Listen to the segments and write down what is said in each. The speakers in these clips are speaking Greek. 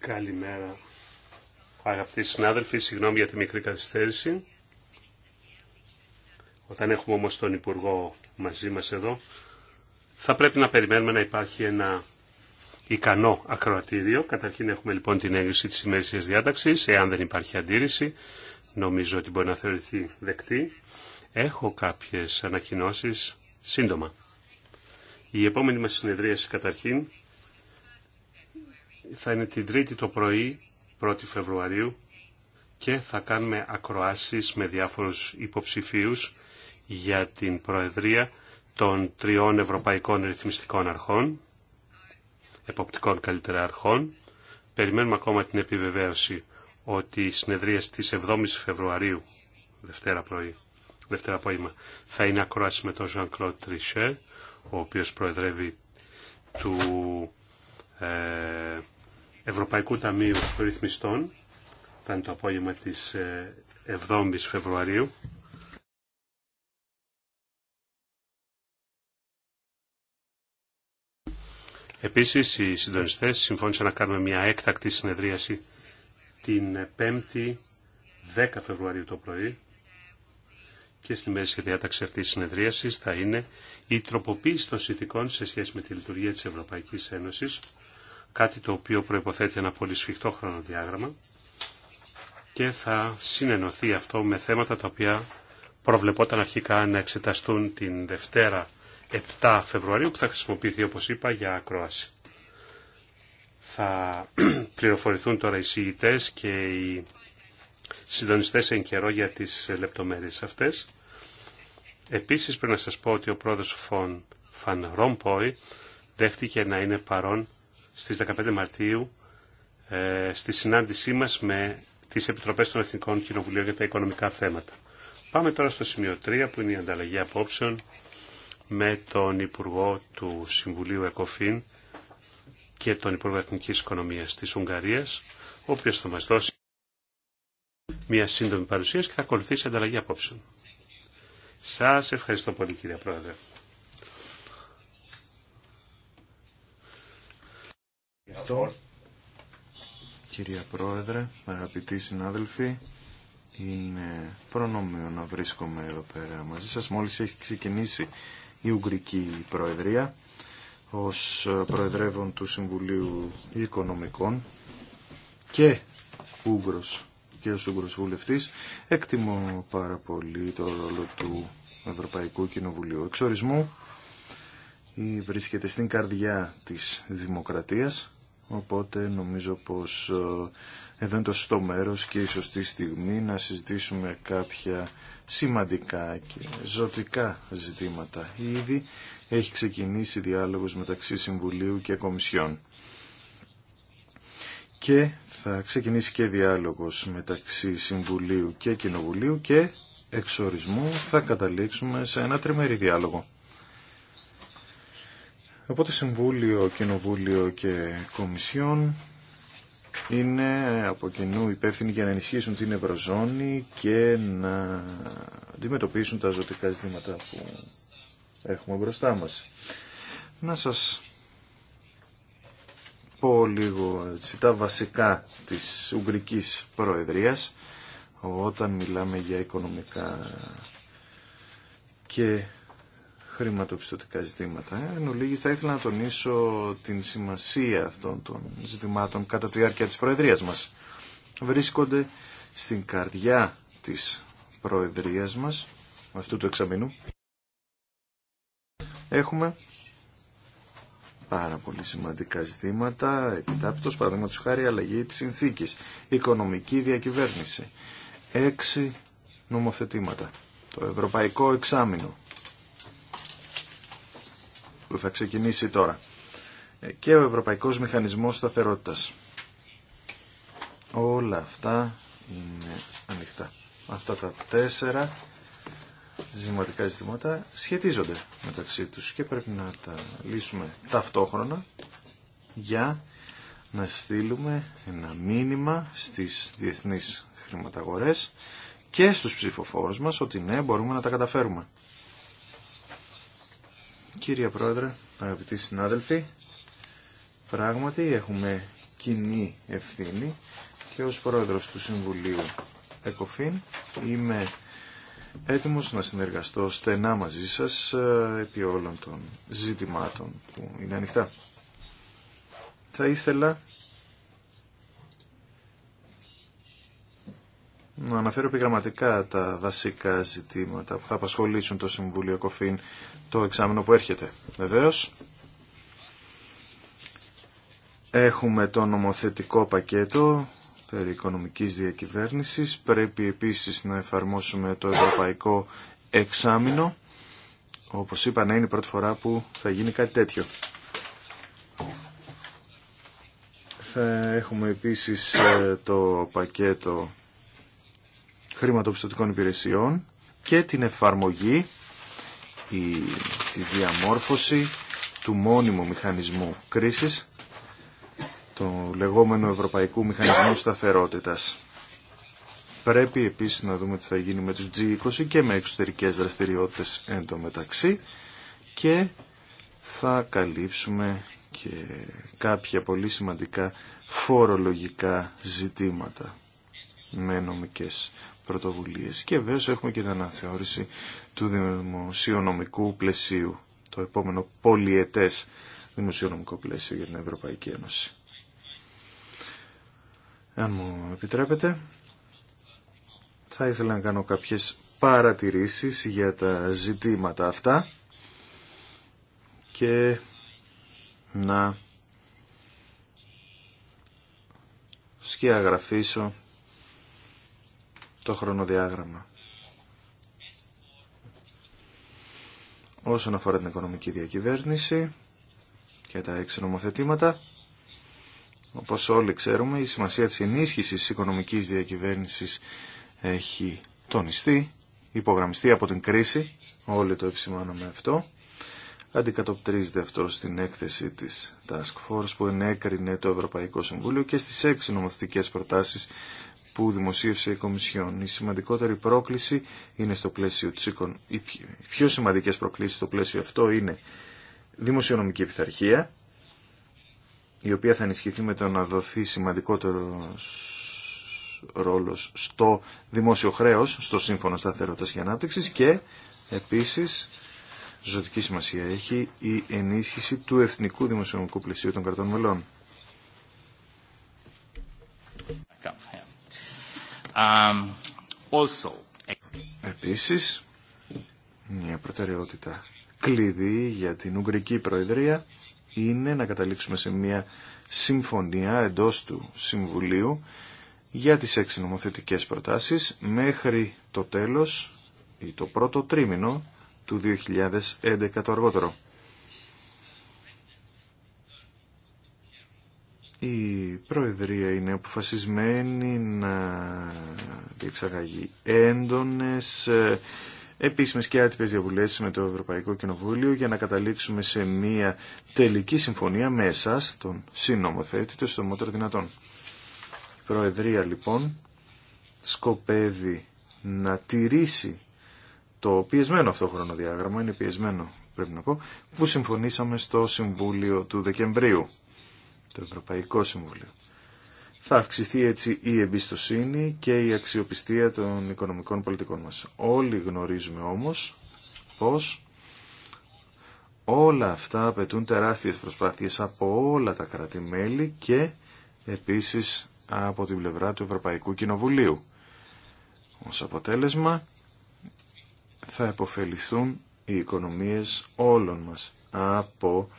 Καλημέρα. Αγαπητοί συνάδελφοι, συγγνώμη για τη μικρή καθυστέρηση. Όταν έχουμε όμως τον Υπουργό μαζί μας εδώ, θα πρέπει να περιμένουμε να υπάρχει ένα ικανό ακροατήριο. Καταρχήν έχουμε λοιπόν την έγκριση της ημέρησης διάταξης. Εάν δεν υπάρχει αντίρρηση, νομίζω ότι μπορεί να θεωρηθεί δεκτή. Έχω κάποιες ανακοινώσεις σύντομα. Η επόμενη μας συνεδρίαση καταρχήν θα είναι την Τρίτη το πρωί, 1η Φεβρουαρίου και θα κάνουμε ακροάσεις με διάφορους υποψηφίους για την Προεδρία των τριών Ευρωπαϊκών Ρυθμιστικών Αρχών, εποπτικών καλύτερα αρχών. Περιμένουμε ακόμα την επιβεβαίωση ότι η συνεδρία στις 7 η Φεβρουαρίου, Δευτέρα πρωί, Δευτέρα Πόημα, θα είναι ακρόαση με τον Jean-Claude Trichet, ο οποίος προεδρεύει του ε, Ευρωπαϊκού Ταμείου Ρυθμιστών. Ήταν το απόγευμα της 7ης ε, Φεβρουαρίου. Επίσης, οι συντονιστές συμφώνησαν να κάνουμε μια έκτακτη συνεδρίαση την 5η 10 Φεβρουαρίου το πρωί και στη μέση διάταξη αυτή τη συνεδρίασης θα είναι η τροποποίηση των συνθηκών σε σχέση με τη λειτουργία της Ευρωπαϊκής Ένωσης, κάτι το οποίο προϋποθέτει ένα πολύ σφιχτό χρονοδιάγραμμα και θα συνενωθεί αυτό με θέματα τα οποία προβλεπόταν αρχικά να εξεταστούν την Δευτέρα 7 Φεβρουαρίου που θα χρησιμοποιηθεί όπως είπα για ακρόαση. Θα πληροφορηθούν τώρα οι συγητές και οι συντονιστές εν καιρό για τις λεπτομέρειες αυτές. Επίσης πρέπει να σας πω ότι ο πρόεδρος Φων Φαν Ρομπόι δέχτηκε να είναι παρόν στις 15 Μαρτίου ε, στη συνάντησή μας με τις Επιτροπές των Εθνικών Κοινοβουλίων για τα οικονομικά θέματα. Πάμε τώρα στο σημείο 3 που είναι η ανταλλαγή απόψεων με τον Υπουργό του Συμβουλίου ΕΚΟΦΗΝ και τον Υπουργό Εθνικής Οικονομίας της Ουγγαρίας, ο οποίος θα μας δώσει μια σύντομη παρουσίαση και θα ακολουθήσει ανταλλαγή απόψεων. Σας ευχαριστώ πολύ κύριε Πρόεδρε. Ευχαριστώ. Κυρία Πρόεδρε, αγαπητοί συνάδελφοι, είναι προνόμιο να βρίσκομαι εδώ πέρα μαζί σας. Μόλις έχει ξεκινήσει η Ουγγρική Προεδρία ως Προεδρεύων του Συμβουλίου Οικονομικών και Ούγγρος και ως Ευρωβουλευτής εκτιμώ πάρα πολύ το ρόλο του Ευρωπαϊκού Κοινοβουλίου. Εξορισμού ή βρίσκεται στην καρδιά της δημοκρατίας, οπότε νομίζω πως ε, εδώ είναι το σωστό μέρος και η σωστή στιγμή να συζητήσουμε κάποια σημαντικά και ζωτικά ζητήματα. Ήδη έχει ξεκινήσει διάλογος μεταξύ Συμβουλίου και Κομισιών Και θα ξεκινήσει και διάλογος μεταξύ Συμβουλίου και Κοινοβουλίου και εξορισμού θα καταλήξουμε σε ένα τριμερή διάλογο. Οπότε Συμβούλιο, Κοινοβούλιο και Κομισιόν είναι από κοινού υπεύθυνοι για να ενισχύσουν την Ευρωζώνη και να αντιμετωπίσουν τα ζωτικά ζητήματα που έχουμε μπροστά μας. Να σας πω λίγο έτσι, τα βασικά της Ουγγρικής Προεδρίας όταν μιλάμε για οικονομικά και χρηματοπιστωτικά ζητήματα. Ε, εν ολίγης θα ήθελα να τονίσω την σημασία αυτών των ζητημάτων κατά τη διάρκεια της Προεδρίας μας. Βρίσκονται στην καρδιά της Προεδρίας μας, αυτού του εξαμήνου. Έχουμε πάρα πολύ σημαντικά ζητήματα, παραδείγμα παραδείγματος χάρη αλλαγή της συνθήκης, οικονομική διακυβέρνηση, έξι νομοθετήματα, το ευρωπαϊκό εξάμεινο που θα ξεκινήσει τώρα και ο Ευρωπαϊκός Μηχανισμός Σταθερότητας. Όλα αυτά είναι ανοιχτά. Αυτά τα τέσσερα Ζηματικά ζητήματα σχετίζονται μεταξύ τους και πρέπει να τα λύσουμε ταυτόχρονα για να στείλουμε ένα μήνυμα στις διεθνείς χρηματαγορές και στους ψηφοφόρους μας ότι ναι μπορούμε να τα καταφέρουμε. Κύριε Πρόεδρε, αγαπητοί συνάδελφοι, πράγματι έχουμε κοινή ευθύνη και ως Πρόεδρος του Συμβουλίου ΕΚΟΦΗΝ είμαι έτοιμος να συνεργαστώ στενά μαζί σας ε, επί όλων των ζητημάτων που είναι ανοιχτά. Θα ήθελα να αναφέρω επιγραμματικά τα βασικά ζητήματα που θα απασχολήσουν το Συμβούλιο Κοφίν το εξάμεινο που έρχεται. Βεβαίως, έχουμε το νομοθετικό πακέτο περί οικονομικής διακυβέρνησης. Πρέπει επίσης να εφαρμόσουμε το ευρωπαϊκό εξάμεινο. Όπως είπα, να είναι η πρώτη φορά που θα γίνει κάτι τέτοιο. Θα έχουμε επίσης ε, το πακέτο χρηματοπιστωτικών υπηρεσιών και την εφαρμογή, η, τη διαμόρφωση του μόνιμου μηχανισμού κρίσης το λεγόμενο Ευρωπαϊκού Μηχανισμού Σταθερότητας. Πρέπει επίσης να δούμε τι θα γίνει με τους G20 και με εξωτερικές δραστηριότητες εν μεταξύ και θα καλύψουμε και κάποια πολύ σημαντικά φορολογικά ζητήματα με νομικές πρωτοβουλίες. Και βέβαια έχουμε και την αναθεώρηση του δημοσιονομικού πλαισίου, το επόμενο πολιετές δημοσιονομικό πλαίσιο για την Ευρωπαϊκή Ένωση. Αν μου επιτρέπετε, θα ήθελα να κάνω κάποιες παρατηρήσεις για τα ζητήματα αυτά και να σκιαγραφίσω το χρονοδιάγραμμα. Όσον αφορά την οικονομική διακυβέρνηση και τα έξι νομοθετήματα, όπως όλοι ξέρουμε, η σημασία της ενίσχυσης της οικονομικής διακυβέρνησης έχει τονιστεί, υπογραμμιστεί από την κρίση, όλοι το επισημάνομαι αυτό. Αντικατοπτρίζεται αυτό στην έκθεση της Task Force που ενέκρινε το Ευρωπαϊκό Συμβούλιο και στις έξι νομοθετικές προτάσεις που δημοσίευσε η Κομισιόν. Η σημαντικότερη πρόκληση είναι στο πλαίσιο της Οι πιο σημαντικές προκλήσεις στο πλαίσιο αυτό είναι δημοσιονομική πειθαρχία, η οποία θα ενισχυθεί με το να δοθεί σημαντικότερο ρόλος στο δημόσιο χρέος, στο Σύμφωνο Σταθερότητας και Ανάπτυξης και επίσης ζωτική σημασία έχει η ενίσχυση του εθνικού δημοσιονομικού πλαισίου των κρατών μελών. Um, Επίσης, μια προτεραιότητα κλειδί για την Ουγγρική Προεδρία είναι να καταλήξουμε σε μια συμφωνία εντός του Συμβουλίου για τις έξι νομοθετικές προτάσεις μέχρι το τέλος ή το πρώτο τρίμηνο του 2011 το αργότερο. Η Προεδρία είναι αποφασισμένη να διεξαγαγεί έντονες ε, επίσημε και άτυπε διαβουλεύσει με το Ευρωπαϊκό Κοινοβούλιο για να καταλήξουμε σε μια τελική συμφωνία με εσάς, τον συνομοθέτη, το δυνατόν. Η Προεδρία λοιπόν σκοπεύει να τηρήσει το πιεσμένο αυτό χρονοδιάγραμμα, είναι πιεσμένο πρέπει να πω, που συμφωνήσαμε στο Συμβούλιο του Δεκεμβρίου, το Ευρωπαϊκό Συμβούλιο. Θα αυξηθεί έτσι η εμπιστοσύνη και η αξιοπιστία των οικονομικών πολιτικών μας. Όλοι γνωρίζουμε όμως πως όλα αυτά απαιτούν τεράστιες προσπάθειες από όλα τα κράτη-μέλη και επίσης από την πλευρά του Ευρωπαϊκού Κοινοβουλίου. Ως αποτέλεσμα θα επωφεληθούν οι οικονομίες όλων μας από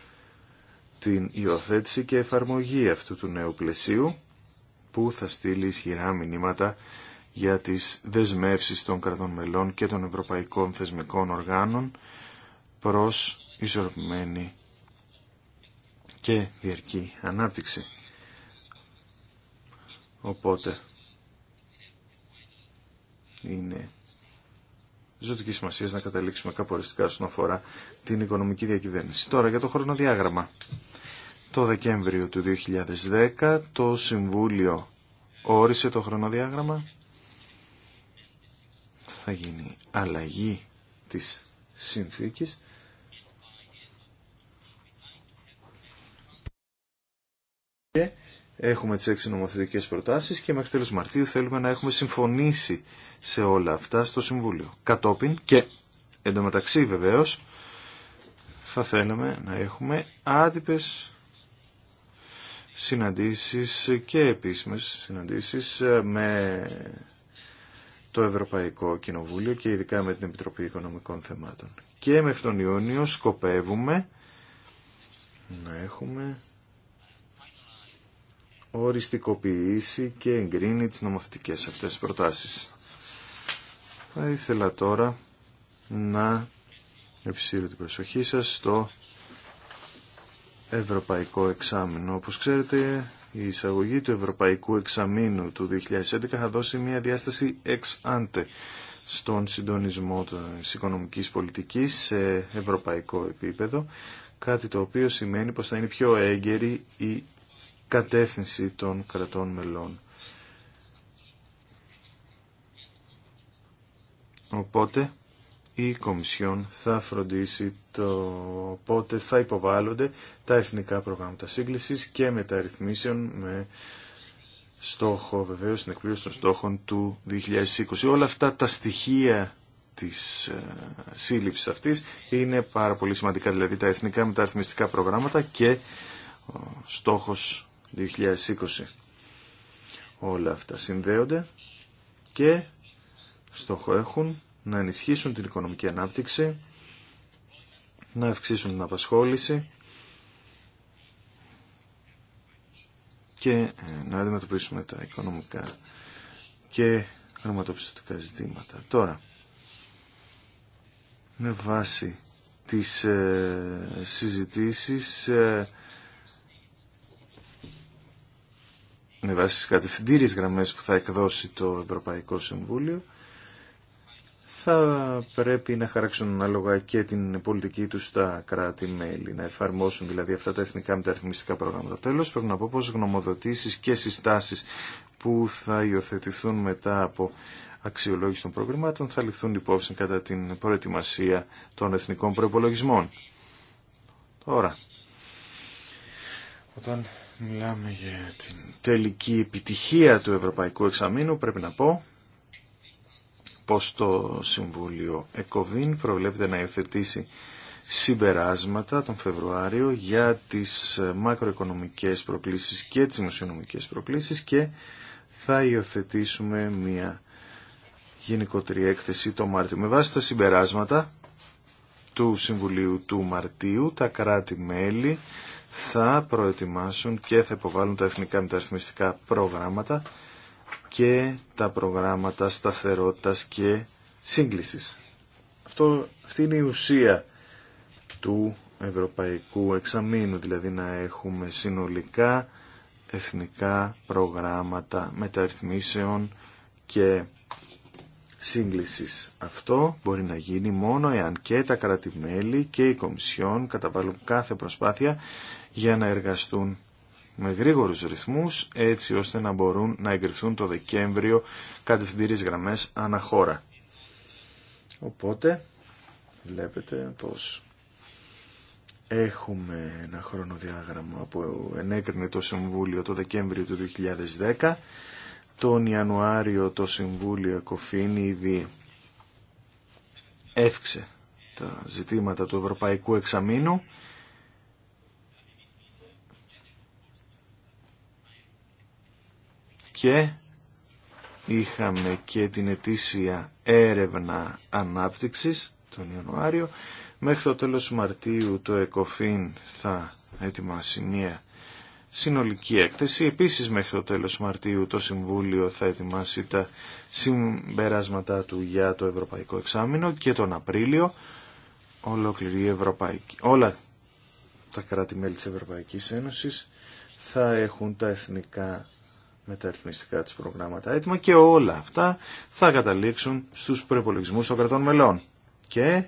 την υιοθέτηση και εφαρμογή αυτού του νέου πλαισίου που θα στείλει ισχυρά μηνύματα για τις δεσμεύσεις των κρατών μελών και των ευρωπαϊκών θεσμικών οργάνων προς ισορροπημένη και διαρκή ανάπτυξη. Οπότε είναι ζωτική σημασία να καταλήξουμε καποριστικά οριστικά όσον αφορά την οικονομική διακυβέρνηση. Τώρα για το χρονοδιάγραμμα. Το Δεκέμβριο του 2010 το Συμβούλιο όρισε το χρονοδιάγραμμα. Θα γίνει αλλαγή της συνθήκης. Και έχουμε τις έξι νομοθετικές προτάσεις και μέχρι τέλος Μαρτίου θέλουμε να έχουμε συμφωνήσει σε όλα αυτά στο Συμβούλιο. Κατόπιν και εντωμεταξύ βεβαίως θα θέλαμε να έχουμε άτυπες συναντήσεις και επίσημες συναντήσεις ε, με το Ευρωπαϊκό Κοινοβούλιο και ειδικά με την Επιτροπή Οικονομικών Θεμάτων. Και μέχρι τον Ιούνιο σκοπεύουμε να έχουμε οριστικοποιήσει και εγκρίνει τις νομοθετικές αυτές τις προτάσεις. Θα ήθελα τώρα να επισύρω την προσοχή σας στο Ευρωπαϊκό Εξάμεινο. Όπως ξέρετε, η εισαγωγή του Ευρωπαϊκού Εξαμήνου του 2011 θα δώσει μια διάσταση ex ante στον συντονισμό της οικονομικής πολιτικής σε ευρωπαϊκό επίπεδο, κάτι το οποίο σημαίνει πως θα είναι πιο έγκαιρη η κατεύθυνση των κρατών μελών. Οπότε, η Κομισιόν θα φροντίσει το πότε θα υποβάλλονται τα εθνικά προγράμματα σύγκλησης και μεταρρυθμίσεων με στόχο βεβαίως την εκπλήρωση των στόχων του 2020. Όλα αυτά τα στοιχεία της ε, σύλληψης αυτής είναι πάρα πολύ σημαντικά, δηλαδή τα εθνικά μεταρρυθμιστικά προγράμματα και ο στόχος 2020. Όλα αυτά συνδέονται και στόχο έχουν να ενισχύσουν την οικονομική ανάπτυξη, να αυξήσουν την απασχόληση και ε, να αντιμετωπίσουμε τα οικονομικά και χρηματοπιστωτικά ζητήματα. Τώρα, με βάση τις ε, συζητήσεις ε, με βάση τις κατευθυντήριες γραμμές που θα εκδώσει το Ευρωπαϊκό Συμβούλιο θα πρέπει να χαράξουν ανάλογα και την πολιτική του στα κράτη-μέλη, να εφαρμόσουν δηλαδή αυτά τα εθνικά μεταρρυθμιστικά προγράμματα. Τέλος, πρέπει να πω πω γνωμοδοτήσει και συστάσεις που θα υιοθετηθούν μετά από αξιολόγηση των προγραμμάτων θα ληφθούν υπόψη κατά την προετοιμασία των εθνικών προπολογισμών. Τώρα, όταν μιλάμε για την τελική επιτυχία του Ευρωπαϊκού Εξαμήνου, πρέπει να πω πως το Συμβούλιο ΕΚΟΒΗΝ προβλέπεται να υιοθετήσει συμπεράσματα τον Φεβρουάριο για τις ε, μακροοικονομικές προκλήσεις και τις δημοσιονομικές προκλήσεις και θα υιοθετήσουμε μια γενικότερη έκθεση το Μάρτιο. Με βάση τα συμπεράσματα του Συμβουλίου του Μαρτίου, τα κράτη-μέλη θα προετοιμάσουν και θα υποβάλουν τα εθνικά μεταρρυθμιστικά προγράμματα και τα προγράμματα σταθερότητας και σύγκλησης. Αυτό, αυτή είναι η ουσία του Ευρωπαϊκού Εξαμήνου, δηλαδή να έχουμε συνολικά εθνικά προγράμματα μεταρρυθμίσεων και σύγκλησης. Αυτό μπορεί να γίνει μόνο εάν και τα κρατημέλη και η Κομισιόν καταβάλουν κάθε προσπάθεια για να εργαστούν με γρήγορους ρυθμούς έτσι ώστε να μπορούν να εγκριθούν το Δεκέμβριο κατευθυντήριες γραμμές αναχώρα. Οπότε βλέπετε πως έχουμε ένα χρονοδιάγραμμα που ενέκρινε το Συμβούλιο το Δεκέμβριο του 2010. Τον Ιανουάριο το Συμβούλιο Κοφίνη ήδη έφυξε τα ζητήματα του Ευρωπαϊκού Εξαμήνου και είχαμε και την ετήσια έρευνα ανάπτυξης τον Ιανουάριο. Μέχρι το τέλος Μαρτίου το ΕΚΟΦΗΝ θα ετοιμάσει μια συνολική έκθεση. Επίσης μέχρι το τέλος Μαρτίου το Συμβούλιο θα ετοιμάσει τα συμπεράσματά του για το Ευρωπαϊκό Εξάμεινο και τον Απρίλιο ολόκληρη Ευρωπαϊκή, όλα τα κράτη-μέλη της Ευρωπαϊκής Ένωσης θα έχουν τα εθνικά με τα αριθμιστικά τους προγράμματα έτοιμα και όλα αυτά θα καταλήξουν στους προπολογισμού των κρατών μελών. Και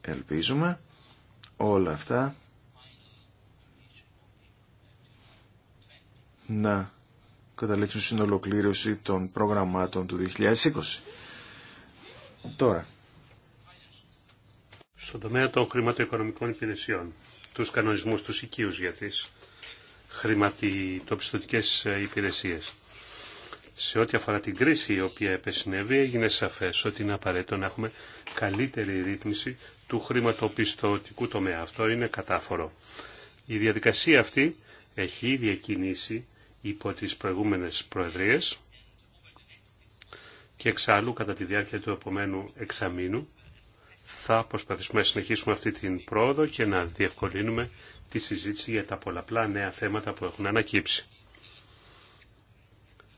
ελπίζουμε όλα αυτά να καταλήξουν στην ολοκλήρωση των προγραμμάτων του 2020. Τώρα. Στον τομέα των χρηματοοικονομικών υπηρεσιών, τους κανονισμούς τους οικείους για τις χρηματοπιστωτικές ε, υπηρεσίες. Σε ό,τι αφορά την κρίση η οποία επεσυνεύει, έγινε σαφές ότι είναι απαραίτητο να έχουμε καλύτερη ρύθμιση του χρηματοπιστωτικού τομέα. Αυτό είναι κατάφορο. Η διαδικασία αυτή έχει ήδη εκκινήσει υπό τις προηγούμενες προεδρίες και εξάλλου κατά τη διάρκεια του επομένου εξαμήνου θα προσπαθήσουμε να συνεχίσουμε αυτή την πρόοδο και να διευκολύνουμε τη συζήτηση για τα πολλαπλά νέα θέματα που έχουν ανακύψει.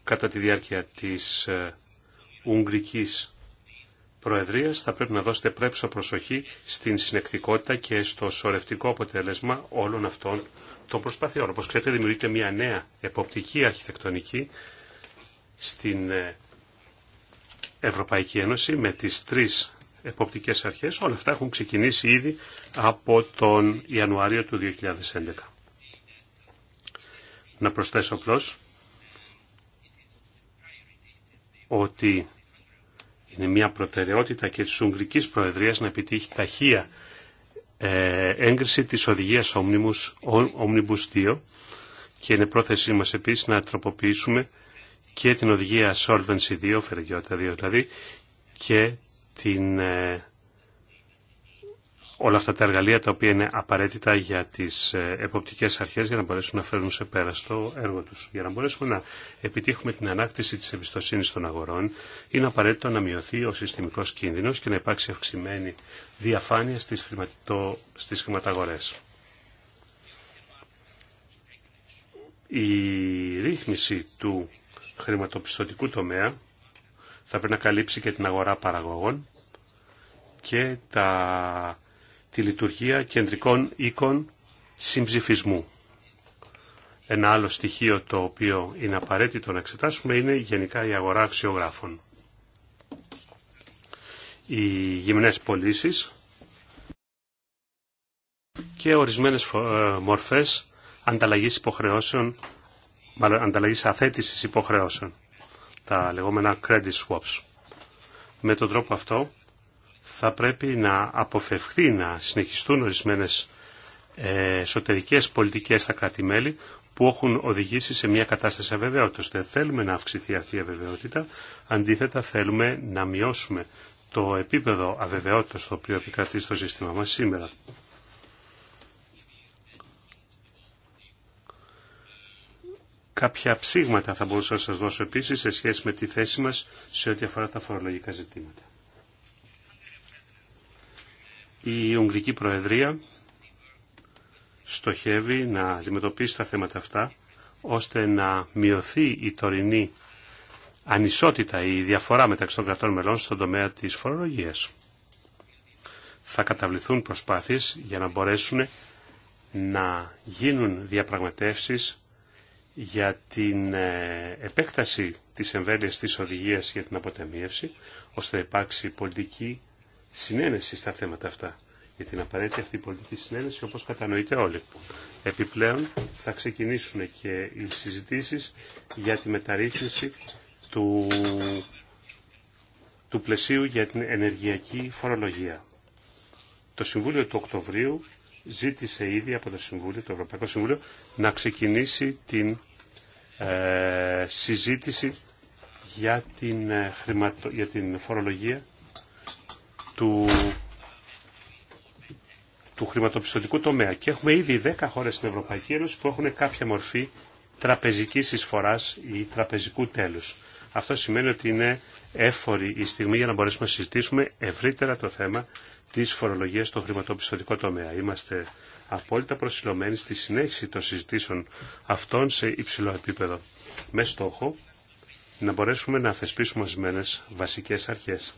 Κατά τη διάρκεια της ε, Ουγγρικής Προεδρίας θα πρέπει να δώσετε πρέψα προσοχή στην συνεκτικότητα και στο σωρευτικό αποτέλεσμα όλων αυτών των προσπαθειών. Όπως ξέρετε δημιουργείται μια νέα εποπτική αρχιτεκτονική στην ε, Ευρωπαϊκή Ένωση με τις τρεις εποπτικές αρχές. Όλα αυτά έχουν ξεκινήσει ήδη από τον Ιανουάριο του 2011. Να προσθέσω απλώ ότι είναι μια προτεραιότητα και της Ουγγρικής Προεδρίας να επιτύχει ταχεία ε, έγκριση της οδηγίας Omnibus, Omnibus 2 και είναι πρόθεσή μας επίσης να τροποποιήσουμε και την οδηγία Solvency 2, Φεργιώτα 2 δηλαδή, και την, ε, όλα αυτά τα εργαλεία τα οποία είναι απαραίτητα για τις ε, εποπτικές αρχές για να μπορέσουν να φέρουν σε πέρα στο έργο τους. Για να μπορέσουμε να επιτύχουμε την ανάκτηση της εμπιστοσύνης των αγορών είναι απαραίτητο να μειωθεί ο συστημικός κίνδυνος και να υπάρξει αυξημένη διαφάνεια στις, χρηματο... στις χρηματαγορές. Η ρύθμιση του χρηματοπιστωτικού τομέα θα πρέπει να καλύψει και την αγορά παραγωγών και τα, τη λειτουργία κεντρικών οίκων συμψηφισμού. Ένα άλλο στοιχείο το οποίο είναι απαραίτητο να εξετάσουμε είναι γενικά η αγορά αξιογράφων. Οι γυμνές πωλήσει και ορισμένες ε, μορφές ανταλλαγής υποχρεώσεων, ανταλλαγή ανταλλαγής αθέτησης υποχρεώσεων τα λεγόμενα credit swaps. Με τον τρόπο αυτό θα πρέπει να αποφευχθεί να συνεχιστούν ορισμένες ε, εσωτερικές πολιτικές στα κράτη-μέλη που έχουν οδηγήσει σε μια κατάσταση αβεβαιότητας. Δεν θέλουμε να αυξηθεί αυτή η αβεβαιότητα, αντίθετα θέλουμε να μειώσουμε το επίπεδο αβεβαιότητας το οποίο επικρατεί στο σύστημα μας σήμερα. κάποια ψήγματα θα μπορούσα να σας δώσω επίσης σε σχέση με τη θέση μας σε ό,τι αφορά τα φορολογικά ζητήματα. Η Ουγγρική Προεδρία στοχεύει να αντιμετωπίσει τα θέματα αυτά ώστε να μειωθεί η τωρινή ανισότητα, η διαφορά μεταξύ των κρατών μελών στον τομέα της φορολογίας. Θα καταβληθούν προσπάθειες για να μπορέσουν να γίνουν διαπραγματεύσεις για την ε, επέκταση της εμβέλειας της οδηγίας για την αποτεμίευση, ώστε να υπάρξει πολιτική συνένεση στα θέματα αυτά. Για την απαραίτητη αυτή η πολιτική συνένεση, όπως κατανοείται όλοι. Επιπλέον, θα ξεκινήσουν και οι συζητήσεις για τη μεταρρύθμιση του, του πλαισίου για την ενεργειακή φορολογία. Το Συμβούλιο του Οκτωβρίου ζήτησε ήδη από το Συμβούλιο, το Ευρωπαϊκό Συμβούλιο, να ξεκινήσει την ε, συζήτηση για την, ε, χρηματο, για την φορολογία του, του χρηματοπιστωτικού τομέα. Και έχουμε ήδη 10 χώρες στην Ευρωπαϊκή Ένωση που έχουν κάποια μορφή τραπεζικής εισφοράς ή τραπεζικού τέλους. Αυτό σημαίνει ότι είναι έφορη η στιγμή για να μπορέσουμε να συζητήσουμε ευρύτερα το θέμα της φορολογίας στο χρηματοπιστωτικό τομέα απόλυτα προσιλωμένη στη συνέχιση των συζητήσεων αυτών σε υψηλό επίπεδο. Με στόχο να μπορέσουμε να θεσπίσουμε ορισμένε βασικές αρχές.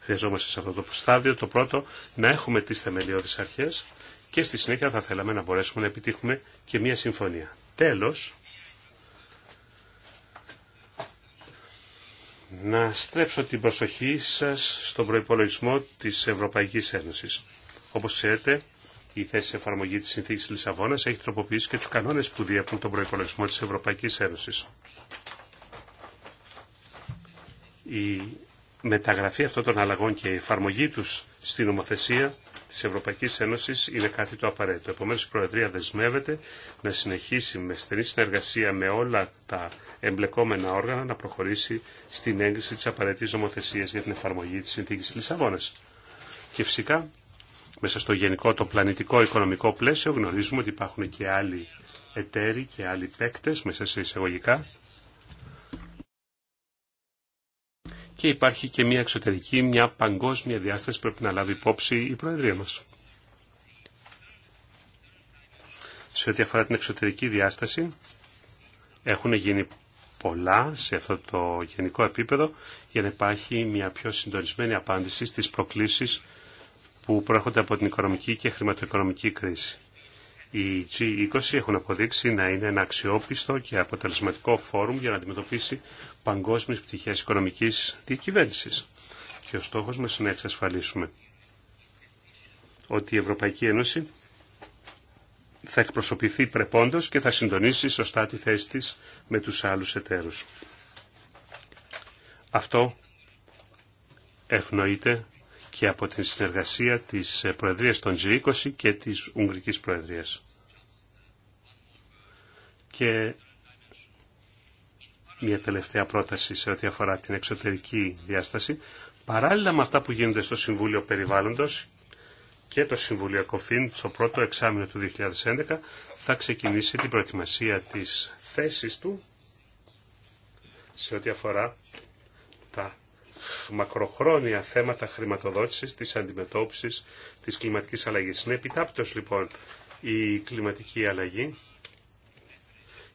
Χρειαζόμαστε σε αυτό το στάδιο το πρώτο να έχουμε τις θεμελιώδεις αρχές και στη συνέχεια θα θέλαμε να μπορέσουμε να επιτύχουμε και μια συμφωνία. Τέλος, να στρέψω την προσοχή σας στον προϋπολογισμό της Ευρωπαϊκής Ένωσης. Όπω ξέρετε, η θέση εφαρμογή της Συνθήκης Λισαβόνα έχει τροποποιήσει και του κανόνε που διέπουν τον προϋπολογισμό τη Ευρωπαϊκή Ένωση. Η μεταγραφή αυτών των αλλαγών και η εφαρμογή του στην νομοθεσία τη Ευρωπαϊκή Ένωση είναι κάτι το απαραίτητο. Επομένω, η Προεδρία δεσμεύεται να συνεχίσει με στενή συνεργασία με όλα τα εμπλεκόμενα όργανα να προχωρήσει στην έγκριση τη απαραίτητη νομοθεσία για την εφαρμογή τη συνθήκη της Και φυσικά μέσα στο γενικό το πλανητικό οικονομικό πλαίσιο γνωρίζουμε ότι υπάρχουν και άλλοι εταίροι και άλλοι παίκτες μέσα σε εισαγωγικά και υπάρχει και μια εξωτερική, μια παγκόσμια διάσταση που πρέπει να λάβει υπόψη η Προεδρία μας. Σε ό,τι αφορά την εξωτερική διάσταση έχουν γίνει πολλά σε αυτό το γενικό επίπεδο για να υπάρχει μια πιο συντονισμένη απάντηση στις προκλήσεις που προέρχονται από την οικονομική και χρηματοοικονομική κρίση. Οι G20 έχουν αποδείξει να είναι ένα αξιόπιστο και αποτελεσματικό φόρουμ για να αντιμετωπίσει παγκόσμιες πτυχές οικονομικής διακυβέρνησης. Και ο στόχος μας είναι να εξασφαλίσουμε ότι η Ευρωπαϊκή Ένωση θα εκπροσωπηθεί πρεπόντος και θα συντονίσει σωστά τη θέση της με τους άλλους εταίρους. Αυτό ευνοείται και από την συνεργασία της Προεδρίας των G20 και της Ουγγρικής Προεδρίας. Και μια τελευταία πρόταση σε ό,τι αφορά την εξωτερική διάσταση. Παράλληλα με αυτά που γίνονται στο Συμβούλιο Περιβάλλοντος και το Συμβούλιο Κοφίν στο πρώτο εξάμεινο του 2011 θα ξεκινήσει την προετοιμασία της θέσης του σε ό,τι αφορά τα μακροχρόνια θέματα χρηματοδότησης, της αντιμετώπισης της κλιματικής αλλαγής. Είναι επιτάπτως λοιπόν η κλιματική αλλαγή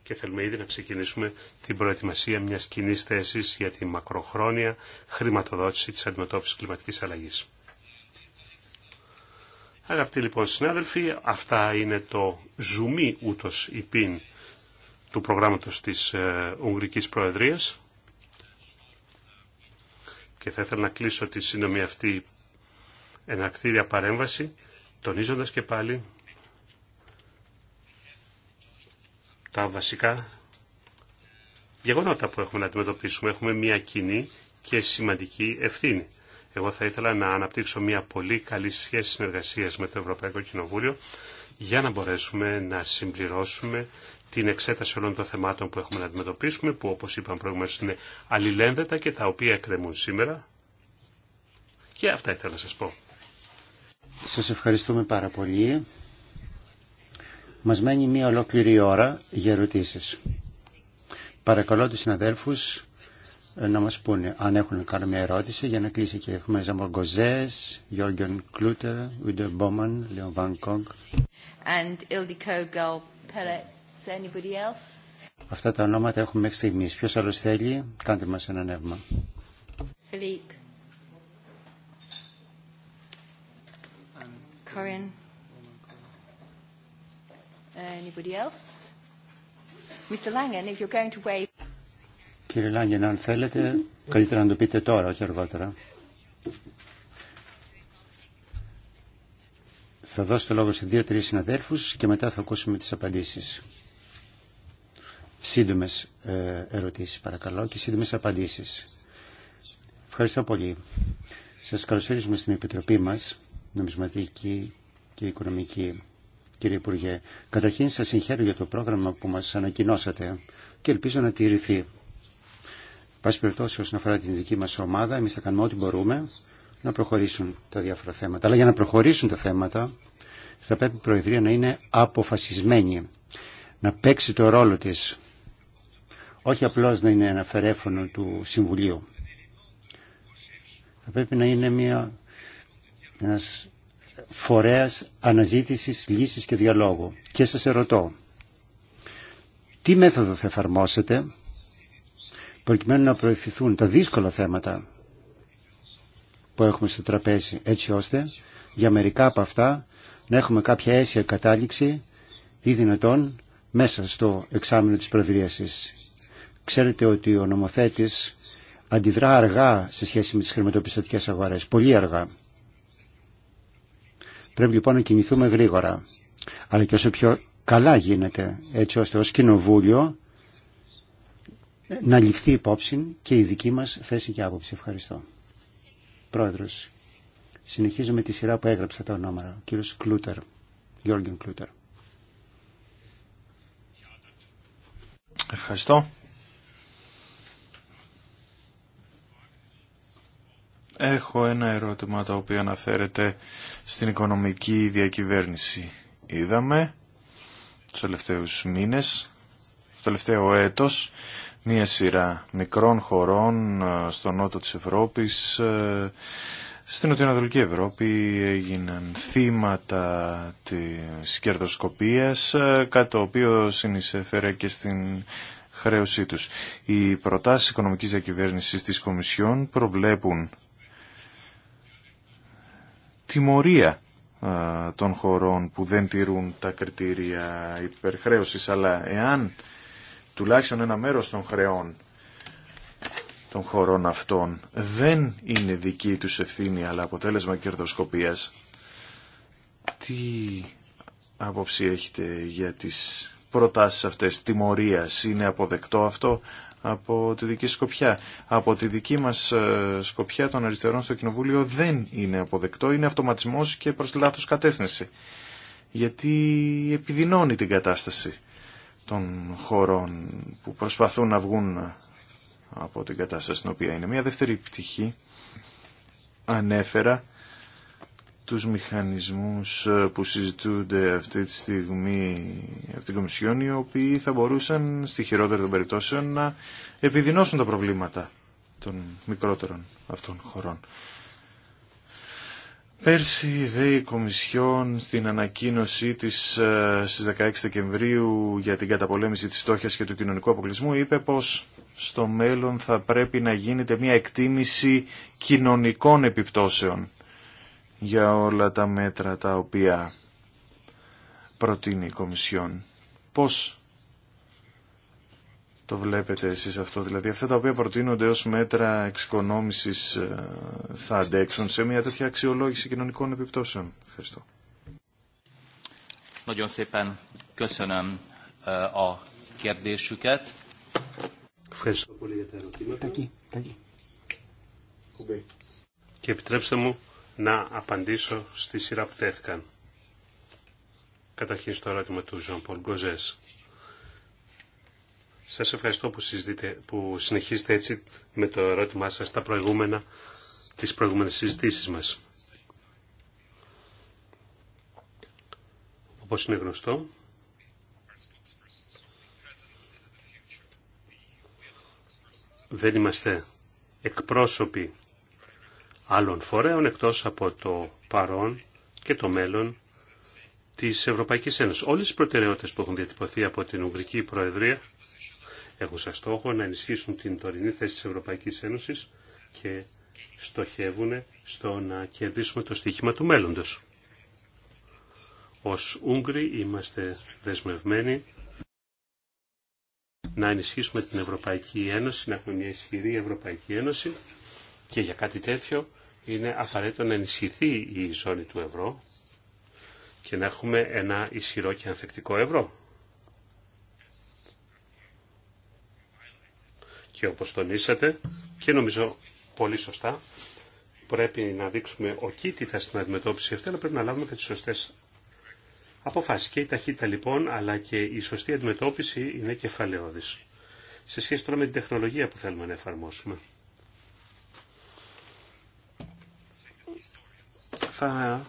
και θέλουμε ήδη να ξεκινήσουμε την προετοιμασία μιας κοινή θέση για τη μακροχρόνια χρηματοδότηση της αντιμετώπισης κλιματικής αλλαγής. Αγαπητοί λοιπόν συνάδελφοι, αυτά είναι το ζουμί ούτως υπήν του προγράμματος της ε, Ουγγρικής Προεδρίας και θα ήθελα να κλείσω τη σύνομη αυτή ενακτήρια παρέμβαση, τονίζοντας και πάλι τα βασικά γεγονότα που έχουμε να αντιμετωπίσουμε. Έχουμε μια κοινή και σημαντική ευθύνη. Εγώ θα ήθελα να αναπτύξω μια πολύ καλή σχέση συνεργασίας με το Ευρωπαϊκό Κοινοβούλιο για να μπορέσουμε να συμπληρώσουμε την εξέταση όλων των θεμάτων που έχουμε να αντιμετωπίσουμε, που όπως είπαμε προηγουμένως είναι αλληλένδετα και τα οποία κρεμούν σήμερα. Και αυτά ήθελα να σας πω. Σας ευχαριστούμε πάρα πολύ. Μας μένει μία ολόκληρη ώρα για ερωτήσεις. Παρακαλώ τους συναδέλφους ε, να μας πούνε αν έχουν κάνει μια ερώτηση για να κλείσει και έχουμε Ζαμοργκοζές, Γιώργιον Κλούτερ, Ούντε Μπόμαν, Λεον Κόγκ. And Ildiko Pellet Αυτά τα ονόματα έχουμε μέχρι στιγμής. Ποιος άλλος θέλει, κάντε μας ένα νεύμα. Anybody else? Mr. Langen, if you're going to wait. Κύριε Λάγκεν, αν θέλετε, καλύτερα να το πείτε τώρα, όχι αργότερα. Θα δώσω το λόγο σε δύο-τρεις συναδέρφους και μετά θα ακούσουμε τις απαντήσεις σύντομες ε, ερωτήσεις παρακαλώ και σύντομες απαντήσεις. Ευχαριστώ πολύ. Σας καλωσορίζουμε στην Επιτροπή μας, νομισματική και οικονομική. Κύριε Υπουργέ, καταρχήν σας συγχαίρω για το πρόγραμμα που μας ανακοινώσατε και ελπίζω να τηρηθεί. Πάση περιπτώσει όσον αφορά την δική μας ομάδα, εμείς θα κάνουμε ό,τι μπορούμε να προχωρήσουν τα διάφορα θέματα. Αλλά για να προχωρήσουν τα θέματα θα πρέπει η Προεδρία να είναι αποφασισμένη, να παίξει το ρόλο της όχι απλώς να είναι ένα φερέφωνο του Συμβουλίου. Θα πρέπει να είναι μια, ένας φορέας αναζήτησης λύσης και διαλόγου. Και σας ερωτώ, τι μέθοδο θα εφαρμόσετε προκειμένου να προωθηθούν τα δύσκολα θέματα που έχουμε στο τραπέζι, έτσι ώστε για μερικά από αυτά να έχουμε κάποια αίσια κατάληξη ή δυνατόν μέσα στο εξάμεινο της Προεδρίασης. Ξέρετε ότι ο νομοθέτης αντιδρά αργά σε σχέση με τις χρηματοπιστωτικές αγορές, πολύ αργά. Πρέπει λοιπόν να κινηθούμε γρήγορα, αλλά και όσο πιο καλά γίνεται, έτσι ώστε ως κοινοβούλιο να ληφθεί υπόψη και η δική μας θέση και άποψη. Ευχαριστώ. Πρόεδρος, συνεχίζω με τη σειρά που έγραψα τα ονόματα. κύριος Κλούτερ, Γιώργιον Κλούτερ. Ευχαριστώ. Έχω ένα ερώτημα το οποίο αναφέρεται στην οικονομική διακυβέρνηση. Είδαμε τους τελευταίους μήνες, το τελευταίο έτος, μία σειρά μικρών χωρών ε, στον νότο της Ευρώπης, ε, στην Νοτιοανατολική Ευρώπη έγιναν θύματα της κερδοσκοπίας, ε, κάτι το οποίο συνεισέφερε και στην χρέωσή τους. Οι προτάσεις οικονομικής διακυβέρνησης της Κομισιόν προβλέπουν τιμωρία των χωρών που δεν τηρούν τα κριτήρια υπερχρέωσης, αλλά εάν τουλάχιστον ένα μέρος των χρεών των χωρών αυτών δεν είναι δική τους ευθύνη αλλά αποτέλεσμα κερδοσκοπίας, τι άποψη έχετε για τις προτάσεις αυτές τιμωρίας, είναι αποδεκτό αυτό, από τη δική σκοπιά. Από τη δική μας ε, σκοπιά των αριστερών στο Κοινοβούλιο δεν είναι αποδεκτό, είναι αυτοματισμός και προς λάθος κατεύθυνση. Γιατί επιδεινώνει την κατάσταση των χωρών που προσπαθούν να βγουν από την κατάσταση στην οποία είναι. Μια δεύτερη πτυχή ανέφερα τους μηχανισμούς ε, που συζητούνται αυτή τη στιγμή από την Κομισιόν, οι οποίοι θα μπορούσαν στη χειρότερη των περιπτώσεων να επιδεινώσουν τα προβλήματα των μικρότερων αυτών χωρών. Πέρσι δε ΔΕΗ Κομισιόν στην ανακοίνωσή της ε, στις 16 Δεκεμβρίου για την καταπολέμηση της φτώχειας και του κοινωνικού αποκλεισμού είπε πως στο μέλλον θα πρέπει να γίνεται μια εκτίμηση κοινωνικών επιπτώσεων για όλα τα μέτρα τα οποία προτείνει η Κομισιόν. Πώς το βλέπετε εσείς αυτό, δηλαδή αυτά τα οποία προτείνονται ως μέτρα εξοικονόμησης ε, θα αντέξουν σε μια τέτοια αξιολόγηση κοινωνικών επιπτώσεων. Ευχαριστώ. Ευχαριστώ πολύ για τα ερωτήματα. Και επιτρέψτε μου να απαντήσω στη σειρά που τέθηκαν. Καταρχήν στο ερώτημα του Ζων Πολ Γκοζές. Σας ευχαριστώ που, συζητείτε, που συνεχίζετε έτσι με το ερώτημά σας τα προηγούμενα, τις προηγούμενες συζητήσεις μας. Όπως είναι γνωστό, δεν είμαστε εκπρόσωποι άλλων φορέων εκτός από το παρόν και το μέλλον της Ευρωπαϊκής Ένωσης. Όλες οι προτεραιότητες που έχουν διατυπωθεί από την Ουγγρική Προεδρία έχουν σαν στόχο να ενισχύσουν την τωρινή θέση της Ευρωπαϊκής Ένωσης και στοχεύουν στο να κερδίσουμε το στοίχημα του μέλλοντος. Ως Ούγγροι είμαστε δεσμευμένοι να ενισχύσουμε την Ευρωπαϊκή Ένωση, να έχουμε μια ισχυρή Ευρωπαϊκή Ένωση και για κάτι τέτοιο είναι απαραίτητο να ενισχυθεί η ζώνη του ευρώ και να έχουμε ένα ισχυρό και ανθεκτικό ευρώ. Και όπως τονίσατε, και νομίζω πολύ σωστά, πρέπει να δείξουμε οκίτητα στην αντιμετώπιση αυτή, αλλά πρέπει να λάβουμε και τις σωστές αποφάσεις. Και η ταχύτητα λοιπόν, αλλά και η σωστή αντιμετώπιση είναι κεφαλαιώδης. Σε σχέση τώρα με την τεχνολογία που θέλουμε να εφαρμόσουμε. θα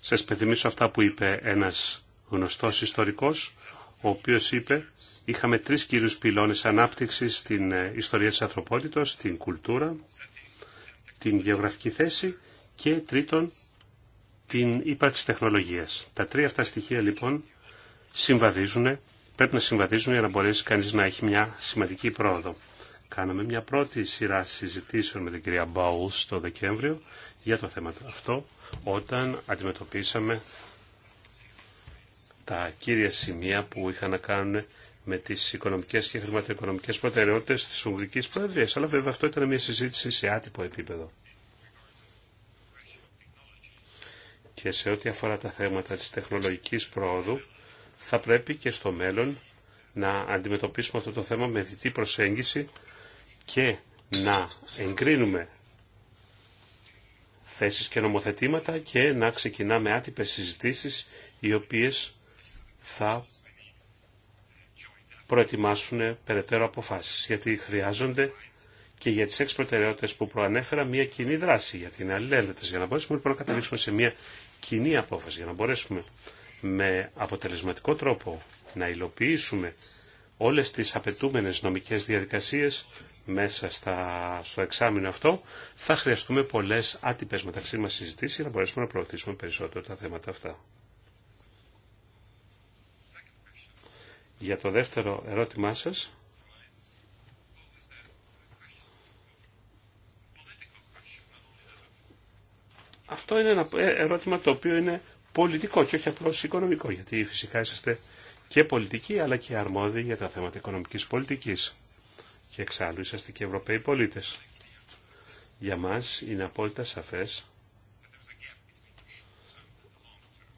σας πενθυμίσω αυτά που είπε ένας γνωστός ιστορικός, ο οποίος είπε είχαμε τρεις κύριους πυλώνες ανάπτυξης στην ε, ιστορία της ανθρωπότητας, την κουλτούρα, την γεωγραφική θέση και τρίτον την ύπαρξη τεχνολογίας. Τα τρία αυτά στοιχεία λοιπόν συμβαδίζουν, πρέπει να συμβαδίζουν για να μπορέσει κανείς να έχει μια σημαντική πρόοδο. Κάναμε μια πρώτη σειρά συζητήσεων με την κυρία Μπαού το Δεκέμβριο για το θέμα αυτό, όταν αντιμετωπίσαμε τα κύρια σημεία που είχαν να κάνουν με τις οικονομικές και χρηματοοικονομικές προτεραιότητε τη Ουγγρικής Προεδρία. Αλλά βέβαια αυτό ήταν μια συζήτηση σε άτυπο επίπεδο. Και σε ό,τι αφορά τα θέματα της τεχνολογικής πρόοδου, θα πρέπει και στο μέλλον να αντιμετωπίσουμε αυτό το θέμα με διτή προσέγγιση και να εγκρίνουμε θέσεις και νομοθετήματα και να ξεκινάμε άτυπες συζητήσεις οι οποίες θα προετοιμάσουν περαιτέρω αποφάσεις γιατί χρειάζονται και για τις έξι που προανέφερα μια κοινή δράση γιατί είναι αλληλέλετες για να μπορέσουμε λοιπόν να καταλήξουμε σε μια κοινή απόφαση για να μπορέσουμε με αποτελεσματικό τρόπο να υλοποιήσουμε όλες τις απαιτούμενες νομικές διαδικασίες μέσα στα, στο εξάμεινο αυτό, θα χρειαστούμε πολλές άτυπες μεταξύ μας συζητήσεις για να μπορέσουμε να προωθήσουμε περισσότερο τα θέματα αυτά. Για το δεύτερο ερώτημά σας, αυτό είναι ένα ε, ερώτημα το οποίο είναι πολιτικό και όχι απλώς οικονομικό, γιατί φυσικά είσαστε και πολιτικοί αλλά και αρμόδιοι για τα θέματα οικονομικής πολιτικής. Και εξάλλου είσαστε και Ευρωπαίοι πολίτες. Για μας είναι απόλυτα σαφές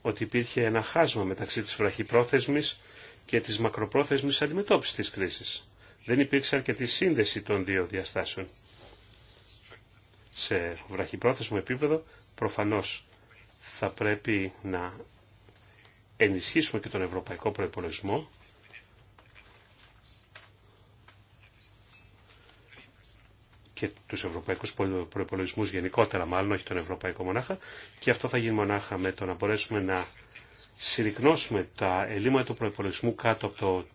ότι υπήρχε ένα χάσμα μεταξύ της βραχυπρόθεσμης και της μακροπρόθεσμης αντιμετώπισης της κρίσης. Δεν υπήρξε αρκετή σύνδεση των δύο διαστάσεων. Σε βραχυπρόθεσμο επίπεδο προφανώς θα πρέπει να ενισχύσουμε και τον ευρωπαϊκό προϋπολογισμό και τους ευρωπαϊκούς προϋπολογισμούς γενικότερα μάλλον, όχι τον ευρωπαϊκό μονάχα και αυτό θα γίνει μονάχα με το να μπορέσουμε να συρρυκνώσουμε τα ελλείμματα του προϋπολογισμού κάτω από το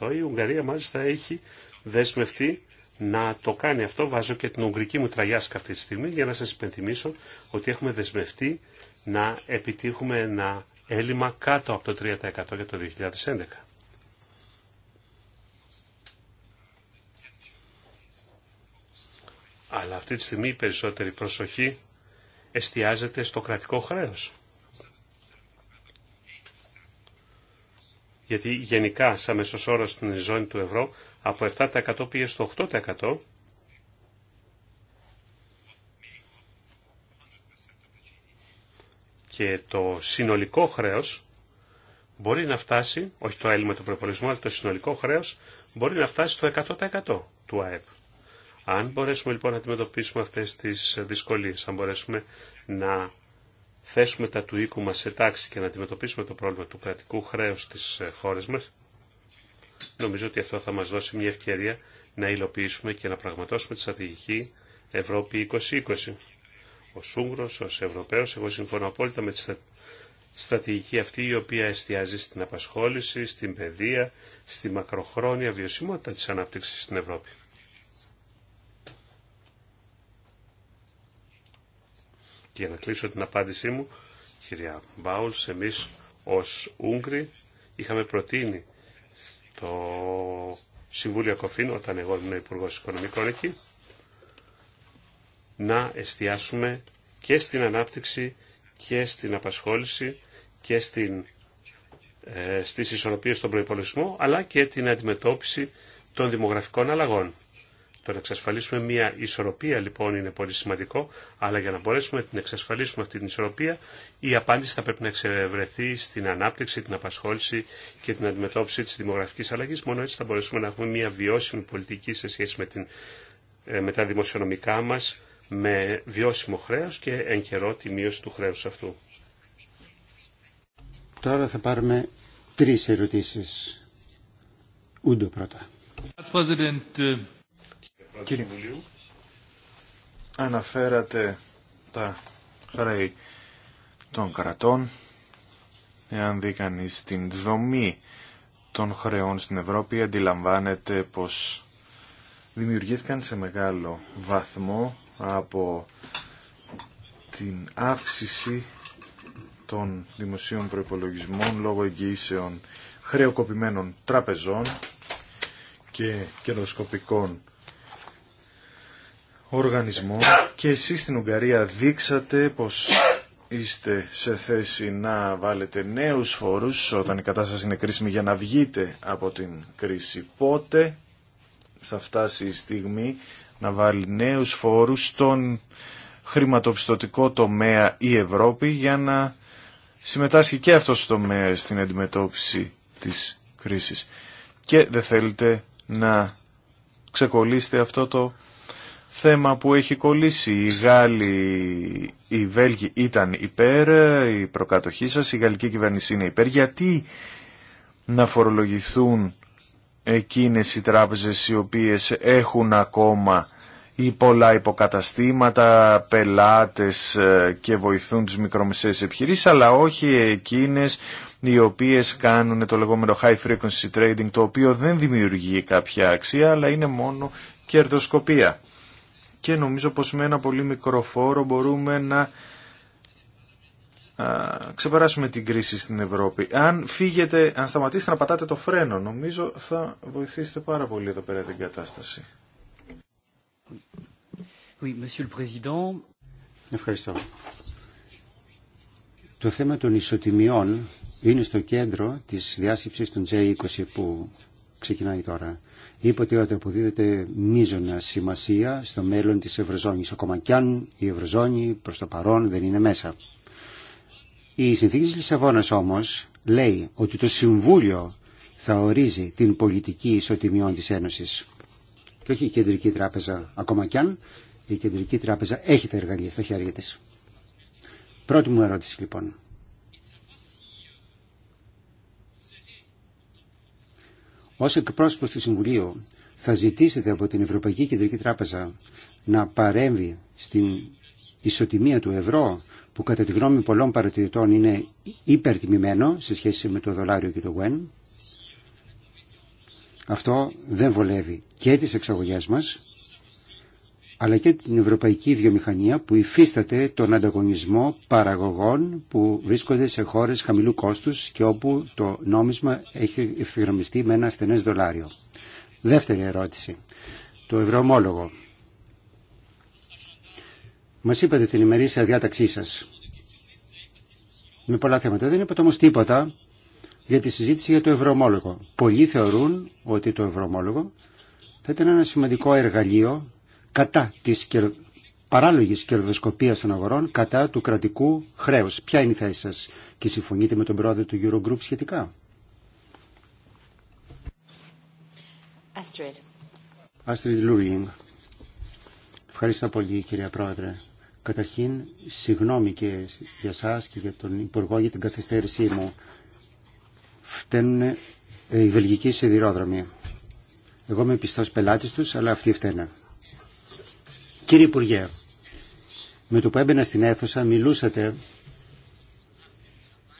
3%. Η Ουγγαρία μάλιστα έχει δεσμευτεί να το κάνει αυτό. Βάζω και την Ουγγρική μου τραγιάσκα αυτή τη στιγμή για να σας υπενθυμίσω ότι έχουμε δεσμευτεί να επιτύχουμε ένα έλλειμμα κάτω από το 3% για το 2011. Αλλά αυτή τη στιγμή η περισσότερη προσοχή εστιάζεται στο κρατικό χρέος. Γιατί γενικά σαν μέσος όρο στην ζώνη του ευρώ από 7% πήγε στο 8% και το συνολικό χρέος μπορεί να φτάσει, όχι το έλλειμμα του προπολισμού, αλλά το συνολικό χρέος μπορεί να φτάσει στο 100% του ΑΕΠ. Αν μπορέσουμε λοιπόν να αντιμετωπίσουμε αυτές τις δυσκολίες, αν μπορέσουμε να θέσουμε τα του οίκου μας σε τάξη και να αντιμετωπίσουμε το πρόβλημα του κρατικού χρέους στις ε, χώρες μας, νομίζω ότι αυτό θα μας δώσει μια ευκαιρία να υλοποιήσουμε και να πραγματώσουμε τη στρατηγική Ευρώπη 2020. Ο Ούγγρος, ως Ευρωπαίος, εγώ συμφωνώ απόλυτα με τη στρατηγική αυτή η οποία εστιάζει στην απασχόληση, στην παιδεία, στη μακροχρόνια βιωσιμότητα της ανάπτυξης στην Ευρώπη. Και για να κλείσω την απάντησή μου, κυρία Μπάουλ, εμεί ως Ούγγροι είχαμε προτείνει το Συμβούλιο Κοφίν, όταν εγώ ήμουν υπουργό Οικονομικών εκεί, να εστιάσουμε και στην ανάπτυξη και στην απασχόληση και στην, ε, στις ισορροπίες στον προϋπολογισμό, αλλά και την αντιμετώπιση των δημογραφικών αλλαγών. Το να εξασφαλίσουμε μια ισορροπία λοιπόν είναι πολύ σημαντικό, αλλά για να μπορέσουμε να την εξασφαλίσουμε αυτή την ισορροπία, η απάντηση θα πρέπει να εξευρεθεί στην ανάπτυξη, την απασχόληση και την αντιμετώπιση της δημογραφικής αλλαγής. Μόνο έτσι θα μπορέσουμε να έχουμε μια βιώσιμη πολιτική σε σχέση με, την, ε, τα δημοσιονομικά μα με βιώσιμο χρέο και εν καιρό τη μείωση του χρέου αυτού. Τώρα θα πάρουμε τρεις ερωτήσεις. Ούντο πρώτα. Κύριε αναφέρατε τα χρέη των κρατών. Εάν δει κανεί την δομή των χρεών στην Ευρώπη, αντιλαμβάνεται πως δημιουργήθηκαν σε μεγάλο βαθμό από την αύξηση των δημοσίων προϋπολογισμών λόγω εγγυήσεων χρεοκοπημένων τραπεζών και κερδοσκοπικών Οργανισμό, και εσείς στην Ουγγαρία δείξατε πως είστε σε θέση να βάλετε νέους φόρους όταν η κατάσταση είναι κρίσιμη για να βγείτε από την κρίση. Πότε θα φτάσει η στιγμή να βάλει νέους φόρους στον χρηματοπιστωτικό τομέα η Ευρώπη για να συμμετάσχει και αυτός το τομέα στην αντιμετώπιση της κρίσης. Και δεν θέλετε να ξεκολλήσετε αυτό το θέμα που έχει κολλήσει. Οι Γάλλοι, οι Βέλγοι ήταν υπέρ, η προκατοχή σας, η γαλλική κυβέρνηση είναι υπέρ. Γιατί να φορολογηθούν εκείνες οι τράπεζες οι οποίες έχουν ακόμα ή πολλά υποκαταστήματα, πελάτες ε, και βοηθούν τους μικρομεσαίες επιχειρήσεις, αλλά όχι εκείνες οι οποίες κάνουν το λεγόμενο high frequency trading, το οποίο δεν δημιουργεί κάποια αξία, αλλά είναι μόνο κερδοσκοπία και νομίζω πως με ένα πολύ μικρό φόρο μπορούμε να ξεπεράσουμε την κρίση στην Ευρώπη. Αν φύγετε, αν σταματήσετε να πατάτε το φρένο, νομίζω θα βοηθήσετε πάρα πολύ εδώ πέρα την κατάσταση. Oui, monsieur le Président. Ευχαριστώ. Το θέμα των ισοτιμιών είναι στο κέντρο της διάσκεψης των J20 που ξεκινάει τώρα. Είπε ότι αποδίδεται μείζωνα σημασία στο μέλλον της Ευρωζώνης, ακόμα κι αν η Ευρωζώνη προς το παρόν δεν είναι μέσα. Η συνθήκη της Λισαβόνας όμως λέει ότι το Συμβούλιο θα ορίζει την πολιτική ισοτιμιών της Ένωσης και όχι η Κεντρική Τράπεζα, ακόμα κι αν η Κεντρική Τράπεζα έχει τα εργαλεία στα χέρια της. Πρώτη μου ερώτηση λοιπόν. Ω εκπρόσωπο του Συμβουλίου θα ζητήσετε από την Ευρωπαϊκή Κεντρική Τράπεζα να παρέμβει στην ισοτιμία του ευρώ που κατά τη γνώμη πολλών παρατηρητών είναι υπερτιμημένο σε σχέση με το δολάριο και το γουέν. Αυτό δεν βολεύει και τις εξαγωγές μας αλλά και την ευρωπαϊκή βιομηχανία που υφίσταται τον ανταγωνισμό παραγωγών που βρίσκονται σε χώρες χαμηλού κόστους και όπου το νόμισμα έχει ευθυγραμμιστεί με ένα στενές δολάριο. Δεύτερη ερώτηση. Το ευρωομόλογο. Μας είπατε την ημερήσια διάταξή σας με πολλά θέματα. Δεν είπατε όμως τίποτα για τη συζήτηση για το ευρωομόλογο. Πολλοί θεωρούν ότι το ευρωομόλογο θα ήταν ένα σημαντικό εργαλείο κατά της κερδοσκοπίας παράλογη κερδοσκοπία των αγορών κατά του κρατικού χρέους. Ποια είναι η θέση σας και συμφωνείτε με τον πρόεδρο του Eurogroup σχετικά. Astrid Ευχαριστώ πολύ κυρία Πρόεδρε. Καταρχήν, συγγνώμη και για εσά και για τον Υπουργό για την καθυστέρησή μου. Φταίνουν ε, οι βελγικοί σιδηρόδρομοι. Εγώ είμαι πιστός πελάτης τους, αλλά αυτοί φταίνουν. Κύριε Υπουργέ, με το που έμπαινα στην αίθουσα μιλούσατε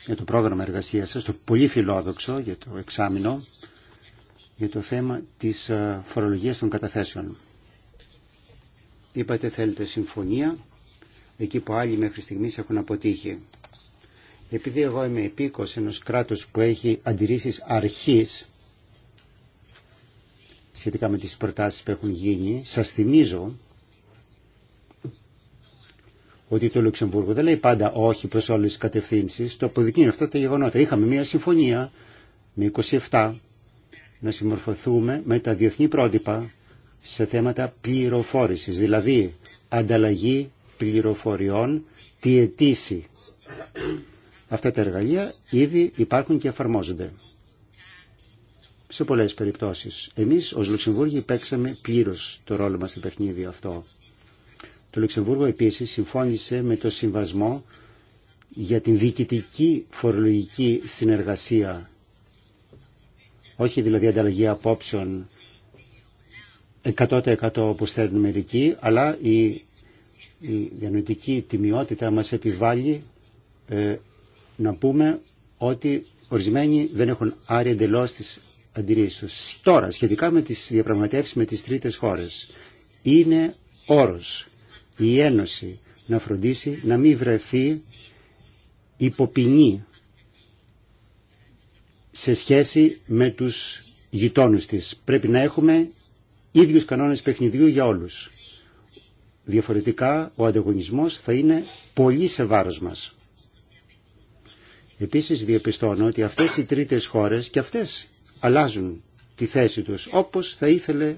για το πρόγραμμα εργασίας σας, το πολύ φιλόδοξο για το εξάμεινο, για το θέμα της ε, φορολογίας των καταθέσεων. Είπατε θέλετε συμφωνία, εκεί που άλλοι μέχρι στιγμής έχουν αποτύχει. Επειδή εγώ είμαι επίκος ενός κράτους που έχει αντιρρήσεις αρχής σχετικά με τις προτάσεις που έχουν γίνει, σας θυμίζω ότι το Λουξεμβούργο δεν λέει πάντα όχι προς όλες τις κατευθύνσεις. Το αποδεικνύει αυτά τα γεγονότα. Είχαμε μια συμφωνία με 27 να συμμορφωθούμε με τα διεθνή πρότυπα σε θέματα πληροφόρησης, δηλαδή ανταλλαγή πληροφοριών, τη αιτήση. Αυτά τα εργαλεία ήδη υπάρχουν και εφαρμόζονται σε πολλές περιπτώσεις. Εμείς ως Λουξεμβούργοι παίξαμε πλήρως το ρόλο μας στο παιχνίδι αυτό. Το Λουξεμβούργο επίσης συμφώνησε με το Συμβασμό για την διοικητική φορολογική συνεργασία. Όχι δηλαδή ανταλλαγή απόψεων 100% όπως θέλουν μερικοί, αλλά η, η διανοητική τιμιότητα μας επιβάλλει ε, να πούμε ότι ορισμένοι δεν έχουν άρει εντελώ τι αντιρρήσει του. Τώρα, σχετικά με τι διαπραγματεύσει με τι τρίτε χώρε, είναι όρο η Ένωση να φροντίσει να μην βρεθεί υποπινή σε σχέση με τους γειτόνους της. Πρέπει να έχουμε ίδιους κανόνες παιχνιδιού για όλους. Διαφορετικά ο ανταγωνισμός θα είναι πολύ σε βάρος μας. Επίσης διαπιστώνω ότι αυτές οι τρίτες χώρες και αυτές αλλάζουν τη θέση τους όπως θα ήθελε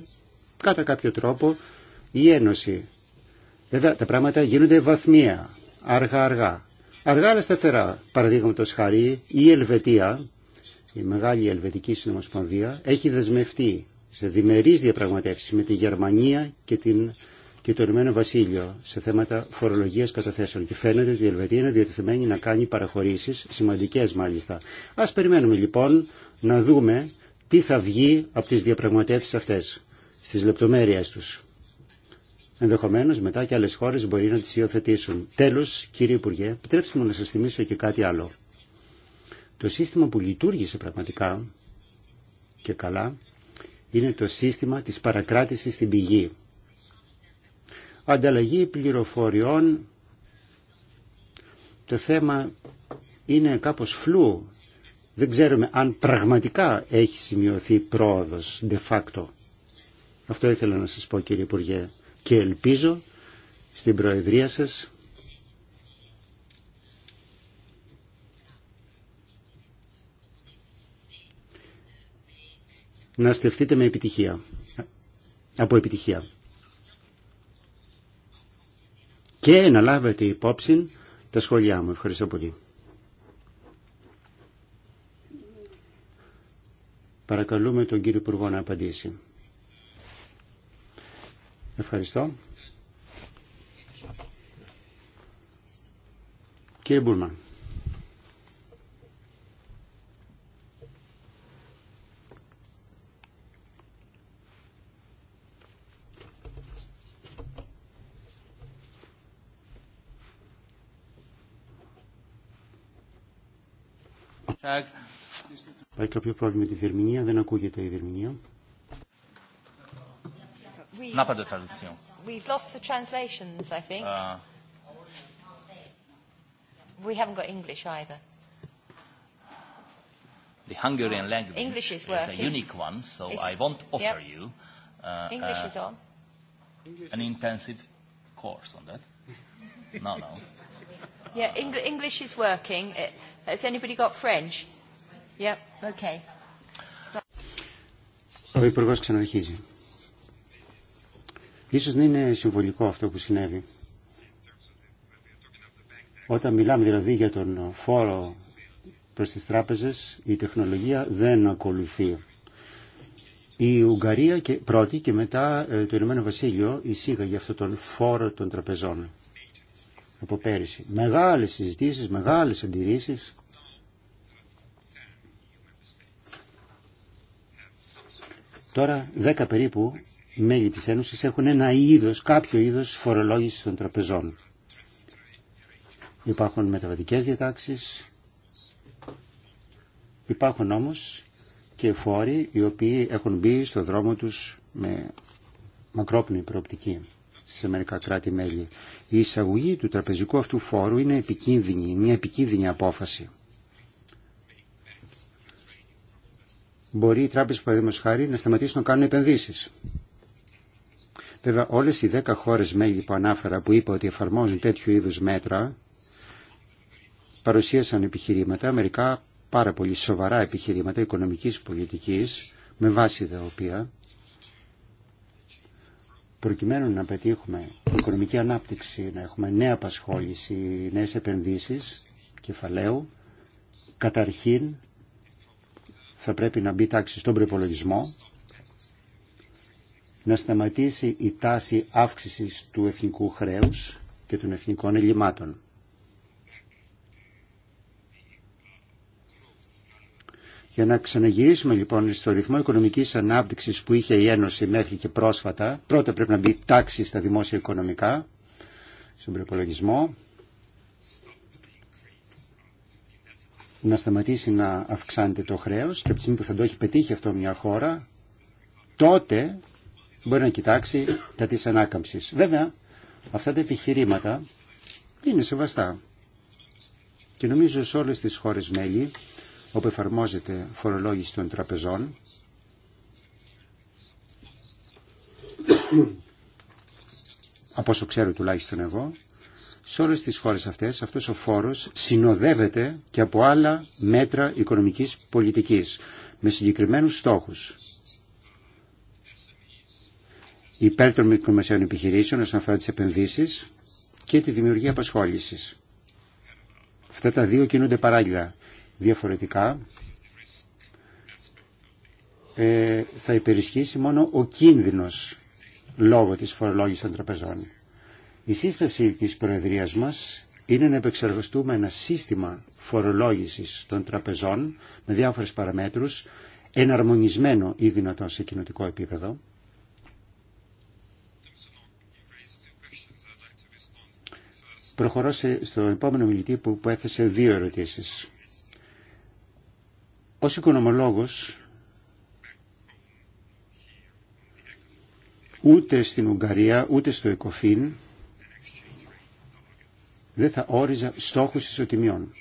κατά κάποιο τρόπο η Ένωση Βέβαια τα πράγματα γίνονται βαθμία, αργά-αργά. Αργά αλλά σταθερά. Παραδείγματο χάρη, η Ελβετία, η μεγάλη Ελβετική Συνομοσπονδία, έχει δεσμευτεί σε διμερείς διαπραγματεύσεις με τη Γερμανία και, την, και το Ηνωμένο Βασίλειο σε θέματα φορολογίας καταθέσεων. Και φαίνεται ότι η Ελβετία είναι διατεθειμένη να κάνει παραχωρήσεις, σημαντικές μάλιστα. Ας περιμένουμε λοιπόν να δούμε τι θα βγει από τις διαπραγματεύσει αυτές, στις λεπτομέρειες τους. Ενδεχομένως μετά και άλλες χώρες μπορεί να τις υιοθετήσουν. Τέλος, κύριε Υπουργέ, επιτρέψτε μου να σα θυμίσω και κάτι άλλο. Το σύστημα που λειτουργήσε πραγματικά και καλά είναι το σύστημα της παρακράτησης στην πηγή. Ανταλλαγή πληροφοριών. Το θέμα είναι κάπως φλού. Δεν ξέρουμε αν πραγματικά έχει σημειωθεί πρόοδος de facto. Αυτό ήθελα να σας πω κύριε Υπουργέ και ελπίζω στην Προεδρία σας να στεφτείτε με επιτυχία, από επιτυχία. Και να λάβετε υπόψη τα σχόλιά μου. Ευχαριστώ πολύ. Παρακαλούμε τον κύριο Υπουργό να απαντήσει. Ευχαριστώ. Κύριε Μπούρμαν. Υπάρχει κάποιο πρόβλημα με τη δερμηνία. δεν ακούγεται η δερμηνία n'a pas de traduction. We've lost the translations, I think. Uh, we haven't got English either. The Hungarian language is, is a unique one, so I won't offer you uh, English is on. an intensive course on that. no, no. Yeah, Eng English is working. Has anybody got French? Yep, okay. Ο Υπουργός Ίσως να είναι συμβολικό αυτό που συνέβη. Όταν μιλάμε δηλαδή για τον φόρο προς τις τράπεζες, η τεχνολογία δεν ακολουθεί. Η Ουγγαρία και, πρώτη και μετά ε, το Ηνωμένο Βασίλειο εισήγαγε αυτόν τον φόρο των τραπεζών από πέρυσι. Μεγάλες συζητήσεις, μεγάλες αντιρρήσεις Τώρα 10 περίπου μέλη της Ένωσης έχουν ένα είδος, κάποιο είδος φορολόγηση των τραπεζών. Υπάρχουν μεταβατικές διατάξεις, υπάρχουν όμως και φόροι οι οποίοι έχουν μπει στο δρόμο τους με μακρόπνοη προοπτική σε μερικά κράτη-μέλη. Η εισαγωγή του τραπεζικού αυτού φόρου είναι επικίνδυνη, μια επικίνδυνη απόφαση. μπορεί οι τράπεζε, παραδείγματο χάρη, να σταματήσουν να κάνουν επενδύσει. Βέβαια, όλε οι 10 χώρε μέλη που ανάφερα που είπα ότι εφαρμόζουν τέτοιου είδου μέτρα παρουσίασαν επιχειρήματα, μερικά πάρα πολύ σοβαρά επιχειρήματα οικονομικής πολιτικής, με βάση τα οποία προκειμένου να πετύχουμε οικονομική ανάπτυξη, να έχουμε νέα απασχόληση, νέες επενδύσεις κεφαλαίου, καταρχήν θα πρέπει να μπει τάξη στον προπολογισμό, να σταματήσει η τάση αύξησης του εθνικού χρέους και των εθνικών ελλημάτων. Για να ξαναγυρίσουμε λοιπόν στο ρυθμό οικονομικής ανάπτυξης που είχε η Ένωση μέχρι και πρόσφατα, πρώτα πρέπει να μπει τάξη στα δημόσια οικονομικά, στον προπολογισμό, να σταματήσει να αυξάνεται το χρέος και από τη στιγμή που θα το έχει πετύχει αυτό μια χώρα, τότε μπορεί να κοιτάξει τα της ανάκαμψης. Βέβαια, αυτά τα επιχειρήματα είναι σεβαστά. Και νομίζω σε όλες τις χώρες μέλη, όπου εφαρμόζεται φορολόγηση των τραπεζών, από όσο ξέρω τουλάχιστον εγώ, σε όλες τις χώρες αυτές αυτός ο φόρος συνοδεύεται και από άλλα μέτρα οικονομικής πολιτικής με συγκεκριμένους στόχους. Υπέρ των μικρομεσαίων επιχειρήσεων όσον αφορά τις επενδύσεις και τη δημιουργία απασχόλησης. Αυτά τα δύο κινούνται παράλληλα. Διαφορετικά ε, θα υπερισχύσει μόνο ο κίνδυνος λόγω της φορολόγησης των τραπεζών. Η σύσταση της Προεδρίας μας είναι να επεξεργαστούμε ένα σύστημα φορολόγησης των τραπεζών με διάφορες παραμέτρους, εναρμονισμένο ή δυνατόν σε κοινοτικό επίπεδο. Προχωρώ στο επόμενο μιλητή που, που έθεσε δύο ερωτήσεις. Ως οικονομολόγος, ούτε στην Ουγγαρία, ούτε στο ΕΚΟΦΗΝ, δεν θα όριζα στόχους ισοτιμιών.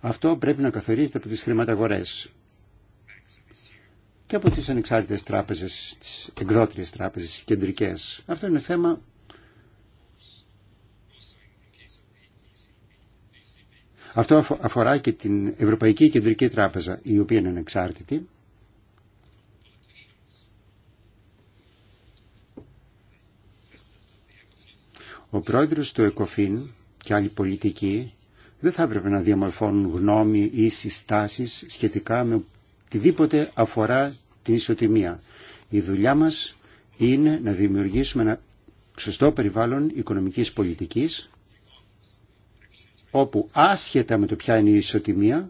Αυτό πρέπει να καθορίζεται από τις χρηματαγορές και από τις ανεξάρτητες τράπεζες, τις εκδότριες τράπεζες, τις κεντρικές. Αυτό είναι θέμα Αυτό αφορά και την Ευρωπαϊκή Κεντρική Τράπεζα, η οποία είναι ανεξάρτητη Ο πρόεδρος του ΕΚΟΦΗΝ και άλλοι πολιτικοί δεν θα έπρεπε να διαμορφώνουν γνώμη ή συστάσεις σχετικά με οτιδήποτε αφορά την ισοτιμία. Η δουλειά μας είναι να δημιουργήσουμε ένα σωστό περιβάλλον οικονομικής πολιτικής όπου άσχετα με το ποια είναι η ισοτιμία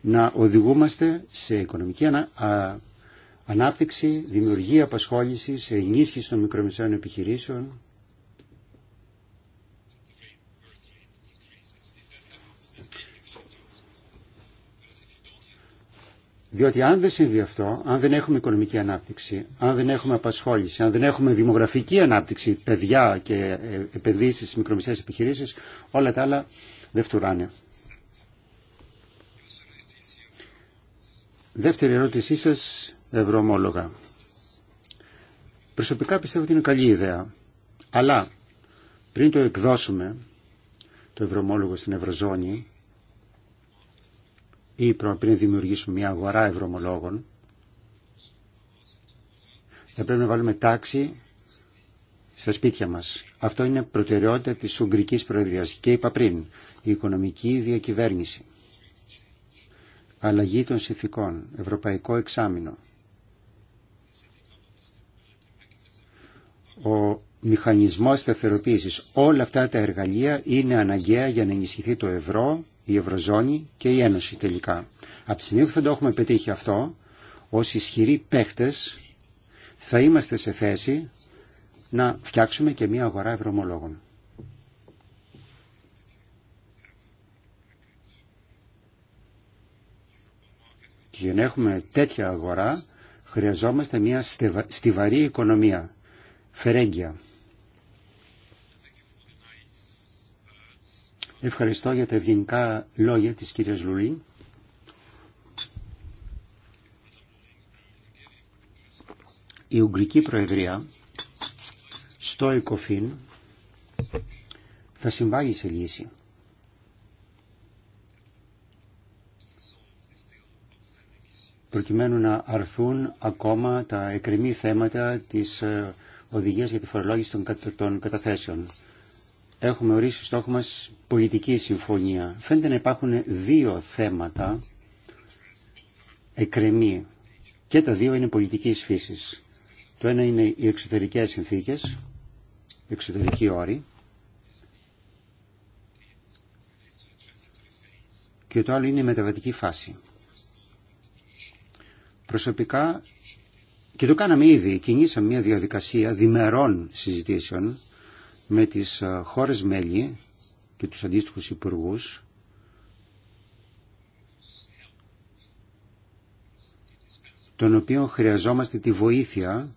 να οδηγούμαστε σε οικονομική ανάπτυξη, δημιουργία απασχόλησης, ενίσχυση των μικρομεσαίων επιχειρήσεων Διότι αν δεν συμβεί αυτό, αν δεν έχουμε οικονομική ανάπτυξη, αν δεν έχουμε απασχόληση, αν δεν έχουμε δημογραφική ανάπτυξη, παιδιά και ε, επενδύσεις, μικρομεσαίες επιχειρήσεις, όλα τα άλλα δεν φτουράνε. Δεύτερη ερώτησή σας, ευρωομόλογα. Προσωπικά πιστεύω ότι είναι καλή ιδέα. Αλλά πριν το εκδώσουμε, το ευρωομόλογο στην Ευρωζώνη, ή προαπειλεί δημιουργίσμο μιας γωαράς ευρωμολόγων. Θα πάμε βάλουμε ταξί στα σπίτια μας. Αυτό είναι προτεριότητα της Ουγρικής προεδρίας και ήπαυρην η πριν δημιουργήσουμε μια αγορά ευρωμολόγων, θα πρέπει να βάλουμε τάξη στα σπίτια μας. Αυτό είναι προτεραιότητα της Ουγγρικής Προεδρίας. Και είπα πριν, η οικονομική διακυβέρνηση, αλλαγή των συνθηκών, ευρωπαϊκό εξάμεινο, ο μηχανισμός σταθεροποίησης. Όλα αυτά τα εργαλεία είναι αναγκαία για να ενισχυθεί το ευρώ η Ευρωζώνη και η Ένωση τελικά. Από τη στιγμή που θα το έχουμε πετύχει αυτό, ως ισχυροί παίχτες θα είμαστε σε θέση να φτιάξουμε και μια αγορά ευρωμολόγων. Και για να έχουμε τέτοια αγορά χρειαζόμαστε μια στιβαρή οικονομία, φερέγγια. Ευχαριστώ για τα ευγενικά λόγια της κυρίας Λουλή. Η Ουγγρική Προεδρία στο ΕΚΟΦΗΝ θα συμβάγει σε λύση. προκειμένου να αρθούν ακόμα τα εκκρεμή θέματα της ε, οδηγίας για τη φορολόγηση των καταθέσεων έχουμε ορίσει στόχο μας πολιτική συμφωνία. Φαίνεται να υπάρχουν δύο θέματα εκκρεμή και τα δύο είναι πολιτικής φύσης. Το ένα είναι οι εξωτερικές συνθήκες, οι εξωτερικοί όροι και το άλλο είναι η μεταβατική φάση. Προσωπικά και το κάναμε ήδη, κινήσαμε μια διαδικασία διμερών συζητήσεων με τις ε, χώρες μέλη και τους αντίστοιχους υπουργούς τον οποίο χρειαζόμαστε τη βοήθεια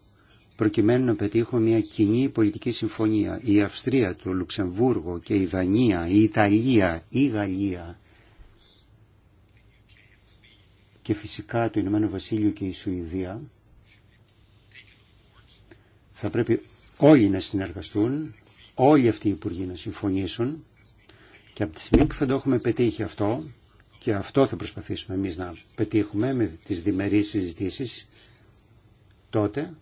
προκειμένου να πετύχουμε μια κοινή πολιτική συμφωνία. Η Αυστρία, το Λουξεμβούργο και η Δανία, η Ιταλία, η Γαλλία και φυσικά το Ηνωμένο Βασίλειο και η Σουηδία θα πρέπει όλοι να συνεργαστούν όλοι αυτοί οι υπουργοί να συμφωνήσουν και από τη στιγμή που θα το έχουμε πετύχει αυτό και αυτό θα προσπαθήσουμε εμείς να πετύχουμε με τις διμερείς συζητήσει, τότε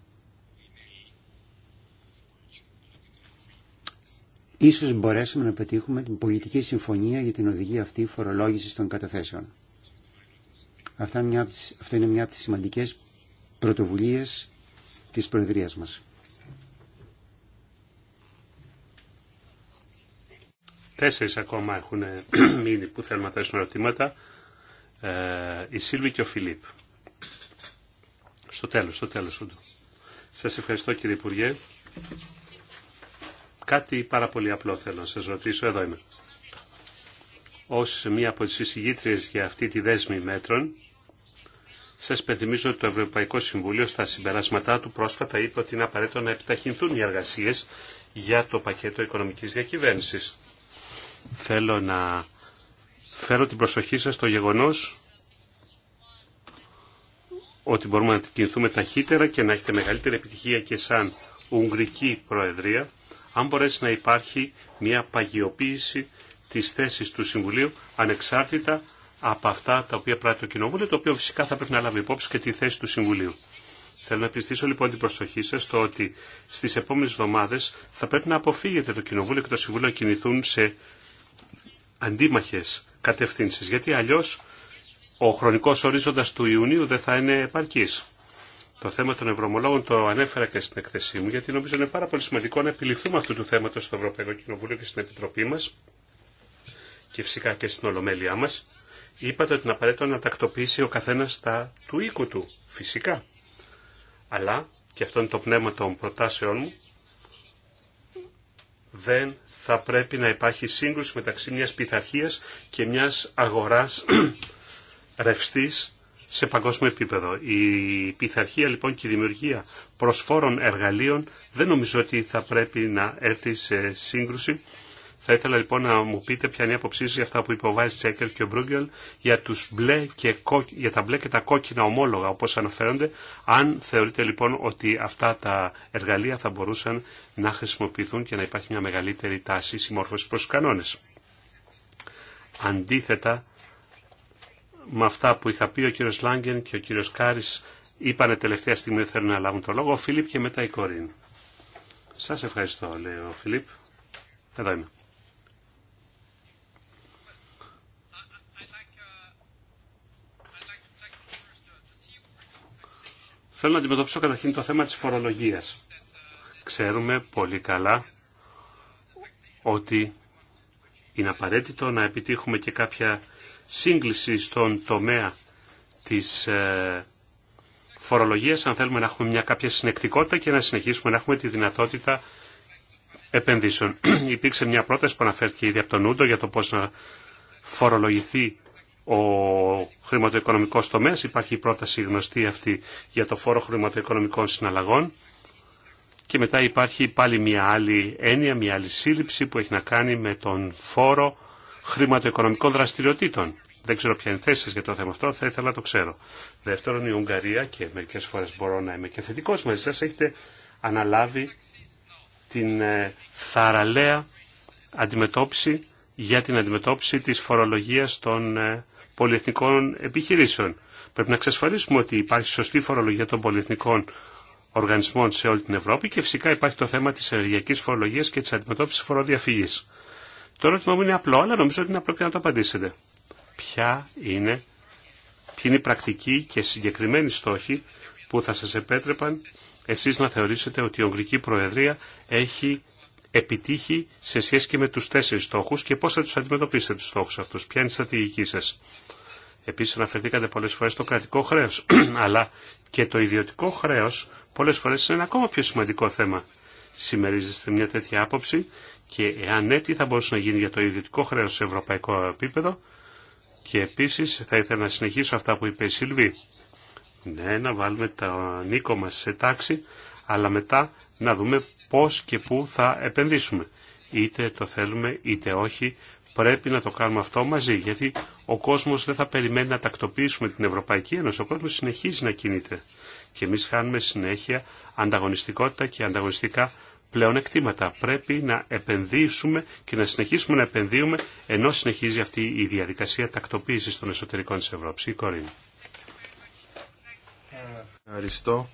ίσως μπορέσουμε να πετύχουμε την πολιτική συμφωνία για την οδηγία αυτή φορολόγησης των καταθέσεων. Αυτά αυτό είναι μια από τις σημαντικές πρωτοβουλίες της Προεδρίας μας. Τέσσερις ακόμα έχουν μείνει που θέλουν να θέσουν ερωτήματα. Ε, η Σίλβη και ο Φιλίπ. Στο τέλος, στο τέλος ούτω. Σας ευχαριστώ κύριε Υπουργέ. Κάτι πάρα πολύ απλό θέλω να σας ρωτήσω. Εδώ είμαι. Ως μία από τις εισηγήτριες για αυτή τη δέσμη μέτρων, σας πενθυμίζω ότι το Ευρωπαϊκό Συμβούλιο στα συμπεράσματά του πρόσφατα είπε ότι είναι απαραίτητο να επιταχυνθούν οι εργασίες για το πακέτο οικονομικής διακυβέρνησης. Θέλω να φέρω την προσοχή σας στο γεγονός ότι μπορούμε να κινηθούμε ταχύτερα και να έχετε μεγαλύτερη επιτυχία και σαν Ουγγρική Προεδρία, αν μπορέσει να υπάρχει μια παγιοποίηση της θέσης του Συμβουλίου ανεξάρτητα από αυτά τα οποία πράττει το Κοινοβούλιο, το οποίο φυσικά θα πρέπει να λάβει υπόψη και τη θέση του Συμβουλίου. Θέλω να πιστήσω λοιπόν την προσοχή σας στο ότι στις επόμενες εβδομάδες θα πρέπει να αποφύγετε το Κοινοβούλιο και το Συμβούλιο να κινηθούν σε αντίμαχες κατευθύνσεις, γιατί αλλιώς ο χρονικός ορίζοντας του Ιουνίου δεν θα είναι επαρκής. Το θέμα των ευρωμολόγων το ανέφερα και στην εκθεσή μου, γιατί νομίζω είναι πάρα πολύ σημαντικό να επιληφθούμε αυτού του θέματος στο Ευρωπαϊκό Κοινοβούλιο και στην Επιτροπή μας και φυσικά και στην Ολομέλειά μας. Είπατε ότι είναι απαραίτητο να τακτοποιήσει ο καθένας τα του οίκου του, φυσικά. Αλλά, και αυτό είναι το πνεύμα των προτάσεών μου, δεν θα πρέπει να υπάρχει σύγκρουση μεταξύ μιας πειθαρχία και μιας αγοράς ρευστής σε παγκόσμιο επίπεδο. Η πειθαρχία λοιπόν και η δημιουργία προσφόρων εργαλείων δεν νομίζω ότι θα πρέπει να έρθει σε σύγκρουση θα ήθελα λοιπόν να μου πείτε ποια είναι η άποψή για αυτά που είπε ο Τσέκερ και ο Μπρούγκελ για, τους μπλε και κο... για τα μπλε και τα κόκκινα ομόλογα όπω αναφέρονται. Αν θεωρείτε λοιπόν ότι αυτά τα εργαλεία θα μπορούσαν να χρησιμοποιηθούν και να υπάρχει μια μεγαλύτερη τάση συμμόρφωση προ του κανόνε. Αντίθετα με αυτά που είχα πει ο κύριος Λάγκεν και ο κύριος Κάρης είπανε τελευταία στιγμή ότι θέλουν να λάβουν το λόγο ο Φιλίπ και μετά η Κορίν. Σας ευχαριστώ λέει ο Φιλίπ. Εδώ είμαι. Θέλω να αντιμετωπίσω καταρχήν το θέμα της φορολογίας. Ξέρουμε πολύ καλά ότι είναι απαραίτητο να επιτύχουμε και κάποια σύγκληση στον τομέα της ε, φορολογίας αν θέλουμε να έχουμε μια κάποια συνεκτικότητα και να συνεχίσουμε να έχουμε τη δυνατότητα επενδύσεων. Υπήρξε μια πρόταση που αναφέρθηκε ήδη από τον Ούντο για το πώς να φορολογηθεί ο χρηματοοικονομικός τομέας. Υπάρχει η πρόταση γνωστή αυτή για το φόρο χρηματοοικονομικών συναλλαγών. Και μετά υπάρχει πάλι μια άλλη έννοια, μια άλλη σύλληψη που έχει να κάνει με τον φόρο χρηματοοικονομικών δραστηριοτήτων. Δεν ξέρω ποια είναι θέση για το θέμα αυτό, θα ήθελα να το ξέρω. Δεύτερον, η Ουγγαρία, και μερικές φορές μπορώ να είμαι και θετικός μαζί σας, έχετε αναλάβει την ε, θαραλέα αντιμετώπιση για την αντιμετώπιση της φορολογίας των ε, πολυεθνικών επιχειρήσεων. Πρέπει να εξασφαλίσουμε ότι υπάρχει σωστή φορολογία των πολυεθνικών οργανισμών σε όλη την Ευρώπη και φυσικά υπάρχει το θέμα της ενεργειακής φορολογίας και της αντιμετώπισης φοροδιαφυγής. Το ερώτημα μου είναι απλό, αλλά νομίζω ότι είναι απλό και να το απαντήσετε. Ποια είναι, ποια είναι η πρακτική και συγκεκριμένη στόχη που θα σας επέτρεπαν εσείς να θεωρήσετε ότι η Ογγρική Προεδρία έχει επιτύχει σε σχέση και με τους τέσσερις στόχους και πώς θα τους αντιμετωπίσετε τους στόχους αυτούς, ποια είναι η στρατηγική σας. Επίσης αναφερθήκατε πολλές φορές στο κρατικό χρέος, αλλά και το ιδιωτικό χρέος πολλές φορές είναι ένα ακόμα πιο σημαντικό θέμα. Σημερίζεστε μια τέτοια άποψη και εάν ναι, τι θα μπορούσε να γίνει για το ιδιωτικό χρέος σε ευρωπαϊκό επίπεδο και επίσης θα ήθελα να συνεχίσω αυτά που είπε η Σιλβή. Ναι, να βάλουμε τον Νίκο μας σε τάξη, αλλά μετά να δούμε πώς και πού θα επενδύσουμε. Είτε το θέλουμε είτε όχι, πρέπει να το κάνουμε αυτό μαζί, γιατί ο κόσμος δεν θα περιμένει να τακτοποιήσουμε την Ευρωπαϊκή Ένωση, ο κόσμος συνεχίζει να κινείται. Και εμείς χάνουμε συνέχεια ανταγωνιστικότητα και ανταγωνιστικά πλεονεκτήματα. Πρέπει να επενδύσουμε και να συνεχίσουμε να επενδύουμε, ενώ συνεχίζει αυτή η διαδικασία τακτοποίησης των εσωτερικών της Ευρώπης. Η Κορίνη. Ευχαριστώ.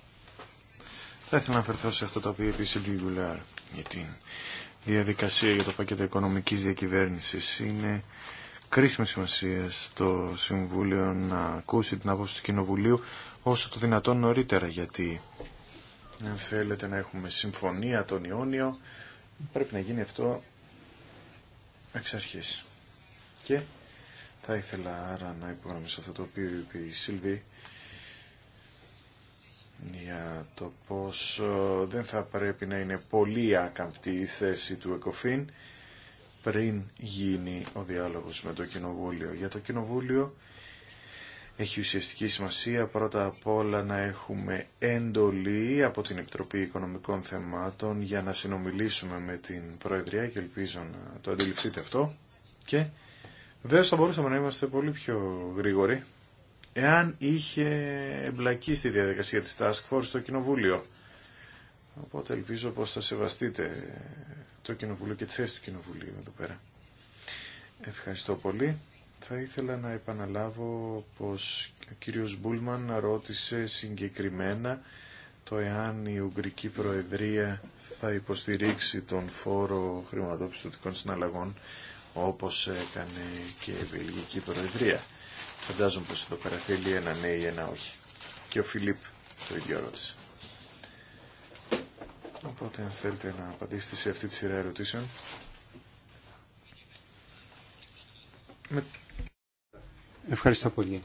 Θα ήθελα να αφαιρθώ σε αυτό το οποίο είπε η Σιλβί Γκουλάρ για την διαδικασία για το πακέτο οικονομικής διακυβέρνησης. Είναι κρίσιμη σημασία στο Συμβούλιο να ακούσει την άποψη του Κοινοβουλίου όσο το δυνατόν νωρίτερα, γιατί αν θέλετε να έχουμε συμφωνία τον Ιόνιο, πρέπει να γίνει αυτό εξ αρχής. Και θα ήθελα άρα να υπογραμμίσω αυτό το οποίο είπε η Σιλβί, για το πως δεν θα πρέπει να είναι πολύ άκαμπτη η θέση του ΕΚΟΦΗΝ πριν γίνει ο διάλογος με το Κοινοβούλιο. Για το Κοινοβούλιο έχει ουσιαστική σημασία πρώτα απ' όλα να έχουμε εντολή από την Επιτροπή Οικονομικών Θεμάτων για να συνομιλήσουμε με την Προεδρία και ελπίζω να το αντιληφθείτε αυτό και βέβαια θα μπορούσαμε να είμαστε πολύ πιο γρήγοροι εάν είχε εμπλακεί στη διαδικασία της Task Force στο Κοινοβούλιο. Οπότε ελπίζω πως θα σεβαστείτε το Κοινοβούλιο και τη θέση του Κοινοβουλίου εδώ πέρα. Ευχαριστώ πολύ. Θα ήθελα να επαναλάβω πως ο κύριος Μπούλμαν ρώτησε συγκεκριμένα το εάν η Ουγγρική Προεδρία θα υποστηρίξει τον φόρο χρηματοπιστωτικών συναλλαγών όπως έκανε και η Βελγική Προεδρία. Φαντάζομαι πως εδώ παραθέλει ένα ναι ή ένα όχι. Και ο Φιλίπ το ίδιο ρώτησε. Οπότε αν θέλετε να απαντήσετε σε αυτή τη σειρά ερωτήσεων. Ευχαριστώ πολύ.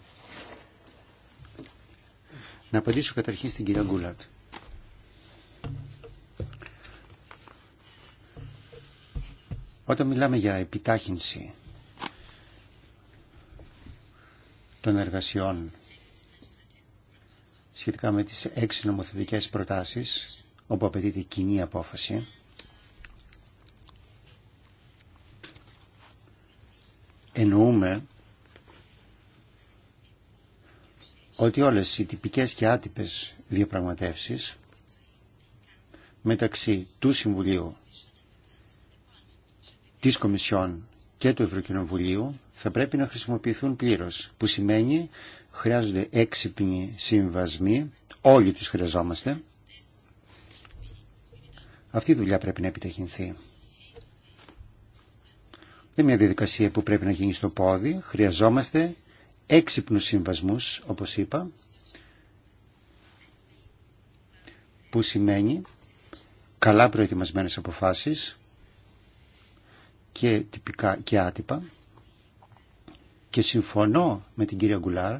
Να απαντήσω καταρχήν στην κυρία Γκούλαρτ. Όταν μιλάμε για επιτάχυνση των εργασιών σχετικά με τις έξι νομοθετικές προτάσεις όπου απαιτείται κοινή απόφαση εννοούμε ότι όλες οι τυπικές και άτυπες διαπραγματεύσεις μεταξύ του Συμβουλίου της Κομισιόν και του Ευρωκοινοβουλίου θα πρέπει να χρησιμοποιηθούν πλήρως, που σημαίνει χρειάζονται έξυπνοι συμβασμοί, όλοι τους χρειαζόμαστε. Αυτή η δουλειά πρέπει να επιτεχυνθεί. Δεν είναι μια διαδικασία που πρέπει να γίνει στο πόδι. Χρειαζόμαστε έξυπνους συμβασμούς, όπως είπα, που σημαίνει καλά προετοιμασμένες αποφάσεις, και τυπικά και άτυπα και συμφωνώ με την κυρία Γκουλάρ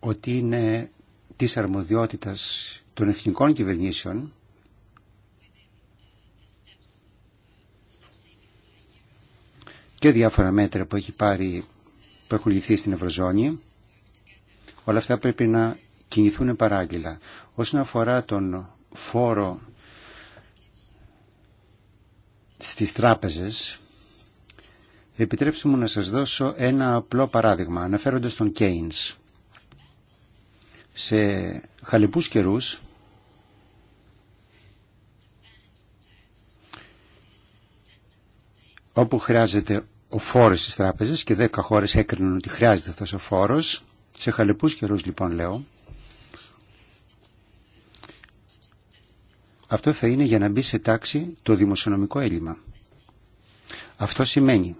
ότι είναι της αρμοδιότητας των εθνικών κυβερνήσεων και διάφορα μέτρα που, έχει πάρει, που έχουν λυθεί στην Ευρωζώνη όλα αυτά πρέπει να κινηθούν παράγγελα. Όσον αφορά τον φόρο στις τράπεζες, επιτρέψτε μου να σας δώσω ένα απλό παράδειγμα, αναφέροντας τον Keynes. Σε χαλιπούς καιρούς, όπου χρειάζεται ο φόρος στις τράπεζες και 10 χώρες έκριναν ότι χρειάζεται αυτός ο φόρος, σε χαλεπούς καιρούς λοιπόν λέω, αυτό θα είναι για να μπει σε τάξη το δημοσιονομικό έλλειμμα. Αυτό σημαίνει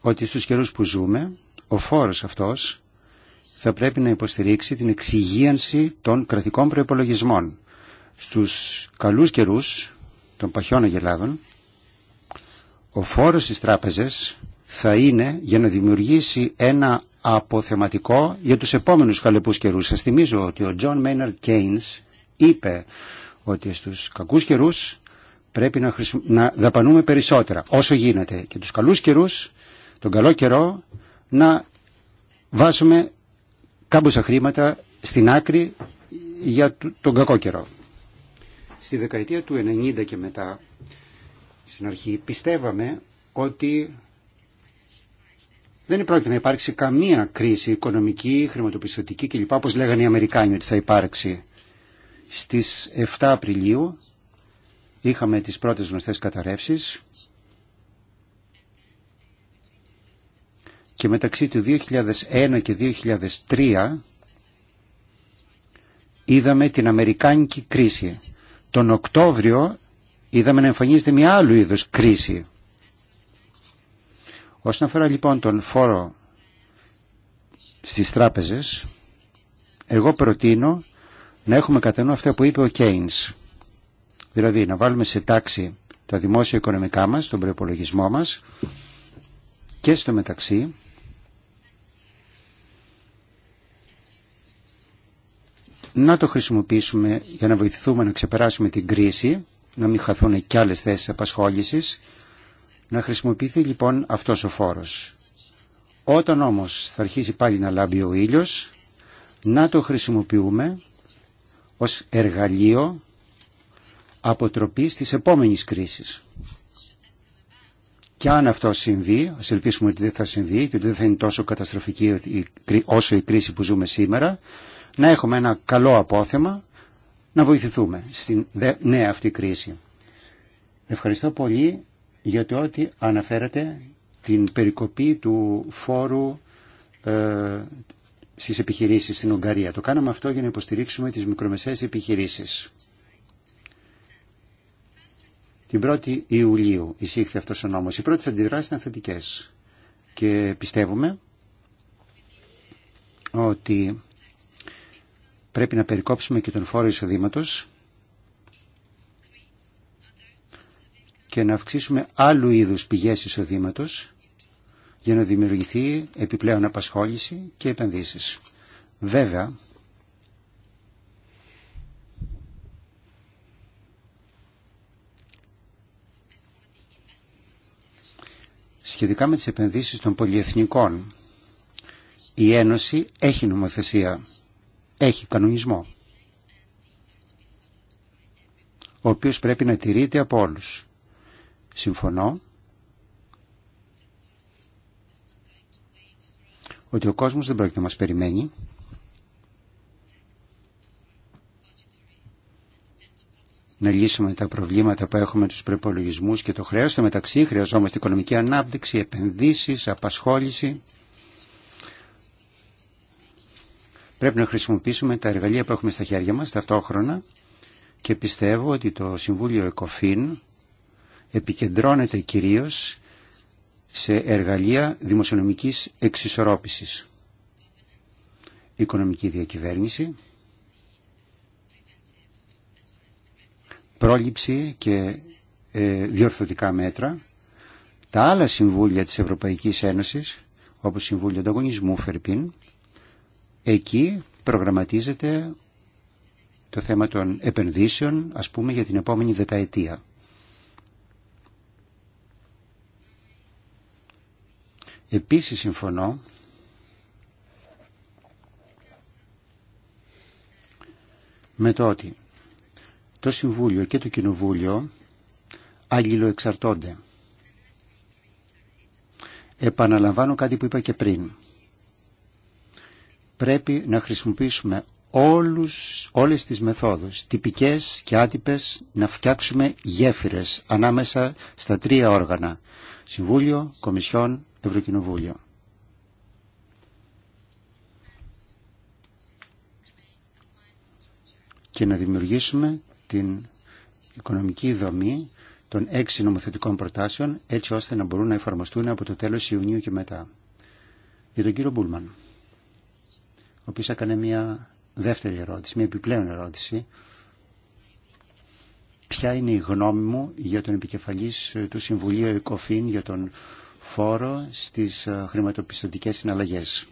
ότι στους καιρούς που ζούμε, ο φόρος αυτός θα πρέπει να υποστηρίξει την εξυγίανση των κρατικών προϋπολογισμών. Στους καλούς καιρούς των παχιών αγελάδων, ο φόρος στις τράπεζες θα είναι για να δημιουργήσει ένα αποθεματικό για τους επόμενους καλεπούς καιρούς. Σας θυμίζω ότι ο John Maynard Keynes είπε ότι στους κακούς καιρούς πρέπει να, να δαπανούμε περισσότερα όσο γίνεται και τους καλούς καιρούς, τον καλό καιρό να βάζουμε κάμποσα χρήματα στην άκρη για τον κακό καιρό. Στη δεκαετία του 90 και μετά, στην αρχή, πιστεύαμε ότι δεν πρόκειται να υπάρξει καμία κρίση οικονομική, χρηματοπιστωτική κλπ. Όπως λέγανε οι Αμερικάνοι ότι θα υπάρξει. Στις 7 Απριλίου είχαμε τις πρώτες γνωστές καταρρεύσεις και μεταξύ του 2001 και 2003 είδαμε την Αμερικάνικη κρίση. Τον Οκτώβριο είδαμε να εμφανίζεται μια άλλη είδους κρίση να αφορά λοιπόν τον φόρο στις τράπεζες, εγώ προτείνω να έχουμε κατά νου αυτά που είπε ο Κέινς. Δηλαδή να βάλουμε σε τάξη τα δημόσια οικονομικά μας, τον προπολογισμό μας και στο μεταξύ να το χρησιμοποιήσουμε για να βοηθηθούμε να ξεπεράσουμε την κρίση, να μην χαθούν και άλλες θέσεις απασχόλησης να χρησιμοποιηθεί λοιπόν αυτός ο φόρος. Όταν όμως θα αρχίσει πάλι να λάμπει ο ήλιος, να το χρησιμοποιούμε ως εργαλείο αποτροπής της επόμενης κρίσης. Και αν αυτό συμβεί, ας ελπίσουμε ότι δεν θα συμβεί και ότι δεν θα είναι τόσο καταστροφική όσο η κρίση που ζούμε σήμερα, να έχουμε ένα καλό απόθεμα να βοηθηθούμε στην νέα αυτή κρίση. Ευχαριστώ πολύ για το ότι αναφέρατε την περικοπή του φόρου ε, στις επιχειρήσεις στην Ουγγαρία. Το κάναμε αυτό για να υποστηρίξουμε τις μικρομεσαίες επιχειρήσεις. Την 1η Ιουλίου εισήχθη αυτός ο νόμος. Οι πρώτες αντιδράσεις ήταν θετικές και πιστεύουμε ότι πρέπει να περικόψουμε και τον φόρο εισοδήματος και να αυξήσουμε άλλου είδους πηγές εισοδήματος για να δημιουργηθεί επιπλέον απασχόληση και επενδύσεις. Βέβαια, σχετικά με τις επενδύσεις των πολιεθνικών, η Ένωση έχει νομοθεσία, έχει κανονισμό, ο οποίος πρέπει να τηρείται από όλους. Συμφωνώ ότι ο κόσμος δεν πρόκειται να μας περιμένει. Να λύσουμε τα προβλήματα που έχουμε τους προπολογισμού και το χρέος. Στο μεταξύ χρειαζόμαστε οικονομική ανάπτυξη, επενδύσεις, απασχόληση. Πρέπει να χρησιμοποιήσουμε τα εργαλεία που έχουμε στα χέρια μας ταυτόχρονα και πιστεύω ότι το Συμβούλιο ΕΚΟΦΗΝ επικεντρώνεται κυρίως σε εργαλεία δημοσιονομικής εξισορρόπησης. Οικονομική διακυβέρνηση, πρόληψη και ε, διορθωτικά μέτρα. Τα άλλα συμβούλια της Ευρωπαϊκής Ένωσης, όπως Συμβούλιο Ανταγωνισμού Φερπίν, εκεί προγραμματίζεται το θέμα των επενδύσεων, ας πούμε, για την επόμενη δεκαετία. Επίσης συμφωνώ με το ότι το Συμβούλιο και το Κοινοβούλιο αλληλοεξαρτώνται. Επαναλαμβάνω κάτι που είπα και πριν. Πρέπει να χρησιμοποιήσουμε όλους, όλες τις μεθόδους, τυπικές και άτυπες, να φτιάξουμε γέφυρες ανάμεσα στα τρία όργανα. Συμβούλιο, Κομισιόν, Ευρωκοινοβούλιο. Και να δημιουργήσουμε την οικονομική δομή των έξι νομοθετικών προτάσεων έτσι ώστε να μπορούν να εφαρμοστούν από το τέλος Ιουνίου και μετά. Για τον κύριο Μπούλμαν, ο οποίος έκανε μια δεύτερη ερώτηση, μια επιπλέον ερώτηση ποια είναι η γνώμη μου για τον επικεφαλής ε, του Συμβουλίου ΕΚΟΦΗΝ για τον φόρο στις ε, χρηματοπιστωτικές συναλλαγές.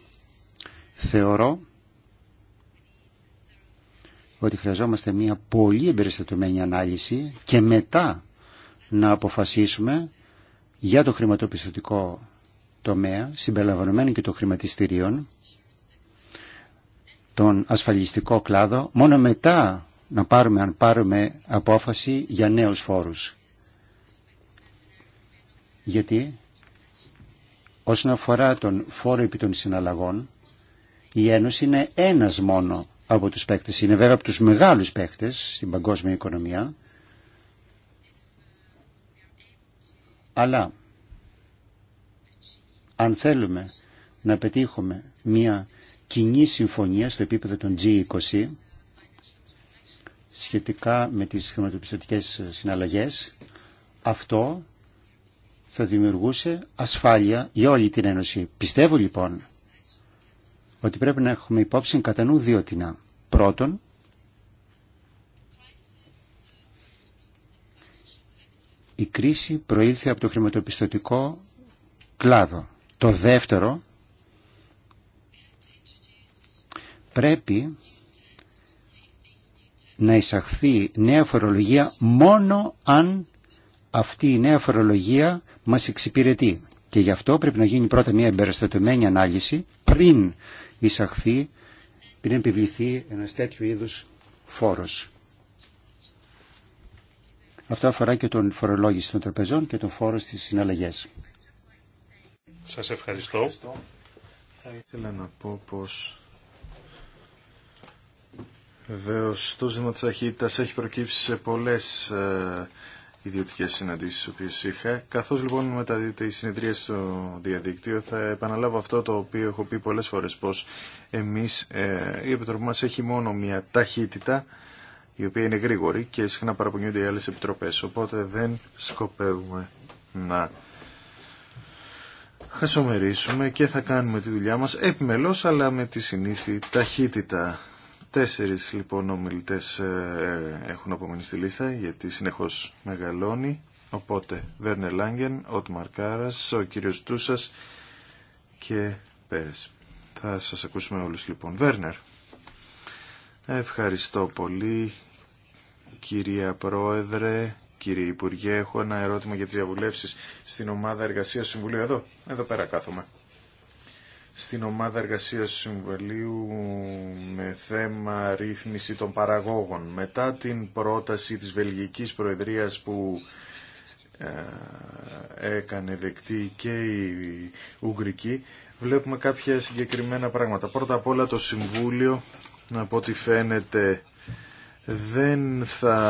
Θεωρώ ότι χρειαζόμαστε μια πολύ εμπεριστατωμένη ανάλυση και μετά να αποφασίσουμε για το χρηματοπιστωτικό τομέα, συμπεριλαμβανομένου και των χρηματιστηρίων, τον ασφαλιστικό κλάδο, μόνο μετά να πάρουμε, αν πάρουμε απόφαση για νέους φόρους. Γιατί όσον αφορά τον φόρο επί των συναλλαγών, η Ένωση είναι ένας μόνο από τους παίκτες. Είναι βέβαια από τους μεγάλους παίκτες στην παγκόσμια οικονομία, αλλά αν θέλουμε να πετύχουμε μια κοινή συμφωνία στο επίπεδο των G20, σχετικά με τις χρηματοπιστωτικές συναλλαγές, αυτό θα δημιουργούσε ασφάλεια για όλη την Ένωση. Πιστεύω λοιπόν ότι πρέπει να έχουμε υπόψη κατά νου δύο τινά. Πρώτον, η κρίση προήλθε από το χρηματοπιστωτικό κλάδο. Το δεύτερο, πρέπει να εισαχθεί νέα φορολογία μόνο αν αυτή η νέα φορολογία μας εξυπηρετεί. Και γι' αυτό πρέπει να γίνει πρώτα μια εμπεριστατωμένη ανάλυση πριν εισαχθεί, πριν επιβληθεί ένας τέτοιου είδους φόρος. Αυτό αφορά και τον φορολόγηση των τραπεζών και τον φόρο στις συναλλαγές. Σας ευχαριστώ. Θα ήθελα να πω πως Βεβαίω, το ζήτημα τη ταχύτητα έχει προκύψει σε πολλέ ε, ιδιωτικέ συναντήσει που είχα. Καθώ λοιπόν μεταδίδεται η συνεδρία στο διαδίκτυο, θα επαναλάβω αυτό το οποίο έχω πει πολλέ φορέ, πω εμεί, ε, η Επιτροπή μα έχει μόνο μία ταχύτητα, η οποία είναι γρήγορη και συχνά παραπονιούνται οι άλλε επιτροπέ. Οπότε δεν σκοπεύουμε να χασομερίσουμε και θα κάνουμε τη δουλειά μας επιμελώς αλλά με τη συνήθη ταχύτητα. Τέσσερις λοιπόν ομιλητές ε, ε, έχουν απομείνει στη λίστα γιατί συνεχώς μεγαλώνει. Οπότε Βέρνε Λάγγεν, Οτ Μαρκάρας, ο κύριος Τούσας και Πέρες. Θα σας ακούσουμε όλους λοιπόν. Βέρνερ. Ευχαριστώ πολύ κυρία Πρόεδρε, κύριε Υπουργέ. Έχω ένα ερώτημα για τις διαβουλεύσεις στην ομάδα εργασίας Συμβουλίου. Εδώ, εδώ πέρα κάθομαι στην ομάδα εργασίας του Συμβουλίου με θέμα ρύθμιση των παραγόγων. Μετά την πρόταση της Βελγικής Προεδρίας που ε, έκανε δεκτή και η Ουγγρική, βλέπουμε κάποια συγκεκριμένα πράγματα. Πρώτα απ' όλα το Συμβούλιο, από ό,τι φαίνεται, δεν θα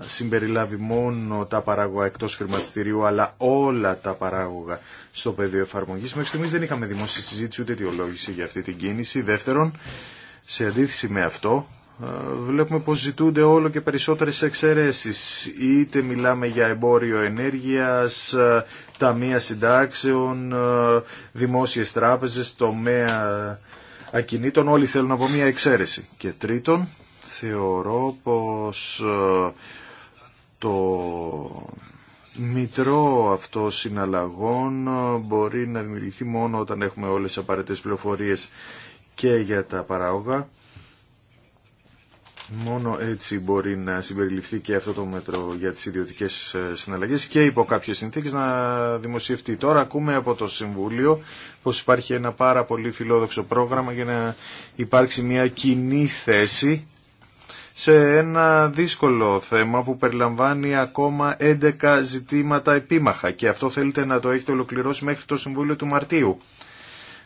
συμπεριλάβει μόνο τα παράγωγα εκτός χρηματιστηρίου αλλά όλα τα παράγωγα στο πεδίο εφαρμογή Μέχρι στιγμής δεν είχαμε δημόσια συζήτηση ούτε αιτιολόγηση για αυτή την κίνηση. Δεύτερον, σε αντίθεση με αυτό, ε, βλέπουμε πως ζητούνται όλο και περισσότερες εξαιρέσεις. Είτε μιλάμε για εμπόριο ενέργειας, ε, ταμεία συντάξεων, ε, δημόσιες τράπεζες, τομέα ακινήτων. Όλοι θέλουν από μία εξαίρεση. Και τρίτον, Θεωρώ πως ε, το μητρό αυτό συναλλαγών ε, μπορεί να δημιουργηθεί μόνο όταν έχουμε όλες τις απαραίτητες πληροφορίες και για τα παράγωγα. Μόνο έτσι μπορεί να συμπεριληφθεί και αυτό το μέτρο για τις ιδιωτικές ε, συναλλαγές και υπό κάποιες συνθήκες να δημοσιευτεί. Τώρα ακούμε από το Συμβούλιο πως υπάρχει ένα πάρα πολύ φιλόδοξο πρόγραμμα για να υπάρξει μια κοινή θέση σε ένα δύσκολο θέμα που περιλαμβάνει ακόμα 11 ζητήματα επίμαχα και αυτό θέλετε να το έχετε ολοκληρώσει μέχρι το Συμβούλιο του Μαρτίου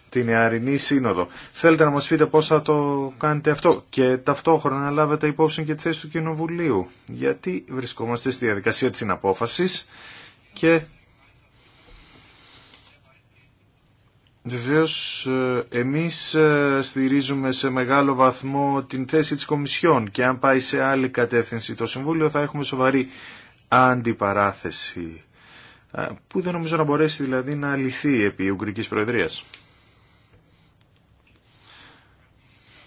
την Ιαρινή Σύνοδο. Θέλετε να μας πείτε πώς θα το κάνετε αυτό και ταυτόχρονα να λάβετε υπόψη και τη θέση του Κοινοβουλίου. Γιατί βρισκόμαστε στη διαδικασία της συναπόφασης και Βεβαίως ε, εμείς ε, στηρίζουμε σε μεγάλο βαθμό την θέση της Κομισιόν και αν πάει σε άλλη κατεύθυνση το Συμβούλιο θα έχουμε σοβαρή αντιπαράθεση ε, που δεν νομίζω να μπορέσει δηλαδή να λυθεί επί Ουγγρικής Προεδρίας.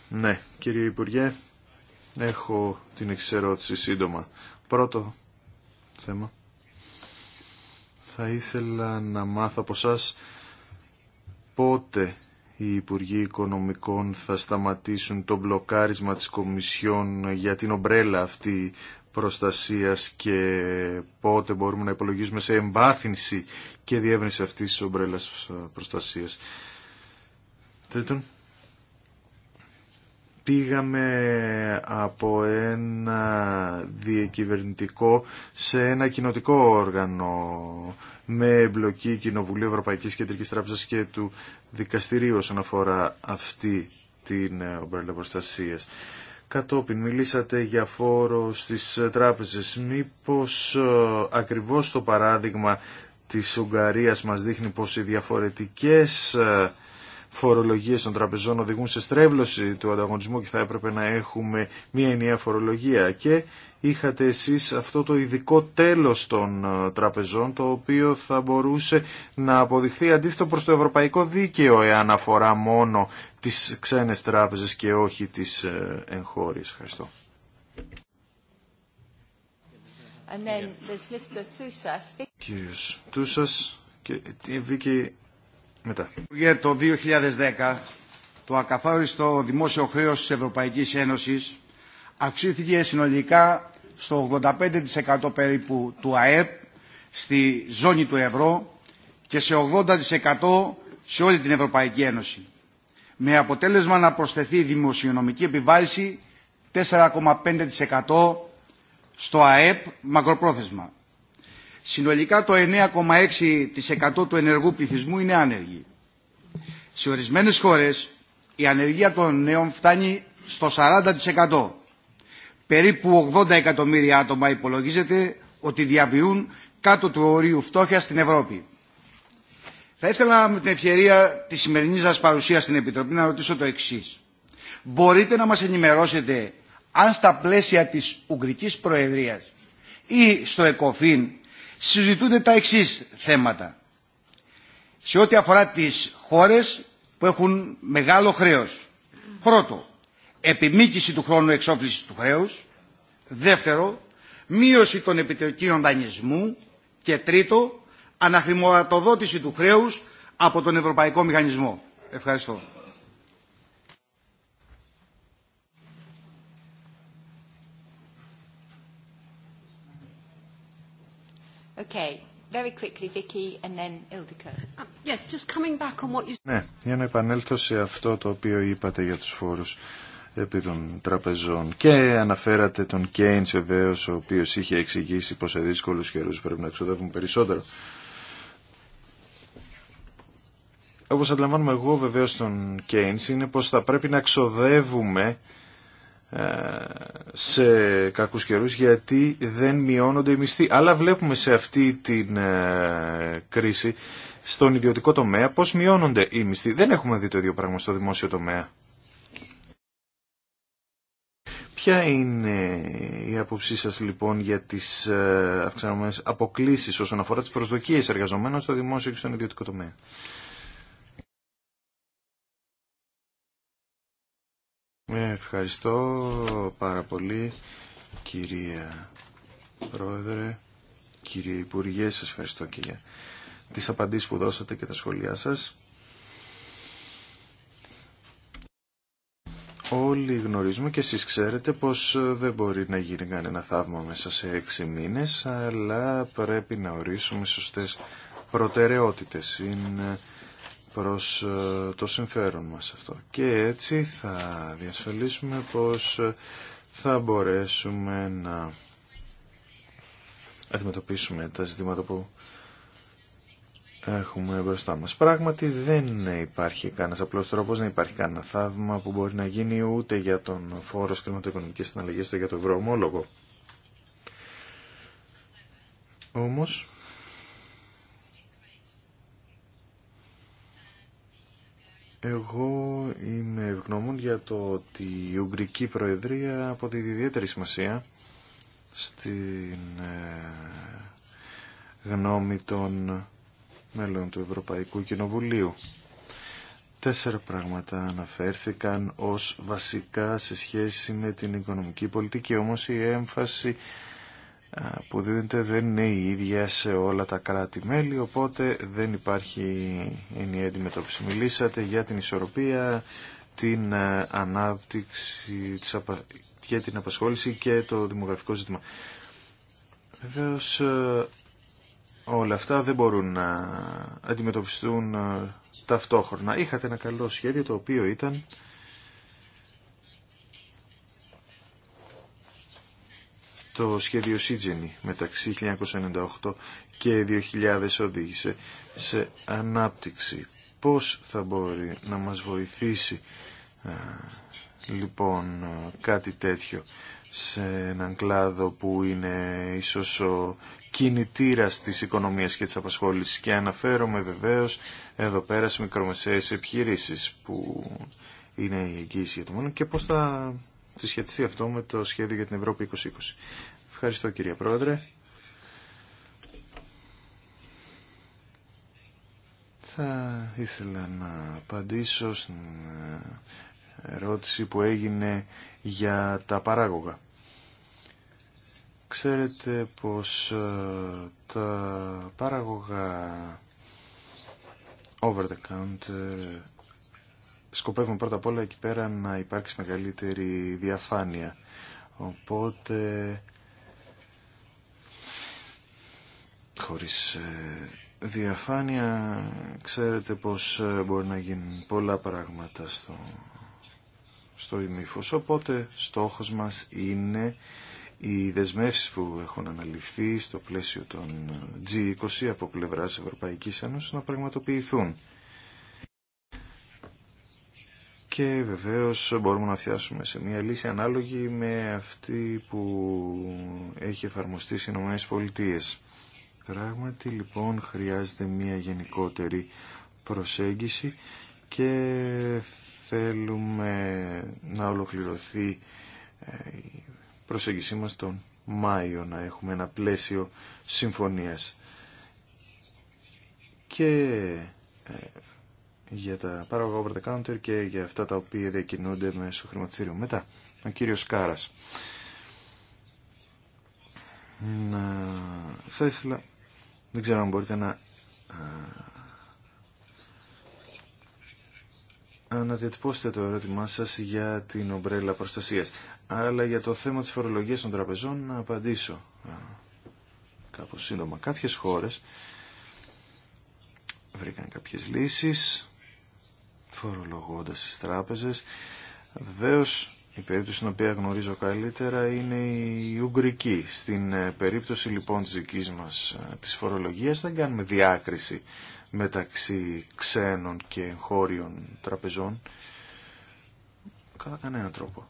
Ναι, κύριε Υπουργέ, έχω την εξερώτηση σύντομα. Πρώτο θέμα, θα ήθελα να μάθω από σας πότε οι Υπουργοί Οικονομικών θα σταματήσουν το μπλοκάρισμα της Κομισιόν για την ομπρέλα αυτή προστασίας και πότε μπορούμε να υπολογίζουμε σε εμβάθυνση και διεύρυνση αυτής της ομπρέλας προστασίας. Τρίτον, πήγαμε από ένα διακυβερνητικό σε ένα κοινοτικό όργανο με εμπλοκή Κοινοβουλίου Ευρωπαϊκής Κεντρικής Τράπεζας και του Δικαστηρίου όσον αφορά αυτή την ομπρέλα προστασία. Κατόπιν μιλήσατε για φόρο στις τράπεζες. Μήπως ε, ακριβώς το παράδειγμα της Ουγγαρίας μας δείχνει πως οι διαφορετικές ε, φορολογίες των τραπεζών οδηγούν σε στρέβλωση του ανταγωνισμού και θα έπρεπε να έχουμε μία ενιαία φορολογία. Και είχατε εσείς αυτό το ειδικό τέλος των ε, τραπεζών το οποίο θα μπορούσε να αποδειχθεί αντίθετο προς το ευρωπαϊκό δίκαιο εάν αφορά μόνο τις ξένες τράπεζες και όχι τις ε, εγχώριες. Ευχαριστώ. Κύριος Τούσας μετά. Για το 2010 το ακαθάριστο δημόσιο χρέο τη ευρωπαϊκή Ένωση αυξήθηκε συνολικά στο 85% περίπου του ΑΕΠ στη ζώνη του ευρώ και σε 80% σε όλη την Ευρωπαϊκή Ένωση. Με αποτέλεσμα να προσθεθεί η δημοσιονομική επιβάρηση 4,5% στο ΑΕΠ μακροπρόθεσμα. Συνολικά το 9,6% του ενεργού πληθυσμού είναι άνεργοι. Σε ορισμένες χώρες η ανεργία των νέων φτάνει στο 40%. Περίπου 80 εκατομμύρια άτομα υπολογίζεται ότι διαβιούν κάτω του ορίου φτώχεια στην Ευρώπη. Θα ήθελα με την ευκαιρία τη σημερινή σα παρουσία στην Επιτροπή να ρωτήσω το εξή. Μπορείτε να μα ενημερώσετε αν στα πλαίσια τη Ουγγρική προεδρία ή στο ΕΚΟΦΗΝ συζητούνται τα εξής θέματα. Σε ό,τι αφορά τις χώρες που έχουν μεγάλο χρέος. Πρώτο, επιμήκυση του χρόνου εξόφλησης του χρέους. Δεύτερο, μείωση των επιτοκίων δανεισμού. Και τρίτο, αναχρηματοδότηση του χρέους από τον Ευρωπαϊκό Μηχανισμό. Ευχαριστώ. Okay. Very quickly, Vicky, and then uh, yes, just coming back on what you... Ναι, για να επανέλθω σε αυτό το οποίο είπατε για τους φόρους επί των τραπεζών και αναφέρατε τον Κέινς βεβαίω, ο οποίος είχε εξηγήσει πως σε δύσκολους καιρούς πρέπει να εξοδεύουμε περισσότερο. Όπως αντιλαμβάνομαι εγώ βεβαίως, τον Κέινς είναι πως θα πρέπει να εξοδεύουμε. Ε, σε κακούς καιρούς γιατί δεν μειώνονται οι μισθοί. Αλλά βλέπουμε σε αυτή την ε, κρίση στον ιδιωτικό τομέα πώς μειώνονται οι μισθοί. Δεν έχουμε δει το ίδιο πράγμα στο δημόσιο τομέα. Ποια είναι η άποψή σας λοιπόν για τις ε, αυξανόμενες αποκλήσεις όσον αφορά τις προσδοκίες εργαζομένων στο δημόσιο και στον ιδιωτικό τομέα. Ευχαριστώ πάρα πολύ κυρία Πρόεδρε, κύριε Υπουργέ, σας ευχαριστώ και για τις απαντήσεις που δώσατε και τα σχόλιά σας. Όλοι γνωρίζουμε και εσείς ξέρετε πως δεν μπορεί να γίνει κανένα θαύμα μέσα σε έξι μήνες, αλλά πρέπει να ορίσουμε σωστές προτεραιότητες. Είναι προς ε, το συμφέρον μας αυτό. Και έτσι θα διασφαλίσουμε πως ε, θα μπορέσουμε να αντιμετωπίσουμε τα ζητήματα που έχουμε μπροστά μας. Πράγματι δεν υπάρχει κανένα απλός τρόπος, δεν υπάρχει κανένα θαύμα που μπορεί να γίνει ούτε για τον φόρο χρηματοοικονομικές συναλλαγής, ούτε για το ευρωομόλογο. Όμως Εγώ είμαι ευγνώμων για το ότι η Ουγγρική Προεδρία αποδίδει ιδιαίτερη σημασία στην ε, γνώμη των μέλων του Ευρωπαϊκού Κοινοβουλίου. Τέσσερα πράγματα αναφέρθηκαν ως βασικά σε σχέση με την οικονομική πολιτική, όμως η έμφαση που δίδεται δεν είναι η ίδια σε όλα τα κράτη-μέλη, οπότε δεν υπάρχει ενιαία αντιμετώπιση. Μιλήσατε για την ισορροπία, την ε, ανάπτυξη και την απασχόληση και το δημογραφικό ζήτημα. Βεβαίω ε, όλα αυτά δεν μπορούν να αντιμετωπιστούν ε, ταυτόχρονα. Είχατε ένα καλό σχέδιο το οποίο ήταν το σχέδιο Σίτζενη μεταξύ 1998 και 2000 οδήγησε σε ανάπτυξη. Πώς θα μπορεί να μας βοηθήσει λοιπόν κάτι τέτοιο σε έναν κλάδο που είναι ίσως ο κινητήρας της οικονομίας και της απασχόλησης και αναφέρομαι βεβαίως εδώ πέρα στις μικρομεσαίες επιχειρήσεις που είναι η εγγύηση για το μόνο. και πώς θα συσχετιστεί αυτό με το σχέδιο για την Ευρώπη 2020. Ευχαριστώ κύριε Πρόεδρε. Θα ήθελα να απαντήσω στην ερώτηση που έγινε για τα παράγωγα. Ξέρετε πως ε, τα παράγωγα over the counter σκοπεύουμε πρώτα απ' όλα εκεί πέρα να υπάρξει μεγαλύτερη διαφάνεια. Οπότε, χωρίς ε, διαφάνεια, ξέρετε πως ε, μπορεί να γίνουν πολλά πράγματα στο, στο ημίφος. Οπότε, στόχος μας είναι οι δεσμεύσεις που έχουν αναλυφθεί στο πλαίσιο των G20 από πλευράς Ευρωπαϊκής Ένωσης να πραγματοποιηθούν και βεβαίως μπορούμε να φτιάσουμε σε μια λύση ανάλογη με αυτή που έχει εφαρμοστεί στις Ηνωμένες Πολιτείες. Πράγματι λοιπόν χρειάζεται μια γενικότερη προσέγγιση και θέλουμε να ολοκληρωθεί ε, η προσέγγιση μας τον Μάιο, να έχουμε ένα πλαίσιο συμφωνίας. Και ε, για τα παραγωγά over the counter και για αυτά τα οποία διακινούνται μέσω χρηματιστήριου. Μετά, ο κύριος Κάρας. Να... Θα ήθελα, δεν ξέρω αν μπορείτε να αναδιατυπώσετε το ερώτημά σας για την ομπρέλα προστασίας. Αλλά για το θέμα της φορολογίας των τραπεζών να απαντήσω κάπως σύντομα. Κάποιες χώρες βρήκαν κάποιες λύσεις φορολογώντας τις τράπεζες. Βεβαίω, η περίπτωση την οποία γνωρίζω καλύτερα είναι η Ουγγρική. Στην ε, περίπτωση λοιπόν της δικής μας ε, της φορολογίας δεν κάνουμε διάκριση μεταξύ ξένων και χώριων τραπεζών κατά κανέναν τρόπο.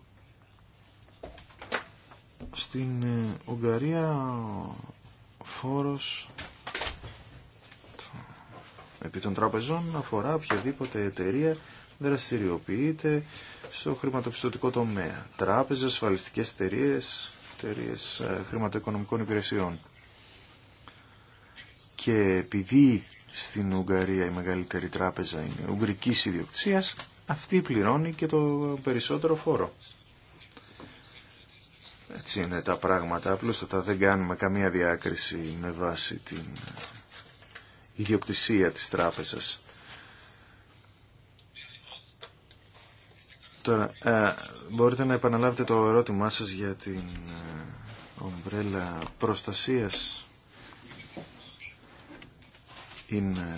Στην ε, Ουγγαρία ο φόρος επί των τραπεζών αφορά οποιαδήποτε εταιρεία δραστηριοποιείται στο χρηματοπιστωτικό τομέα. Τράπεζες, ασφαλιστικές εταιρείε, εταιρείε ε, χρηματοοικονομικών υπηρεσιών. Και επειδή στην Ουγγαρία η μεγαλύτερη τράπεζα είναι ουγγρική ιδιοκτησία, αυτή πληρώνει και το περισσότερο φόρο. Έτσι είναι τα πράγματα, απλώς όταν δεν κάνουμε καμία διάκριση με βάση την ιδιοκτησία της τράπεζας. Τώρα, ε, μπορείτε να επαναλάβετε το ερώτημά σας για την ε, ομπρέλα προστασίας. Είναι...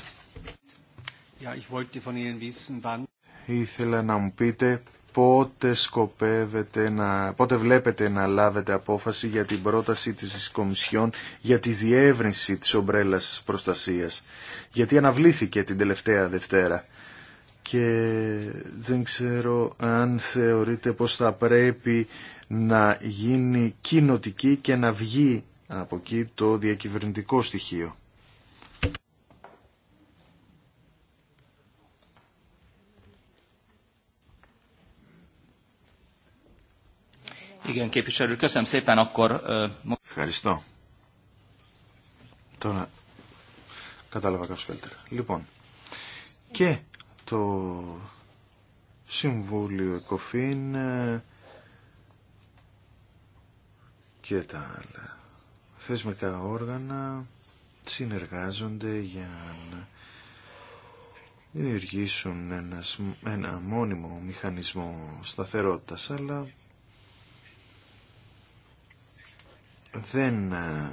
Ήθελα να μου πείτε πότε σκοπεύετε να, πότε βλέπετε να λάβετε απόφαση για την πρόταση της Κομισιόν για τη διεύρυνση της ομπρέλας προστασίας. Γιατί αναβλήθηκε την τελευταία Δευτέρα και δεν ξέρω αν θεωρείτε πως θα πρέπει να γίνει κοινοτική και να βγει από εκεί το διακυβερνητικό στοιχείο. Ευχαριστώ. Τώρα, κατάλαβα Λοιπόν, και το Συμβούλιο Εκοφήν ε, και τα άλλα θεσμικά όργανα συνεργάζονται για να δημιουργήσουν ένα μόνιμο μηχανισμό σταθερότητας, αλλά δεν ε,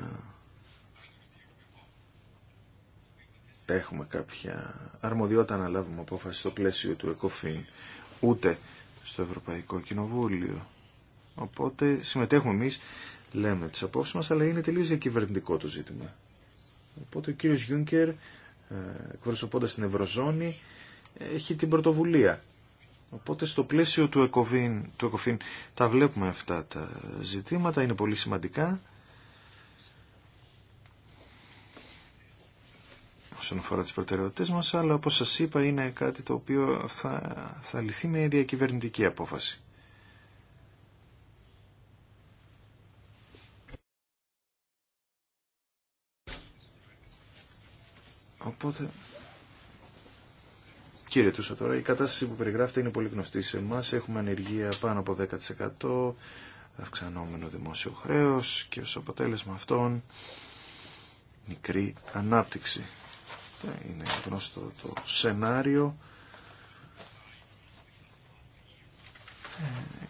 έχουμε κάποια αρμοδιότητα να λάβουμε απόφαση στο πλαίσιο του ΕΚΟΦΗΝ ούτε στο Ευρωπαϊκό Κοινοβούλιο. Οπότε συμμετέχουμε εμείς, λέμε τις απόψεις μας, αλλά είναι τελείως διακυβερνητικό το ζήτημα. Οπότε ο κύριος Γιούνκερ, ε, εκπροσωπώντας την Ευρωζώνη, έχει την πρωτοβουλία Οπότε στο πλαίσιο του ΕΚΟΒΗΝ, του ΕΚΟΦΗΝ τα βλέπουμε αυτά τα ζητήματα, είναι πολύ σημαντικά. όσον αφορά τις προτεραιότητες μας, αλλά όπως σας είπα είναι κάτι το οποίο θα, θα λυθεί με διακυβερνητική απόφαση. Οπότε Κύριε Τούσα, τώρα η κατάσταση που περιγράφεται είναι πολύ γνωστή σε εμά. Έχουμε ανεργία πάνω από 10%, αυξανόμενο δημόσιο χρέο και ω αποτέλεσμα αυτών μικρή ανάπτυξη. Ε, είναι γνωστό το σενάριο.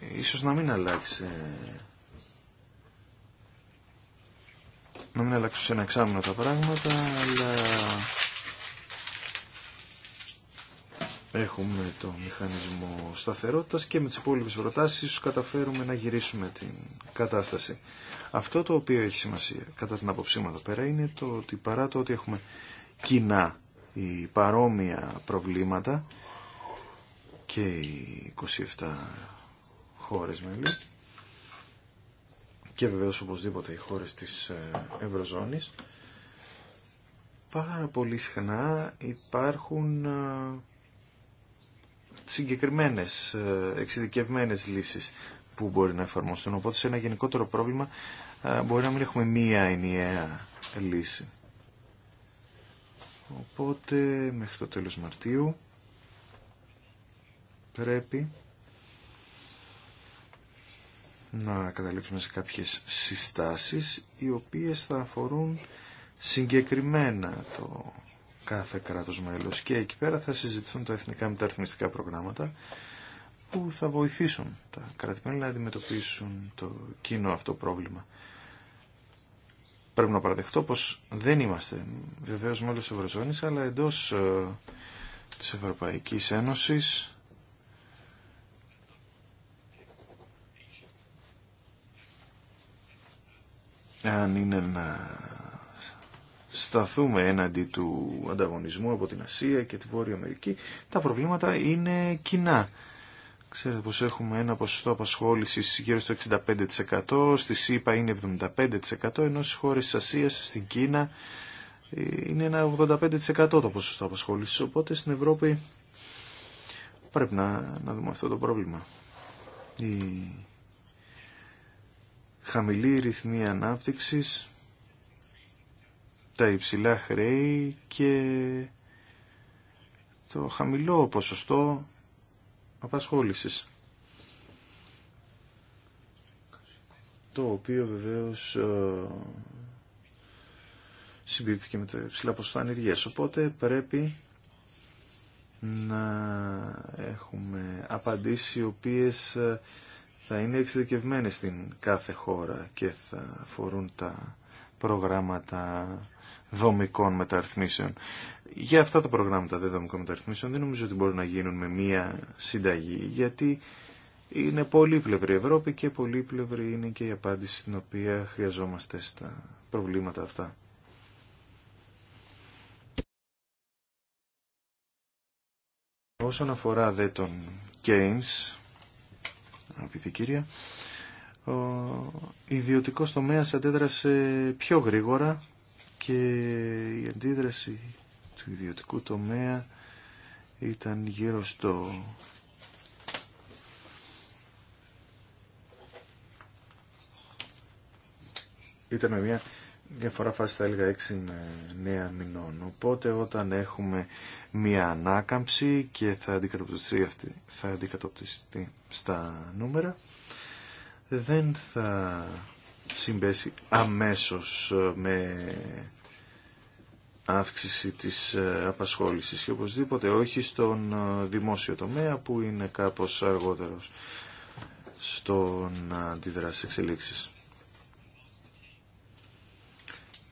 Ε, ίσως να μην αλλάξει να μην αλλάξει σε ένα εξάμεινο τα πράγματα, αλλά έχουμε το μηχανισμό σταθερότητας και με τις υπόλοιπες προτάσεις καταφέρουμε να γυρίσουμε την κατάσταση. Αυτό το οποίο έχει σημασία κατά την απόψή μου εδώ πέρα είναι το ότι παρά το ότι έχουμε κοινά ή παρόμοια προβλήματα και οι 27 χώρες μέλη και βεβαίως οπωσδήποτε οι χώρες της ε, Ευρωζώνης πάρα πολύ συχνά υπάρχουν ε, Συγκεκριμένε, εξειδικευμένε λύσεις που μπορεί να εφαρμοστούν. Οπότε σε ένα γενικότερο πρόβλημα ε, μπορεί να μην έχουμε μία ενιαία λύση. Οπότε μέχρι το τέλος Μαρτίου πρέπει να καταλήξουμε σε κάποιες συστάσεις οι οποίες θα αφορούν συγκεκριμένα το κάθε κράτο μέλος και εκεί πέρα θα συζητηθούν τα εθνικά μεταρρυθμιστικά προγράμματα που θα βοηθήσουν τα κρατημένα να αντιμετωπίσουν το κοινό αυτό πρόβλημα. Πρέπει να παραδεχτώ πως δεν είμαστε βεβαίως μέλο τη Ευρωζώνης αλλά εντός ε, της Ευρωπαϊκής Ένωσης αν είναι να σταθούμε έναντι του ανταγωνισμού από την Ασία και τη Βόρεια Αμερική, τα προβλήματα είναι κοινά. Ξέρετε πως έχουμε ένα ποσοστό απασχόλησης γύρω στο 65%, στη ΣΥΠΑ είναι 75%, ενώ στις χώρες της Ασίας, στην Κίνα, είναι ένα 85% το ποσοστό απασχόλησης. Οπότε στην Ευρώπη πρέπει να, να δούμε αυτό το πρόβλημα. Η χαμηλή ρυθμή ανάπτυξης τα υψηλά χρέη και το χαμηλό ποσοστό απασχόλησης. Το οποίο βεβαίως ε, συμπίπτει και με τα υψηλά ποσοστά ανεργίας. Οπότε πρέπει να έχουμε απαντήσεις οι οποίες ε, θα είναι εξειδικευμένες στην κάθε χώρα και θα αφορούν τα προγράμματα δομικών μεταρρυθμίσεων. Για αυτά τα προγράμματα δεν δομικών μεταρρυθμίσεων δεν νομίζω ότι μπορούν να γίνουν με μία συνταγή, γιατί είναι πολύπλευρη η Ευρώπη και πολύπλευρη είναι και η απάντηση την οποία χρειαζόμαστε στα προβλήματα αυτά. Όσον αφορά δε τον Κέινς, αγαπητή κυρία, ο ιδιωτικός τομέας αντέδρασε πιο γρήγορα και η αντίδραση του ιδιωτικού τομέα ήταν γύρω στο ήταν μια διαφορά φάση θα έλεγα νέα μηνών. Οπότε όταν έχουμε μια ανάκαμψη και θα αντικατοπτριστεί, αυτή, θα στα νούμερα δεν θα συμπέσει αμέσως ε, με αύξηση της ε, απασχόλησης και οπωσδήποτε όχι στον ε, δημόσιο τομέα που είναι κάπως αργότερος στον να αντιδράσει εξελίξεις.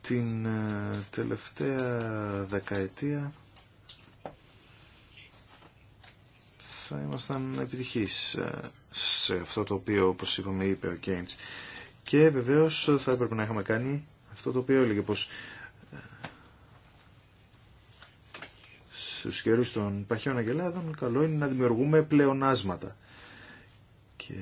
Την τελευταία δεκαετία θα ήμασταν επιτυχείς σε αυτό το οποίο όπως είπε ο Κέιντς. Και βεβαίω θα έπρεπε να είχαμε κάνει αυτό το οποίο έλεγε πω ε, στου καιρού των παχαίων αγελάδων καλό είναι να δημιουργούμε πλεονάσματα. Και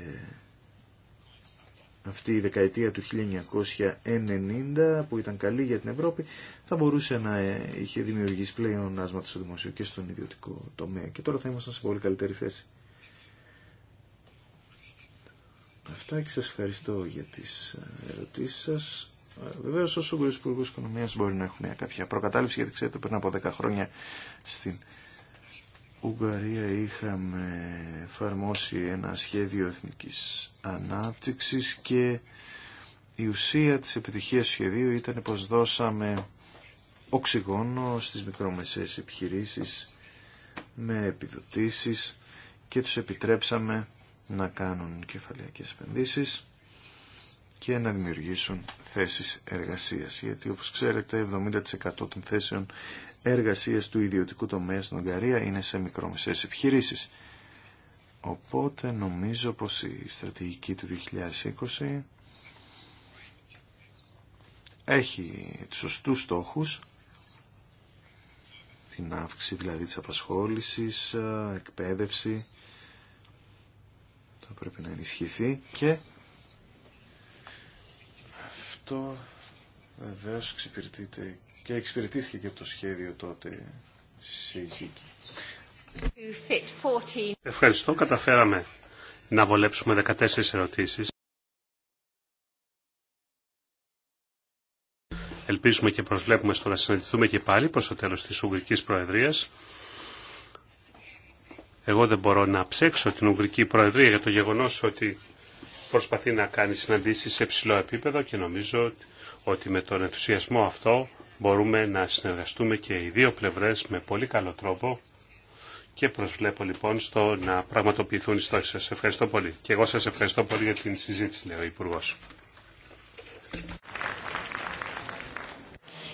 αυτή η δεκαετία του 1990 που ήταν καλή για την Ευρώπη θα μπορούσε να ε, είχε δημιουργήσει πλεονάσματα στο δημοσίο και στον ιδιωτικό τομέα και τώρα θα ήμασταν σε πολύ καλύτερη θέση. αυτά και σας ευχαριστώ για τις ε, ερωτήσεις σας. Ε, βεβαίως όσο ο Υπουργός Οικονομίας μπορεί να έχουμε κάποια προκατάληψη γιατί ξέρετε πριν από 10 χρόνια στην Ουγγαρία είχαμε εφαρμόσει ένα σχέδιο εθνικής ανάπτυξης και η ουσία της επιτυχίας του σχεδίου ήταν πως δώσαμε οξυγόνο στις μικρομεσαίες επιχειρήσεις με επιδοτήσεις και τους επιτρέψαμε να κάνουν κεφαλαιακές επενδύσεις και να δημιουργήσουν θέσεις εργασίας. Γιατί όπως ξέρετε 70% των θέσεων εργασίας του ιδιωτικού τομέα στην Ουγγαρία είναι σε μικρομεσαίες επιχειρήσεις. Οπότε νομίζω πως η στρατηγική του 2020 έχει τους σωστούς στόχους, την αύξηση δηλαδή της απασχόλησης, ε, εκπαίδευση, πρέπει να ενισχυθεί και αυτό βεβαίω εξυπηρετείται και εξυπηρετήθηκε και από το σχέδιο τότε Ευχαριστώ. Καταφέραμε να βολέψουμε 14 ερωτήσεις. Ελπίζουμε και προσβλέπουμε στο να συναντηθούμε και πάλι προς το τέλος της Ουγγρικής Προεδρίας. Εγώ δεν μπορώ να ψέξω την Ουγγρική Προεδρία για το γεγονός ότι προσπαθεί να κάνει συναντήσεις σε ψηλό επίπεδο και νομίζω ότι με τον ενθουσιασμό αυτό μπορούμε να συνεργαστούμε και οι δύο πλευρές με πολύ καλό τρόπο και προσβλέπω λοιπόν στο να πραγματοποιηθούν οι στόχοι σας. Ευχαριστώ πολύ. Και εγώ σας ευχαριστώ πολύ για την συζήτηση, λέει ο υπουργό.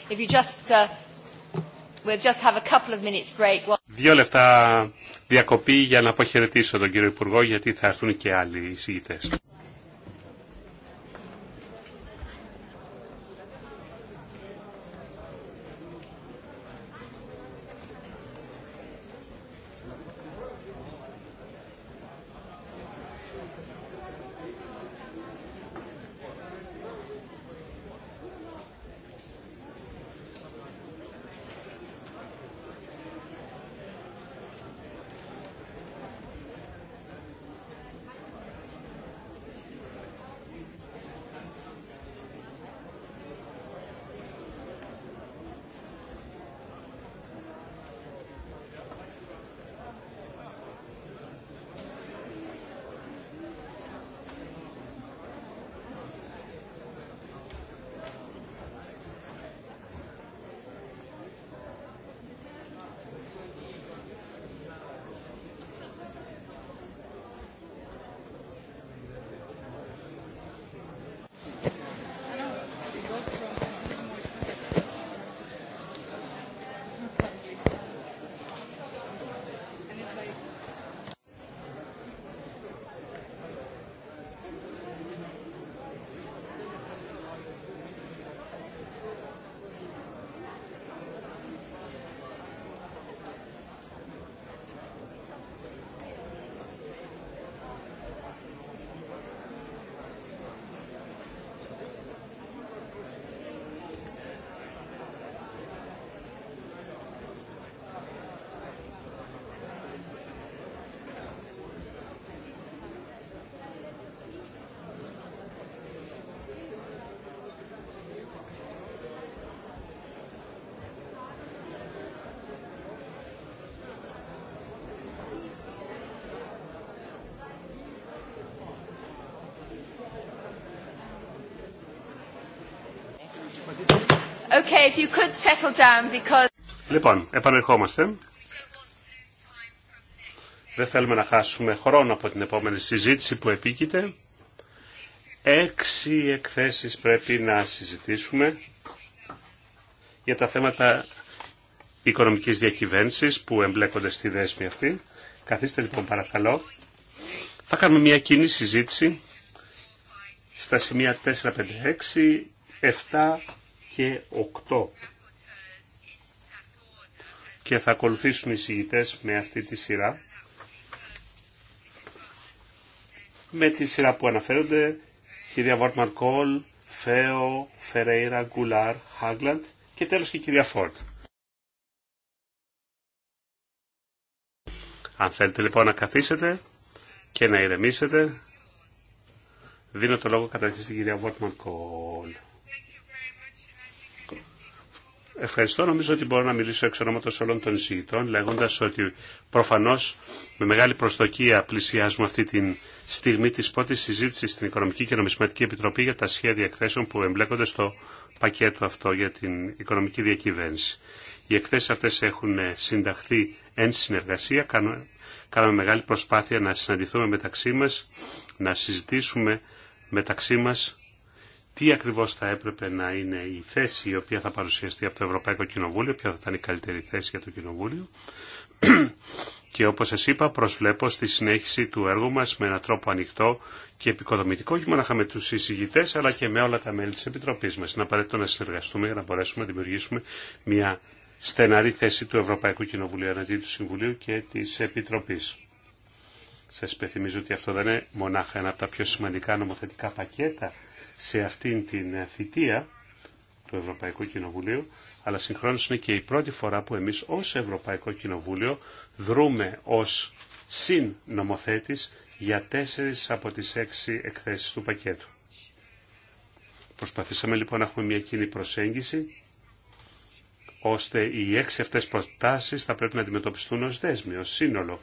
If you just, uh, just have a couple of minutes break. Δύο λεφτά διακοπή για να αποχαιρετήσω τον κύριο Υπουργό γιατί θα έρθουν και άλλοι εισηγητές. Λοιπόν, επανερχόμαστε. Δεν θέλουμε να χάσουμε χρόνο από την επόμενη συζήτηση που επίκειται. Έξι εκθέσεις πρέπει να συζητήσουμε για τα θέματα οικονομικής διακυβέρνησης που εμπλέκονται στη δέσμη αυτή. Καθίστε λοιπόν παρακαλώ. Θα κάνουμε μια κοινή συζήτηση στα σημεία 4, 5, 6, 7, και 8. Και θα ακολουθήσουν οι συγητές με αυτή τη σειρά. Με τη σειρά που αναφέρονται, κυρία Βόρτμαν Κόλ, Φέο, Φερέιρα, Γκουλάρ, Χάγκλαντ και τέλος και η κυρία Φόρτ. Αν θέλετε λοιπόν να καθίσετε και να ηρεμήσετε, δίνω το λόγο καταρχήν στην κυρία Βόρτμαν Κόλ. Ευχαριστώ. Νομίζω ότι μπορώ να μιλήσω εξ ονόματος όλων των εισηγητών λέγοντας ότι προφανώς με μεγάλη προσδοκία πλησιάζουμε αυτή τη στιγμή της πρώτης συζήτησης στην Οικονομική και Νομισματική Επιτροπή για τα σχέδια εκθέσεων που εμπλέκονται στο πακέτο αυτό για την οικονομική διακυβέρνηση. Οι εκθέσει αυτέ έχουν συνταχθεί εν συνεργασία. Κάναμε μεγάλη προσπάθεια να συναντηθούμε μεταξύ μας, να συζητήσουμε μεταξύ μα τι ακριβώς θα έπρεπε να είναι η θέση η οποία θα παρουσιαστεί από το Ευρωπαϊκό Κοινοβούλιο, ποια θα ήταν η καλύτερη θέση για το Κοινοβούλιο. και όπως σας είπα προσβλέπω στη συνέχιση του έργου μας με έναν τρόπο ανοιχτό και επικοδομητικό, όχι μόνο με τους συζητητές αλλά και με όλα τα μέλη της Επιτροπής μας. Είναι απαραίτητο να συνεργαστούμε για να μπορέσουμε να δημιουργήσουμε μια στεναρή θέση του Ευρωπαϊκού Κοινοβουλίου εναντίον του Συμβουλίου και της Επιτροπής. Σα υπενθυμίζω ότι αυτό δεν είναι μονάχα ένα από τα πιο σημαντικά νομοθετικά πακέτα σε αυτήν την ε, θητεία του Ευρωπαϊκού Κοινοβουλίου, αλλά συγχρόνως είναι και η πρώτη φορά που εμείς ως Ευρωπαϊκό Κοινοβούλιο δρούμε ως συν για τέσσερις από τις έξι εκθέσεις του πακέτου. Προσπαθήσαμε λοιπόν να έχουμε μια κοινή προσέγγιση, ώστε οι έξι αυτές προτάσεις θα πρέπει να αντιμετωπιστούν ως δέσμοι, ως σύνολο.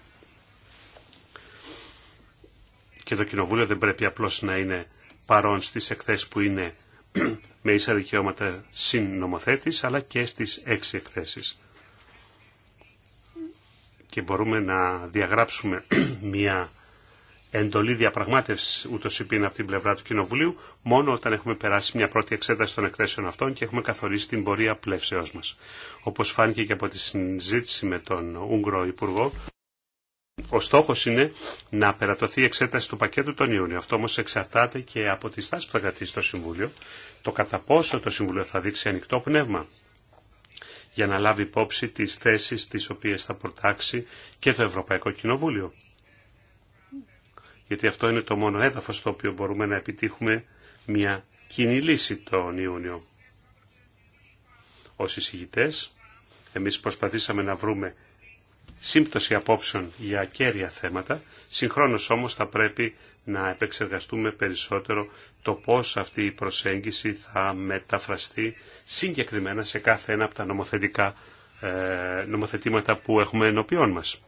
Και το Κοινοβούλιο δεν πρέπει απλώς να είναι παρόν στις εκθέσεις που είναι με ίσα δικαιώματα συνομοθέτης, αλλά και στις έξι εκθέσεις. Και μπορούμε να διαγράψουμε μια εντολή διαπραγμάτευση ούτω ή από την πλευρά του Κοινοβουλίου, μόνο όταν έχουμε περάσει μια πρώτη εξέταση των εκθέσεων αυτών και έχουμε καθορίσει την πορεία πλευσεώς μας. Όπως φάνηκε και από τη συζήτηση με τον Ούγγρο Υπουργό, ο στόχο είναι να περατωθεί η εξέταση του πακέτου τον Ιούνιο. Αυτό όμω εξαρτάται και από τη στάση που θα κρατήσει το Συμβούλιο, το κατά πόσο το Συμβούλιο θα δείξει ανοιχτό πνεύμα για να λάβει υπόψη τι θέσει τι οποίε θα προτάξει και το Ευρωπαϊκό Κοινοβούλιο. Γιατί αυτό είναι το μόνο έδαφο στο οποίο μπορούμε να επιτύχουμε μια κοινή λύση τον Ιούνιο. Ω εισηγητέ, εμεί προσπαθήσαμε να βρούμε σύμπτωση απόψεων για κέρια θέματα. Συγχρόνως όμως θα πρέπει να επεξεργαστούμε περισσότερο το πώς αυτή η προσέγγιση θα μεταφραστεί συγκεκριμένα σε κάθε ένα από τα νομοθετικά ε, νομοθετήματα που έχουμε ενώπιόν μας.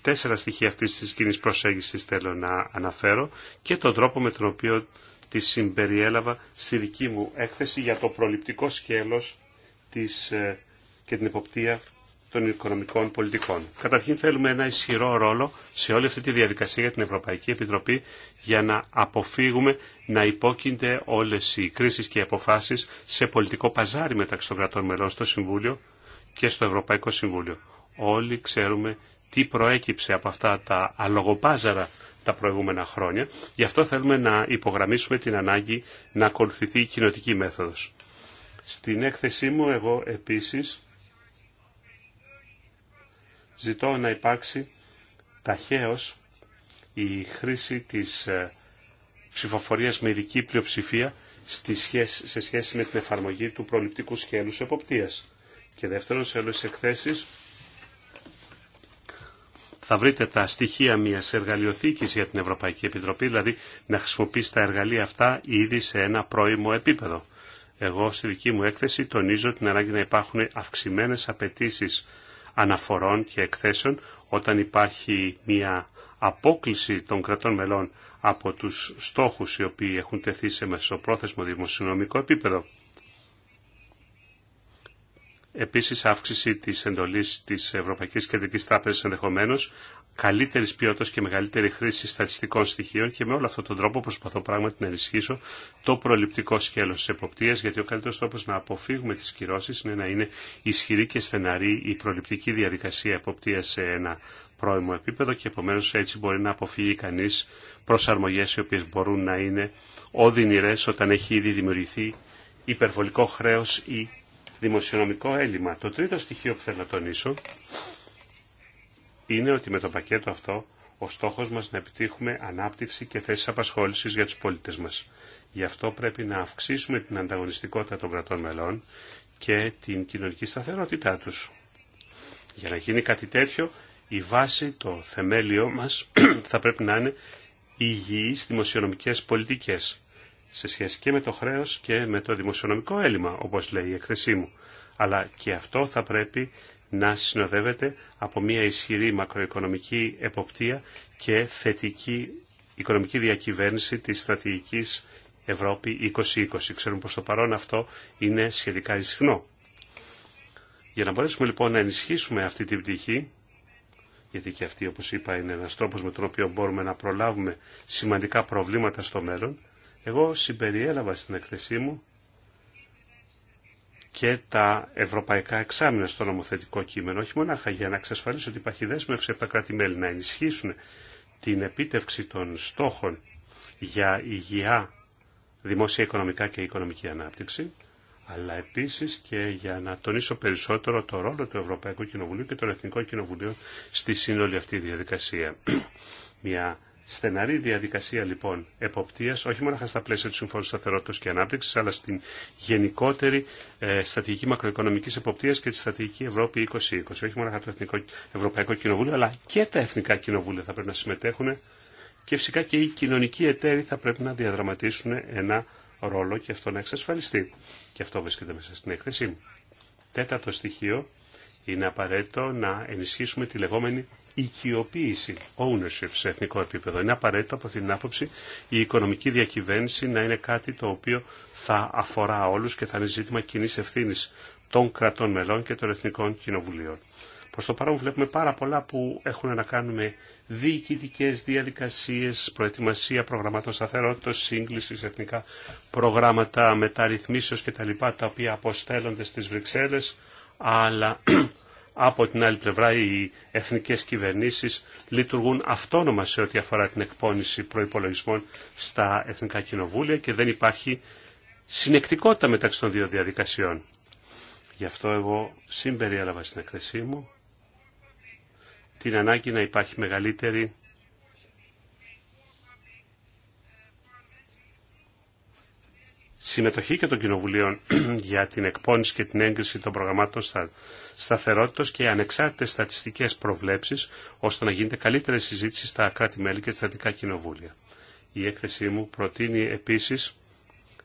Τέσσερα στοιχεία αυτής της κοινή προσέγγισης θέλω να αναφέρω και τον τρόπο με τον οποίο τη συμπεριέλαβα στη δική μου έκθεση για το προληπτικό σκέλος της, ε, και την εποπτεία των οικονομικών πολιτικών. Καταρχήν θέλουμε ένα ισχυρό ρόλο σε όλη αυτή τη διαδικασία για την Ευρωπαϊκή Επιτροπή για να αποφύγουμε να υπόκεινται όλες οι κρίσεις και οι αποφάσεις σε πολιτικό παζάρι μεταξύ των κρατών μελών στο Συμβούλιο και στο Ευρωπαϊκό Συμβούλιο. Όλοι ξέρουμε τι προέκυψε από αυτά τα αλογοπάζαρα τα προηγούμενα χρόνια. Γι' αυτό θέλουμε να υπογραμμίσουμε την ανάγκη να ακολουθηθεί η κοινοτική μέθοδος. Στην έκθεσή μου εγώ επίσης ζητώ να υπάρξει ταχαίως η χρήση της ε, ψηφοφορίας με ειδική πλειοψηφία στη σχέση, σε σχέση με την εφαρμογή του προληπτικού σχέλους εποπτείας. Και δεύτερον, σε όλες τις εκθέσεις θα βρείτε τα στοιχεία μιας εργαλειοθήκης για την Ευρωπαϊκή Επιτροπή, δηλαδή να χρησιμοποιήσει τα εργαλεία αυτά ήδη σε ένα πρώιμο επίπεδο. Εγώ στη δική μου έκθεση τονίζω την ανάγκη να υπάρχουν αυξημένες απαιτήσει αναφορών και εκθέσεων όταν υπάρχει μια απόκληση των κρατών μελών από τους στόχους οι οποίοι έχουν τεθεί σε μεσοπρόθεσμο δημοσιονομικό επίπεδο. Επίσης αύξηση της εντολής της Ευρωπαϊκής Κεντρικής Τράπεζας ενδεχομένως Καλύτερη ποιότητα και μεγαλύτερη χρήση στατιστικών στοιχείων και με όλο αυτόν τον τρόπο προσπαθώ πράγματι να ενισχύσω το προληπτικό σκέλο τη εποπτεία, γιατί ο καλύτερο τρόπο να αποφύγουμε τι κυρώσει είναι να είναι ισχυρή και στεναρή η προληπτική διαδικασία εποπτείας σε ένα πρώιμο επίπεδο και επομένω έτσι μπορεί να αποφύγει κανεί προσαρμογέ, οι οποίε μπορούν να είναι οδυνηρές όταν έχει ήδη δημιουργηθεί υπερβολικό χρέο ή δημοσιονομικό έλλειμμα. Το τρίτο στοιχείο που θέλω να τονίσω είναι ότι με το πακέτο αυτό ο στόχος μας να επιτύχουμε ανάπτυξη και θέσεις απασχόλησης για τους πολίτες μας. Γι' αυτό πρέπει να αυξήσουμε την ανταγωνιστικότητα των κρατών μελών και την κοινωνική σταθερότητά τους. Για να γίνει κάτι τέτοιο, η βάση, το θεμέλιο μας θα πρέπει να είναι υγιείς δημοσιονομικές πολιτικές σε σχέση και με το χρέος και με το δημοσιονομικό έλλειμμα, όπως λέει η εκθεσή μου. Αλλά και αυτό θα πρέπει να συνοδεύεται από μια ισχυρή μακροοικονομική εποπτεία και θετική οικονομική διακυβέρνηση της στρατηγικής Ευρώπη 2020. Ξέρουμε πως το παρόν αυτό είναι σχετικά ισχνό. Για να μπορέσουμε λοιπόν να ενισχύσουμε αυτή την πτυχή, γιατί και αυτή όπως είπα είναι ένας τρόπος με τον οποίο μπορούμε να προλάβουμε σημαντικά προβλήματα στο μέλλον, εγώ συμπεριέλαβα στην εκθεσή μου και τα ευρωπαϊκά εξάμεινα στο νομοθετικό κείμενο, όχι μονάχα για να εξασφαλίσει ότι υπάρχει δέσμευση από τα κράτη-μέλη να ενισχύσουν την επίτευξη των στόχων για υγεία δημόσια οικονομικά και οικονομική ανάπτυξη, αλλά επίσης και για να τονίσω περισσότερο το ρόλο του Ευρωπαϊκού Κοινοβουλίου και των Εθνικών Κοινοβουλίων στη σύνολη αυτή διαδικασία. Μια στεναρή διαδικασία λοιπόν εποπτείας, όχι μόνο στα πλαίσια του Συμφώνου Σταθερότητας και Ανάπτυξης, αλλά στην γενικότερη ε, στρατηγική μακροοικονομικής εποπτείας και τη στρατηγική Ευρώπη 2020. Όχι μόνο το Εθνικό, Ευρωπαϊκό Κοινοβούλιο, αλλά και τα Εθνικά Κοινοβούλια θα πρέπει να συμμετέχουν και φυσικά και οι κοινωνικοί εταίροι θα πρέπει να διαδραματίσουν ένα ρόλο και αυτό να εξασφαλιστεί. Και αυτό βρίσκεται μέσα στην έκθεσή μου. Τέταρτο στοιχείο είναι απαραίτητο να ενισχύσουμε τη λεγόμενη οικειοποίηση, ownership σε εθνικό επίπεδο. Είναι απαραίτητο από την άποψη η οικονομική διακυβέρνηση να είναι κάτι το οποίο θα αφορά όλους και θα είναι ζήτημα κοινή ευθύνη των κρατών μελών και των εθνικών κοινοβουλίων. Προς το παρόν βλέπουμε πάρα πολλά που έχουν να κάνουν με διοικητικέ διαδικασίες, προετοιμασία προγραμμάτων σταθερότητας, σύγκληση, εθνικά προγράμματα μεταρρυθμίσεως κτλ. τα οποία αποστέλλονται στις Βρυξέλλες αλλά από την άλλη πλευρά οι εθνικές κυβερνήσεις λειτουργούν αυτόνομα σε ό,τι αφορά την εκπόνηση προϋπολογισμών στα εθνικά κοινοβούλια και δεν υπάρχει συνεκτικότητα μεταξύ των δύο διαδικασιών. Γι' αυτό εγώ συμπεριέλαβα στην εκθεσή μου την ανάγκη να υπάρχει μεγαλύτερη συμμετοχή και των κοινοβουλίων για την εκπόνηση και την έγκριση των προγραμμάτων στα, σταθερότητας και ανεξάρτητες στατιστικές προβλέψεις, ώστε να γίνεται καλύτερη συζήτηση στα κράτη-μέλη και στα κοινοβούλια. Η έκθεσή μου προτείνει επίσης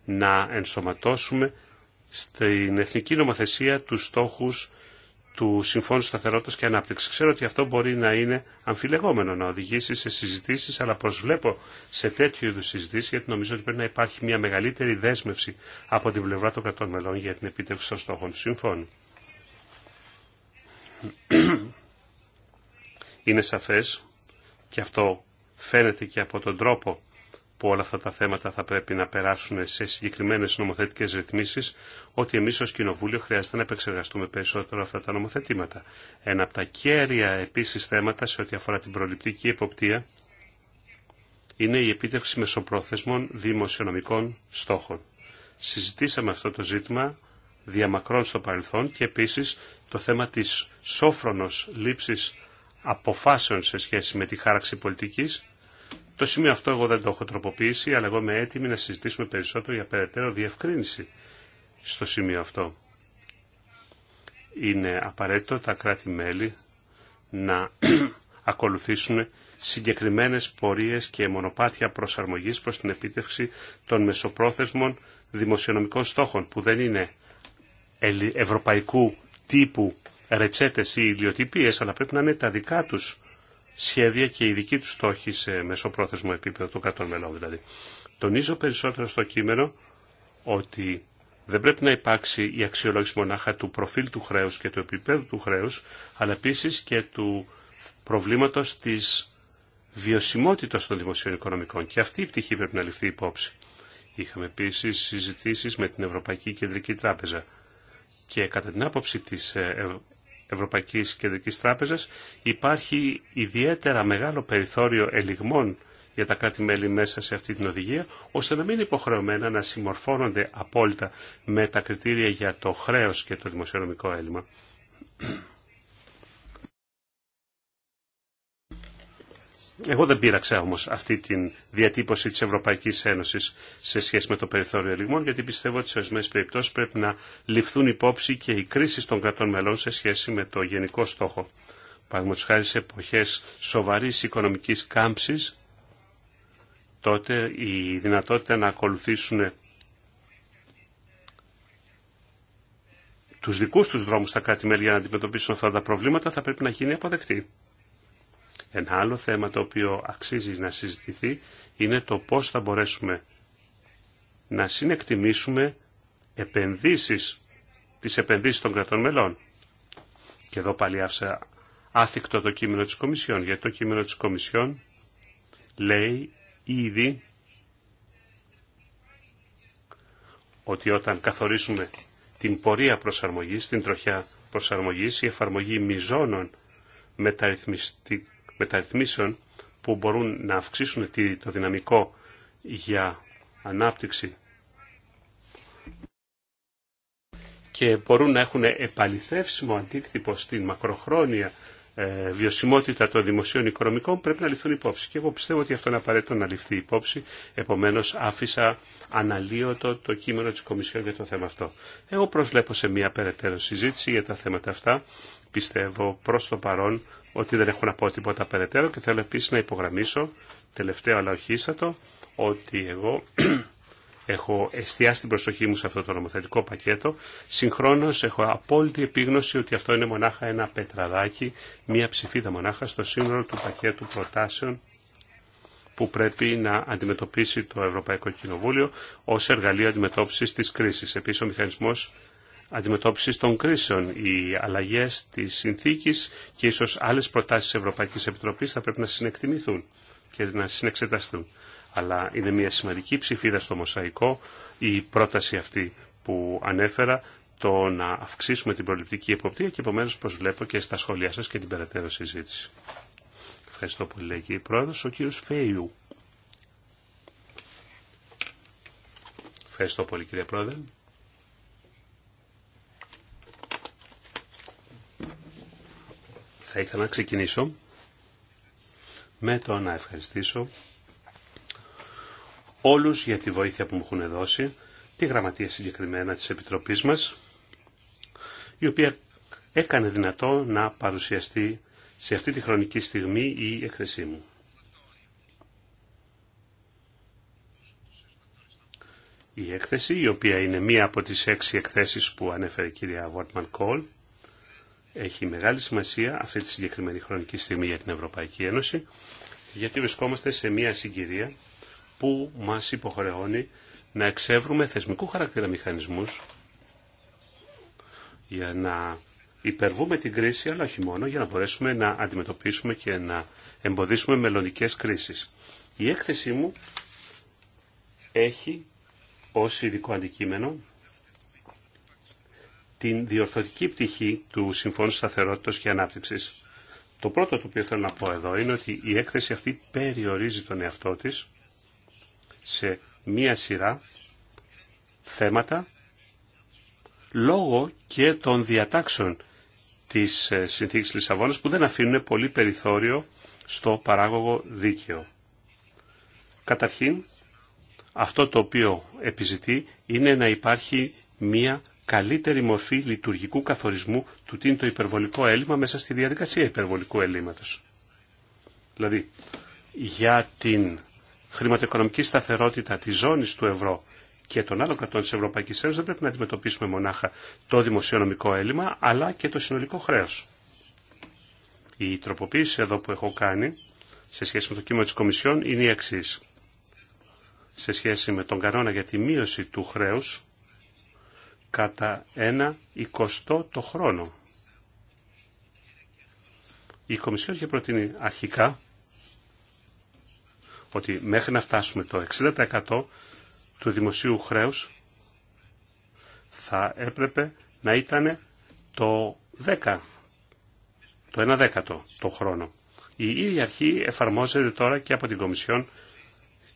να ενσωματώσουμε στην εθνική νομοθεσία τους στόχους του Συμφώνου σταθερότητα και ανάπτυξη. Ξέρω ότι αυτό μπορεί να είναι αμφιλεγόμενο, να οδηγήσει σε συζητήσεις, αλλά προσβλέπω σε τέτοιου είδου συζητήσει γιατί νομίζω ότι πρέπει να υπάρχει μια μεγαλύτερη δέσμευση από την πλευρά των κρατών μελών για την επίτευξη των στόχων του Συμφώνου. Είναι σαφέ και αυτό φαίνεται και από τον τρόπο που όλα αυτά τα θέματα θα πρέπει να περάσουν σε συγκεκριμένε νομοθετικέ ρυθμίσει, ότι εμεί ω Κοινοβούλιο χρειάζεται να επεξεργαστούμε περισσότερο αυτά τα νομοθετήματα. Ένα από τα κέρια επίση θέματα σε ό,τι αφορά την προληπτική εποπτεία είναι η επίτευξη μεσοπρόθεσμων δημοσιονομικών στόχων. Συζητήσαμε αυτό το ζήτημα διαμακρών στο παρελθόν και επίσης το θέμα της σόφρονος λήψης αποφάσεων σε σχέση με τη χάραξη πολιτικής το σημείο αυτό εγώ δεν το έχω τροποποιήσει, αλλά εγώ είμαι έτοιμη να συζητήσουμε περισσότερο για περαιτέρω διευκρίνηση στο σημείο αυτό. Είναι απαραίτητο τα κράτη-μέλη να ακολουθήσουν συγκεκριμένες πορείες και μονοπάτια προσαρμογής προς την επίτευξη των μεσοπρόθεσμων δημοσιονομικών στόχων, που δεν είναι ευρωπαϊκού τύπου ρετσέτες ή ηλιοτυπίες, αλλά πρέπει να είναι τα δικά τους σχέδια και οι του τους στόχοι σε μεσοπρόθεσμο επίπεδο των κρατών μελών δηλαδή. Τονίζω περισσότερο στο κείμενο ότι δεν πρέπει να υπάρξει η αξιολόγηση μονάχα του προφίλ του χρέους και του επίπεδου του χρέους, αλλά επίσης και του προβλήματος της βιωσιμότητας των δημοσίων οικονομικών. Και αυτή η πτυχή πρέπει να ληφθεί υπόψη. Είχαμε επίσης συζητήσεις με την Ευρωπαϊκή Κεντρική Τράπεζα και κατά την άποψη της ε, Ευρωπαϊκής Κεντρικής Τράπεζας υπάρχει ιδιαίτερα μεγάλο περιθώριο ελιγμών για τα κράτη-μέλη μέσα σε αυτή την οδηγία, ώστε να μην είναι υποχρεωμένα να συμμορφώνονται απόλυτα με τα κριτήρια για το χρέος και το δημοσιονομικό έλλειμμα. Εγώ δεν πείραξα όμω αυτή τη διατύπωση τη Ευρωπαϊκή Ένωση σε σχέση με το περιθώριο ελιγμών, γιατί πιστεύω ότι σε ορισμένε περιπτώσει πρέπει να ληφθούν υπόψη και οι κρίσει των κρατών μελών σε σχέση με το γενικό στόχο. Παραδείγματο χάρη σε εποχέ σοβαρή οικονομική κάμψη, τότε η δυνατότητα να ακολουθήσουν τους δικούς τους δρόμους στα κράτη-μέλη για να αντιμετωπίσουν αυτά τα προβλήματα θα πρέπει να γίνει αποδεκτή. Ένα άλλο θέμα το οποίο αξίζει να συζητηθεί είναι το πώς θα μπορέσουμε να συνεκτιμήσουμε επενδύσεις, τις επενδύσεις των κρατών μελών. Και εδώ πάλι άφησα άθικτο το κείμενο της Κομισιόν, γιατί το κείμενο της Κομισιόν λέει ήδη ότι όταν καθορίσουμε την πορεία προσαρμογής, την τροχιά προσαρμογής, η εφαρμογή μιζώνων μεταρρυθμιστικών μεταρρυθμίσεων που μπορούν να αυξήσουν το δυναμικό για ανάπτυξη και μπορούν να έχουν επαληθεύσιμο αντίκτυπο στην μακροχρόνια ε, βιωσιμότητα των δημοσίων οικονομικών πρέπει να ληφθούν υπόψη. Και εγώ πιστεύω ότι αυτό είναι απαραίτητο να ληφθεί υπόψη. Επομένω, άφησα αναλύωτο το κείμενο τη Κομισιόν για το θέμα αυτό. Εγώ προσλέπω σε μια περαιτέρω συζήτηση για τα θέματα αυτά πιστεύω προς το παρόν ότι δεν έχω να πω τίποτα περαιτέρω και θέλω επίσης να υπογραμμίσω, τελευταίο αλλά όχι ότι εγώ έχω εστιάσει την προσοχή μου σε αυτό το νομοθετικό πακέτο. Συγχρόνως έχω απόλυτη επίγνωση ότι αυτό είναι μονάχα ένα πετραδάκι, μία ψηφίδα μονάχα στο σύνολο του πακέτου προτάσεων που πρέπει να αντιμετωπίσει το Ευρωπαϊκό Κοινοβούλιο ως εργαλείο αντιμετώπισης της κρίσης. Επίση ο μηχανισμό αντιμετώπισης των κρίσεων. Οι αλλαγές της συνθήκης και ίσως άλλες προτάσεις της Ευρωπαϊκής Επιτροπής θα πρέπει να συνεκτιμηθούν και να συνεξεταστούν. Αλλά είναι μια σημαντική ψηφίδα στο μοσαϊκό η πρόταση αυτή που ανέφερα το να αυξήσουμε την προληπτική εποπτεία και επομένως βλέπω και στα σχόλιά σας και την περαιτέρω συζήτηση. Ευχαριστώ πολύ λέει και η πρόεδρος, ο κύριος Φέιου. Ευχαριστώ πολύ κύριε πρόεδρε. Θα ήθελα να ξεκινήσω με το να ευχαριστήσω όλους για τη βοήθεια που μου έχουν δώσει, τη γραμματεία συγκεκριμένα της Επιτροπής μας, η οποία έκανε δυνατό να παρουσιαστεί σε αυτή τη χρονική στιγμή η έκθεσή μου. Η έκθεση, η οποία είναι μία από τις έξι εκθέσεις που ανέφερε η κυρία Βόρτμαν Κόλ, έχει μεγάλη σημασία αυτή τη συγκεκριμένη χρονική στιγμή για την Ευρωπαϊκή Ένωση, γιατί βρισκόμαστε σε μια συγκυρία που μας υποχρεώνει να εξεύρουμε θεσμικού χαρακτήρα μηχανισμούς για να υπερβούμε την κρίση, αλλά όχι μόνο, για να μπορέσουμε να αντιμετωπίσουμε και να εμποδίσουμε μελλοντικέ κρίσεις. Η έκθεσή μου έχει ως ειδικό αντικείμενο την διορθωτική πτυχή του Συμφώνου Σταθερότητας και Ανάπτυξης. Το πρώτο το οποίο θέλω να πω εδώ είναι ότι η έκθεση αυτή περιορίζει τον εαυτό της σε μία σειρά θέματα λόγω και των διατάξεων της ε, συνθήκης Λισαβόνας που δεν αφήνουν πολύ περιθώριο στο παράγωγο δίκαιο. Καταρχήν, αυτό το οποίο επιζητεί είναι να υπάρχει μία καλύτερη μορφή λειτουργικού καθορισμού του τι είναι το υπερβολικό έλλειμμα μέσα στη διαδικασία υπερβολικού έλλειμματος. Δηλαδή, για την χρηματοοικονομική σταθερότητα της ζώνης του ευρώ και των άλλων κρατών της Ευρωπαϊκής Ένωσης δεν πρέπει να αντιμετωπίσουμε μονάχα το δημοσιονομικό έλλειμμα αλλά και το συνολικό χρέος. Η τροποποίηση εδώ που έχω κάνει σε σχέση με το κείμενο της Κομισιόν είναι η εξή. Σε σχέση με τον κανόνα για τη μείωση του χρέους κατά ένα εικοστό το χρόνο. Η Κομισιόν είχε προτείνει αρχικά ότι μέχρι να φτάσουμε το 60% του δημοσίου χρέους θα έπρεπε να ήταν το 10, το 1 δέκατο το χρόνο. Η ίδια αρχή εφαρμόζεται τώρα και από την Κομισιόν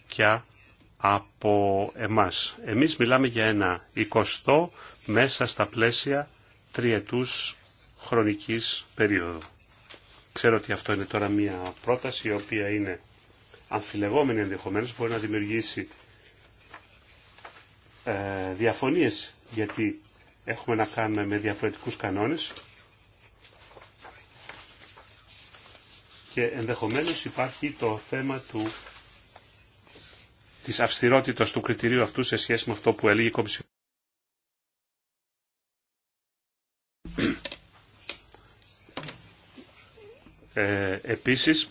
και από εμάς. Εμείς μιλάμε για ένα 20 μέσα στα πλαίσια τριετούς χρονικής περίοδου. Ξέρω ότι αυτό είναι τώρα μια πρόταση η οποία είναι αμφιλεγόμενη ενδεχομένως, μπορεί να δημιουργήσει ε, διαφωνίες γιατί έχουμε να κάνουμε με διαφορετικούς κανόνες και ενδεχομένως υπάρχει το θέμα του της αυστηρότητα του κριτηρίου αυτού σε σχέση με αυτό που έλεγε η Κομισιόν. Ε, επίσης,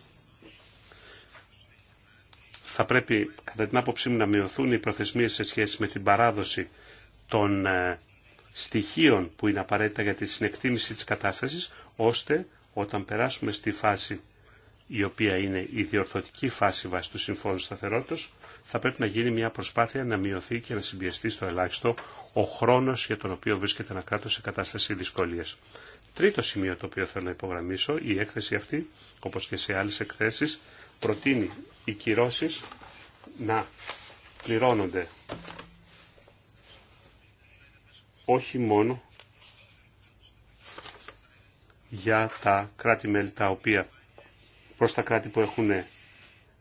θα πρέπει κατά την άποψή μου να μειωθούν οι προθεσμίες σε σχέση με την παράδοση των ε, στοιχείων που είναι απαραίτητα για τη συνεκτίμηση της κατάστασης, ώστε όταν περάσουμε στη φάση η οποία είναι η διορθωτική φάση βάσει του Συμφώνου Σταθερότητας, θα πρέπει να γίνει μια προσπάθεια να μειωθεί και να συμπιεστεί στο ελάχιστο ο χρόνος για τον οποίο βρίσκεται ένα κράτο σε κατάσταση δυσκολία. Τρίτο σημείο το οποίο θέλω να υπογραμμίσω, η έκθεση αυτή, όπως και σε άλλες εκθέσεις, προτείνει οι κυρώσει να πληρώνονται όχι μόνο για τα κράτη-μέλη τα οποία προς τα κράτη που έχουν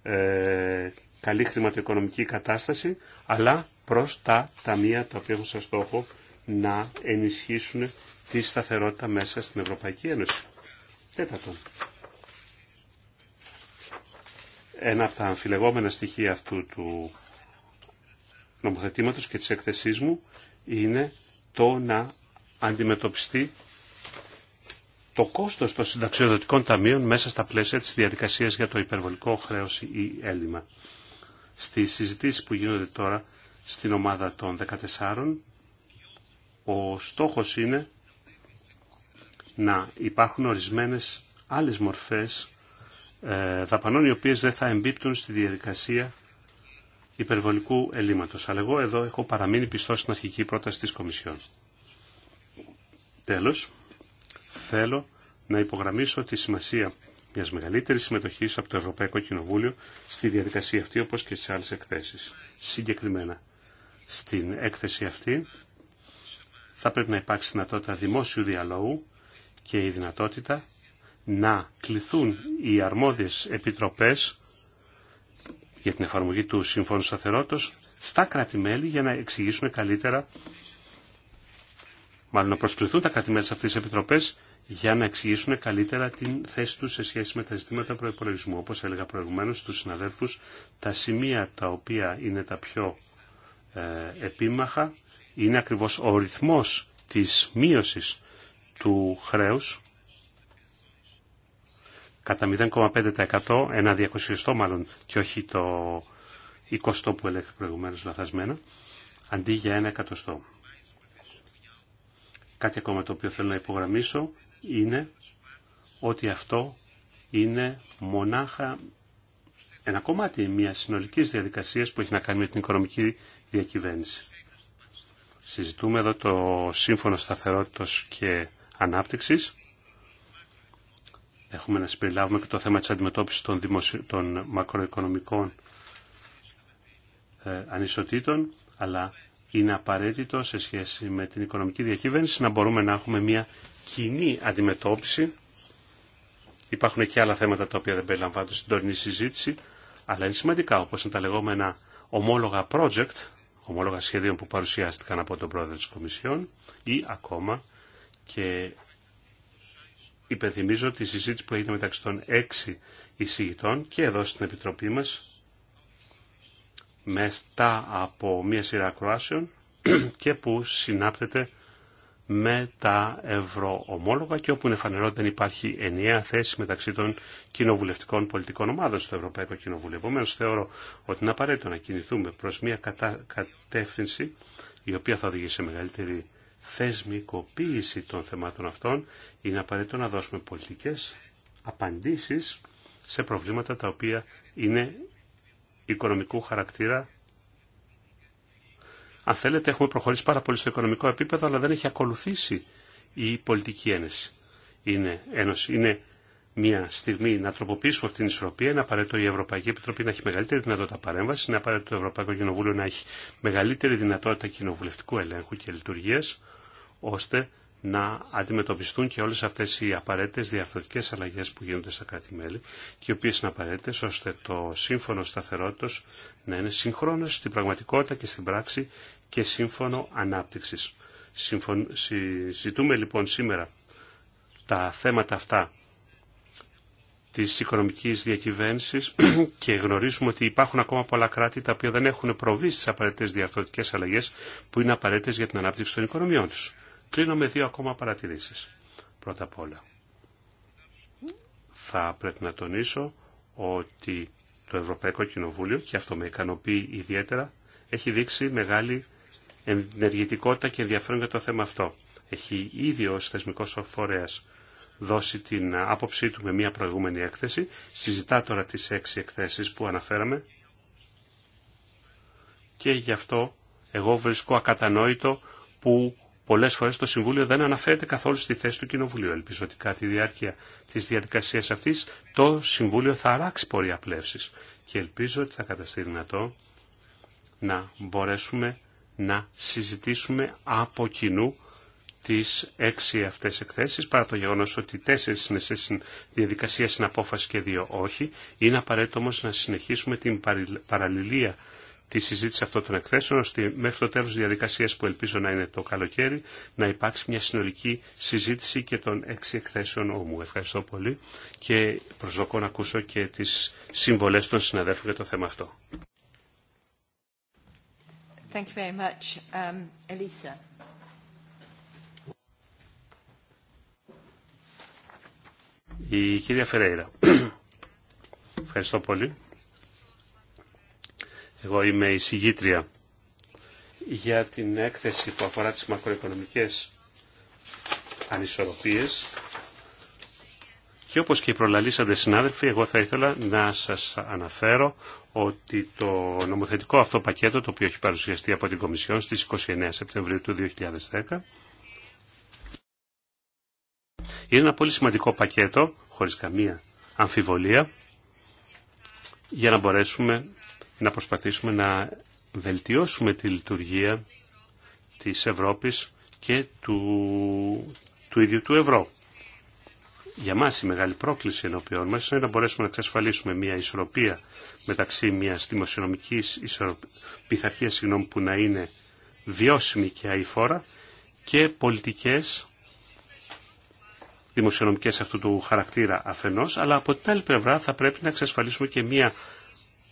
ε, καλή χρηματοοικονομική κατάσταση, αλλά προς τα ταμεία τα οποία έχουν σαν στόχο να ενισχύσουν τη σταθερότητα μέσα στην Ευρωπαϊκή Ένωση. Τέταρτον. Ένα από τα αμφιλεγόμενα στοιχεία αυτού του νομοθετήματος και της εκθεσής μου είναι το να αντιμετωπιστεί το κόστος των συνταξιοδοτικών ταμείων μέσα στα πλαίσια της διαδικασίας για το υπερβολικό χρέος ή έλλειμμα στις συζητήσεις που γίνονται τώρα στην ομάδα των 14, ο στόχος είναι να υπάρχουν ορισμένες άλλες μορφές ε, δαπανών οι οποίες δεν θα εμπίπτουν στη διαδικασία υπερβολικού ελλείμματος. Αλλά εγώ εδώ έχω παραμείνει πιστός στην αρχική πρόταση της Κομισιόν. Τέλος, θέλω να υπογραμμίσω τη σημασία μια μεγαλύτερη συμμετοχή από το Ευρωπαϊκό Κοινοβούλιο στη διαδικασία αυτή όπω και στι άλλε εκθέσει. Συγκεκριμένα, στην έκθεση αυτή θα πρέπει να υπάρξει δυνατότητα δημόσιου διαλόγου και η δυνατότητα να κληθούν οι αρμόδιες επιτροπές για την εφαρμογή του Συμφώνου σταθερότητα στα κράτη-μέλη για να εξηγήσουν καλύτερα, μάλλον να προσκληθούν τα κράτη-μέλη σε αυτές τις επιτροπές για να εξηγήσουν καλύτερα την θέση τους σε σχέση με τα ζητήματα προπολογισμού. Όπως έλεγα προηγουμένως στους συναδέλφους, τα σημεία τα οποία είναι τα πιο ε, επίμαχα είναι ακριβώς ο ρυθμός της μείωσης του χρέους κατά 0,5% ένα διακοσιωστό μάλλον και όχι το 20 που έλεγχε προηγουμένως λαθασμένα αντί για ένα εκατοστό. Κάτι ακόμα το οποίο θέλω να υπογραμμίσω είναι ότι αυτό είναι μονάχα ένα κομμάτι μιας συνολικής διαδικασίας που έχει να κάνει με την οικονομική διακυβέρνηση. Συζητούμε εδώ το Σύμφωνο Σταθερότητος και Ανάπτυξης. Έχουμε να συμπεριλάβουμε και το θέμα της αντιμετώπισης των, δημοσιο... μακροοικονομικών ε, ανισοτήτων, αλλά είναι απαραίτητο σε σχέση με την οικονομική διακυβέρνηση να μπορούμε να έχουμε μια κοινή αντιμετώπιση. Υπάρχουν και άλλα θέματα τα οποία δεν περιλαμβάνονται στην τωρινή συζήτηση, αλλά είναι σημαντικά, όπως είναι τα λεγόμενα ομόλογα project, ομόλογα σχεδίων που παρουσιάστηκαν από τον πρόεδρο της Κομισιόν ή ακόμα και υπενθυμίζω τη συζήτηση που έγινε μεταξύ των έξι εισηγητών και εδώ στην Επιτροπή μας μετά από μία σειρά ακροάσεων και που συνάπτεται με τα ευρωομόλογα και όπου είναι φανερό ότι δεν υπάρχει ενιαία θέση μεταξύ των κοινοβουλευτικών πολιτικών ομάδων στο Ευρωπαϊκό Κοινοβούλιο. Επομένω, θεωρώ ότι είναι απαραίτητο να κινηθούμε προ μια κατεύθυνση η οποία θα οδηγήσει σε μεγαλύτερη θεσμικοποίηση των θεμάτων αυτών. Είναι απαραίτητο να δώσουμε πολιτικέ απαντήσει σε προβλήματα τα οποία είναι οικονομικού χαρακτήρα αν θέλετε, έχουμε προχωρήσει πάρα πολύ στο οικονομικό επίπεδο, αλλά δεν έχει ακολουθήσει η πολιτική Είναι, ένωση. είναι μια στιγμή να τροποποιήσουμε αυτή την ισορροπία. Είναι απαραίτητο η Ευρωπαϊκή Επιτροπή να έχει μεγαλύτερη δυνατότητα παρέμβαση. Είναι απαραίτητο το Ευρωπαϊκό Κοινοβούλιο να έχει μεγαλύτερη δυνατότητα κοινοβουλευτικού ελέγχου και λειτουργία, ώστε να αντιμετωπιστούν και όλες αυτές οι απαραίτητες διαφορετικές αλλαγές που γίνονται στα κράτη-μέλη και οι οποίες είναι απαραίτητες ώστε το σύμφωνο σταθερότητος να είναι σύγχρονο στην πραγματικότητα και στην πράξη και σύμφωνο ανάπτυξης. Συμφων... Συζητούμε λοιπόν σήμερα τα θέματα αυτά της οικονομικής διακυβέρνησης και γνωρίζουμε ότι υπάρχουν ακόμα πολλά κράτη τα οποία δεν έχουν προβεί στις απαραίτητες διαφορετικές αλλαγές που είναι απαραίτητες για την ανάπτυξη των οικονομιών τους. Κλείνω με δύο ακόμα παρατηρήσεις. Πρώτα απ' όλα, θα πρέπει να τονίσω ότι το Ευρωπαϊκό Κοινοβούλιο, και αυτό με ικανοποιεί ιδιαίτερα, έχει δείξει μεγάλη ενεργητικότητα και ενδιαφέρον για το θέμα αυτό. Έχει ήδη ως θεσμικός φορέας δώσει την άποψή του με μια προηγούμενη έκθεση. Συζητά τώρα τις έξι εκθέσεις που αναφέραμε και γι' αυτό εγώ βρίσκω ακατανόητο που Πολλέ φορέ το Συμβούλιο δεν αναφέρεται καθόλου στη θέση του Κοινοβουλίου. Ελπίζω ότι κατά τη διάρκεια τη διαδικασία αυτή το Συμβούλιο θα αράξει πορεία πλεύση και ελπίζω ότι θα καταστεί δυνατό να μπορέσουμε να συζητήσουμε από κοινού τι έξι αυτέ εκθέσεις, παρά το γεγονός ότι τέσσερι είναι σε διαδικασία συναπόφαση και δύο όχι, είναι απαραίτητο όμω να συνεχίσουμε την παραλληλία τη συζήτηση αυτών των εκθέσεων, ώστε μέχρι το τέλο τη διαδικασία που ελπίζω να είναι το καλοκαίρι, να υπάρξει μια συνολική συζήτηση και των έξι εκθέσεων όμου. Ευχαριστώ πολύ και προσδοκώ να ακούσω και τις συμβολές των συναδέλφων για το θέμα αυτό. Thank you very much. Um, Elisa. Η κυρία Φερέιρα. Ευχαριστώ πολύ. Εγώ είμαι η συγγήτρια για την έκθεση που αφορά τις μακροοικονομικές ανισορροπίες και όπως και οι προλαλήσαντες συνάδελφοι, εγώ θα ήθελα να σας αναφέρω ότι το νομοθετικό αυτό πακέτο, το οποίο έχει παρουσιαστεί από την Κομισιόν στις 29 Σεπτεμβρίου του 2010, είναι ένα πολύ σημαντικό πακέτο, χωρίς καμία αμφιβολία, για να μπορέσουμε να προσπαθήσουμε να βελτιώσουμε τη λειτουργία της Ευρώπης και του, του ίδιου του ευρώ. Για μας η μεγάλη πρόκληση ενώπιόν μας είναι να μπορέσουμε να εξασφαλίσουμε μια ισορροπία μεταξύ μιας δημοσιονομικής πειθαρχίας συγγνώμη, που να είναι βιώσιμη και αηφόρα και πολιτικές δημοσιονομικές αυτού του χαρακτήρα αφενός, αλλά από την άλλη πλευρά θα πρέπει να εξασφαλίσουμε και μια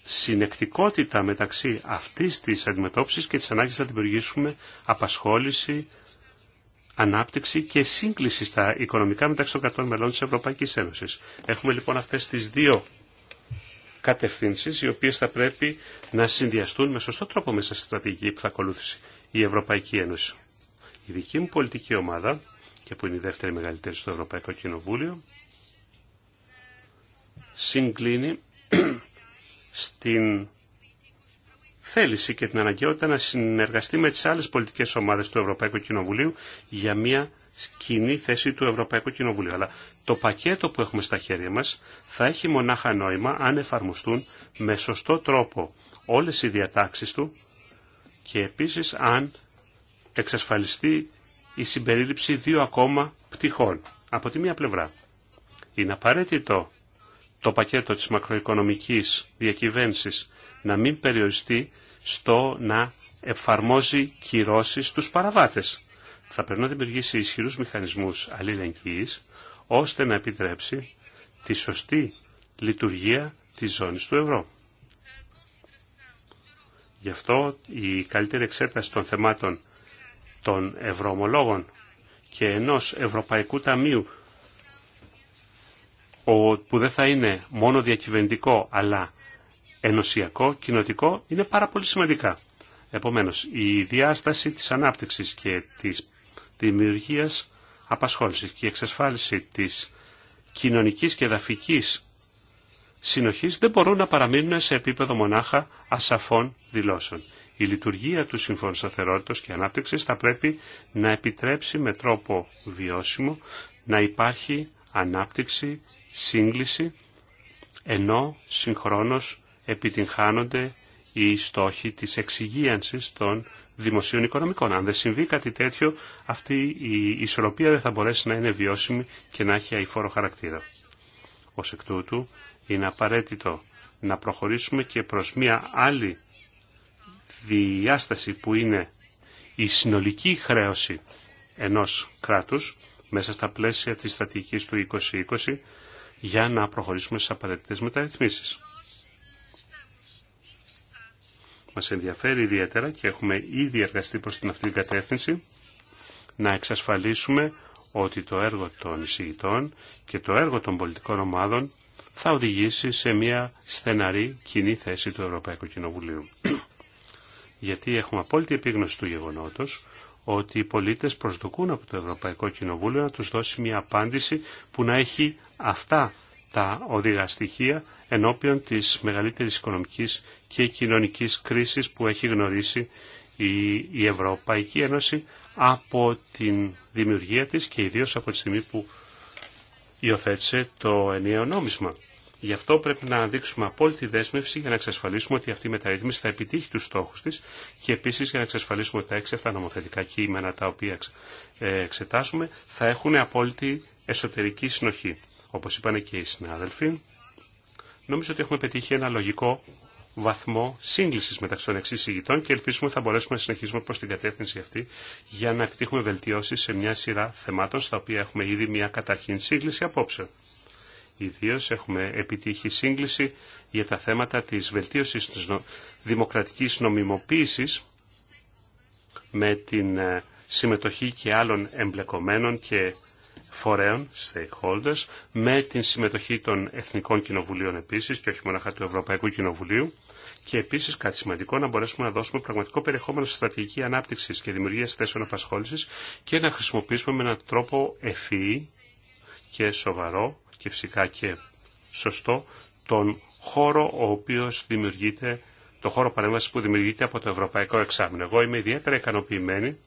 συνεκτικότητα μεταξύ αυτής της αντιμετώπισης και της ανάγκης να δημιουργήσουμε απασχόληση, ανάπτυξη και σύγκληση στα οικονομικά μεταξύ των κρατών μελών της Ευρωπαϊκής Ένωσης. Έχουμε λοιπόν αυτές τις δύο κατευθύνσεις οι οποίες θα πρέπει να συνδυαστούν με σωστό τρόπο μέσα στη στρατηγική που θα ακολούθησε η Ευρωπαϊκή Ένωση. Η δική μου πολιτική ομάδα, και που είναι η δεύτερη μεγαλύτερη στο Ευρωπαϊκό Κοινοβούλιο, συγκλίνει στην θέληση και την αναγκαιότητα να συνεργαστεί με τις άλλες πολιτικές ομάδες του Ευρωπαϊκού Κοινοβουλίου για μια κοινή θέση του Ευρωπαϊκού Κοινοβουλίου. Αλλά το πακέτο που έχουμε στα χέρια μας θα έχει μονάχα νόημα αν εφαρμοστούν με σωστό τρόπο όλες οι διατάξεις του και επίσης αν εξασφαλιστεί η συμπερίληψη δύο ακόμα πτυχών. Από τη μία πλευρά είναι απαραίτητο το πακέτο της μακροοικονομικής διακυβέρνησης να μην περιοριστεί στο να εφαρμόζει κυρώσεις στους παραβάτες. Θα πρέπει να δημιουργήσει ισχυρούς μηχανισμούς αλληλεγγύης, ώστε να επιτρέψει τη σωστή λειτουργία της ζώνης του ευρώ. Γι' αυτό η καλύτερη εξέταση των θεμάτων των ευρωομολόγων και ενός Ευρωπαϊκού Ταμείου που δεν θα είναι μόνο διακυβερνητικό αλλά ενωσιακό, κοινοτικό, είναι πάρα πολύ σημαντικά. Επομένως, η διάσταση της ανάπτυξης και της δημιουργίας απασχόλησης και η εξασφάλιση της κοινωνικής και εδαφικής συνοχής δεν μπορούν να παραμείνουν σε επίπεδο μονάχα ασαφών δηλώσεων. Η λειτουργία του Συμφώνου Σταθερότητας και Ανάπτυξης θα πρέπει να επιτρέψει με τρόπο βιώσιμο να υπάρχει ανάπτυξη σύγκληση, ενώ συγχρόνως επιτυγχάνονται οι στόχοι της εξυγίανσης των δημοσίων οικονομικών. Αν δεν συμβεί κάτι τέτοιο, αυτή η ισορροπία δεν θα μπορέσει να είναι βιώσιμη και να έχει αηφόρο χαρακτήρα. Ως εκ τούτου, είναι απαραίτητο να προχωρήσουμε και προς μια άλλη διάσταση που είναι η συνολική χρέωση ενός κράτους μέσα στα πλαίσια της στρατηγικής του 2020 για να προχωρήσουμε στις απαραίτητες μεταρρυθμίσεις. Μας ενδιαφέρει ιδιαίτερα και έχουμε ήδη εργαστεί προς την αυτή την κατεύθυνση να εξασφαλίσουμε ότι το έργο των εισηγητών και το έργο των πολιτικών ομάδων θα οδηγήσει σε μια στεναρή κοινή θέση του Ευρωπαϊκού Κοινοβουλίου. Γιατί έχουμε απόλυτη επίγνωση του γεγονότος ότι οι πολίτες προσδοκούν από το Ευρωπαϊκό Κοινοβούλιο να τους δώσει μια απάντηση που να έχει αυτά τα οδηγά στοιχεία ενώπιον της μεγαλύτερης οικονομικής και κοινωνικής κρίσης που έχει γνωρίσει η Ευρωπαϊκή Ένωση από την δημιουργία της και ιδίως από τη στιγμή που υιοθέτησε το ενιαίο νόμισμα. Γι' αυτό πρέπει να δείξουμε απόλυτη δέσμευση για να εξασφαλίσουμε ότι αυτή η μεταρρύθμιση θα επιτύχει του στόχου τη και επίση για να εξασφαλίσουμε ότι τα έξι αυτά νομοθετικά κείμενα τα οποία ε, εξετάσουμε θα έχουν απόλυτη εσωτερική συνοχή. Όπω είπαν και οι συνάδελφοι, νομίζω ότι έχουμε πετύχει ένα λογικό βαθμό σύγκληση μεταξύ των εξή ηγητών και ελπίζουμε θα μπορέσουμε να συνεχίσουμε προ την κατεύθυνση αυτή για να επιτύχουμε βελτιώσει σε μια σειρά θεμάτων στα οποία έχουμε ήδη μια καταρχήν σύγκληση απόψε. Ιδίω έχουμε επιτύχει σύγκληση για τα θέματα της βελτίωσης της δημοκρατικής νομιμοποίησης με την ε, συμμετοχή και άλλων εμπλεκομένων και φορέων, stakeholders, με την συμμετοχή των Εθνικών Κοινοβουλίων επίσης και όχι μόνο του Ευρωπαϊκού Κοινοβουλίου και επίσης κάτι σημαντικό να μπορέσουμε να δώσουμε πραγματικό περιεχόμενο στη στρατηγική ανάπτυξη και δημιουργία θέσεων απασχόλησης και να χρησιμοποιήσουμε με έναν τρόπο ευφυή και σοβαρό και φυσικά και σωστό τον χώρο ο οποίος δημιουργείται, το χώρο παρέμβασης που δημιουργείται από το Ευρωπαϊκό Εξάμεινο. Εγώ είμαι ιδιαίτερα ικανοποιημένη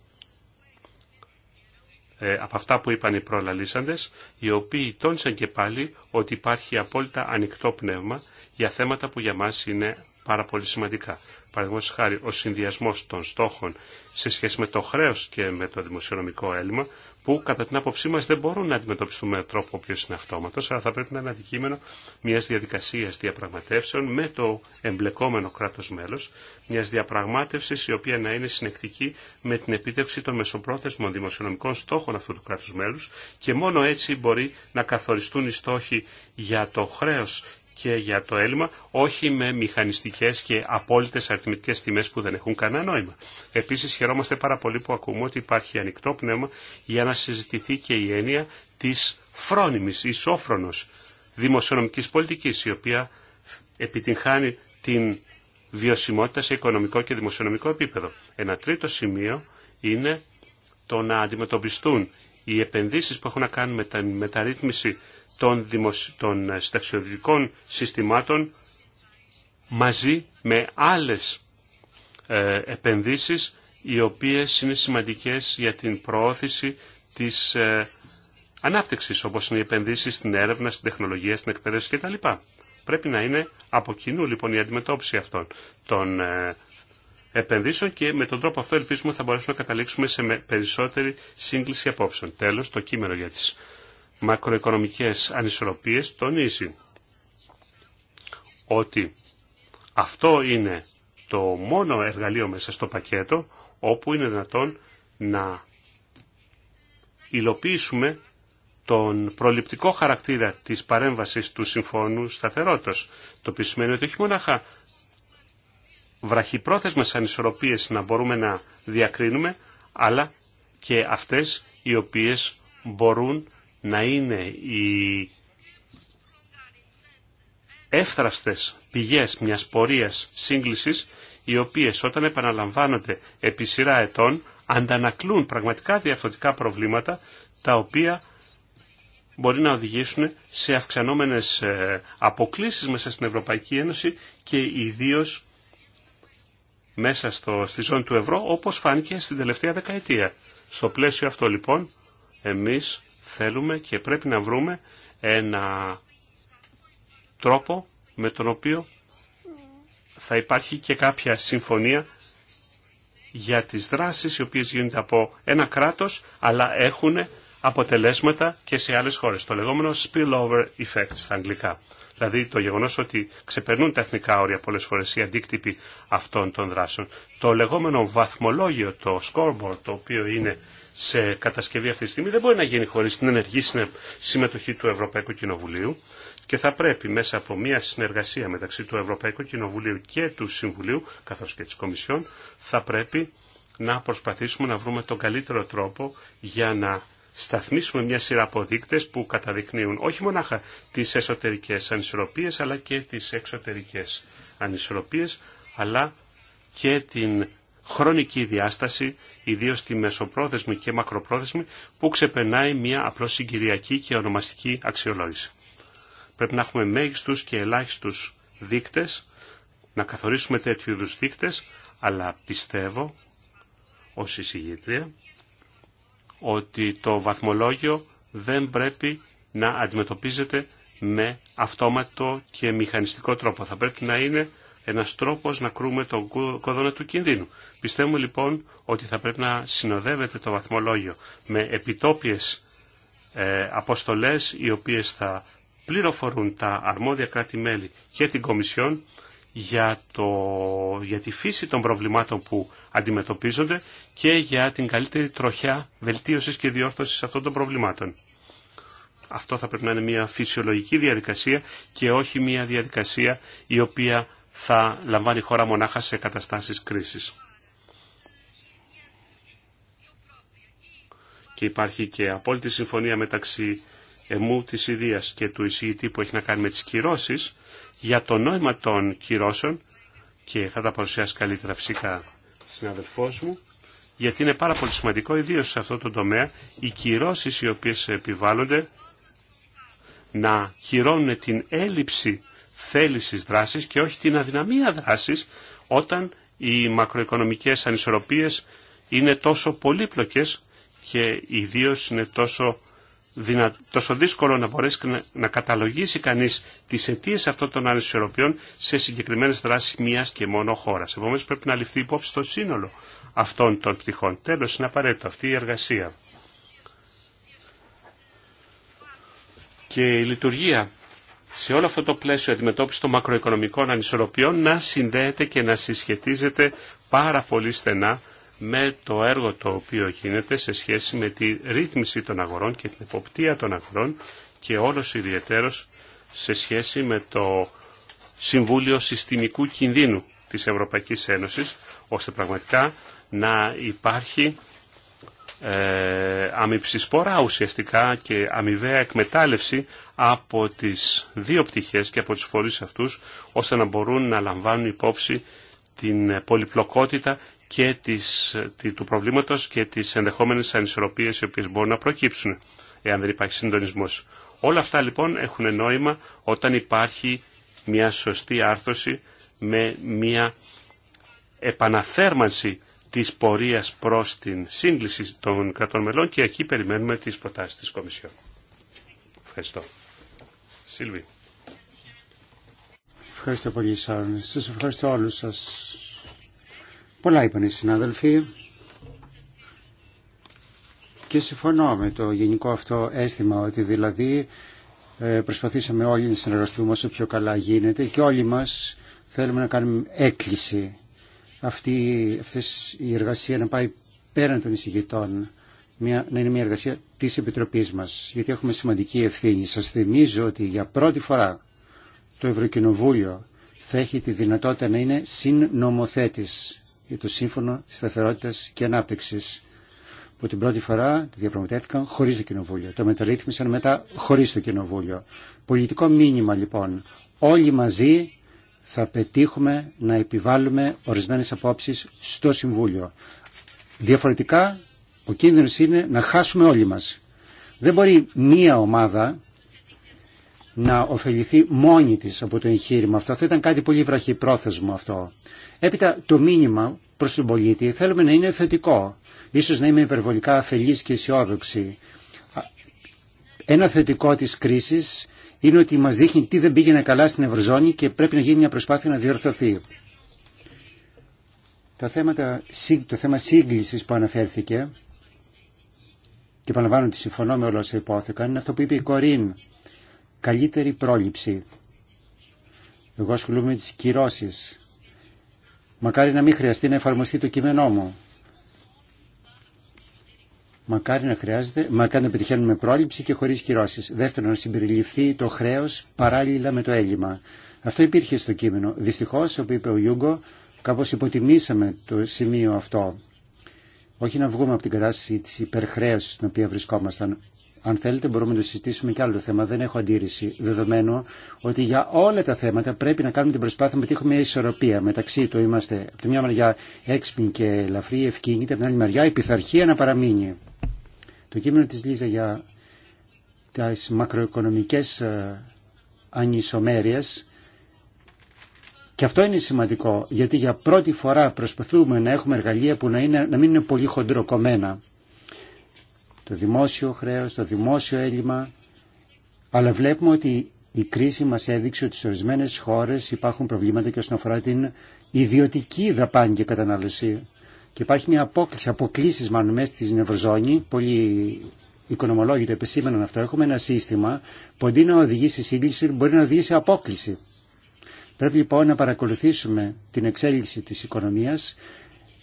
ε, από αυτά που είπαν οι προλαλήσαντες, οι οποίοι τόνισαν και πάλι ότι υπάρχει απόλυτα ανοιχτό πνεύμα για θέματα που για μας είναι πάρα πολύ σημαντικά. Παραδείγματο χάρη, ο συνδυασμό των στόχων σε σχέση με το χρέο και με το δημοσιονομικό έλλειμμα που κατά την άποψή μας δεν μπορούν να αντιμετωπιστούν με τρόπο ο οποίος είναι αυτόματος, αλλά θα πρέπει να είναι αντικείμενο μιας διαδικασίας διαπραγματεύσεων με το εμπλεκόμενο κράτος μέλος, μιας διαπραγμάτευσης η οποία να είναι συνεκτική με την επίτευξη των μεσοπρόθεσμων δημοσιονομικών στόχων αυτού του κράτους μέλους και μόνο έτσι μπορεί να καθοριστούν οι στόχοι για το χρέος και για το έλλειμμα, όχι με μηχανιστικέ και απόλυτε αριθμητικές τιμέ που δεν έχουν κανένα νόημα. Επίση, χαιρόμαστε πάρα πολύ που ακούμε ότι υπάρχει ανοιχτό πνεύμα για να συζητηθεί και η έννοια τη φρόνιμη, ισόφρονο δημοσιονομική πολιτική, η οποία επιτυγχάνει την βιωσιμότητα σε οικονομικό και δημοσιονομικό επίπεδο. Ένα τρίτο σημείο είναι το να αντιμετωπιστούν οι επενδύσεις που έχουν να κάνουν με την μεταρρύθμιση των, δημοσι... των ε, συστημάτων μαζί με άλλες ε, επενδύσεις οι οποίες είναι σημαντικές για την προώθηση της ε, ανάπτυξης όπως είναι οι επενδύσεις στην έρευνα, στην τεχνολογία, στην εκπαίδευση κτλ. Πρέπει να είναι από κοινού λοιπόν η αντιμετώπιση αυτών των ε, επενδύσεων και με τον τρόπο αυτό ελπίζουμε θα μπορέσουμε να καταλήξουμε σε περισσότερη σύγκληση απόψεων. Τέλος, το κείμενο για τις μακροοικονομικές ανισορροπίες τονίζει ότι αυτό είναι το μόνο εργαλείο μέσα στο πακέτο όπου είναι δυνατόν να υλοποιήσουμε τον προληπτικό χαρακτήρα της παρέμβασης του Συμφώνου Σταθερότητας. Το οποίο σημαίνει ότι όχι μόνο βραχυπρόθεσμες ανισορροπίες να μπορούμε να διακρίνουμε, αλλά και αυτές οι οποίες μπορούν να είναι οι εύθραστες πηγές μιας πορείας σύγκλησης, οι οποίες όταν επαναλαμβάνονται επί σειρά ετών αντανακλούν πραγματικά διαφορετικά προβλήματα, τα οποία μπορεί να οδηγήσουν σε αυξανόμενες ε, αποκλίσεις μέσα στην Ευρωπαϊκή Ένωση και ιδίως μέσα στο, στη ζώνη του ευρώ, όπως φάνηκε στην τελευταία δεκαετία. Στο πλαίσιο αυτό λοιπόν, εμείς Θέλουμε και πρέπει να βρούμε ένα τρόπο με τον οποίο θα υπάρχει και κάποια συμφωνία για τις δράσεις οι οποίες γίνονται από ένα κράτος αλλά έχουν αποτελέσματα και σε άλλες χώρες. Το λεγόμενο spillover effect στα αγγλικά. Δηλαδή το γεγονός ότι ξεπερνούν τα εθνικά όρια πολλές φορές οι αντίκτυποι αυτών των δράσεων. Το λεγόμενο βαθμολόγιο, το scoreboard, το οποίο είναι σε κατασκευή αυτή τη στιγμή δεν μπορεί να γίνει χωρίς την ενεργή συμμετοχή του Ευρωπαϊκού Κοινοβουλίου και θα πρέπει μέσα από μια συνεργασία μεταξύ του Ευρωπαϊκού Κοινοβουλίου και του Συμβουλίου, καθώς και της Κομισιόν, θα πρέπει να προσπαθήσουμε να βρούμε τον καλύτερο τρόπο για να σταθμίσουμε μια σειρά από που καταδεικνύουν όχι μονάχα τις εσωτερικές ανισορροπίες αλλά και τις εξωτερικές ανισορροπίες αλλά και την χρονική διάσταση, ιδίως τη μεσοπρόθεσμη και μακροπρόθεσμη, που ξεπερνάει μια απλώς συγκυριακή και ονομαστική αξιολόγηση. Πρέπει να έχουμε μέγιστους και ελάχιστους δείκτες, να καθορίσουμε τέτοιου είδου δείκτες, αλλά πιστεύω ως εισηγήτρια ότι το βαθμολόγιο δεν πρέπει να αντιμετωπίζεται με αυτόματο και μηχανιστικό τρόπο. Θα πρέπει να είναι ένας τρόπος να κρούμε τον κόδωνα του κινδύνου. Πιστεύουμε λοιπόν ότι θα πρέπει να συνοδεύεται το βαθμολόγιο με επιτόπιες ε, αποστολές οι οποίες θα πληροφορούν τα αρμόδια κράτη-μέλη και την Κομισιόν για, το, για τη φύση των προβλημάτων που αντιμετωπίζονται και για την καλύτερη τροχιά βελτίωσης και διόρθωσης αυτών των προβλημάτων. Αυτό θα πρέπει να είναι μια φυσιολογική διαδικασία και όχι μια διαδικασία η οποία θα λαμβάνει χώρα μονάχα σε καταστάσεις κρίσης. Και υπάρχει και απόλυτη συμφωνία μεταξύ εμού της Ιδίας και του εισηγητή που έχει να κάνει με τις κυρώσεις για το νόημα των κυρώσεων και θα τα παρουσιάσει καλύτερα φυσικά συναδελφός μου γιατί είναι πάρα πολύ σημαντικό ιδίως σε αυτό το τομέα οι κυρώσεις οι οποίες επιβάλλονται να χειρώνουν την έλλειψη θέλησης δράσης και όχι την αδυναμία δράσης όταν οι μακροοικονομικές ανισορροπίες είναι τόσο πολύπλοκες και ιδίως είναι τόσο, τόσο δύσκολο να μπορέσει να καταλογίσει κανείς τις αιτίε αυτών των ανισορροπιών σε συγκεκριμένες δράσεις μιας και μόνο χώρας. Επομένως πρέπει να ληφθεί υπόψη το σύνολο αυτών των πτυχών. Τέλος είναι απαραίτητο αυτή η εργασία. Και η λειτουργία σε όλο αυτό το πλαίσιο αντιμετώπιση των μακροοικονομικών ανισορροπιών να συνδέεται και να συσχετίζεται πάρα πολύ στενά με το έργο το οποίο γίνεται σε σχέση με τη ρύθμιση των αγορών και την εποπτεία των αγορών και όλος ιδιαίτερος σε σχέση με το Συμβούλιο Συστημικού Κινδύνου της Ευρωπαϊκής Ένωσης, ώστε πραγματικά να υπάρχει ε, ουσιαστικά και αμοιβαία εκμετάλλευση από τις δύο πτυχές και από τις φορείς αυτούς, ώστε να μπορούν να λαμβάνουν υπόψη την πολυπλοκότητα και της, του προβλήματος και τις ενδεχόμενες ανισορροπίες οι οποίες μπορούν να προκύψουν, εάν δεν υπάρχει συντονισμός. Όλα αυτά λοιπόν έχουν νόημα όταν υπάρχει μια σωστή άρθρωση με μια επαναθέρμανση της πορείας προς την σύγκληση των κρατών μελών και εκεί περιμένουμε τις προτάσεις της Κομισιόν. Ευχαριστώ. Σίλβη. Ευχαριστώ πολύ Σάρων. Σας ευχαριστώ όλους σας. Πολλά είπαν οι συνάδελφοι και συμφωνώ με το γενικό αυτό αίσθημα ότι δηλαδή ε, προσπαθήσαμε όλοι να συνεργαστούμε όσο πιο καλά γίνεται και όλοι μας θέλουμε να κάνουμε έκκληση αυτή, αυτές η εργασία να πάει πέραν των εισηγητών μια, να είναι μια εργασία της Επιτροπής μας, γιατί έχουμε σημαντική ευθύνη. Σας θυμίζω ότι για πρώτη φορά το Ευρωκοινοβούλιο θα έχει τη δυνατότητα να είναι συνομοθέτης για το Σύμφωνο Σταθερότητας και Ανάπτυξης που την πρώτη φορά το διαπραγματεύτηκαν χωρίς το Κοινοβούλιο. Το μεταρρύθμισαν μετά χωρίς το Κοινοβούλιο. Πολιτικό μήνυμα λοιπόν. Όλοι μαζί θα πετύχουμε να επιβάλλουμε ορισμένες απόψει στο Συμβούλιο. Διαφορετικά ο κίνδυνο είναι να χάσουμε όλοι μα. Δεν μπορεί μία ομάδα να ωφεληθεί μόνη της από το εγχείρημα αυτό. Θα ήταν κάτι πολύ βραχυπρόθεσμο αυτό. Έπειτα το μήνυμα προς τον πολίτη θέλουμε να είναι θετικό. Ίσως να είμαι υπερβολικά αφελής και αισιόδοξη. Ένα θετικό της κρίσης είναι ότι μας δείχνει τι δεν πήγαινε καλά στην Ευρωζώνη και πρέπει να γίνει μια προσπάθεια να διορθωθεί. το θέμα σύγκλησης που αναφέρθηκε και επαναλαμβάνω ότι συμφωνώ με όλα όσα υπόθηκαν, είναι αυτό που είπε η Κορίν. Καλύτερη πρόληψη. Εγώ ασχολούμαι με τι κυρώσει. Μακάρι να μην χρειαστεί να εφαρμοστεί το κείμενό μου. Μακάρι να χρειάζεται, μακάρι να πετυχαίνουμε πρόληψη και χωρί κυρώσει. Δεύτερον, να συμπεριληφθεί το χρέο παράλληλα με το έλλειμμα. Αυτό υπήρχε στο κείμενο. Δυστυχώ, όπω είπε ο Ιούγκο, κάπω υποτιμήσαμε το σημείο αυτό όχι να βγούμε από την κατάσταση της υπερχρέωσης στην οποία βρισκόμασταν. Αν θέλετε μπορούμε να το συζητήσουμε και άλλο θέμα, δεν έχω αντίρρηση, δεδομένου ότι για όλα τα θέματα πρέπει να κάνουμε την προσπάθεια να πετύχουμε ισορροπία μεταξύ του είμαστε από τη μια μεριά έξυπνοι και ελαφροί, ευκίνητοι, από την άλλη μεριά η πειθαρχία να παραμείνει. Το κείμενο της Λίζα για τις μακροοικονομικές ε, ανισομέρειες και αυτό είναι σημαντικό, γιατί για πρώτη φορά προσπαθούμε να έχουμε εργαλεία που να, είναι, να μην είναι πολύ χοντροκομμένα. Το δημόσιο χρέος, το δημόσιο έλλειμμα, αλλά βλέπουμε ότι η κρίση μας έδειξε ότι σε ορισμένε χώρες υπάρχουν προβλήματα και όσον αφορά την ιδιωτική δαπάνη και κατανάλωση. Και υπάρχει μια απόκληση, αποκλήσεις μάλλον μέσα στη νευροζώνη. πολύ οικονομολόγοι το επεσήμεναν αυτό, έχουμε ένα σύστημα που αντί να οδηγήσει σύγκληση μπορεί να οδηγήσει απόκληση. Πρέπει λοιπόν να παρακολουθήσουμε την εξέλιξη της οικονομίας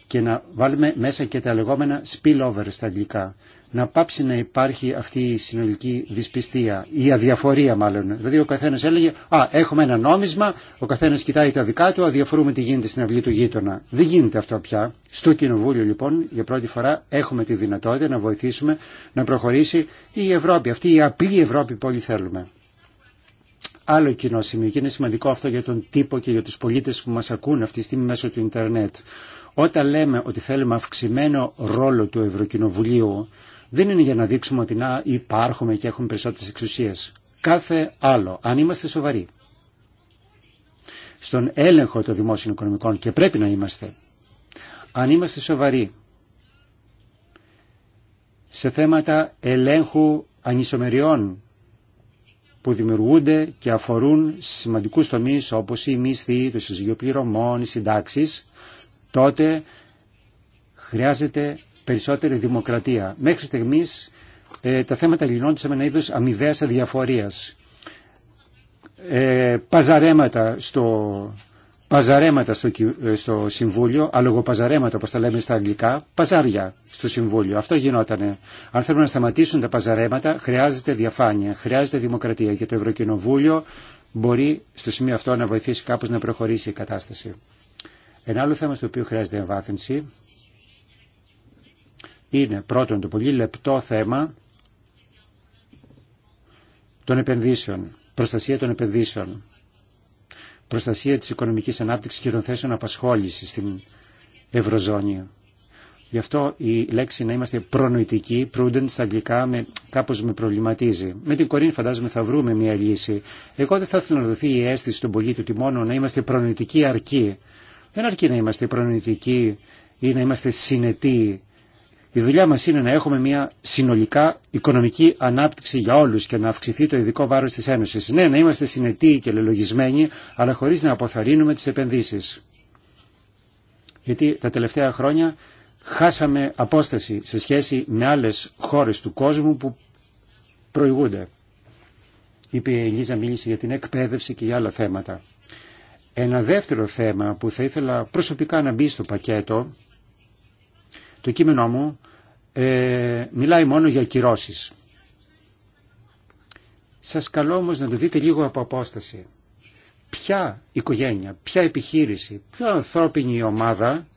και να βάλουμε μέσα και τα λεγόμενα spillover στα αγγλικά. Να πάψει να υπάρχει αυτή η συνολική δυσπιστία ή αδιαφορία μάλλον. Δηλαδή ο καθένα έλεγε Α, έχουμε ένα νόμισμα, ο καθένα κοιτάει τα δικά του, αδιαφορούμε τι γίνεται στην αυλή του γείτονα. Δεν γίνεται αυτό πια. Στο Κοινοβούλιο λοιπόν για πρώτη φορά έχουμε τη δυνατότητα να βοηθήσουμε να προχωρήσει η Ευρώπη, αυτή η απλή Ευρώπη που όλοι θέλουμε άλλο κοινό σημείο και είναι σημαντικό αυτό για τον τύπο και για τους πολίτες που μας ακούν αυτή τη στιγμή μέσω του ίντερνετ. Όταν λέμε ότι θέλουμε αυξημένο ρόλο του Ευρωκοινοβουλίου, δεν είναι για να δείξουμε ότι να υπάρχουμε και έχουμε περισσότερες εξουσίες. Κάθε άλλο, αν είμαστε σοβαροί, στον έλεγχο των δημόσιων οικονομικών και πρέπει να είμαστε, αν είμαστε σοβαροί σε θέματα ελέγχου ανισομεριών που δημιουργούνται και αφορούν σημαντικούς τομείς όπως η μισθή, το συζύγιο πληρωμών, οι συντάξεις, τότε χρειάζεται περισσότερη δημοκρατία. Μέχρι στιγμής ε, τα θέματα λυνόντουσαν με ένα είδος αμοιβαίας αδιαφορίας. Ε, παζαρέματα στο, παζαρέματα στο, ε, στο Συμβούλιο, αλογοπαζαρέματα όπως τα λέμε στα αγγλικά, παζάρια στο Συμβούλιο. Αυτό γινότανε. Αν θέλουμε να σταματήσουν τα παζαρέματα χρειάζεται διαφάνεια, χρειάζεται δημοκρατία και το Ευρωκοινοβούλιο μπορεί στο σημείο αυτό να βοηθήσει κάπως να προχωρήσει η κατάσταση. Ένα άλλο θέμα στο οποίο χρειάζεται εμβάθυνση είναι πρώτον το πολύ λεπτό θέμα των επενδύσεων, προστασία των επενδύσεων προστασία της οικονομικής ανάπτυξης και των θέσεων απασχόλησης στην Ευρωζώνη. Γι' αυτό η λέξη να είμαστε προνοητικοί, prudent στα αγγλικά, με, κάπως με προβληματίζει. Με την κορίνη φαντάζομαι θα βρούμε μια λύση. Εγώ δεν θα ήθελα να δοθεί η αίσθηση στον πολίτη ότι μόνο να είμαστε προνοητικοί αρκεί. Δεν αρκεί να είμαστε προνοητικοί ή να είμαστε συνετοί η δουλειά μας είναι να έχουμε μια συνολικά οικονομική ανάπτυξη για όλους και να αυξηθεί το ειδικό βάρος της Ένωσης. Ναι, να είμαστε συνετοί και λελογισμένοι, αλλά χωρίς να αποθαρρύνουμε τις επενδύσεις. Γιατί τα τελευταία χρόνια χάσαμε απόσταση σε σχέση με άλλες χώρες του κόσμου που προηγούνται. Είπε η Ελίζα μίλησε για την εκπαίδευση και για άλλα θέματα. Ένα δεύτερο θέμα που θα ήθελα προσωπικά να μπει στο πακέτο το κείμενό μου ε, μιλάει μόνο για κυρώσεις. Σας καλώ όμως να το δείτε λίγο από απόσταση. Ποια οικογένεια, ποια επιχείρηση, ποια ανθρώπινη ομάδα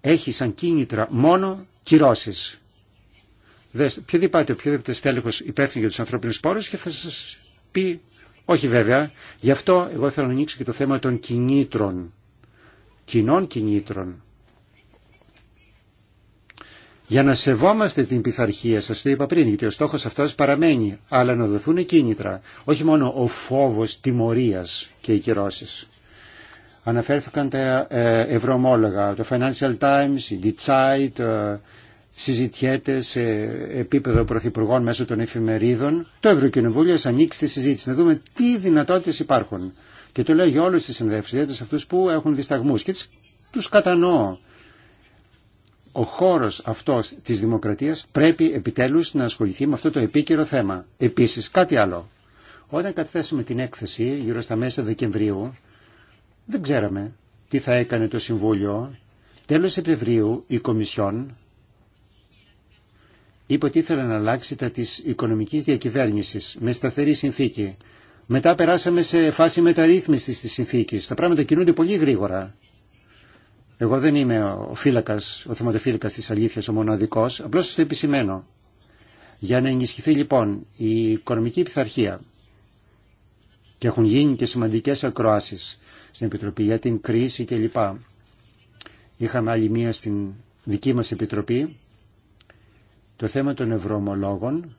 έχει σαν κίνητρα μόνο κυρώσεις. Δες, ποιο διπάτε, στέλεχος υπεύθυνο για τους ανθρώπινους πόρους και θα σας πει όχι βέβαια. Γι' αυτό εγώ θέλω να ανοίξω και το θέμα των κινήτρων. Κοινών κινήτρων για να σεβόμαστε την πειθαρχία, σας το είπα πριν, γιατί ο στόχος αυτός παραμένει, αλλά να δοθούν κίνητρα, όχι μόνο ο φόβος τιμωρίας και οι κυρώσεις. Αναφέρθηκαν τα ε, ευρωομόλογα, το Financial Times, η Detroit, ε, συζητιέται σε επίπεδο πρωθυπουργών μέσω των εφημερίδων. Το Ευρωκοινοβούλιο θα ανοίξει τη συζήτηση, να δούμε τι δυνατότητες υπάρχουν. Και το λέω για όλους τις συνδεύσεις, ιδιαίτερα αυτούς που έχουν δισταγμούς και τους κατανοώ ο χώρος αυτός της δημοκρατίας πρέπει επιτέλους να ασχοληθεί με αυτό το επίκαιρο θέμα. Επίσης, κάτι άλλο. Όταν καταθέσαμε την έκθεση γύρω στα μέσα Δεκεμβρίου, δεν ξέραμε τι θα έκανε το Συμβούλιο. Τέλος Σεπτεμβρίου η Κομισιόν είπε ότι ήθελε να αλλάξει τα της οικονομικής διακυβέρνησης με σταθερή συνθήκη. Μετά περάσαμε σε φάση μεταρρύθμισης της συνθήκης. Τα πράγματα κινούνται πολύ γρήγορα. Εγώ δεν είμαι ο φύλακα, ο θεματοφύλακας τη αλήθεια ο μοναδικός, απλώς το επισημαίνω. Για να ενισχυθεί λοιπόν η οικονομική πειθαρχία και έχουν γίνει και σημαντικές ακροάσεις στην Επιτροπή για την κρίση κλπ. Είχαμε άλλη μία στην δική μας Επιτροπή το θέμα των ευρωομολόγων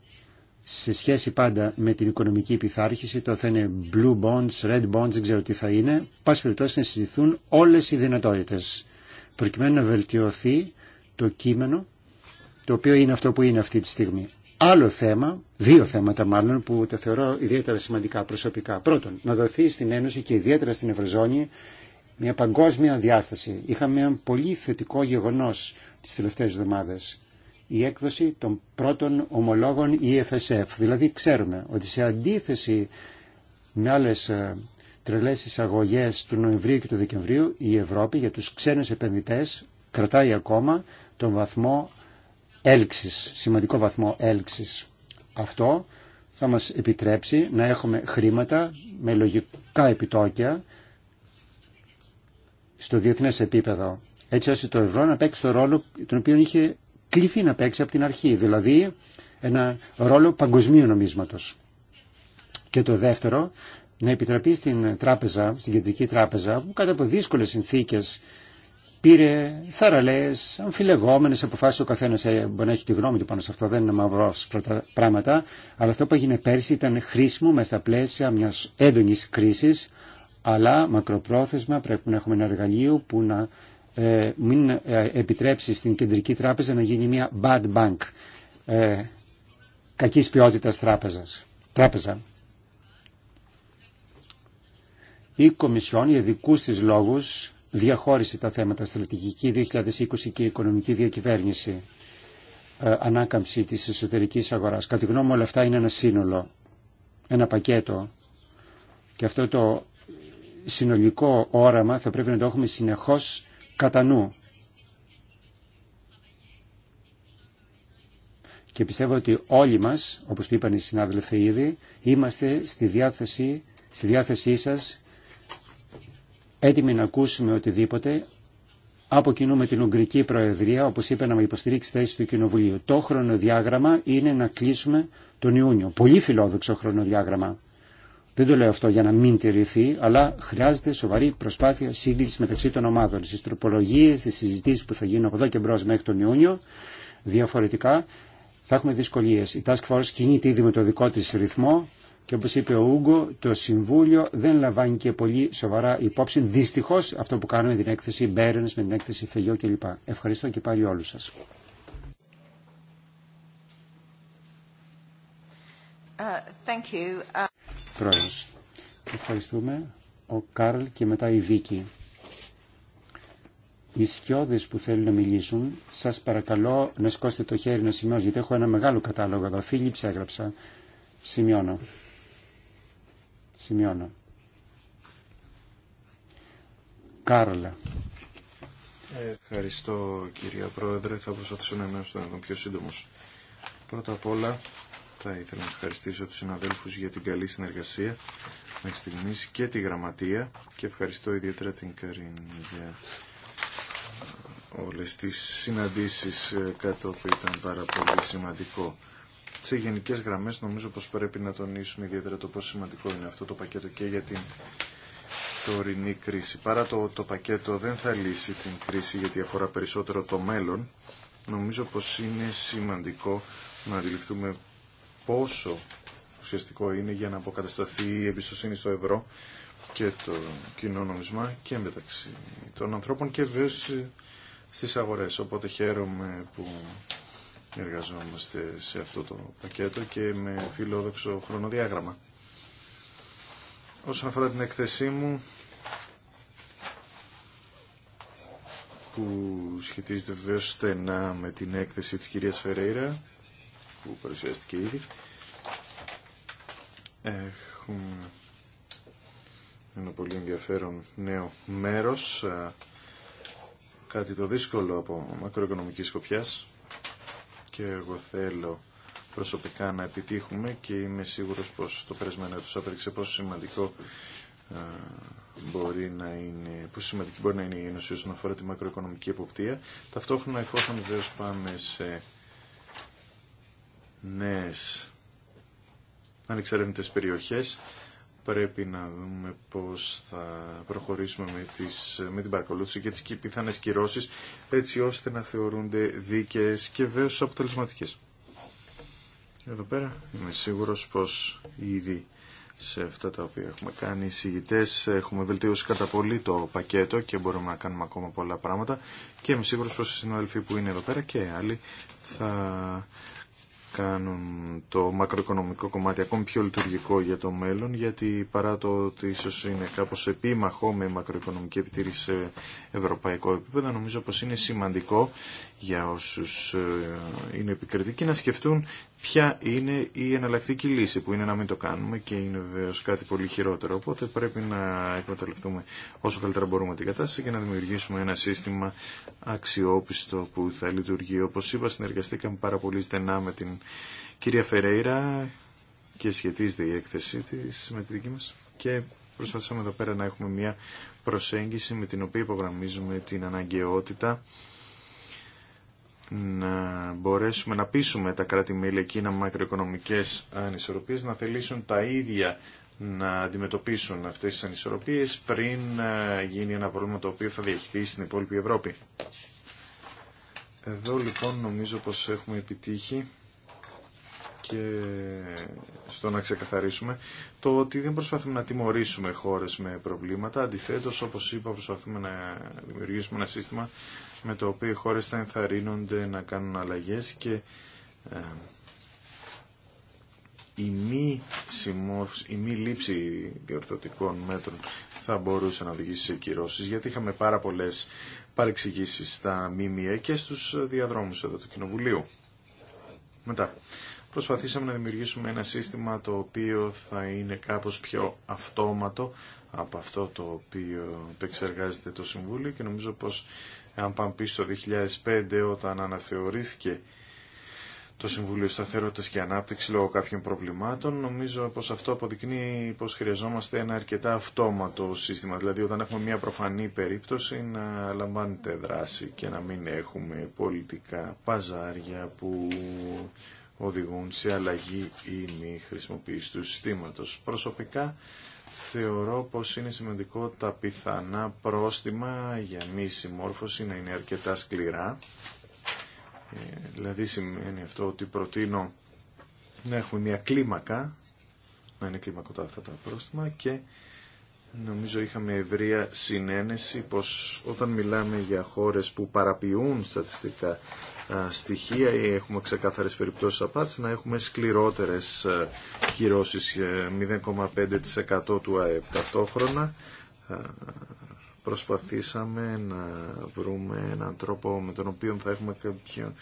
σε σχέση πάντα με την οικονομική πειθάρχηση, το θα είναι blue bonds, red bonds, δεν ξέρω τι θα είναι, πάση περιπτώσει να συζητηθούν όλες οι δυνατότητες προκειμένου να βελτιωθεί το κείμενο το οποίο είναι αυτό που είναι αυτή τη στιγμή. Άλλο θέμα, δύο θέματα μάλλον που τα θεωρώ ιδιαίτερα σημαντικά προσωπικά. Πρώτον, να δοθεί στην Ένωση και ιδιαίτερα στην Ευρωζώνη μια παγκόσμια διάσταση. Είχαμε ένα πολύ θετικό γεγονός τι τελευταίε εβδομάδε. Η έκδοση των πρώτων ομολόγων EFSF. Δηλαδή ξέρουμε ότι σε αντίθεση με άλλε. Ε, τρελές εισαγωγές του Νοεμβρίου και του Δεκεμβρίου η Ευρώπη για τους ξένους επενδυτές κρατάει ακόμα τον βαθμό έλξης, σημαντικό βαθμό έλξης. Αυτό θα μας επιτρέψει να έχουμε χρήματα με λογικά επιτόκια στο διεθνές επίπεδο. Έτσι ώστε το ευρώ να παίξει το ρόλο τον οποίο είχε κλειθεί να παίξει από την αρχή, δηλαδή ένα ρόλο παγκοσμίου νομίσματος. Και το δεύτερο, να επιτραπεί στην τράπεζα, στην κεντρική τράπεζα, που κάτω από δύσκολες συνθήκες πήρε θαραλέες, αμφιλεγόμενες αποφάσεις, ο καθένας ε, μπορεί να έχει τη γνώμη του πάνω σε αυτό, δεν είναι μαυρό πράγματα, αλλά αυτό που έγινε πέρσι ήταν χρήσιμο μέσα στα πλαίσια μιας έντονης κρίσης, αλλά μακροπρόθεσμα πρέπει να έχουμε ένα εργαλείο που να ε, μην ε, επιτρέψει στην κεντρική τράπεζα να γίνει μια bad bank, ε, κακής ποιότητας τράπεζας, τράπεζα η Κομισιόν για δικούς τη λόγους διαχώρισε τα θέματα στρατηγική 2020 και οικονομική διακυβέρνηση ε, ανάκαμψη της εσωτερικής αγοράς. Κατά τη γνώμη όλα αυτά είναι ένα σύνολο, ένα πακέτο και αυτό το συνολικό όραμα θα πρέπει να το έχουμε συνεχώς κατά νου. Και πιστεύω ότι όλοι μας, όπως το είπαν οι συνάδελφοι ήδη, είμαστε στη διάθεση, στη διάθεσή σας έτοιμοι να ακούσουμε οτιδήποτε από την Ουγγρική Προεδρία, όπω είπε, να με υποστηρίξει θέση του Κοινοβουλίου. Το χρονοδιάγραμμα είναι να κλείσουμε τον Ιούνιο. Πολύ φιλόδοξο χρονοδιάγραμμα. Δεν το λέω αυτό για να μην τηρηθεί, αλλά χρειάζεται σοβαρή προσπάθεια σύγκληση μεταξύ των ομάδων. Στι τροπολογίε, στι συζητήσει που θα γίνουν από εδώ και μπρο μέχρι τον Ιούνιο, διαφορετικά θα έχουμε δυσκολίε. Η Task Force κινείται ήδη με το δικό τη ρυθμό και όπως είπε ο Ούγκο, το Συμβούλιο δεν λαμβάνει και πολύ σοβαρά υπόψη, δυστυχώς, αυτό που κάνουμε την έκθεση Μπέρενς, με την έκθεση Φεγιό κλπ. Ευχαριστώ και πάλι όλους σας. Ε, ε, ευχαριστούμε. Ο Κάρλ και μετά η Βίκη. Οι σκιώδε που θέλουν να μιλήσουν, σα παρακαλώ να σκόσετε το χέρι να σημειώσετε, γιατί έχω ένα μεγάλο κατάλογο εδώ. Φίλιψ έγραψα. Σημειώνω σημειώνω. Κάρολα. Ευχαριστώ κυρία Πρόεδρε. Θα προσπαθήσω να είμαι στον πιο σύντομο. Πρώτα απ' όλα θα ήθελα να ευχαριστήσω τους συναδέλφους για την καλή συνεργασία μέχρι στιγμής και τη γραμματεία και ευχαριστώ ιδιαίτερα την Καρίν για όλες τις συναντήσεις ε, κάτω που ήταν πάρα πολύ σημαντικό σε γενικές γραμμές νομίζω πως πρέπει να τονίσουμε ιδιαίτερα το πόσο σημαντικό είναι αυτό το πακέτο και για την τωρινή κρίση. Παρά το, το πακέτο δεν θα λύσει την κρίση γιατί αφορά περισσότερο το μέλλον, νομίζω πως είναι σημαντικό να αντιληφθούμε πόσο ουσιαστικό είναι για να αποκατασταθεί η εμπιστοσύνη στο ευρώ και το κοινό νομισμά και μεταξύ των ανθρώπων και βέβαια στις αγορές. Οπότε χαίρομαι που εργαζόμαστε σε αυτό το πακέτο και με φιλόδοξο χρονοδιάγραμμα. Όσον αφορά την εκθεσή μου που σχετίζεται βεβαίω στενά με την έκθεση της κυρίας Φερέιρα που παρουσιάστηκε ήδη έχουμε ένα πολύ ενδιαφέρον νέο μέρος κάτι το δύσκολο από μακροοικονομική σκοπιάς και εγώ θέλω προσωπικά να επιτύχουμε και είμαι σίγουρος πως το περασμένο έτος έπαιξε πόσο σημαντικό ε, μπορεί να είναι, πόσο σημαντική μπορεί να είναι η Ένωση όσον αφορά τη μακροοικονομική εποπτεία. Ταυτόχρονα εφόσον βεβαίως πάμε σε νέες ανεξαρεύνητες περιοχές πρέπει να δούμε πώς θα προχωρήσουμε με, τις, με την παρακολούθηση και τις πιθανές κυρώσεις έτσι ώστε να θεωρούνται δίκαιες και βέβαιως αποτελεσματικές. Εδώ πέρα είμαι σίγουρος πως ήδη σε αυτά τα οποία έχουμε κάνει οι συγητές έχουμε βελτίωσει κατά πολύ το πακέτο και μπορούμε να κάνουμε ακόμα πολλά πράγματα και είμαι σίγουρος πως οι συναδελφοί που είναι εδώ πέρα και άλλοι θα κάνουν το μακροοικονομικό κομμάτι ακόμη πιο λειτουργικό για το μέλλον, γιατί παρά το ότι ίσως είναι κάπως επίμαχο με μακροοικονομική επιτήρηση σε ευρωπαϊκό επίπεδο, νομίζω πως είναι σημαντικό για όσους ε, είναι επικριτικοί να σκεφτούν ποια είναι η εναλλακτική λύση που είναι να μην το κάνουμε και είναι βεβαίω κάτι πολύ χειρότερο. Οπότε πρέπει να εκμεταλλευτούμε όσο καλύτερα μπορούμε την κατάσταση και να δημιουργήσουμε ένα σύστημα αξιόπιστο που θα λειτουργεί. Όπω είπα, συνεργαστήκαμε πάρα πολύ στενά με την κυρία Φερέιρα και σχετίζεται η έκθεσή τη με τη δική μα και προσπαθήσαμε εδώ πέρα να έχουμε μια προσέγγιση με την οποία υπογραμμίζουμε την αναγκαιότητα να μπορέσουμε να πείσουμε τα κράτη-μέλη εκείνα μακροοικονομικές ανισορροπίες να θελήσουν τα ίδια να αντιμετωπίσουν αυτές τις ανισορροπίες πριν ε, γίνει ένα πρόβλημα το οποίο θα διαχειριστεί στην υπόλοιπη Ευρώπη. Εδώ λοιπόν νομίζω πως έχουμε επιτύχει και στο να ξεκαθαρίσουμε το ότι δεν προσπαθούμε να τιμωρήσουμε χώρες με προβλήματα, αντιθέτως όπως είπα προσπαθούμε να δημιουργήσουμε ένα σύστημα με το οποίο οι χώρες θα ενθαρρύνονται να κάνουν αλλαγές και ε, η μη, συμμόρφ, η μη λήψη διορθωτικών μέτρων θα μπορούσε να οδηγήσει σε κυρώσεις, γιατί είχαμε πάρα πολλές παρεξηγήσεις στα ΜΜΕ και στους διαδρόμους εδώ του Κοινοβουλίου. Μετά, προσπαθήσαμε να δημιουργήσουμε ένα σύστημα το οποίο θα είναι κάπως πιο αυτόματο από αυτό το οποίο επεξεργάζεται το Συμβούλιο και νομίζω πως αν πάμε πίσω το 2005 όταν αναθεωρήθηκε το Συμβούλιο Σταθερότητας και Ανάπτυξη λόγω κάποιων προβλημάτων, νομίζω πως αυτό αποδεικνύει πως χρειαζόμαστε ένα αρκετά αυτόματο σύστημα. Δηλαδή όταν έχουμε μια προφανή περίπτωση να λαμβάνετε δράση και να μην έχουμε πολιτικά παζάρια που οδηγούν σε αλλαγή ή μη χρησιμοποίηση του συστήματος. Προσωπικά θεωρώ πως είναι σημαντικό τα πιθανά πρόστιμα για μη συμμόρφωση να είναι αρκετά σκληρά. Ε, δηλαδή σημαίνει αυτό ότι προτείνω να έχουν μια κλίμακα, να είναι κλίμακοτά αυτά τα πρόστιμα και νομίζω είχαμε ευρεία συνένεση πως όταν μιλάμε για χώρες που παραποιούν στατιστικά στοιχεία ή έχουμε ξεκάθαρες περιπτώσεις απάτης να έχουμε σκληρότερες κυρώσεις 0,5% ε, του ΑΕΠ ταυτόχρονα προσπαθήσαμε να βρούμε έναν τρόπο με τον οποίο θα έχουμε κάποιο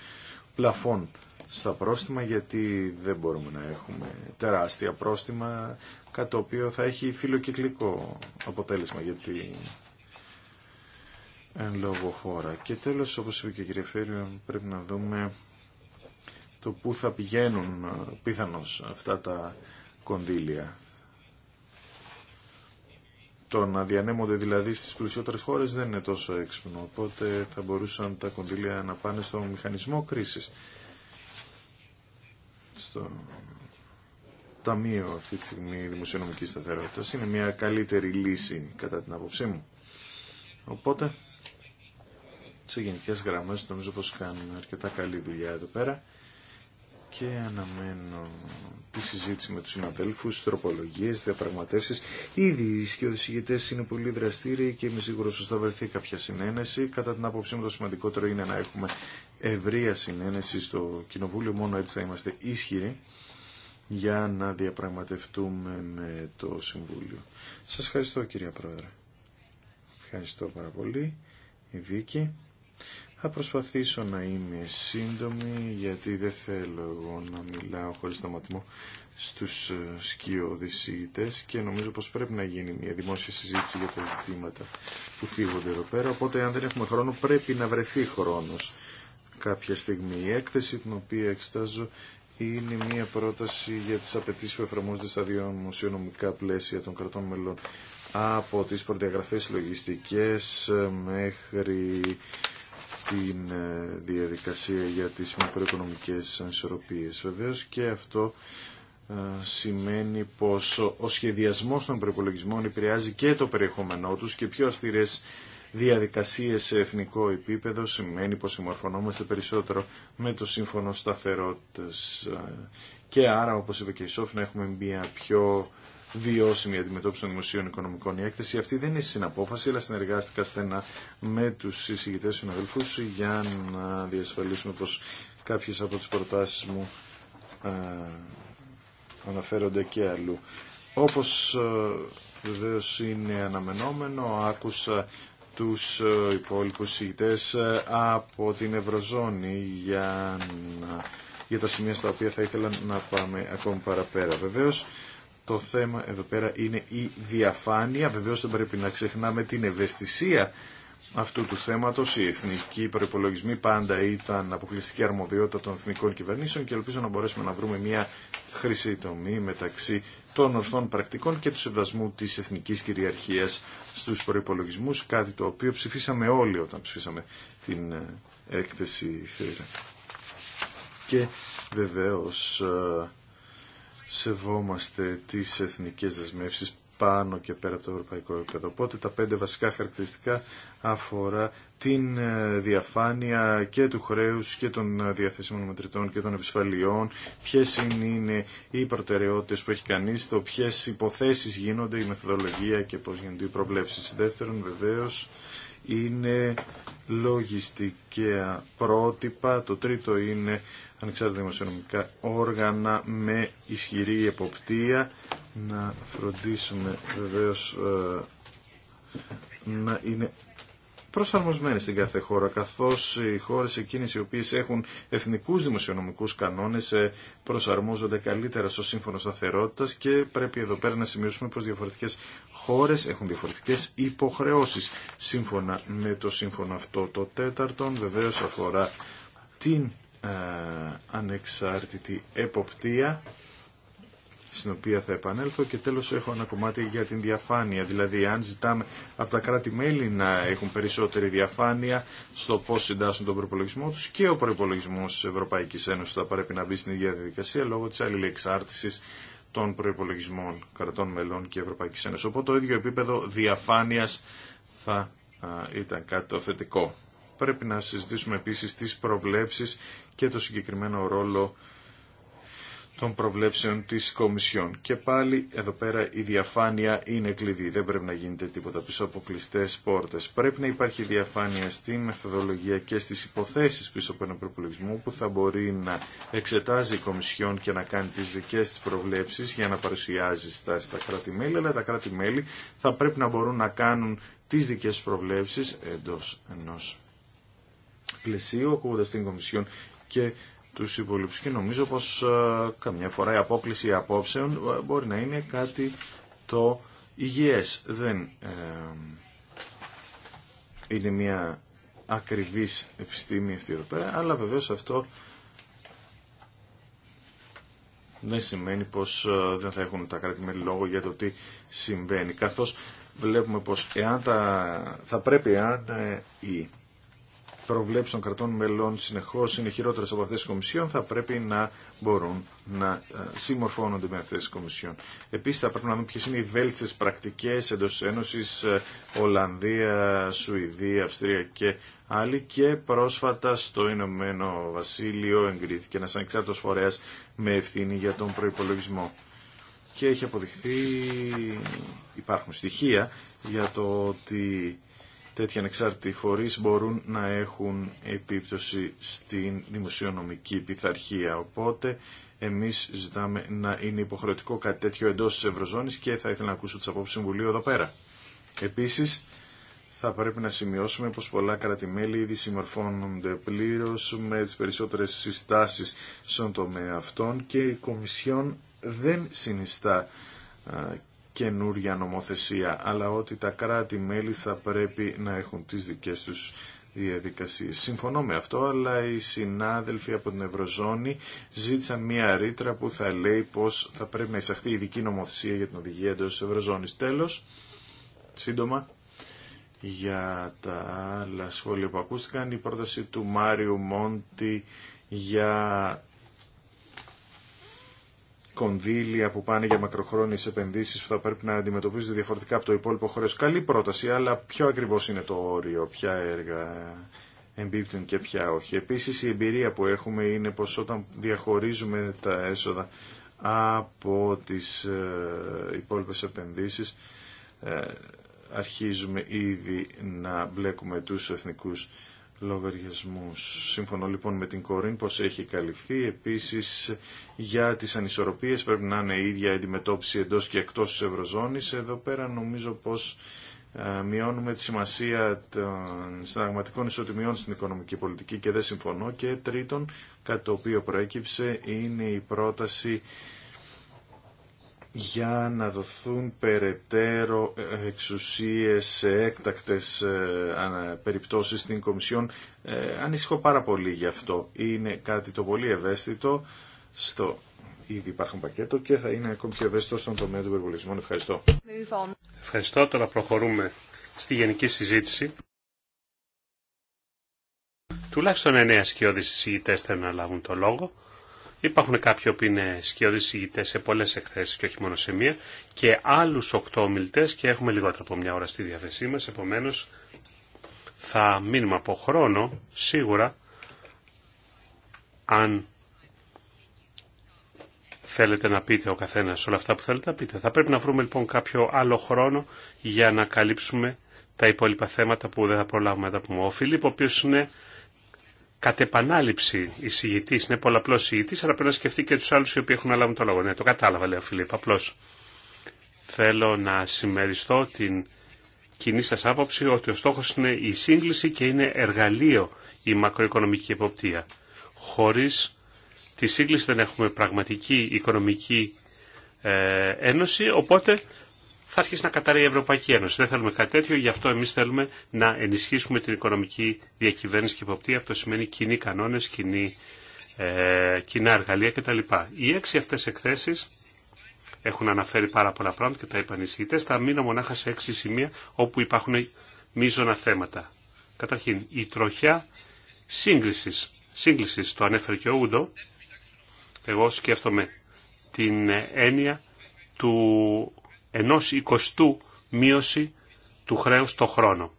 πλαφόν στα πρόστιμα γιατί δεν μπορούμε να έχουμε τεράστια πρόστιμα κάτι το οποίο θα έχει φιλοκυκλικό αποτέλεσμα γιατί εν λόγω χώρα. Και τέλος, όπως είπε και η κυρία Φέριο, πρέπει να δούμε το πού θα πηγαίνουν ε, πιθανώς αυτά τα κονδύλια. Το να διανέμονται δηλαδή στις πλουσιότερες χώρες δεν είναι τόσο έξυπνο, οπότε θα μπορούσαν τα κονδύλια να πάνε στο μηχανισμό κρίσης. Στο ταμείο αυτή τη στιγμή δημοσιονομικής σταθερότητας είναι μια καλύτερη λύση κατά την άποψή μου. Οπότε σε γενικές γραμμές νομίζω πως κάνουν αρκετά καλή δουλειά εδώ πέρα και αναμένω τη συζήτηση με τους συναδέλφους, τροπολογίες, διαπραγματεύσεις. Ήδη οι σκιοδησηγητές είναι πολύ δραστήριοι και είμαι σίγουρο ότι θα βρεθεί κάποια συνένεση. Κατά την άποψή μου το σημαντικότερο είναι να έχουμε ευρεία συνένεση στο Κοινοβούλιο, μόνο έτσι θα είμαστε ίσχυροι για να διαπραγματευτούμε με το Συμβούλιο. Σας ευχαριστώ κυρία Πρόεδρε. Ευχαριστώ πάρα πολύ. Η Βίκη. Θα προσπαθήσω να είμαι σύντομη γιατί δεν θέλω εγώ να μιλάω χωρίς σταματημό στους ε, σκιοδησίτες και νομίζω πως πρέπει να γίνει μια δημόσια συζήτηση για τα ζητήματα που φύγονται εδώ πέρα. Οπότε αν δεν έχουμε χρόνο πρέπει να βρεθεί χρόνος κάποια στιγμή. Η έκθεση την οποία εξετάζω είναι μια πρόταση για τις απαιτήσει που εφαρμόζονται στα δύο δημοσιονομικά πλαίσια των κρατών μελών από τις προδιαγραφές λογιστικές μέχρι την ε, διαδικασία για τις μακροοικονομικές ανισορροπίες. Βεβαίως και αυτό ε, σημαίνει πως ο σχεδιασμός των προπολογισμών επηρεάζει και το περιεχόμενό τους και πιο αυστηρές διαδικασίες σε εθνικό επίπεδο σημαίνει πως συμμορφωνόμαστε περισσότερο με το σύμφωνο σταθερότητας ε, και άρα όπως είπε και η Σόφνα έχουμε μια πιο βιώσιμη αντιμετώπιση των δημοσίων οικονομικών. Η έκθεση αυτή δεν είναι συναπόφαση, αλλά συνεργάστηκα στενά με τους συζητητές συναδελφού για να διασφαλίσουμε πως κάποιε από τι προτάσεις μου ε, αναφέρονται και αλλού. Όπως ε, βεβαίω είναι αναμενόμενο, άκουσα τους ε, υπόλοιπου συζητητές από την Ευρωζώνη για, για τα σημεία στα οποία θα ήθελα να πάμε ακόμη παραπέρα. Βεβαίως, το θέμα εδώ πέρα είναι η διαφάνεια. Βεβαίως δεν πρέπει να ξεχνάμε την ευαισθησία αυτού του θέματος. Οι εθνικοί προπολογισμοί πάντα ήταν αποκλειστική αρμοδιότητα των εθνικών κυβερνήσεων και ελπίζω να μπορέσουμε να βρούμε μια χρυσή τομή μεταξύ των ορθών πρακτικών και του σεβασμού τη εθνική κυριαρχία στου προπολογισμού. κάτι το οποίο ψηφίσαμε όλοι όταν ψηφίσαμε την ε, έκθεση Και βεβαίως ε, σεβόμαστε τις εθνικές δεσμεύσεις πάνω και πέρα από το ευρωπαϊκό επίπεδο. Οπότε τα πέντε βασικά χαρακτηριστικά αφορά την ε, διαφάνεια και του χρέους και των διαθέσιμων μετρητών και των επισφαλιών, ποιες είναι οι προτεραιότητες που έχει κανείς, το ποιες υποθέσεις γίνονται, η μεθοδολογία και πώς γίνονται οι προβλέψεις. Δεύτερον βεβαίως είναι λογιστικά πρότυπα, το τρίτο είναι ανεξάρτητα δημοσιονομικά όργανα με ισχυρή εποπτεία να φροντίσουμε βεβαίως ε, να είναι προσαρμοσμένοι στην κάθε χώρα, καθώς οι χώρες εκείνες οι οποίες έχουν εθνικούς δημοσιονομικούς κανόνες ε, προσαρμόζονται καλύτερα στο σύμφωνο σταθερότητα και πρέπει εδώ πέρα να σημειώσουμε πως διαφορετικές χώρες έχουν διαφορετικές υποχρεώσεις σύμφωνα με το σύμφωνο αυτό. Το τέταρτον βεβαίως αφορά την ε, ανεξάρτητη εποπτεία στην οποία θα επανέλθω και τέλος έχω ένα κομμάτι για την διαφάνεια. Δηλαδή, αν ζητάμε από τα κράτη-μέλη να έχουν περισσότερη διαφάνεια στο πώς συντάσσουν τον προπολογισμό τους και ο προπολογισμό της Ευρωπαϊκής Ένωσης θα πρέπει να μπει στην ίδια διαδικασία λόγω της αλληλεξάρτησης των προϋπολογισμών κρατών μελών και Ευρωπαϊκής Ένωσης. Οπότε το ίδιο επίπεδο διαφάνειας θα ήταν κάτι το θετικό. Πρέπει να συζητήσουμε επίσης τις προβλέψεις και το συγκεκριμένο ρόλο των προβλέψεων της Κομισιόν. Και πάλι εδώ πέρα η διαφάνεια είναι κλειδί. Δεν πρέπει να γίνεται τίποτα πίσω από κλειστέ πόρτες. Πρέπει να υπάρχει διαφάνεια στη μεθοδολογία και στι υποθέσει πίσω από έναν προπολογισμό που θα μπορεί να εξετάζει η Κομισιόν και να κάνει τι δικέ τη προβλέψει για να παρουσιάζει στάσει στα κράτη-μέλη, αλλά τα κράτη-μέλη θα πρέπει να μπορούν να κάνουν τι δικέ προβλέψει εντό ενό πλαισίου, ακούγοντα την Κομισιόν και του υπολείψεις. Και νομίζω πως ε, καμιά φορά η απόκληση απόψεων ε, μπορεί να είναι κάτι το υγιές. Δεν ε, είναι μια ακριβής επιστήμη αυτή εδώ πέρα, αλλά βεβαίως αυτό δεν σημαίνει πως δεν θα έχουν τα κρατημένη λόγο για το τι συμβαίνει. Καθώς βλέπουμε πως εάν θα πρέπει εάν ή προβλέψει των κρατών μελών συνεχώ είναι χειρότερε από αυτέ τι Κομισιόν, θα πρέπει να μπορούν να ε, συμμορφώνονται με αυτέ τι Κομισιόν. Επίση, θα πρέπει να δούμε ποιε είναι οι βέλτιστε πρακτικέ εντό Ένωση ε, Ολλανδία, Σουηδία, Αυστρία και άλλοι. Και πρόσφατα στο Ηνωμένο Βασίλειο εγκρίθηκε ένα ανεξάρτητο φορέα με ευθύνη για τον προπολογισμό. Και έχει αποδειχθεί, υπάρχουν στοιχεία για το ότι τέτοιοι ανεξάρτητοι φορείς μπορούν να έχουν επίπτωση στην δημοσιονομική πειθαρχία. Οπότε εμείς ζητάμε να είναι υποχρεωτικό κάτι τέτοιο εντός της Ευρωζώνης και θα ήθελα να ακούσω τις απόψεις Συμβουλίου εδώ πέρα. Επίσης, θα πρέπει να σημειώσουμε πως πολλά κρατημέλη ήδη συμμορφώνονται πλήρως με τις περισσότερες συστάσεις στον τομέα αυτών και η Κομισιόν δεν συνιστά καινούρια νομοθεσία, αλλά ότι τα κράτη-μέλη θα πρέπει να έχουν τις δικές τους διαδικασίες. Συμφωνώ με αυτό, αλλά οι συνάδελφοι από την Ευρωζώνη ζήτησαν μια ρήτρα που θα λέει πως θα πρέπει να εισαχθεί ειδική νομοθεσία για την οδηγία εντός της Ευρωζώνης. Τέλος, σύντομα, για τα άλλα σχόλια που ακούστηκαν, η πρόταση του Μάριου Μόντι για κονδύλια που πάνε για μακροχρόνιες επενδύσεις που θα πρέπει να αντιμετωπίζονται διαφορετικά από το υπόλοιπο χρέος. Καλή πρόταση, αλλά ποιο ακριβώς είναι το όριο, ποια έργα εμπίπτουν και ποια όχι. Επίσης η εμπειρία που έχουμε είναι πως όταν διαχωρίζουμε τα έσοδα από τις ε, υπόλοιπες επενδύσεις ε, αρχίζουμε ήδη να μπλέκουμε τους εθνικούς λογαριασμούς. Σύμφωνο λοιπόν με την Κορίν πως έχει καλυφθεί. Επίσης για τις ανισορροπίες πρέπει να είναι η ίδια αντιμετώπιση εντός και εκτός της Ευρωζώνης. Εδώ πέρα νομίζω πως ε, μειώνουμε τη σημασία των συνταγματικών ισοτιμιών στην οικονομική πολιτική και δεν συμφωνώ. Και τρίτον, κάτι το οποίο προέκυψε, είναι η πρόταση για να δοθούν περαιτέρω ε, εξουσίες σε έκτακτες ε, περιπτώσεις στην Κομισιόν. Ε, ανησυχώ πάρα πολύ γι' αυτό. Είναι κάτι το πολύ ευαίσθητο στο ήδη υπάρχουν πακέτο και θα είναι ακόμη πιο ευαίσθητο στον τομέα του περιβολισμού. Ευχαριστώ. Ευχαριστώ. Τώρα προχωρούμε στη γενική συζήτηση. Τουλάχιστον εννέα σκιώδεις συζητητές θέλουν να λάβουν το λόγο. Υπάρχουν κάποιοι που είναι σκιώδεις σε πολλές εκθέσεις και όχι μόνο σε μία και άλλους οκτώ ομιλητές και έχουμε λιγότερο από μια ώρα στη διάθεσή μας. Επομένως θα μείνουμε από χρόνο σίγουρα αν θέλετε να πείτε ο καθένας όλα αυτά που θέλετε να πείτε. Θα πρέπει να βρούμε λοιπόν κάποιο άλλο χρόνο για να καλύψουμε τα υπόλοιπα θέματα που δεν θα προλάβουμε να τα πούμε. Ο Φίλιπ, ο οποίος είναι κατ' επανάληψη εισηγητή, είναι πολλαπλό εισηγητή, αλλά πρέπει να σκεφτεί και του άλλου οι οποίοι έχουν λάβουν το λόγο. Ναι, το κατάλαβα, λέει ο Φιλίπ. Απλώ θέλω να συμμεριστώ την κοινή σα άποψη ότι ο στόχο είναι η σύγκληση και είναι εργαλείο η μακροοικονομική εποπτεία. Χωρί τη σύγκληση δεν έχουμε πραγματική οικονομική ε, ένωση, οπότε θα αρχίσει να καταραίει η Ευρωπαϊκή Ένωση. Δεν θέλουμε κάτι τέτοιο, γι' αυτό εμεί θέλουμε να ενισχύσουμε την οικονομική διακυβέρνηση και υποπτία. Αυτό σημαίνει κοινοί κανόνε, ε, κοινά εργαλεία κτλ. Οι έξι αυτέ εκθέσει έχουν αναφέρει πάρα πολλά πράγματα και τα είπαν οι Θα μείνω μονάχα σε έξι σημεία όπου υπάρχουν μείζωνα θέματα. Καταρχήν, η τροχιά σύγκληση. Σύγκληση, το ανέφερε και ο Ούντο. Εγώ σκέφτομαι την ε, έννοια του ενός εικοστού μείωση του χρέους το χρόνο.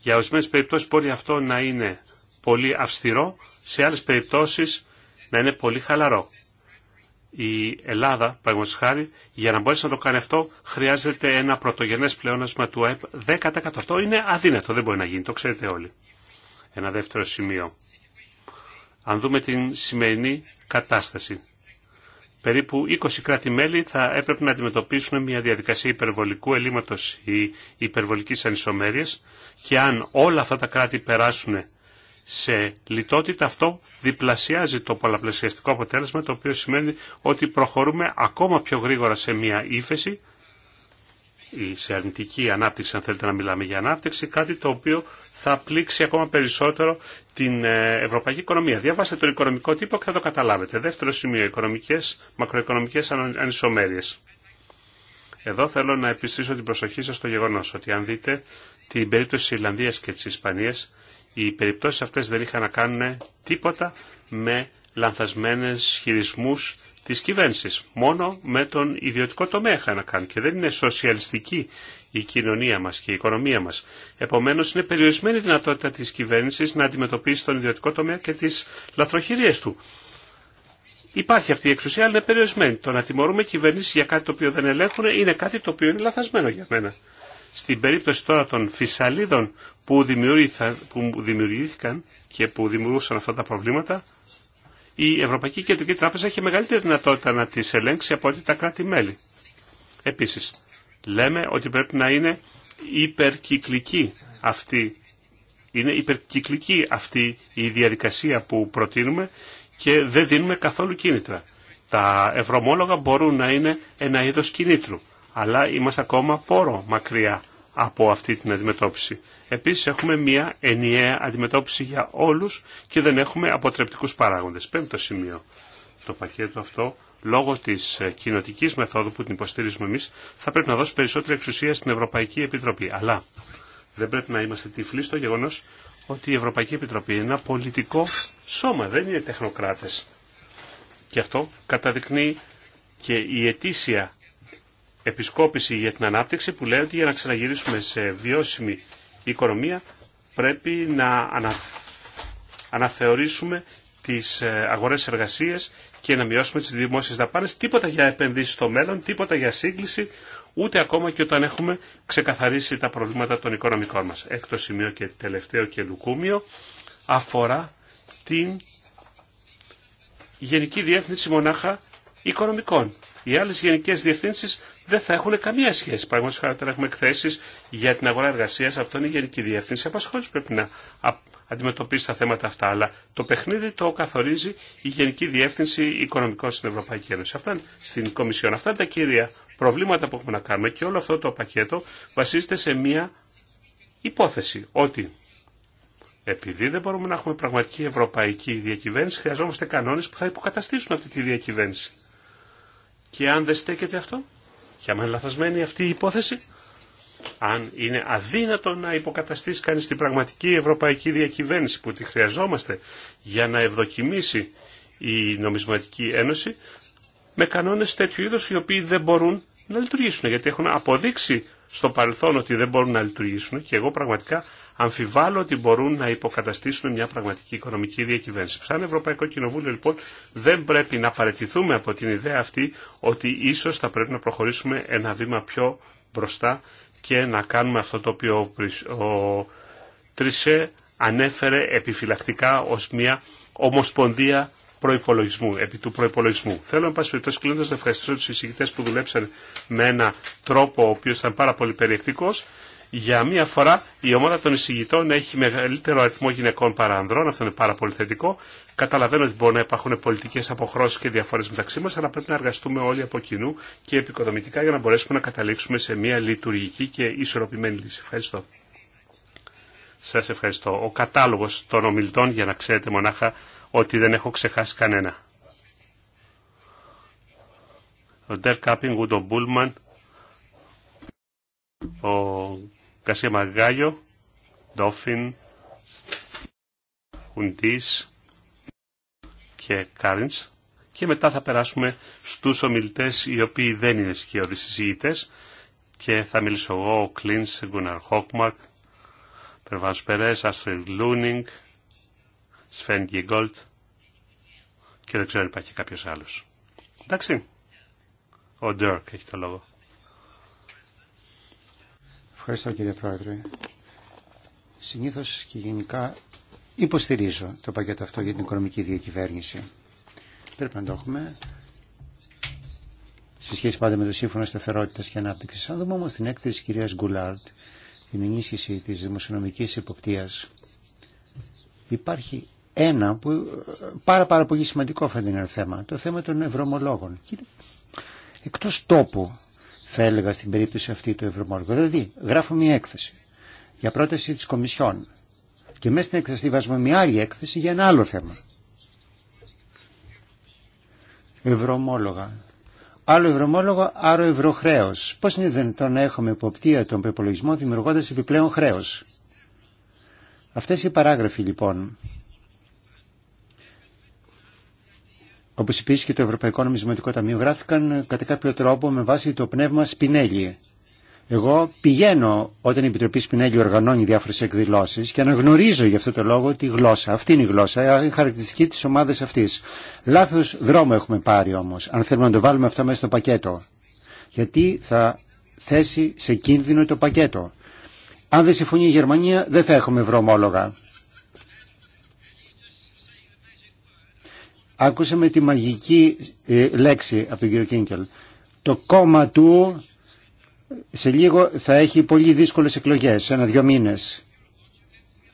Για ορισμένε περιπτώσεις μπορεί αυτό να είναι πολύ αυστηρό, σε άλλες περιπτώσεις να είναι πολύ χαλαρό. Η Ελλάδα, παραδείγματος χάρη, για να μπορέσει να το κάνει αυτό, χρειάζεται ένα πρωτογενές πλεόνασμα του ΑΕΠ 10%. Αυτό είναι αδύνατο, δεν μπορεί να γίνει, το ξέρετε όλοι. Ένα δεύτερο σημείο. Αν δούμε την σημερινή κατάσταση περίπου 20 κράτη-μέλη θα έπρεπε να αντιμετωπίσουν μια διαδικασία υπερβολικού ελλείμματος ή υπερβολικής ανισομέρειας και αν όλα αυτά τα κράτη περάσουν σε λιτότητα αυτό διπλασιάζει το πολλαπλασιαστικό αποτέλεσμα το οποίο σημαίνει ότι προχωρούμε ακόμα πιο γρήγορα σε μια ύφεση ή σε αρνητική ανάπτυξη, αν θέλετε να μιλάμε για ανάπτυξη, κάτι το οποίο θα πλήξει ακόμα περισσότερο την ε, ευρωπαϊκή οικονομία. Διαβάστε τον οικονομικό τύπο και θα το καταλάβετε. Δεύτερο σημείο, οικονομικές, μακροοικονομικές ανισομέρειες. Εδώ θέλω να επιστήσω την προσοχή σας στο γεγονός ότι αν δείτε την περίπτωση της Ιρλανδίας και της Ισπανίας, οι περιπτώσεις αυτές δεν είχαν να κάνουν τίποτα με λανθασμένες χειρισμούς Τη κυβέρνηση. Μόνο με τον ιδιωτικό τομέα είχαν να κάνουν και δεν είναι σοσιαλιστική η κοινωνία μα και η οικονομία μα. Επομένω, είναι περιορισμένη η δυνατότητα τη κυβέρνηση να αντιμετωπίσει τον ιδιωτικό τομέα και τι λαθροχειρίες του. Υπάρχει αυτή η εξουσία, αλλά είναι περιορισμένη. Το να τιμωρούμε κυβερνήσει για κάτι το οποίο δεν ελέγχουν είναι κάτι το οποίο είναι λαθασμένο για μένα. Στην περίπτωση τώρα των φυσαλίδων που, δημιουργήθηκαν και που δημιουργούσαν αυτά τα προβλήματα, η Ευρωπαϊκή Κεντρική Τράπεζα έχει μεγαλύτερη δυνατότητα να τις ελέγξει από ό,τι τα κράτη-μέλη. Επίσης, λέμε ότι πρέπει να είναι υπερκυκλική αυτή είναι υπερκυκλική αυτή η διαδικασία που προτείνουμε και δεν δίνουμε καθόλου κίνητρα. Τα ευρωμόλογα μπορούν να είναι ένα είδος κινήτρου, αλλά είμαστε ακόμα πόρο μακριά από αυτή την αντιμετώπιση. Επίσης έχουμε μια ενιαία αντιμετώπιση για όλους και δεν έχουμε αποτρεπτικούς παράγοντες. Πέμπτο σημείο. Το πακέτο αυτό, λόγω της ε, κοινοτική μεθόδου που την υποστηρίζουμε εμείς, θα πρέπει να δώσει περισσότερη εξουσία στην Ευρωπαϊκή Επιτροπή. Αλλά δεν πρέπει να είμαστε τυφλοί στο γεγονός ότι η Ευρωπαϊκή Επιτροπή είναι ένα πολιτικό σώμα, δεν είναι τεχνοκράτες. Και αυτό καταδεικνύει και η αιτήσια επισκόπηση για την ανάπτυξη που λέει ότι για να ξαναγυρίσουμε σε βιώσιμη οικονομία πρέπει να αναθεωρήσουμε τις ε, αγορές εργασίες και να μειώσουμε τις δημόσιες δαπάνες, τίποτα για επενδύσεις στο μέλλον, τίποτα για σύγκληση, ούτε ακόμα και όταν έχουμε ξεκαθαρίσει τα προβλήματα των οικονομικών μας. Έκτο σημείο και τελευταίο και λουκούμιο αφορά την Γενική Διεύθυνση Μονάχα Οικονομικών. Οι άλλες γενικές διευθύνσεις δεν θα έχουν καμία σχέση. Παραδείγματο χάρη, έχουμε εκθέσει για την αγορά εργασία, αυτό είναι η Γενική Διεύθυνση Απασχόληση πρέπει να αντιμετωπίσει τα θέματα αυτά. Αλλά το παιχνίδι το καθορίζει η Γενική Διεύθυνση Οικονομικών στην Ευρωπαϊκή Ένωση. Αυτά στην Κομισιόν. Αυτά είναι τα κύρια προβλήματα που έχουμε να κάνουμε και όλο αυτό το πακέτο βασίζεται σε μία υπόθεση ότι επειδή δεν μπορούμε να έχουμε πραγματική ευρωπαϊκή διακυβέρνηση, χρειαζόμαστε κανόνες που θα υποκαταστήσουν αυτή τη διακυβέρνηση. Και αν δεν στέκεται αυτό, για είναι λαθασμένη αυτή η υπόθεση. Αν είναι αδύνατο να υποκαταστήσει κανείς την πραγματική ευρωπαϊκή διακυβέρνηση που τη χρειαζόμαστε για να ευδοκιμήσει η νομισματική ένωση με κανόνες τέτοιου είδους οι οποίοι δεν μπορούν να λειτουργήσουν γιατί έχουν αποδείξει στο παρελθόν ότι δεν μπορούν να λειτουργήσουν και εγώ πραγματικά αμφιβάλλω ότι μπορούν να υποκαταστήσουν μια πραγματική οικονομική διακυβέρνηση. Σαν Ευρωπαϊκό Κοινοβούλιο λοιπόν δεν πρέπει να παραιτηθούμε από την ιδέα αυτή ότι ίσως θα πρέπει να προχωρήσουμε ένα βήμα πιο μπροστά και να κάνουμε αυτό το οποίο ο Τρισέ ανέφερε επιφυλακτικά ως μια ομοσπονδία προπολογισμού, επί του προπολογισμού. Θέλω, εν πάση περιπτώσει, κλείνοντα να ευχαριστήσω του συζητητέ που δουλέψαν με ένα τρόπο ο οποίο ήταν πάρα πολύ περιεκτικό για μία φορά η ομάδα των εισηγητών έχει μεγαλύτερο αριθμό γυναικών παρά ανδρών, αυτό είναι πάρα πολύ θετικό. Καταλαβαίνω ότι μπορεί να υπάρχουν πολιτικέ αποχρώσεις και διαφορέ μεταξύ μα, αλλά πρέπει να εργαστούμε όλοι από κοινού και επικοδομητικά για να μπορέσουμε να καταλήξουμε σε μία λειτουργική και ισορροπημένη λύση. Ευχαριστώ. Σα ευχαριστώ. Ο κατάλογο των ομιλητών, για να ξέρετε μονάχα ότι δεν έχω ξεχάσει κανένα. Κασία Μαγκάγιο, Ντόφιν, Χουντής και Κάριντς και μετά θα περάσουμε στους ομιλητές οι οποίοι δεν είναι σκιώδεις συζήτητες και θα μιλήσω εγώ, ο Κλίντς, Γκούναρ Χόκμαρκ, Περβάνος Περές, Λούνινγκ, Σφέν Γκίγκολτ και δεν ξέρω αν υπάρχει κάποιος άλλος. Εντάξει, ο Ντέρκ έχει το λόγο. Ευχαριστώ κύριε Πρόεδρε. Συνήθως και γενικά υποστηρίζω το πακέτο αυτό για την οικονομική διακυβέρνηση. Πρέπει να το έχουμε σε σχέση πάντα με το Σύμφωνο σταθερότητα και ανάπτυξη. Αν δούμε όμως την έκθεση τη κυρίας Γκουλάρτ, την ενίσχυση τη δημοσιονομική υποπτίας, υπάρχει ένα που ε, πάρα πάρα πολύ σημαντικό φαίνεται είναι το θέμα, το θέμα των ευρωομολόγων. Εκτό τόπου θα έλεγα στην περίπτωση αυτή του Ευρωμόργου. Δηλαδή, γράφω μια έκθεση για πρόταση της Κομισιόν και μέσα στην έκθεση βάζουμε μια άλλη έκθεση για ένα άλλο θέμα. Ευρωμόλογα. Άλλο ευρωμόλογο, άλλο ευρωχρέο. Πώ είναι δυνατόν να έχουμε υποπτία τον προπολογισμό, δημιουργώντα επιπλέον χρέο. Αυτέ οι παράγραφοι λοιπόν όπως επίσης και το Ευρωπαϊκό Νομισματικό Ταμείο, γράφηκαν κατά κάποιο τρόπο με βάση το πνεύμα Σπινέλη. Εγώ πηγαίνω όταν η Επιτροπή Σπινέλη οργανώνει διάφορε εκδηλώσει και αναγνωρίζω γι' αυτό το λόγο τη γλώσσα. Αυτή είναι η γλώσσα, ε, η χαρακτηριστική τη ομάδα αυτή. Λάθο δρόμο έχουμε πάρει όμω, αν θέλουμε να το βάλουμε αυτό μέσα στο πακέτο. Γιατί θα θέσει σε κίνδυνο το πακέτο. Αν δεν συμφωνεί η Γερμανία, δεν θα έχουμε ευρωομόλογα. Άκουσαμε τη μαγική ε, λέξη από τον κύριο Κίνκελ. Το κόμμα του σε λίγο θα έχει πολύ δύσκολες εκλογές, σε ένα-δυο μήνες.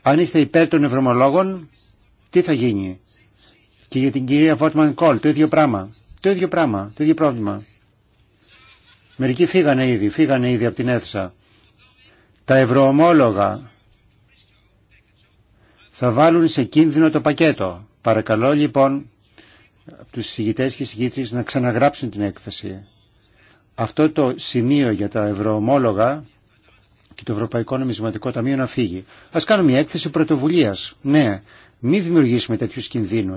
Αν είστε υπέρ των ευρωμολόγων, τι θα γίνει. Και για την κυρία Βότμαν Κόλ, το ίδιο πράγμα. Το ίδιο πράγμα, το ίδιο πρόβλημα. Μερικοί φύγανε ήδη, φύγανε ήδη από την αίθουσα. Τα ευρωομόλογα θα βάλουν σε κίνδυνο το πακέτο. Παρακαλώ λοιπόν από τους συγητές και συγγήτρες να ξαναγράψουν την έκθεση. Αυτό το σημείο για τα ευρωομόλογα και το Ευρωπαϊκό Νομισματικό Ταμείο να φύγει. Ας κάνουμε μια έκθεση πρωτοβουλίας. Ναι, μην δημιουργήσουμε τέτοιου κινδύνου.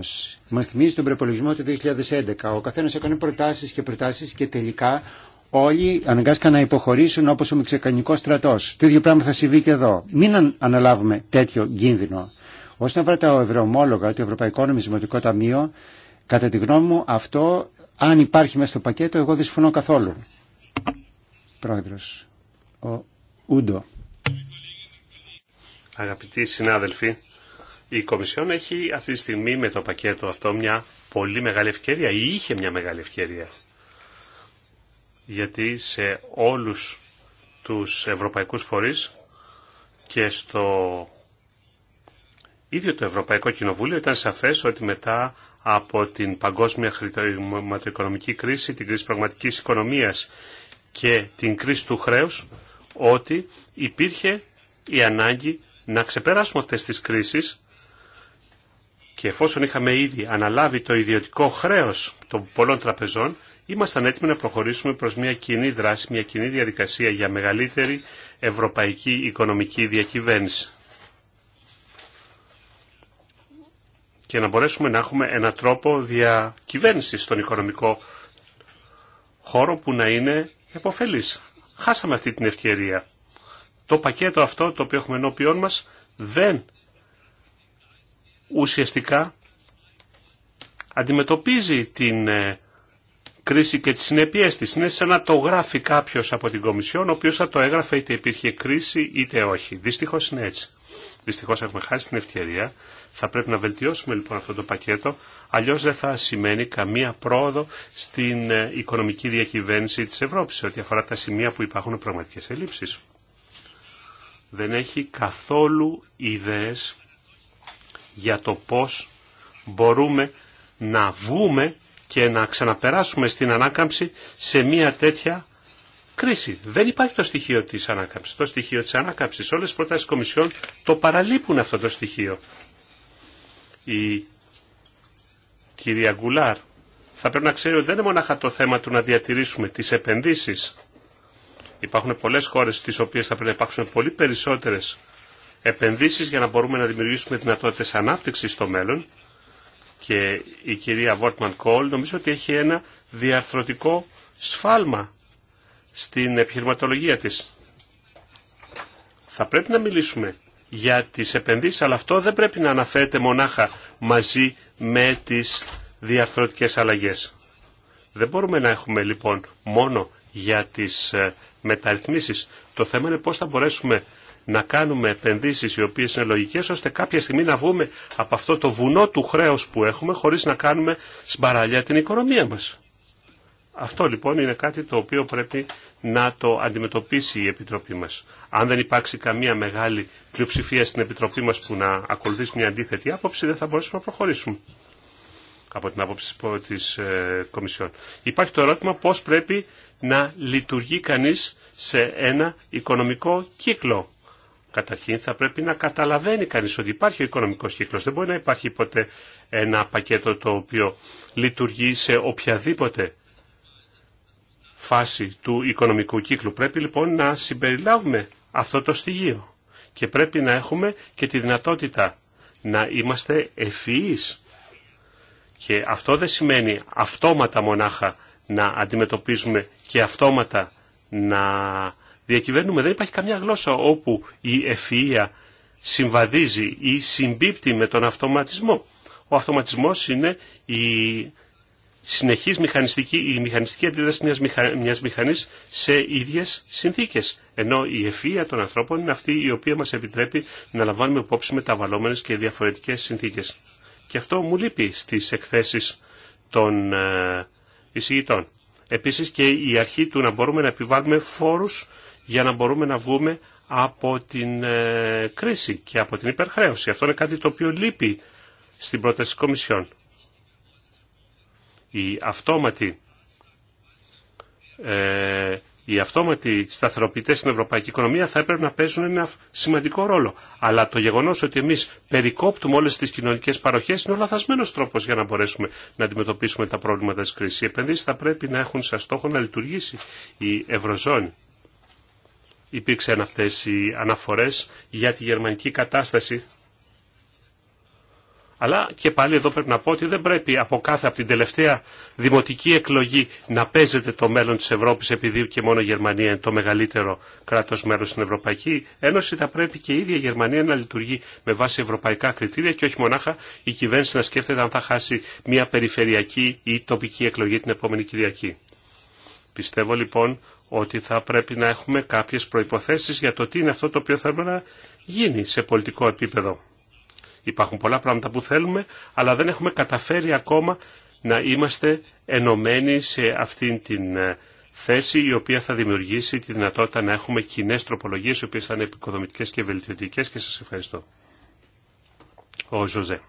Μα θυμίζει τον προπολογισμό του 2011. Ο καθένα έκανε προτάσει και προτάσει και τελικά όλοι αναγκάστηκαν να υποχωρήσουν όπω ο Μεξικανικό στρατό. Το ίδιο πράγμα θα συμβεί και εδώ. Μην αναλάβουμε τέτοιο κίνδυνο. Όσον αφορά τα ευρωομόλογα, το Ευρωπαϊκό Νομισματικό Ταμείο, Κατά τη γνώμη μου αυτό, αν υπάρχει μέσα στο πακέτο, εγώ δεν συμφωνώ καθόλου. Πρόεδρος, ο Ούντο. Αγαπητοί συνάδελφοι, η Κομισιόν έχει αυτή τη στιγμή με το πακέτο αυτό μια πολύ μεγάλη ευκαιρία ή είχε μια μεγάλη ευκαιρία. Γιατί σε όλους τους ευρωπαϊκούς φορείς και στο ίδιο το Ευρωπαϊκό Κοινοβούλιο ήταν σαφές ότι μετά από την παγκόσμια χρηματοοικονομική κρίση, την κρίση πραγματικής οικονομίας και την κρίση του χρέους, ότι υπήρχε η ανάγκη να ξεπεράσουμε αυτές τις κρίσεις και εφόσον είχαμε ήδη αναλάβει το ιδιωτικό χρέος των πολλών τραπεζών, ήμασταν έτοιμοι να προχωρήσουμε προς μια κοινή δράση, μια κοινή διαδικασία για μεγαλύτερη ευρωπαϊκή οικονομική διακυβέρνηση. και να μπορέσουμε να έχουμε ένα τρόπο διακυβέρνηση στον οικονομικό χώρο που να είναι επωφελής. Χάσαμε αυτή την ευκαιρία. Το πακέτο αυτό το οποίο έχουμε ενώπιόν μας δεν ουσιαστικά αντιμετωπίζει την ε, κρίση και τις συνέπειές της. Είναι σαν να το γράφει κάποιος από την Κομισιόν, ο οποίος θα το έγραφε είτε υπήρχε κρίση είτε όχι. Δυστυχώς είναι έτσι. Δυστυχώς έχουμε χάσει την ευκαιρία θα πρέπει να βελτιώσουμε λοιπόν αυτό το πακέτο, αλλιώς δεν θα σημαίνει καμία πρόοδο στην ε, οικονομική διακυβέρνηση της Ευρώπης, ό,τι αφορά τα σημεία που υπάρχουν πραγματικές ελλείψεις. Δεν έχει καθόλου ιδέες για το πώς μπορούμε να βγούμε και να ξαναπεράσουμε στην ανάκαμψη σε μια τέτοια κρίση. Δεν υπάρχει το στοιχείο της ανάκαμψης. Το στοιχείο της ανάκαμψης. Όλες τις προτάσεις κομισιών το παραλείπουν αυτό το στοιχείο η κυρία Γκουλάρ, θα πρέπει να ξέρει ότι δεν είναι μονάχα το θέμα του να διατηρήσουμε τις επενδύσεις. Υπάρχουν πολλές χώρες στις οποίες θα πρέπει να υπάρξουν πολύ περισσότερες επενδύσεις για να μπορούμε να δημιουργήσουμε δυνατότητες ανάπτυξης στο μέλλον. Και η κυρία Βόρτμαν Κόλ νομίζω ότι έχει ένα διαρθρωτικό σφάλμα στην επιχειρηματολογία της. Θα πρέπει να μιλήσουμε για τις επενδύσεις, αλλά αυτό δεν πρέπει να αναφέρεται μονάχα μαζί με τις διαρθρωτικές αλλαγές. Δεν μπορούμε να έχουμε λοιπόν μόνο για τις ε, μεταρρυθμίσεις. Το θέμα είναι πώς θα μπορέσουμε να κάνουμε επενδύσεις οι οποίες είναι λογικές, ώστε κάποια στιγμή να βγούμε από αυτό το βουνό του χρέους που έχουμε, χωρίς να κάνουμε σμπαραλιά την οικονομία μας. Αυτό λοιπόν είναι κάτι το οποίο πρέπει να το αντιμετωπίσει η Επιτροπή μας. Αν δεν υπάρξει καμία μεγάλη πλειοψηφία στην Επιτροπή μας που να ακολουθήσει μια αντίθετη άποψη, δεν θα μπορέσουμε να προχωρήσουμε από την άποψη της ε, Κομισιόν. Υπάρχει το ερώτημα πώς πρέπει να λειτουργεί κανείς σε ένα οικονομικό κύκλο. Καταρχήν θα πρέπει να καταλαβαίνει κανείς ότι υπάρχει ο οικονομικός κύκλος. Δεν μπορεί να υπάρχει ποτέ ένα πακέτο το οποίο λειτουργεί σε οποιαδήποτε φάση του οικονομικού κύκλου. Πρέπει λοιπόν να συμπεριλάβουμε αυτό το στοιχείο και πρέπει να έχουμε και τη δυνατότητα να είμαστε ευφυείς. Και αυτό δεν σημαίνει αυτόματα μονάχα να αντιμετωπίζουμε και αυτόματα να διακυβέρνουμε. Δεν υπάρχει καμιά γλώσσα όπου η ευφυΐα συμβαδίζει ή συμπίπτει με τον αυτοματισμό. Ο αυτοματισμός είναι η συνεχής μηχανιστική, η μηχανιστική αντίδραση μιας, μηχα, μηχανής σε ίδιες συνθήκες. Ενώ η ευφυΐα των ανθρώπων είναι αυτή η οποία μας επιτρέπει να λαμβάνουμε υπόψη μεταβαλλόμενες και διαφορετικές συνθήκες. Και αυτό μου λείπει στις εκθέσεις των ε, εισηγητών. Επίσης και η αρχή του να μπορούμε να επιβάλλουμε φόρους για να μπορούμε να βγούμε από την ε, κρίση και από την υπερχρέωση. Αυτό είναι κάτι το οποίο λείπει στην πρόταση της Κομισιόν η αυτόματη ε, οι αυτόματοι σταθεροποιητέ στην ευρωπαϊκή οικονομία θα έπρεπε να παίζουν ένα σημαντικό ρόλο. Αλλά το γεγονός ότι εμείς περικόπτουμε όλες τις κοινωνικές παροχές είναι ο λαθασμένος τρόπο για να μπορέσουμε να αντιμετωπίσουμε τα προβλήματα της κρίσης. Οι επενδύσει θα πρέπει να έχουν σαν στόχο να λειτουργήσει η Ευρωζώνη. Υπήρξαν αυτέ οι αναφορές για τη γερμανική κατάσταση αλλά και πάλι εδώ πρέπει να πω ότι δεν πρέπει από κάθε, από την τελευταία δημοτική εκλογή να παίζεται το μέλλον της Ευρώπης επειδή και μόνο η Γερμανία είναι το μεγαλύτερο κράτος μέλος στην Ευρωπαϊκή Ένωση. Θα πρέπει και η ίδια η Γερμανία να λειτουργεί με βάση ευρωπαϊκά κριτήρια και όχι μονάχα η κυβέρνηση να σκέφτεται αν θα χάσει μια περιφερειακή ή τοπική εκλογή την επόμενη Κυριακή. Πιστεύω λοιπόν ότι θα πρέπει να έχουμε κάποιες προϋποθέσεις για το τι είναι αυτό το οποίο θέλουμε να γίνει σε πολιτικό επίπεδο. Υπάρχουν πολλά πράγματα που θέλουμε, αλλά δεν έχουμε καταφέρει ακόμα να είμαστε ενωμένοι σε αυτήν την ε, θέση η οποία θα δημιουργήσει τη δυνατότητα να έχουμε κοινέ τροπολογίε οι οποίε θα είναι επικοδομητικέ και βελτιωτικέ και σα ευχαριστώ. Ο Ζωζέ.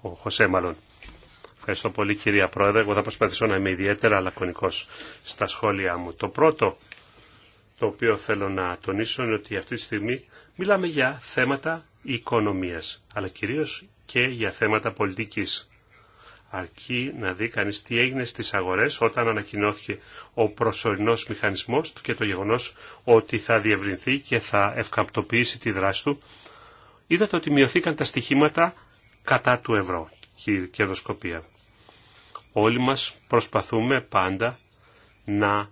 Ο Χωσέ, μάλλον. Ευχαριστώ πολύ, κυρία Πρόεδρε. Εγώ θα προσπαθήσω να είμαι ιδιαίτερα λακωνικό στα σχόλιά μου. Το πρώτο το οποίο θέλω να τονίσω είναι ότι αυτή τη στιγμή μιλάμε για θέματα οικονομίας, αλλά κυρίως και για θέματα πολιτικής. Αρκεί να δει κανείς τι έγινε στις αγορές όταν ανακοινώθηκε ο προσωρινός μηχανισμός του και το γεγονός ότι θα διευρυνθεί και θα ευκαμπτοποιήσει τη δράση του. Είδατε ότι μειωθήκαν τα στοιχήματα κατά του ευρώ και κερδοσκοπία. Όλοι μας προσπαθούμε πάντα να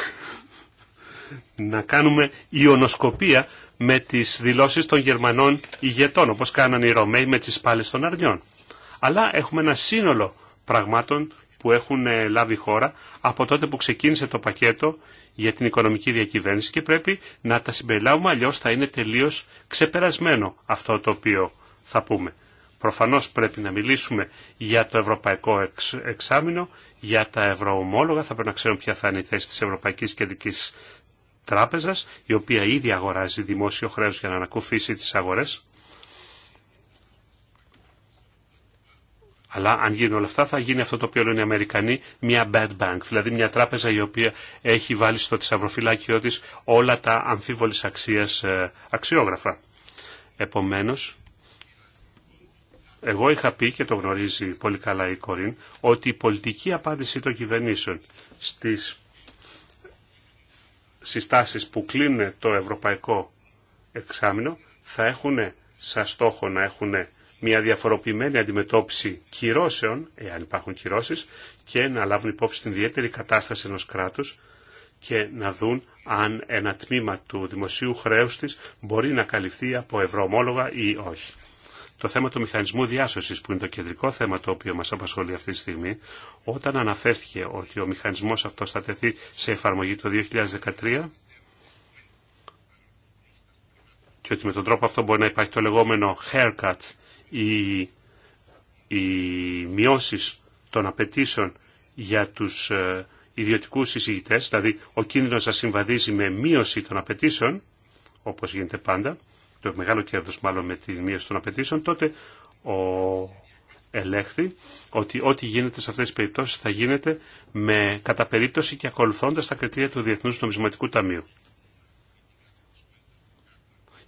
να κάνουμε ιονοσκοπία με τις δηλώσεις των Γερμανών ηγετών, όπως κάναν οι Ρωμαίοι με τις πάλες των αρνιών. Αλλά έχουμε ένα σύνολο πραγμάτων που έχουν ε, λάβει χώρα από τότε που ξεκίνησε το πακέτο για την οικονομική διακυβέρνηση και πρέπει να τα συμπεριλάβουμε, αλλιώ θα είναι τελείως ξεπερασμένο αυτό το οποίο θα πούμε. Προφανώς πρέπει να μιλήσουμε για το ευρωπαϊκό εξ, εξάμεινο, για τα ευρωομόλογα, θα πρέπει να ξέρουμε ποια θα είναι η θέση της Ευρωπαϊκής κεντρική τράπεζας, η οποία ήδη αγοράζει δημόσιο χρέος για να ανακουφίσει τις αγορές. Αλλά αν γίνουν όλα αυτά θα γίνει αυτό το οποίο λένε οι Αμερικανοί μια bad bank, δηλαδή μια τράπεζα η οποία έχει βάλει στο θησαυροφυλάκιό της όλα τα αμφίβολης αξία ε, αξιόγραφα. Επομένως, εγώ είχα πει και το γνωρίζει πολύ καλά η Κορίν, ότι η πολιτική απάντηση των κυβερνήσεων στις συστάσεις που κλείνουν το ευρωπαϊκό εξάμεινο θα έχουν σαν στόχο να έχουν μια διαφοροποιημένη αντιμετώπιση κυρώσεων, εάν υπάρχουν κυρώσεις, και να λάβουν υπόψη την ιδιαίτερη κατάσταση ενός κράτους και να δουν αν ένα τμήμα του δημοσίου χρέους της μπορεί να καλυφθεί από ευρωομόλογα ή όχι το θέμα του μηχανισμού διάσωσης που είναι το κεντρικό θέμα το οποίο μας απασχολεί αυτή τη στιγμή όταν αναφέρθηκε ότι ο μηχανισμός αυτό θα τεθεί σε εφαρμογή το 2013 και ότι με τον τρόπο αυτό μπορεί να υπάρχει το λεγόμενο haircut ή οι μειώσεις των απαιτήσεων για τους ιδιωτικού ε, ιδιωτικούς δηλαδή ο κίνδυνος να συμβαδίζει με μείωση των απαιτήσεων, όπως γίνεται πάντα, το μεγάλο κέρδος μάλλον με τη μείωση των απαιτήσεων, τότε ο, ελέγχθη ότι ό,τι γίνεται σε αυτές τις περιπτώσεις θα γίνεται με κατά περίπτωση και ακολουθώντας τα κριτήρια του Διεθνούς Νομισματικού Ταμείου.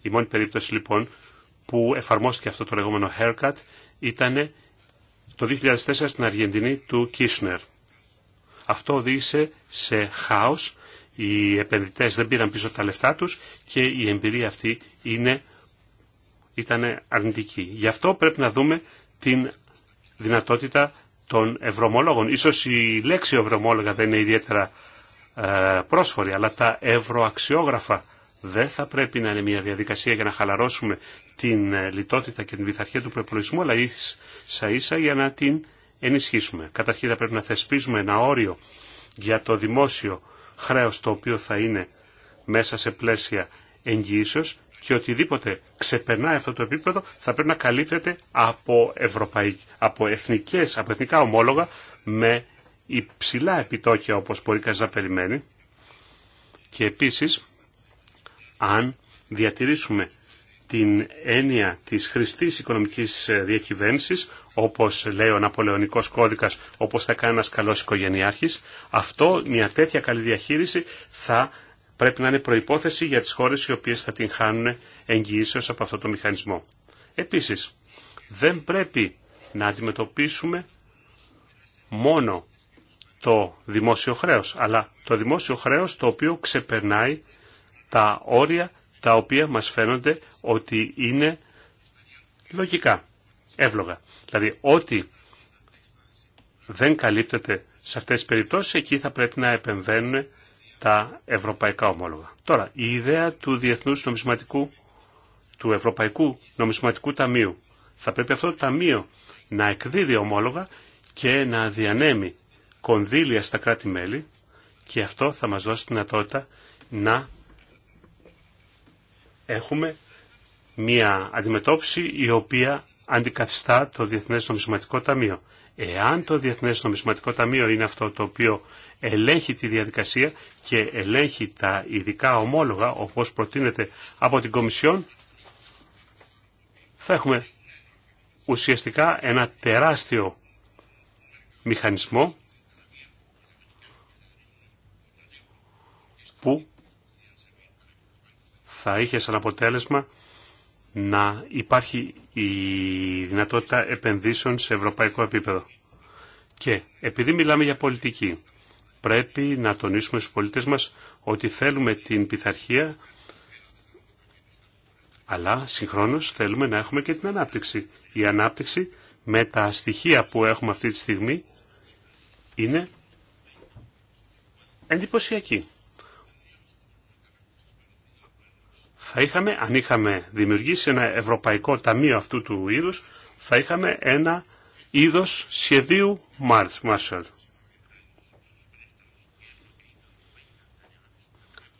Η μόνη περίπτωση λοιπόν που εφαρμόστηκε αυτό το λεγόμενο haircut ήταν το 2004 στην Αργεντινή του Κίσνερ. Αυτό οδήγησε σε χάος οι επενδυτές δεν πήραν πίσω τα λεφτά τους και η εμπειρία αυτή είναι, ήταν αρνητική. Γι' αυτό πρέπει να δούμε την δυνατότητα των ευρωομολόγων. Ίσως η λέξη ευρωομόλογα δεν είναι ιδιαίτερα ε, πρόσφορη, αλλά τα ευρωαξιόγραφα δεν θα πρέπει να είναι μια διαδικασία για να χαλαρώσουμε την ε, λιτότητα και την πειθαρχία του προπολογισμού, αλλά ίσα ίσα για να την ενισχύσουμε. Καταρχήν θα πρέπει να θεσπίζουμε ένα όριο για το δημόσιο χρέος το οποίο θα είναι μέσα σε πλαίσια εγγύησεως και οτιδήποτε ξεπερνάει αυτό το επίπεδο θα πρέπει να καλύπτεται από, ευρωπαϊκ... από, εθνικές, από εθνικά ομόλογα με υψηλά επιτόκια όπως μπορεί κανείς να περιμένει και επίσης αν διατηρήσουμε την έννοια της χρηστής οικονομικής διακυβέρνησης όπως λέει ο Ναπολεωνικός κώδικας, όπως θα κάνει ένας καλός οικογενειάρχης, αυτό, μια τέτοια καλή διαχείριση θα πρέπει να είναι προϋπόθεση για τις χώρες οι οποίες θα την χάνουν εγγυήσεως από αυτό το μηχανισμό. Επίσης, δεν πρέπει να αντιμετωπίσουμε μόνο το δημόσιο χρέος, αλλά το δημόσιο χρέος το οποίο ξεπερνάει τα όρια τα οποία μας φαίνονται ότι είναι λογικά εύλογα. Δηλαδή ό,τι δεν καλύπτεται σε αυτές τις περιπτώσεις, εκεί θα πρέπει να επεμβαίνουν τα ευρωπαϊκά ομόλογα. Τώρα, η ιδέα του Διεθνούς Νομισματικού, του Ευρωπαϊκού Νομισματικού Ταμείου, θα πρέπει αυτό το ταμείο να εκδίδει ομόλογα και να διανέμει κονδύλια στα κράτη-μέλη και αυτό θα μας δώσει τη δυνατότητα να έχουμε μια αντιμετώπιση η οποία αντικαθιστά το Διεθνές Νομισματικό Ταμείο. Εάν το Διεθνές Νομισματικό Ταμείο είναι αυτό το οποίο ελέγχει τη διαδικασία και ελέγχει τα ειδικά ομόλογα, όπως προτείνεται από την Κομισιόν, θα έχουμε ουσιαστικά ένα τεράστιο μηχανισμό που θα είχε σαν αποτέλεσμα να υπάρχει η δυνατότητα επενδύσεων σε ευρωπαϊκό επίπεδο. Και επειδή μιλάμε για πολιτική, πρέπει να τονίσουμε στους πολίτες μας ότι θέλουμε την πειθαρχία, αλλά συγχρόνως θέλουμε να έχουμε και την ανάπτυξη. Η ανάπτυξη με τα στοιχεία που έχουμε αυτή τη στιγμή είναι εντυπωσιακή. θα είχαμε, αν είχαμε δημιουργήσει ένα ευρωπαϊκό ταμείο αυτού του είδους, θα είχαμε ένα είδος σχεδίου Μάρσελ.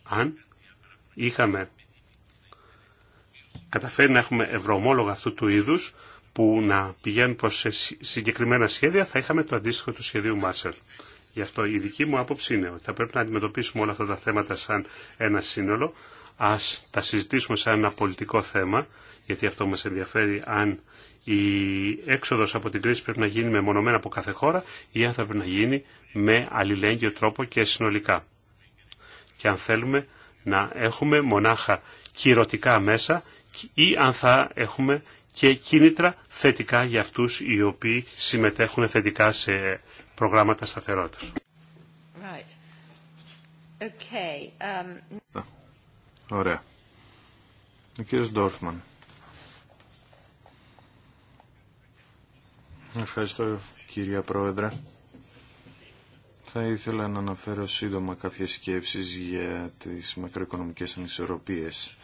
Αν είχαμε καταφέρει να έχουμε ευρωομόλογα αυτού του είδους που να πηγαίνουν προς συγκεκριμένα σχέδια, θα είχαμε το αντίστοιχο του σχεδίου Marshall. Γι' αυτό η δική μου άποψη είναι ότι θα πρέπει να αντιμετωπίσουμε όλα αυτά τα θέματα σαν ένα σύνολο, ας τα συζητήσουμε σαν ένα πολιτικό θέμα, γιατί αυτό μας ενδιαφέρει αν η έξοδος από την κρίση πρέπει να γίνει μεμονωμένα από κάθε χώρα ή αν θα πρέπει να γίνει με αλληλέγγυο τρόπο και συνολικά. Και αν θέλουμε να έχουμε μονάχα κυρωτικά μέσα ή αν θα έχουμε και κίνητρα θετικά για αυτούς οι οποίοι συμμετέχουν θετικά σε προγράμματα σταθερότητας. Right. Okay. Um, Ωραία. Ο κύριος Ντόρφμαν. Ευχαριστώ κυρία Πρόεδρε. Θα ήθελα να αναφέρω σύντομα κάποιες σκέψεις για τις μακροοικονομικές ανισορροπίες.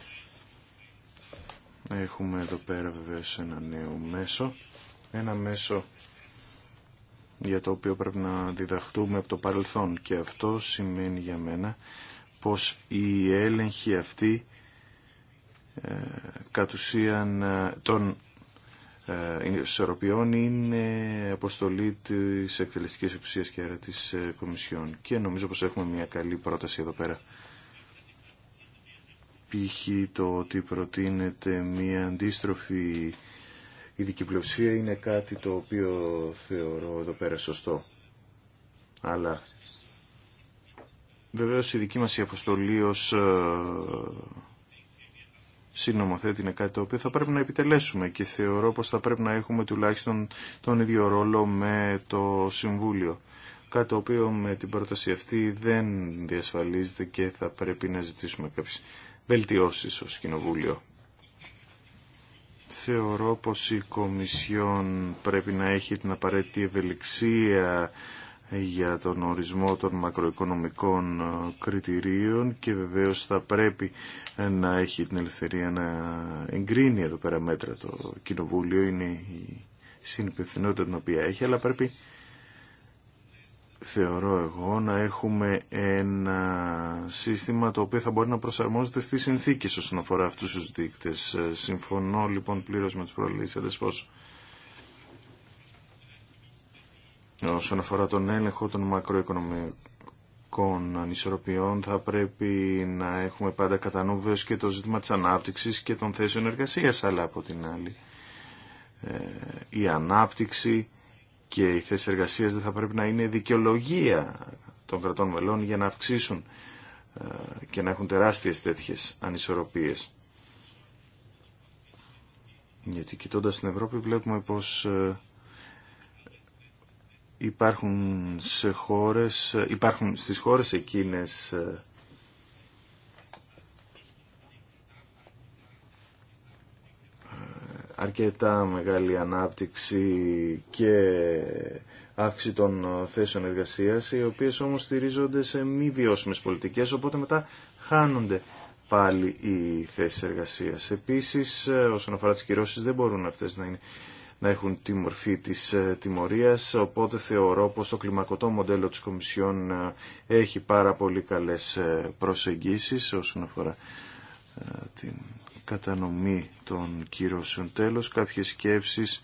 Έχουμε εδώ πέρα βεβαίως ένα νέο μέσο. Ένα μέσο για το οποίο πρέπει να διδαχτούμε από το παρελθόν και αυτό σημαίνει για μένα πως η έλεγχη αυτή ε, κατ' ουσίαν ε, των ε, ισορροπιών είναι αποστολή της εκτελεστικής εξουσίας και άρα της Κομισιόν. Και νομίζω πως έχουμε μια καλή πρόταση εδώ πέρα. Π.χ. το ότι προτείνεται μια αντίστροφη ειδική πλειοψηφία είναι κάτι το οποίο θεωρώ εδώ πέρα σωστό. Αλλά Βεβαίως η δική μας η αποστολή ως ε, συνομοθέτη είναι κάτι το οποίο θα πρέπει να επιτελέσουμε και θεωρώ πως θα πρέπει να έχουμε τουλάχιστον τον ίδιο ρόλο με το Συμβούλιο. Κάτι το οποίο με την πρόταση αυτή δεν διασφαλίζεται και θα πρέπει να ζητήσουμε κάποιες βελτιώσεις ως Κοινοβούλιο. Θεωρώ πως η Κομισιόν πρέπει να έχει την απαραίτητη ευελιξία για τον ορισμό των μακροοικονομικών ε, κριτηρίων και βεβαίως θα πρέπει ε, να έχει την ελευθερία να εγκρίνει εδώ πέρα μέτρα το Κοινοβούλιο είναι η συνυπευθυνότητα την οποία έχει αλλά πρέπει θεωρώ εγώ να έχουμε ένα σύστημα το οποίο θα μπορεί να προσαρμόζεται στις συνθήκες όσον αφορά αυτούς τους δείκτες. Ε, συμφωνώ λοιπόν πλήρως με τους προλήσεις πως Όσον αφορά τον έλεγχο των μακροοικονομικών ανισορροπιών θα πρέπει να έχουμε πάντα κατά νου και το ζήτημα της ανάπτυξης και των θέσεων εργασίας αλλά από την άλλη ε, η ανάπτυξη και οι θέσει εργασία δεν θα πρέπει να είναι δικαιολογία των κρατών μελών για να αυξήσουν ε, και να έχουν τεράστιες τέτοιες ανισορροπίες. Γιατί κοιτώντα την Ευρώπη βλέπουμε πως ε, υπάρχουν, σε χώρες, υπάρχουν στις χώρες εκείνες ε, αρκετά μεγάλη ανάπτυξη και αύξηση των θέσεων εργασίας, οι οποίες όμως στηρίζονται σε μη βιώσιμες πολιτικές, οπότε μετά χάνονται πάλι οι θέσεις εργασίας. Επίσης, ε, όσον αφορά τις κυρώσεις, δεν μπορούν αυτές να είναι να έχουν τη μορφή της ε, τιμωρίας, οπότε θεωρώ πως το κλιμακωτό μοντέλο της Κομισιόν ε, έχει πάρα πολύ καλές ε, προσεγγίσεις όσον αφορά την κατανομή των κυρώσεων. Τέλος, κάποιες σκέψεις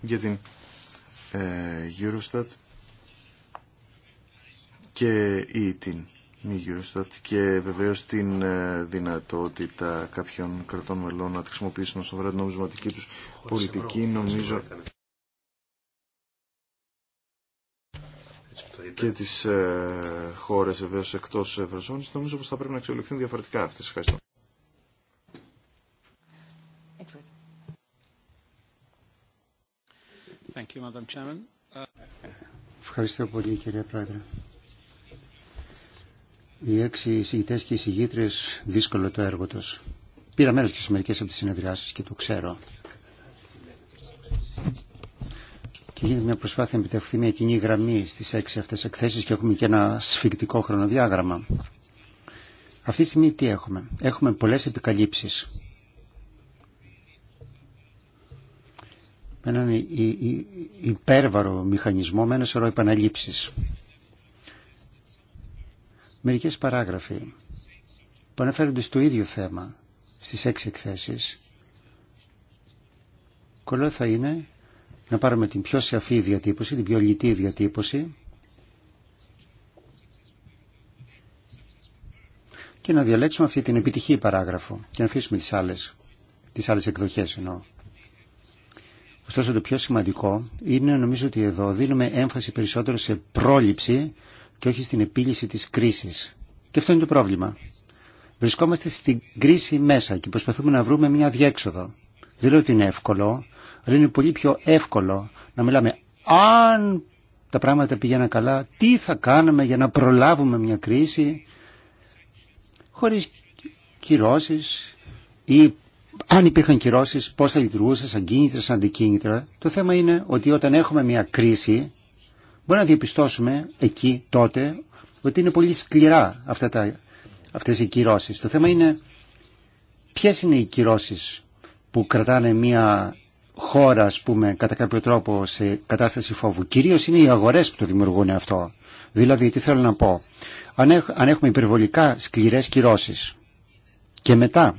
για την Eurostat και ή την και βεβαίω την ε, δυνατότητα κάποιων κρατών μελών να τη χρησιμοποιήσουν στον βράδυ νομισματική τους πολιτική νομίζω και τις ε, χώρε βεβαίω εκτός Ευρωζώνης νομίζω πω θα πρέπει να αξιολογηθούν διαφορετικά αυτές. Ευχαριστώ. Ευχαριστώ πολύ κύριε Πρόεδρε οι έξι εισηγητέ και οι εισηγήτριε δύσκολο το έργο του. Πήρα μέρο και σε μερικέ από τι συνεδριάσει και το ξέρω. Και γίνεται μια προσπάθεια να επιτευχθεί μια κοινή γραμμή στι έξι αυτέ εκθέσει και έχουμε και ένα σφιχτικό χρονοδιάγραμμα. Αυτή τη στιγμή τι έχουμε. Έχουμε πολλέ επικαλύψει. Με έναν υπέρβαρο μηχανισμό, με ένα σωρό επαναλήψει μερικές παράγραφοι που αναφέρονται στο ίδιο θέμα στις έξι εκθέσεις, καλό θα είναι να πάρουμε την πιο σαφή διατύπωση, την πιο λιτή διατύπωση και να διαλέξουμε αυτή την επιτυχή παράγραφο και να αφήσουμε τις άλλες, τις άλλες εκδοχές εννοώ. Ωστόσο το πιο σημαντικό είναι νομίζω ότι εδώ δίνουμε έμφαση περισσότερο σε πρόληψη και όχι στην επίλυση της κρίσης. Και αυτό είναι το πρόβλημα. Βρισκόμαστε στην κρίση μέσα και προσπαθούμε να βρούμε μια διέξοδο. Δεν λέω ότι είναι εύκολο, αλλά είναι πολύ πιο εύκολο να μιλάμε αν τα πράγματα πηγαίναν καλά, τι θα κάναμε για να προλάβουμε μια κρίση χωρίς κυρώσεις ή αν υπήρχαν κυρώσεις πώς θα λειτουργούσε σαν κίνητρα, σαν αντικίνητρα. Το θέμα είναι ότι όταν έχουμε μια κρίση Μπορεί να διαπιστώσουμε εκεί τότε ότι είναι πολύ σκληρά αυτά τα, αυτές οι κυρώσεις. Το θέμα είναι ποιες είναι οι κυρώσεις που κρατάνε μια χώρα, ας πούμε, κατά κάποιο τρόπο σε κατάσταση φόβου. Κυρίως είναι οι αγορές που το δημιουργούν αυτό. Δηλαδή, τι θέλω να πω. Αν, έχουμε υπερβολικά σκληρές κυρώσεις και μετά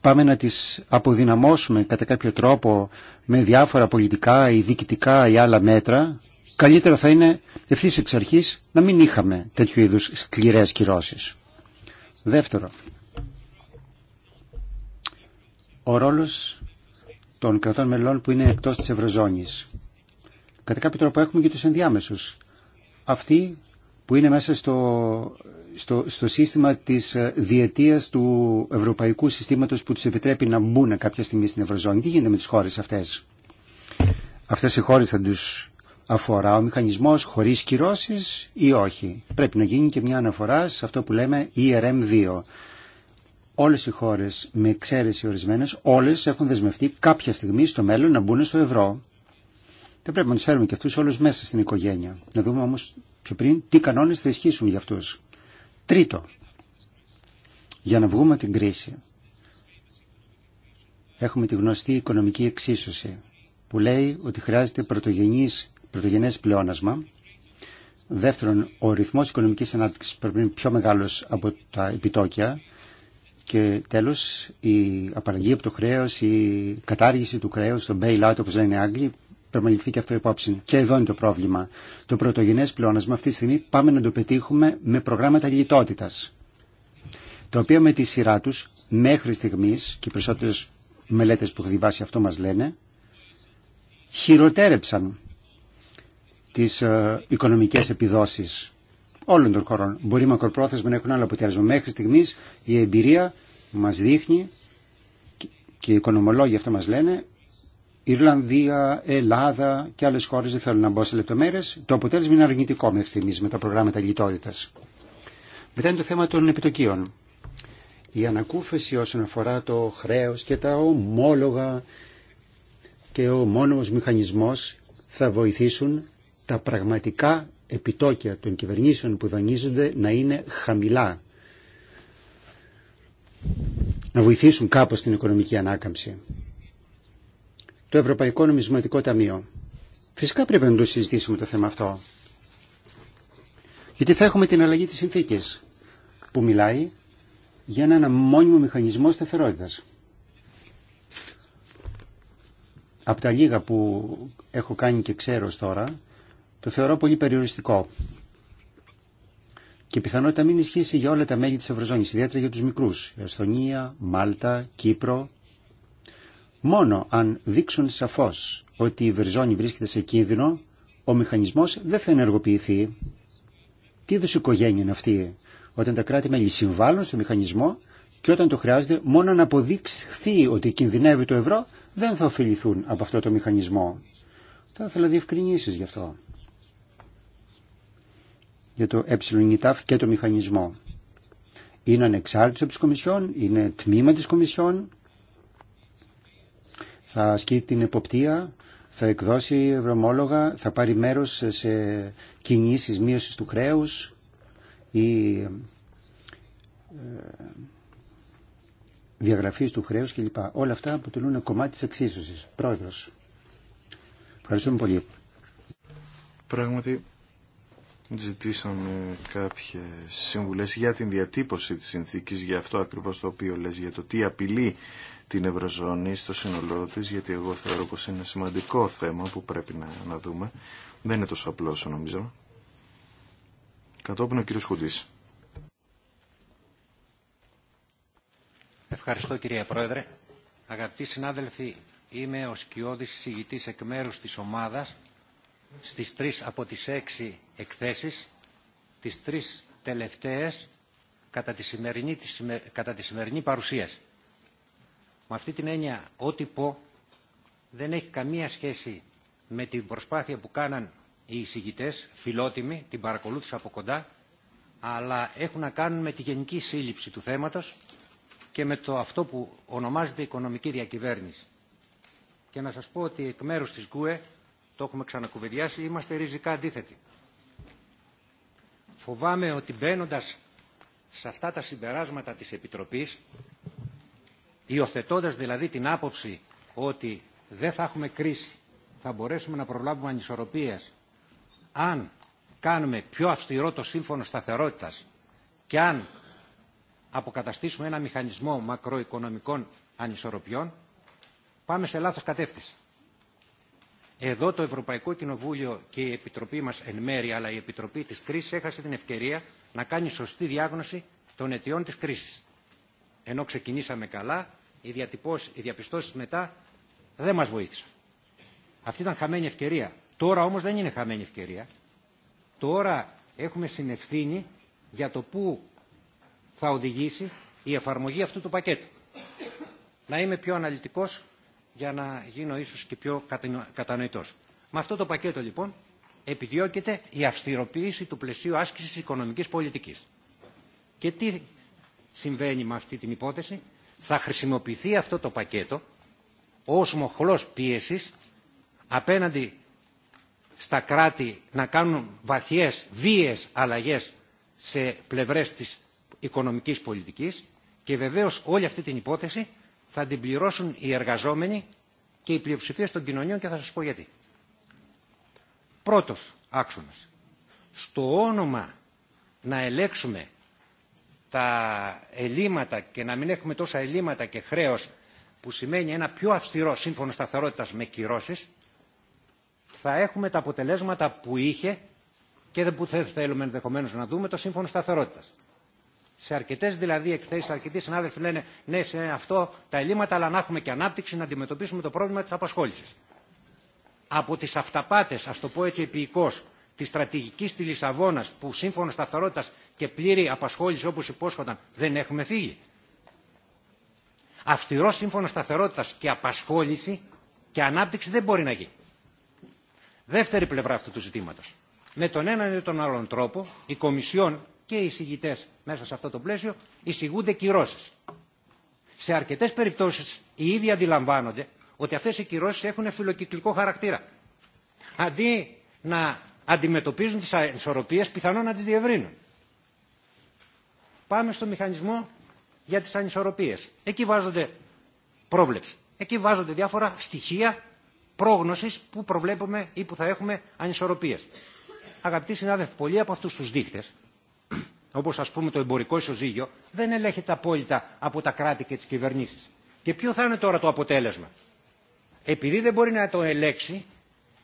πάμε να τις αποδυναμώσουμε κατά κάποιο τρόπο με διάφορα πολιτικά ή διοικητικά ή άλλα μέτρα, καλύτερο θα είναι ευθύ εξ αρχή να μην είχαμε τέτοιου είδου σκληρέ κυρώσει. Δεύτερο, ο ρόλο των κρατών μελών που είναι εκτό τη Ευρωζώνη. Κατά κάποιο τρόπο έχουμε και του ενδιάμεσου. Αυτοί που είναι μέσα στο, στο, στο σύστημα της ε, διετία του ευρωπαϊκού συστήματος που του επιτρέπει να μπουν κάποια στιγμή στην Ευρωζώνη. Τι γίνεται με τι χώρε αυτέ. Αυτέ οι χώρε θα του αφορά ο μηχανισμός χωρίς κυρώσεις ή όχι. Πρέπει να γίνει και μια αναφορά σε αυτό που λέμε ERM2. Όλες οι χώρες, με εξαίρεση ορισμένες, όλες έχουν δεσμευτεί κάποια στιγμή στο μέλλον να μπουν στο ευρώ. Δεν πρέπει να τους φέρουμε και αυτούς όλους μέσα στην οικογένεια. Να δούμε όμως πιο πριν τι κανόνες θα ισχύσουν για αυτούς. Τρίτο, για να βγούμε την κρίση. Έχουμε τη γνωστή οικονομική εξίσωση που λέει ότι χρειάζεται πρωτογενής Πρωτογενέ πλεόνασμα. Δεύτερον, ο ρυθμός οικονομική ανάπτυξη πρέπει να είναι πιο μεγάλο από τα επιτόκια. Και τέλο η απαλλαγή από το χρέο, η κατάργηση του χρέου, το bailout όπω λένε οι Άγγλοι, πρέπει να ληφθεί και αυτό υπόψη. Και εδώ είναι το πρόβλημα. Το πρωτογενέ πλεόνασμα αυτή τη στιγμή πάμε να το πετύχουμε με προγράμματα λιτότητα. Τα οποία με τη σειρά του μέχρι στιγμή και οι περισσότερε μελέτε που έχω διαβάσει αυτό μα λένε, χειροτέρεψαν τις ε, οικονομικέ επιδόσει όλων των χωρών. Μπορεί μακροπρόθεσμα να έχουν άλλο αποτέλεσμα. Μέχρι στιγμή η εμπειρία μα δείχνει και οι οικονομολόγοι αυτό μα λένε Ιρλανδία, Ελλάδα και άλλε χώρε δεν θέλουν να μπω σε λεπτομέρειε. το αποτέλεσμα είναι αρνητικό μέχρι στιγμή με τα προγράμματα λιτότητα. Μετά είναι το θέμα των επιτοκίων. Η ανακούφιση όσον αφορά το χρέο και τα ομόλογα και ο μόνιμο μηχανισμό θα βοηθήσουν τα πραγματικά επιτόκια των κυβερνήσεων που δανείζονται να είναι χαμηλά. Να βοηθήσουν κάπως την οικονομική ανάκαμψη. Το Ευρωπαϊκό Νομισματικό Ταμείο. Φυσικά πρέπει να το συζητήσουμε το θέμα αυτό. Γιατί θα έχουμε την αλλαγή της συνθήκης που μιλάει για έναν μόνιμο μηχανισμό σταθερότητας. Από τα λίγα που έχω κάνει και ξέρω τώρα, το θεωρώ πολύ περιοριστικό. Και πιθανότητα μην ισχύσει για όλα τα μέλη τη Ευρωζώνης, ιδιαίτερα για του μικρού. Εσθονία, Μάλτα, Κύπρο. Μόνο αν δείξουν σαφώ ότι η Ευρωζώνη βρίσκεται σε κίνδυνο, ο μηχανισμό δεν θα ενεργοποιηθεί. Τι είδου οικογένεια είναι αυτή, όταν τα κράτη-μέλη συμβάλλουν στο μηχανισμό και όταν το χρειάζεται, μόνο να αποδείξθει ότι κινδυνεύει το ευρώ, δεν θα ωφεληθούν από αυτό το μηχανισμό. Θα ήθελα διευκρινήσει γι' αυτό για το ΕΕ και το μηχανισμό. Είναι ανεξάρτητος από τις Κομισιόν, είναι τμήμα της Κομισιόν, θα ασκεί την εποπτεία, θα εκδώσει ευρωμόλογα, θα πάρει μέρος σε κινήσεις μείωσης του χρέους ή ε, διαγραφής του χρέους κλπ. Όλα αυτά αποτελούν κομμάτι της εξίσωσης. Πρόεδρος. Ευχαριστούμε πολύ. Πράγματι, Ζητήσαμε κάποιες συμβουλέ για την διατύπωση της συνθήκης, για αυτό ακριβώς το οποίο λε, για το τι απειλεί την Ευρωζώνη στο σύνολό τη, γιατί εγώ θεωρώ πω είναι σημαντικό θέμα που πρέπει να, να δούμε. Δεν είναι τόσο απλό όσο νομίζω. Κατόπιν ο κύριος Χουντή. Ευχαριστώ κύριε Πρόεδρε. Αγαπητοί συνάδελφοι, είμαι ο σκιώδης συγητή εκ μέρου τη ομάδα στις 3 από τις έξι εκθέσεις, τις τρεις τελευταίες κατά τη σημερινή, κατά τη σημερινή παρουσίαση. Με αυτή την έννοια, ό,τι πω δεν έχει καμία σχέση με την προσπάθεια που κάναν οι εισηγητές, φιλότιμοι, την παρακολούθησα από κοντά, αλλά έχουν να κάνουν με τη γενική σύλληψη του θέματος και με το αυτό που ονομάζεται οικονομική διακυβέρνηση. Και να σας πω ότι εκ μέρους της ΓΚΟΕ, το έχουμε ξανακουβεδιάσει, είμαστε ριζικά αντίθετοι. Φοβάμαι ότι μπαίνοντα σε αυτά τα συμπεράσματα της Επιτροπής, υιοθετώντα δηλαδή την άποψη ότι δεν θα έχουμε κρίση, θα μπορέσουμε να προλάβουμε ανισορροπίες, αν κάνουμε πιο αυστηρό το σύμφωνο σταθερότητας και αν αποκαταστήσουμε ένα μηχανισμό μακροοικονομικών ανισορροπιών, πάμε σε λάθος κατεύθυνση. Εδώ το Ευρωπαϊκό Κοινοβούλιο και η Επιτροπή μας εν μέρη, αλλά η Επιτροπή της κρίσης έχασε την ευκαιρία να κάνει σωστή διάγνωση των αιτιών της κρίσης. Ενώ ξεκινήσαμε καλά, οι, οι διαπιστώσεις μετά δεν μας βοήθησαν. Αυτή ήταν χαμένη ευκαιρία. Τώρα όμως δεν είναι χαμένη ευκαιρία. Τώρα έχουμε συνευθύνη για το πού θα οδηγήσει η εφαρμογή αυτού του πακέτου. Να είμαι πιο αναλυτικός για να γίνω ίσως και πιο κατανοητός. Με αυτό το πακέτο λοιπόν επιδιώκεται η αυστηροποίηση του πλαισίου άσκησης οικονομικής πολιτικής. Και τι συμβαίνει με αυτή την υπόθεση. Θα χρησιμοποιηθεί αυτό το πακέτο ως μοχλός πίεσης απέναντι στα κράτη να κάνουν βαθιές, βίαιες αλλαγές σε πλευρές της οικονομικής πολιτικής και βεβαίως όλη αυτή την υπόθεση θα την πληρώσουν οι εργαζόμενοι και η πλειοψηφία των κοινωνιών και θα σας πω γιατί. Πρώτος άξονας. Στο όνομα να ελέξουμε τα ελλείμματα και να μην έχουμε τόσα ελλείμματα και χρέος που σημαίνει ένα πιο αυστηρό σύμφωνο σταθερότητας με κυρώσεις θα έχουμε τα αποτελέσματα που είχε και που θέλουμε ενδεχομένω να δούμε το σύμφωνο σταθερότητας. Σε αρκετέ δηλαδή εκθέσει, αρκετοί συνάδελφοι λένε ναι σε αυτό τα ελλείμματα, αλλά να έχουμε και ανάπτυξη να αντιμετωπίσουμε το πρόβλημα τη απασχόληση. Από τι αυταπάτε, α το πω έτσι επίοικο, τη στρατηγική τη Λισαβόνα, που σύμφωνο σταθερότητα και πλήρη απασχόληση όπω υπόσχονταν, δεν έχουμε φύγει. Αυστηρό σύμφωνο σταθερότητα και απασχόληση και ανάπτυξη δεν μπορεί να γίνει. Δεύτερη πλευρά αυτού του ζητήματο. Με τον έναν ή τον άλλον τρόπο, η Κομισιόν και οι εισηγητέ μέσα σε αυτό το πλαίσιο εισηγούνται κυρώσει. Σε αρκετέ περιπτώσει οι ίδιοι αντιλαμβάνονται ότι αυτέ οι κυρώσει έχουν φιλοκυκλικό χαρακτήρα. Αντί να αντιμετωπίζουν τι ανισορροπίε, πιθανόν να τι διευρύνουν. Πάμε στο μηχανισμό για τι ανισορροπίε. Εκεί βάζονται πρόβλεψη. Εκεί βάζονται διάφορα στοιχεία πρόγνωση που προβλέπουμε ή που θα έχουμε ανισορροπίε. Αγαπητοί συνάδελφοι, πολλοί από αυτού του δείχτε όπως ας πούμε το εμπορικό ισοζύγιο, δεν ελέγχεται απόλυτα από τα κράτη και τις κυβερνήσεις. Και ποιο θα είναι τώρα το αποτέλεσμα. Επειδή δεν μπορεί να το ελέξει,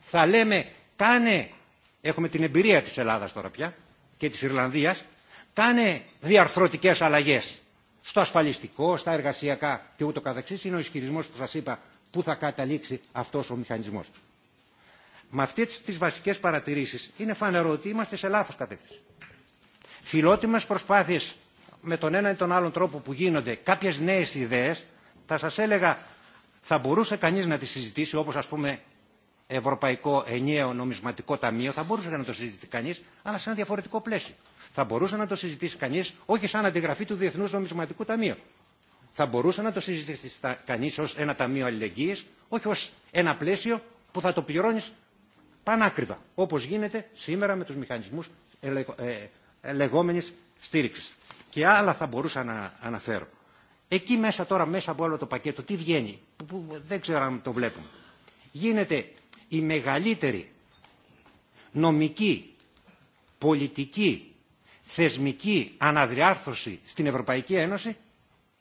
θα λέμε κάνε, έχουμε την εμπειρία της Ελλάδας τώρα πια και της Ιρλανδίας, κάνε διαρθρωτικές αλλαγές στο ασφαλιστικό, στα εργασιακά και ούτω καθεξής. Είναι ο ισχυρισμό που σας είπα που θα καταλήξει αυτός ο μηχανισμός. Με αυτές τις βασικές παρατηρήσεις είναι φανερό ότι είμαστε σε λάθος κατεύθυνση φιλότιμες προσπάθειες με τον ένα ή τον άλλον τρόπο που γίνονται, κάποιες νέες ιδέες, θα σας έλεγα θα μπορούσε κανείς να τις συζητήσει όπως ας πούμε Ευρωπαϊκό Ενιαίο Νομισματικό Ταμείο, θα μπορούσε να το συζητήσει κανείς, αλλά σε ένα διαφορετικό πλαίσιο. Θα μπορούσε να το συζητήσει κανείς όχι σαν αντιγραφή του Διεθνούς Νομισματικού Ταμείου. Θα μπορούσε να το συζητήσει κανείς ως ένα ταμείο αλληλεγγύη, όχι ω ένα πλαίσιο που θα το πληρώνει πανάκριβα, όπω γίνεται σήμερα με του μηχανισμού ε, ε, λεγόμενης στήριξης. Και άλλα θα μπορούσα να αναφέρω. Εκεί μέσα τώρα, μέσα από όλο το πακέτο, τι βγαίνει, που, δεν ξέρω αν το βλέπουμε. Γίνεται η μεγαλύτερη νομική, πολιτική, θεσμική αναδριάρθρωση στην Ευρωπαϊκή Ένωση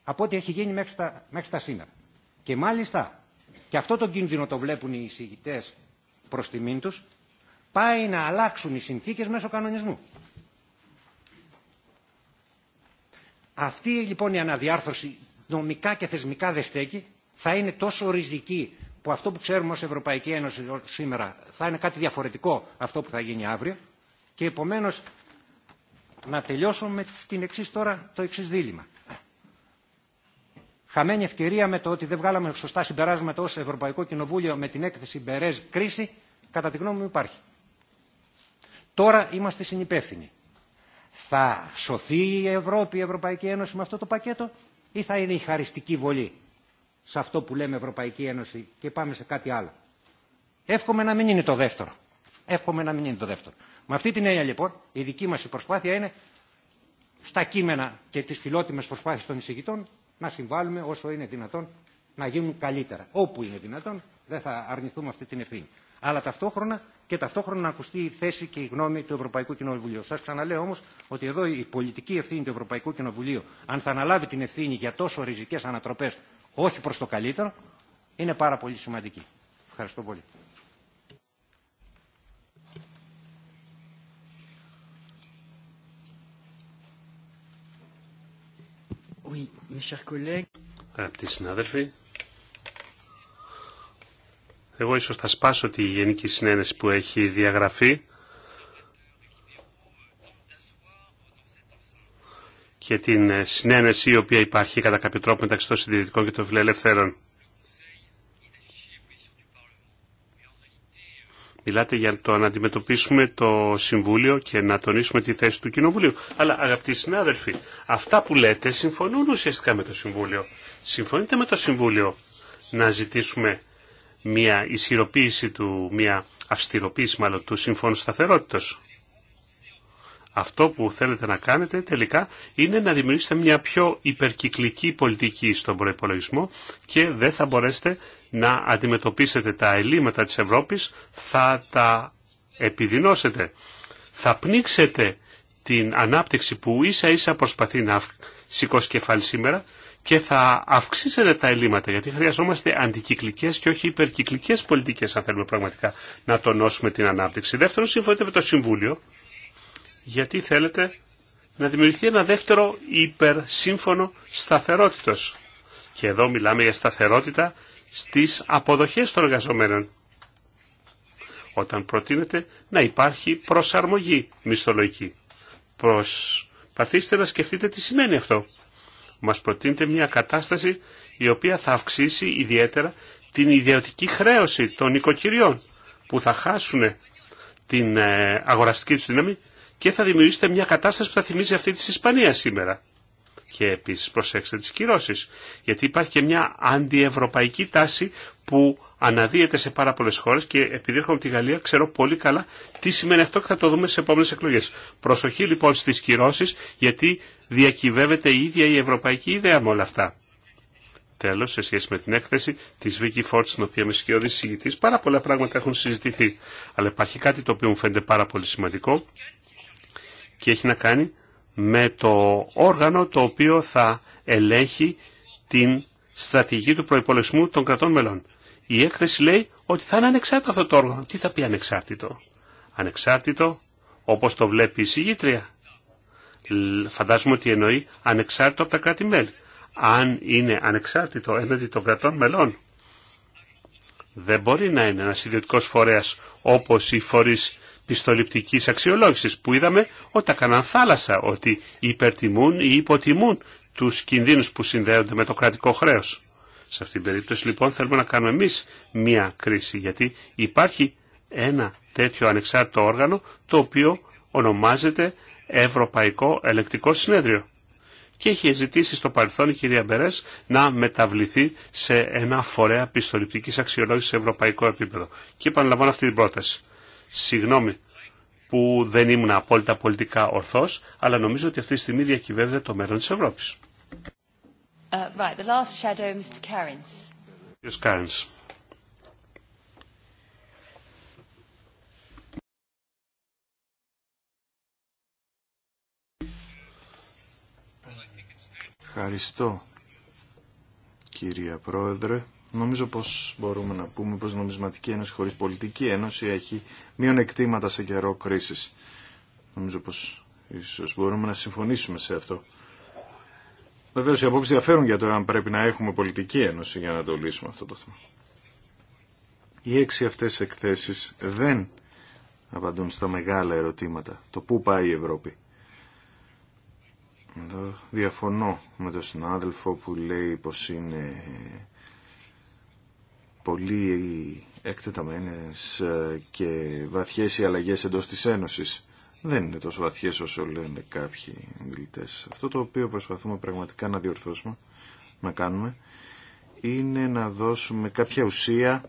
από ό,τι έχει γίνει μέχρι τα, μέχρι τα σήμερα. Και μάλιστα, και αυτό το κίνδυνο το βλέπουν οι εισηγητές προς τιμήν τους, πάει να αλλάξουν οι συνθήκες μέσω κανονισμού. Αυτή λοιπόν η αναδιάρθρωση νομικά και θεσμικά δεν στέκει. Θα είναι τόσο ριζική που αυτό που ξέρουμε ως Ευρωπαϊκή Ένωση σήμερα θα είναι κάτι διαφορετικό αυτό που θα γίνει αύριο. Και επομένως να τελειώσω με την εξής τώρα, το εξή δίλημα. Χαμένη ευκαιρία με το ότι δεν βγάλαμε σωστά συμπεράσματα ως Ευρωπαϊκό Κοινοβούλιο με την έκθεση Μπερέζ κρίση, κατά τη γνώμη μου υπάρχει. Τώρα είμαστε συνυπεύθυνοι. Θα σωθεί η Ευρώπη, η Ευρωπαϊκή Ένωση με αυτό το πακέτο ή θα είναι η χαριστική βολή σε αυτό που λέμε Ευρωπαϊκή Ένωση και πάμε σε κάτι άλλο. Εύχομαι να μην είναι το δεύτερο. Εύχομαι να μην είναι το δεύτερο. Με αυτή την έννοια λοιπόν η δική μας προσπάθεια είναι στα κείμενα και τις φιλότιμες προσπάθειες των εισηγητών να συμβάλλουμε όσο είναι δυνατόν να γίνουν καλύτερα. Όπου είναι δυνατόν δεν θα αρνηθούμε αυτή την ευθύνη αλλά ταυτόχρονα και ταυτόχρονα να ακουστεί η θέση και η γνώμη του Ευρωπαϊκού Κοινοβουλίου. Σα ξαναλέω όμω ότι εδώ η πολιτική ευθύνη του Ευρωπαϊκού Κοινοβουλίου, αν θα αναλάβει την ευθύνη για τόσο ριζικέ ανατροπέ, όχι προ το καλύτερο, είναι πάρα πολύ σημαντική. Ευχαριστώ πολύ. Oui, mes chers collègues. Εγώ ίσως θα σπάσω τη γενική συνένεση που έχει διαγραφεί και την ε, συνένεση η οποία υπάρχει κατά κάποιο τρόπο μεταξύ των συντηρητικών και των φιλελευθέρων. Μιλάτε για το να αντιμετωπίσουμε το Συμβούλιο και να τονίσουμε τη θέση του Κοινοβουλίου. Αλλά αγαπητοί συνάδελφοι, αυτά που λέτε συμφωνούν ουσιαστικά με το Συμβούλιο. Συμφωνείτε με το Συμβούλιο να ζητήσουμε μια ισχυροποίηση του, μια αυστηροποίηση μάλλον του Συμφώνου Σταθερότητας. Αυτό που θέλετε να κάνετε τελικά είναι να δημιουργήσετε μια πιο υπερκυκλική πολιτική στον προϋπολογισμό και δεν θα μπορέσετε να αντιμετωπίσετε τα ελλείμματα της Ευρώπης, θα τα επιδεινώσετε. Θα πνίξετε την ανάπτυξη που ίσα ίσα προσπαθεί να σηκώσει κεφάλι σήμερα και θα αυξήσετε τα ελλείμματα, γιατί χρειαζόμαστε αντικυκλικές και όχι υπερκυκλικές πολιτικές, αν θέλουμε πραγματικά να τονώσουμε την ανάπτυξη. Δεύτερον, συμφωνείτε με το Συμβούλιο, γιατί θέλετε να δημιουργηθεί ένα δεύτερο υπερσύμφωνο σταθερότητος. Και εδώ μιλάμε για σταθερότητα στις αποδοχές των εργαζομένων. Όταν προτείνεται να υπάρχει προσαρμογή μισθολογική. Προσπαθήστε να σκεφτείτε τι σημαίνει αυτό. Μας προτείνεται μια κατάσταση η οποία θα αυξήσει ιδιαίτερα την ιδιωτική χρέωση των οικοκυριών που θα χάσουν ε, την ε, αγοραστική του δύναμη και θα δημιουργήσετε μια κατάσταση που θα θυμίζει αυτή της Ισπανίας σήμερα. Και επίσης προσέξτε τις κυρώσεις, γιατί υπάρχει και μια αντιευρωπαϊκή τάση που αναδύεται σε πάρα πολλέ χώρε και επειδή έρχομαι από τη Γαλλία ξέρω πολύ καλά τι σημαίνει αυτό και θα το δούμε στι επόμενε εκλογέ. Προσοχή λοιπόν στι κυρώσει γιατί διακυβεύεται η ίδια η ευρωπαϊκή ιδέα με όλα αυτά. Τέλο, σε σχέση με την έκθεση τη Vicky Ford, στην οποία είμαι σκιώδη συγητή, πάρα πολλά πράγματα έχουν συζητηθεί. Αλλά υπάρχει κάτι το οποίο μου φαίνεται πάρα πολύ σημαντικό και έχει να κάνει με το όργανο το οποίο θα ελέγχει την στρατηγική του προπολογισμού των κρατών μελών. Η έκθεση λέει ότι θα είναι ανεξάρτητο αυτό το όργανο. Τι θα πει ανεξάρτητο. Ανεξάρτητο όπως το βλέπει η συγγήτρια. Φαντάζομαι ότι εννοεί ανεξάρτητο από τα κράτη-μέλη. Αν είναι ανεξάρτητο έναντι των κρατών μελών. Δεν μπορεί να είναι ένας ιδιωτικός φορέας όπως οι φορείς πιστοληπτικής αξιολόγησης που είδαμε ότι τα κάναν θάλασσα, ότι υπερτιμούν ή υποτιμούν τους κινδύνους που συνδέονται με το κρατικό χρέος. Σε αυτήν την περίπτωση λοιπόν θέλουμε να κάνουμε εμείς μία κρίση γιατί υπάρχει ένα τέτοιο ανεξάρτητο όργανο το οποίο ονομάζεται Ευρωπαϊκό Ελεκτικό Συνέδριο και έχει ζητήσει στο παρελθόν η κυρία Μπερέ να μεταβληθεί σε ένα φορέα πιστοληπτικής αξιολόγησης σε ευρωπαϊκό επίπεδο. Και επαναλαμβάνω αυτή την πρόταση. Συγγνώμη που δεν ήμουν απόλυτα πολιτικά ορθός αλλά νομίζω ότι αυτή τη στιγμή διακυβεύεται το μέλλον της Ευρώπη. Uh, Ευχαριστώ, κυρία Πρόεδρε. Νομίζω πως μπορούμε να πούμε πως νομισματική ένωση χωρίς πολιτική ένωση έχει μειονεκτήματα σε καιρό κρίσης. Νομίζω πως ίσως μπορούμε να συμφωνήσουμε σε αυτό. Βεβαίω οι απόψει διαφέρουν για το αν πρέπει να έχουμε πολιτική ένωση για να το λύσουμε αυτό το θέμα. Οι έξι αυτές εκθέσεις δεν απαντούν στα μεγάλα ερωτήματα. Το πού πάει η Ευρώπη. διαφωνώ με τον συνάδελφο που λέει πως είναι πολύ εκτεταμένες και βαθιές οι αλλαγές εντός της Ένωσης δεν είναι τόσο βαθίε όσο λένε κάποιοι μιλητέ. Αυτό το οποίο προσπαθούμε πραγματικά να διορθώσουμε, να κάνουμε, είναι να δώσουμε κάποια ουσία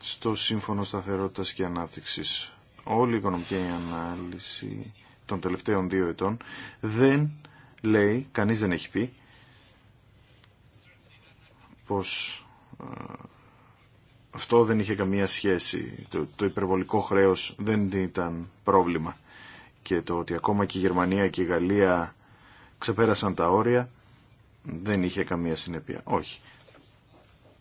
στο Σύμφωνο Σταθερότητας και Ανάπτυξης. Όλη η οικονομική ανάλυση των τελευταίων δύο ετών δεν λέει, κανείς δεν έχει πει, πως ε, αυτό δεν είχε καμία σχέση. Το, το υπερβολικό χρέος δεν ήταν πρόβλημα. Και το ότι ακόμα και η Γερμανία και η Γαλλία ξεπέρασαν τα όρια δεν είχε καμία συνέπεια. Όχι.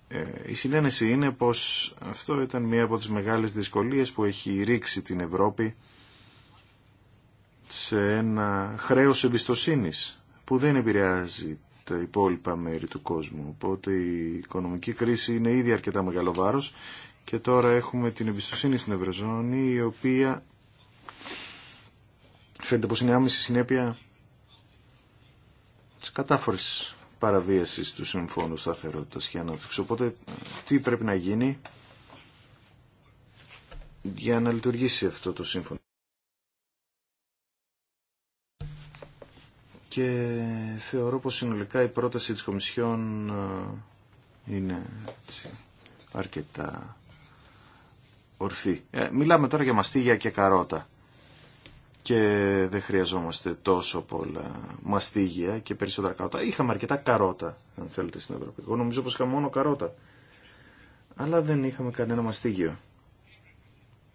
Ε, η συνένεση είναι πως αυτό ήταν μία από τις μεγάλες δυσκολίες που έχει ρίξει την Ευρώπη σε ένα χρέος εμπιστοσύνης που δεν επηρεάζει τα υπόλοιπα μέρη του κόσμου. Οπότε η οικονομική κρίση είναι ήδη αρκετά μεγάλο βάρος και τώρα έχουμε την εμπιστοσύνη στην Ευρωζώνη η οποία φαίνεται πως είναι άμεση συνέπεια της κατάφορης παραβίασης του Συμφώνου Σταθερότητας και Ανάπτυξης. Οπότε τι πρέπει να γίνει για να λειτουργήσει αυτό το σύμφωνο. και θεωρώ πως συνολικά η πρόταση της Κομισιόν ε, είναι αρκετά ορθή. Ε, μιλάμε τώρα για μαστίγια και καρότα και δεν χρειαζόμαστε τόσο πολλά μαστίγια και περισσότερα καρότα. Είχαμε αρκετά καρότα, αν θέλετε, στην Ευρώπη. Εγώ νομίζω πως είχαμε μόνο καρότα. Αλλά δεν είχαμε κανένα μαστίγιο.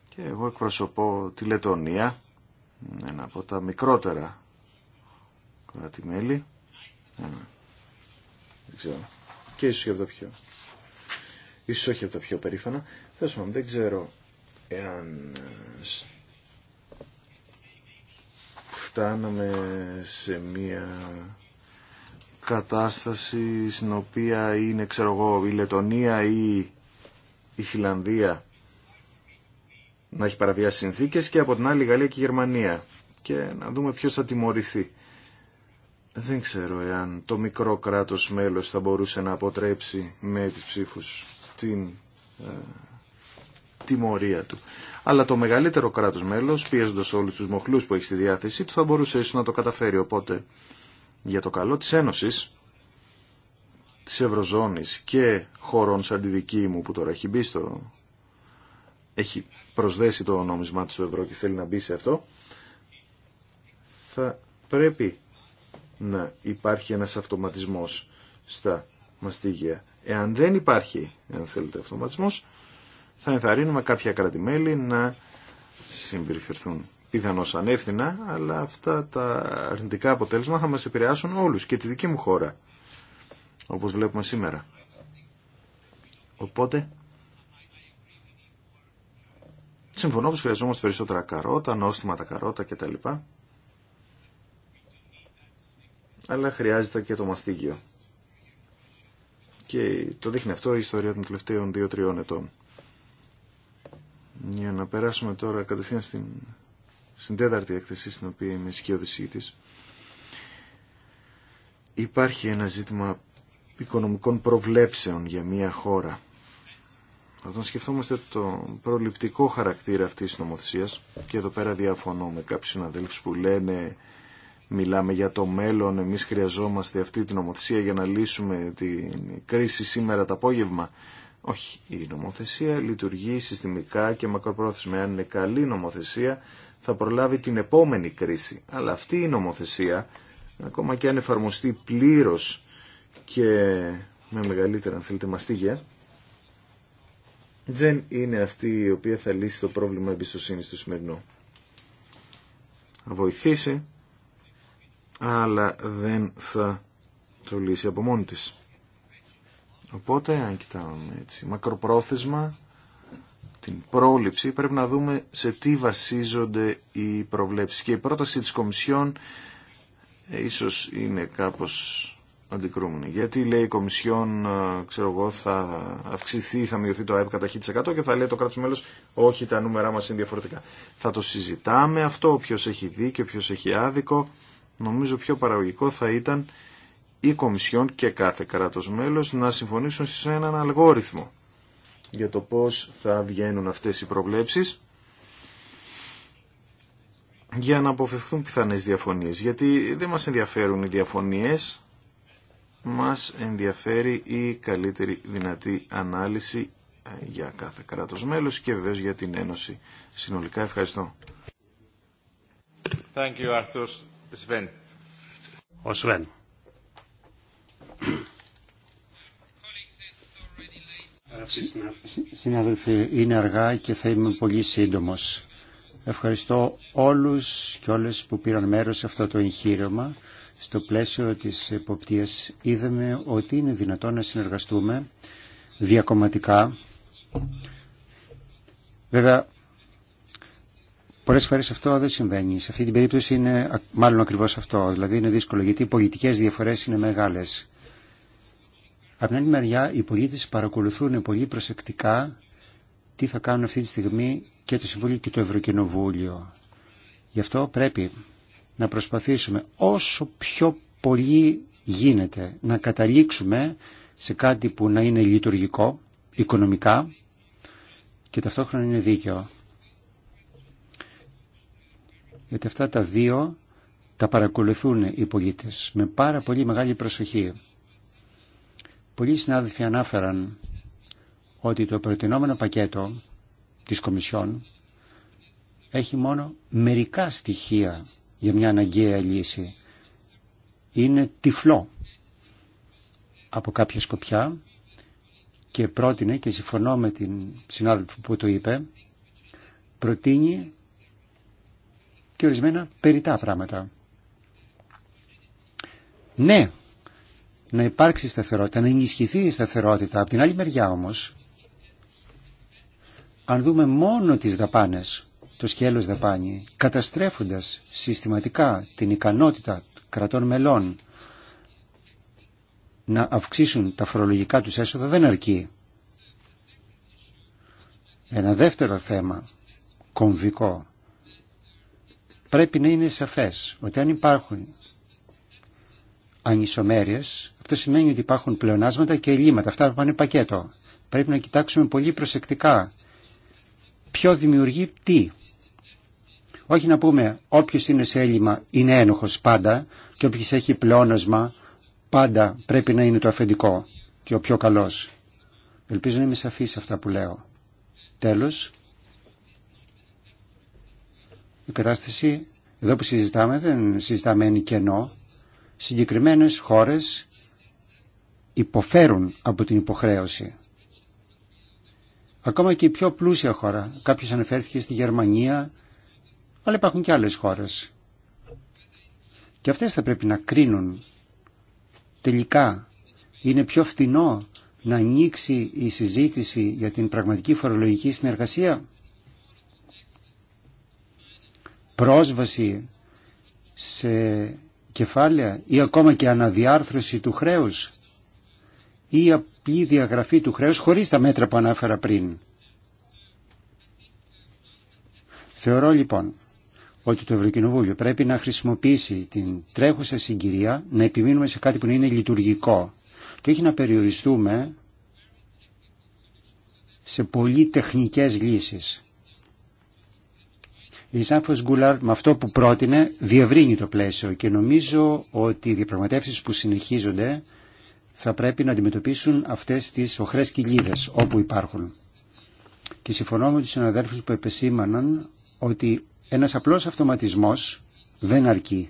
Και εγώ εκπροσωπώ τη Λετωνία, ένα από τα μικρότερα τη μελη ε, Δεν ξέρω. Και ίσως και από τα πιο. Ίσως όχι από τα πιο περήφανα. Θέλω δεν ξέρω εάν ε, φτάναμε σε μία κατάσταση στην οποία είναι ξέρω η Λετωνία ή η Φιλανδία να έχει παραβιάσει συνθήκες και από την άλλη η Γαλλία και η Γερμανία και να δούμε ποιος θα τιμωρηθεί. Δεν ξέρω εάν το μικρό κράτος μέλος θα μπορούσε να αποτρέψει με τις ψήφους την ε, τιμωρία του. Αλλά το μεγαλύτερο κράτος μέλος, πιέζοντας όλους τους μοχλούς που έχει στη διάθεσή του, θα μπορούσε ίσως να το καταφέρει. Οπότε, για το καλό της Ένωσης, της Ευρωζώνης και χωρών σαν τη δική μου που τώρα έχει μπει στο... έχει προσδέσει το νόμισμά του ευρώ και θέλει να μπει σε αυτό, θα πρέπει να υπάρχει ένας αυτοματισμός στα μαστίγια. Εάν δεν υπάρχει, αν θέλετε, αυτοματισμός, θα ενθαρρύνουμε κάποια κρατημέλη να συμπεριφερθούν πιθανώς ανεύθυνα, αλλά αυτά τα αρνητικά αποτέλεσμα θα μας επηρεάσουν όλους και τη δική μου χώρα, όπως βλέπουμε σήμερα. Οπότε, συμφωνώ πως χρειαζόμαστε περισσότερα καρότα, νόστιμα τα καρότα κτλ αλλά χρειάζεται και το μαστίγιο. Και το δείχνει αυτό η ιστορία των τελευταιων δυο δύο-τριών ετών. Για να περάσουμε τώρα κατευθείαν στην, στην τέταρτη έκθεση, στην οποία είμαι σκιώδης Υπάρχει ένα ζήτημα οικονομικών προβλέψεων για μια χώρα. Όταν σκεφτόμαστε το προληπτικό χαρακτήρα αυτής της νομοθεσίας, και εδώ πέρα διαφωνώ με κάποιους συναδέλφους που λένε μιλάμε για το μέλλον, εμείς χρειαζόμαστε αυτή την νομοθεσία για να λύσουμε την κρίση σήμερα το απόγευμα. Όχι, η νομοθεσία λειτουργεί συστημικά και μακροπρόθεσμα. Αν είναι καλή νομοθεσία θα προλάβει την επόμενη κρίση. Αλλά αυτή η νομοθεσία, ακόμα και αν εφαρμοστεί πλήρως και με μεγαλύτερα αν θέλετε μαστίγια, δεν είναι αυτή η οποία θα λύσει το πρόβλημα εμπιστοσύνη του σημερινού. Θα βοηθήσει αλλά δεν θα το λύσει από μόνη της. Οπότε, αν κοιτάμε έτσι, μακροπρόθεσμα, την πρόληψη, πρέπει να δούμε σε τι βασίζονται οι προβλέψεις. Και η πρόταση της Κομισιόν ε, ίσως είναι κάπως αντικρούμενη. Γιατί λέει η Κομισιόν, ε, ξέρω εγώ, θα αυξηθεί, θα μειωθεί το ΑΕΠ κατά 100% και θα λέει το κράτος μέλος, όχι τα νούμερά μας είναι διαφορετικά. Θα το συζητάμε αυτό, ποιο έχει δίκιο, ποιο έχει άδικο Νομίζω πιο παραγωγικό θα ήταν η Κομισιόν και κάθε κράτος μέλος να συμφωνήσουν σε έναν αλγόριθμο για το πώς θα βγαίνουν αυτές οι προβλέψεις για να αποφευχθούν πιθανές διαφωνίες. Γιατί δεν μας ενδιαφέρουν οι διαφωνίες, μας ενδιαφέρει η καλύτερη δυνατή ανάλυση ε, για κάθε κράτος μέλος και βεβαίως για την Ένωση. Συνολικά ευχαριστώ. Thank you, Σβέν. Ο Συνάδελφοι, είναι αργά και θα είμαι πολύ σύντομος. Ευχαριστώ όλους και όλες που πήραν μέρος σε αυτό το εγχείρημα. Στο πλαίσιο της εποπτείας είδαμε ότι είναι δυνατόν να συνεργαστούμε διακομματικά. Βέβαια, Πολλέ φορέ αυτό δεν συμβαίνει. Σε αυτή την περίπτωση είναι μάλλον ακριβώς αυτό. Δηλαδή είναι δύσκολο γιατί οι πολιτικές διαφορές είναι μεγάλες. Από την άλλη μεριά οι πολίτε παρακολουθούν πολύ προσεκτικά τι θα κάνουν αυτή τη στιγμή και το Συμβούλιο και το Ευρωκοινοβούλιο. Γι' αυτό πρέπει να προσπαθήσουμε όσο πιο πολύ γίνεται να καταλήξουμε σε κάτι που να είναι λειτουργικό, οικονομικά και ταυτόχρονα είναι δίκαιο γιατί αυτά τα δύο τα παρακολουθούν οι πολίτες με πάρα πολύ μεγάλη προσοχή. Πολλοί συνάδελφοι ανάφεραν ότι το προτινόμενο πακέτο της Κομισιόν έχει μόνο μερικά στοιχεία για μια αναγκαία λύση. Είναι τυφλό από κάποια σκοπιά και πρότεινε και συμφωνώ με την συνάδελφο που το είπε προτείνει και ορισμένα περιτά πράγματα. Ναι, να υπάρξει σταθερότητα, να ενισχυθεί η σταθερότητα. Από την άλλη μεριά όμως, αν δούμε μόνο τις δαπάνες, το σκέλος δαπάνη, καταστρέφοντας συστηματικά την ικανότητα κρατών μελών να αυξήσουν τα φορολογικά τους έσοδα δεν αρκεί. Ένα δεύτερο θέμα, κομβικό, πρέπει να είναι σαφές ότι αν υπάρχουν ανισομέρειες, αυτό σημαίνει ότι υπάρχουν πλεονάσματα και ελλείμματα. Αυτά πάνε πακέτο. Πρέπει να κοιτάξουμε πολύ προσεκτικά ποιο δημιουργεί τι. Όχι να πούμε όποιο είναι σε έλλειμμα είναι ένοχος πάντα και όποιο έχει πλεόνασμα πάντα πρέπει να είναι το αφεντικό και ο πιο καλός. Ελπίζω να είμαι σαφής σε αυτά που λέω. Τέλος, η κατάσταση εδώ που συζητάμε δεν συζητάμε εν κενό. Συγκεκριμένες χώρες υποφέρουν από την υποχρέωση. Ακόμα και η πιο πλούσια χώρα. Κάποιος αναφέρθηκε στη Γερμανία, αλλά υπάρχουν και άλλες χώρες. Και αυτές θα πρέπει να κρίνουν. Τελικά είναι πιο φθηνό να ανοίξει η συζήτηση για την πραγματική φορολογική συνεργασία πρόσβαση σε κεφάλαια ή ακόμα και αναδιάρθρωση του χρέους ή απλή διαγραφή του χρέους χωρίς τα μέτρα που ανάφερα πριν. Θεωρώ λοιπόν ότι το Ευρωκοινοβούλιο πρέπει να χρησιμοποιήσει την τρέχουσα συγκυρία να επιμείνουμε σε κάτι που είναι λειτουργικό και όχι να περιοριστούμε σε πολύ τεχνικές λύσεις η Σάμφος Γκούλαρ με αυτό που πρότεινε διευρύνει το πλαίσιο και νομίζω ότι οι διαπραγματεύσεις που συνεχίζονται θα πρέπει να αντιμετωπίσουν αυτές τις οχρές κοιλίδες όπου υπάρχουν. Και συμφωνώ με τους συναδέλφους που επεσήμαναν ότι ένας απλός αυτοματισμός δεν αρκεί.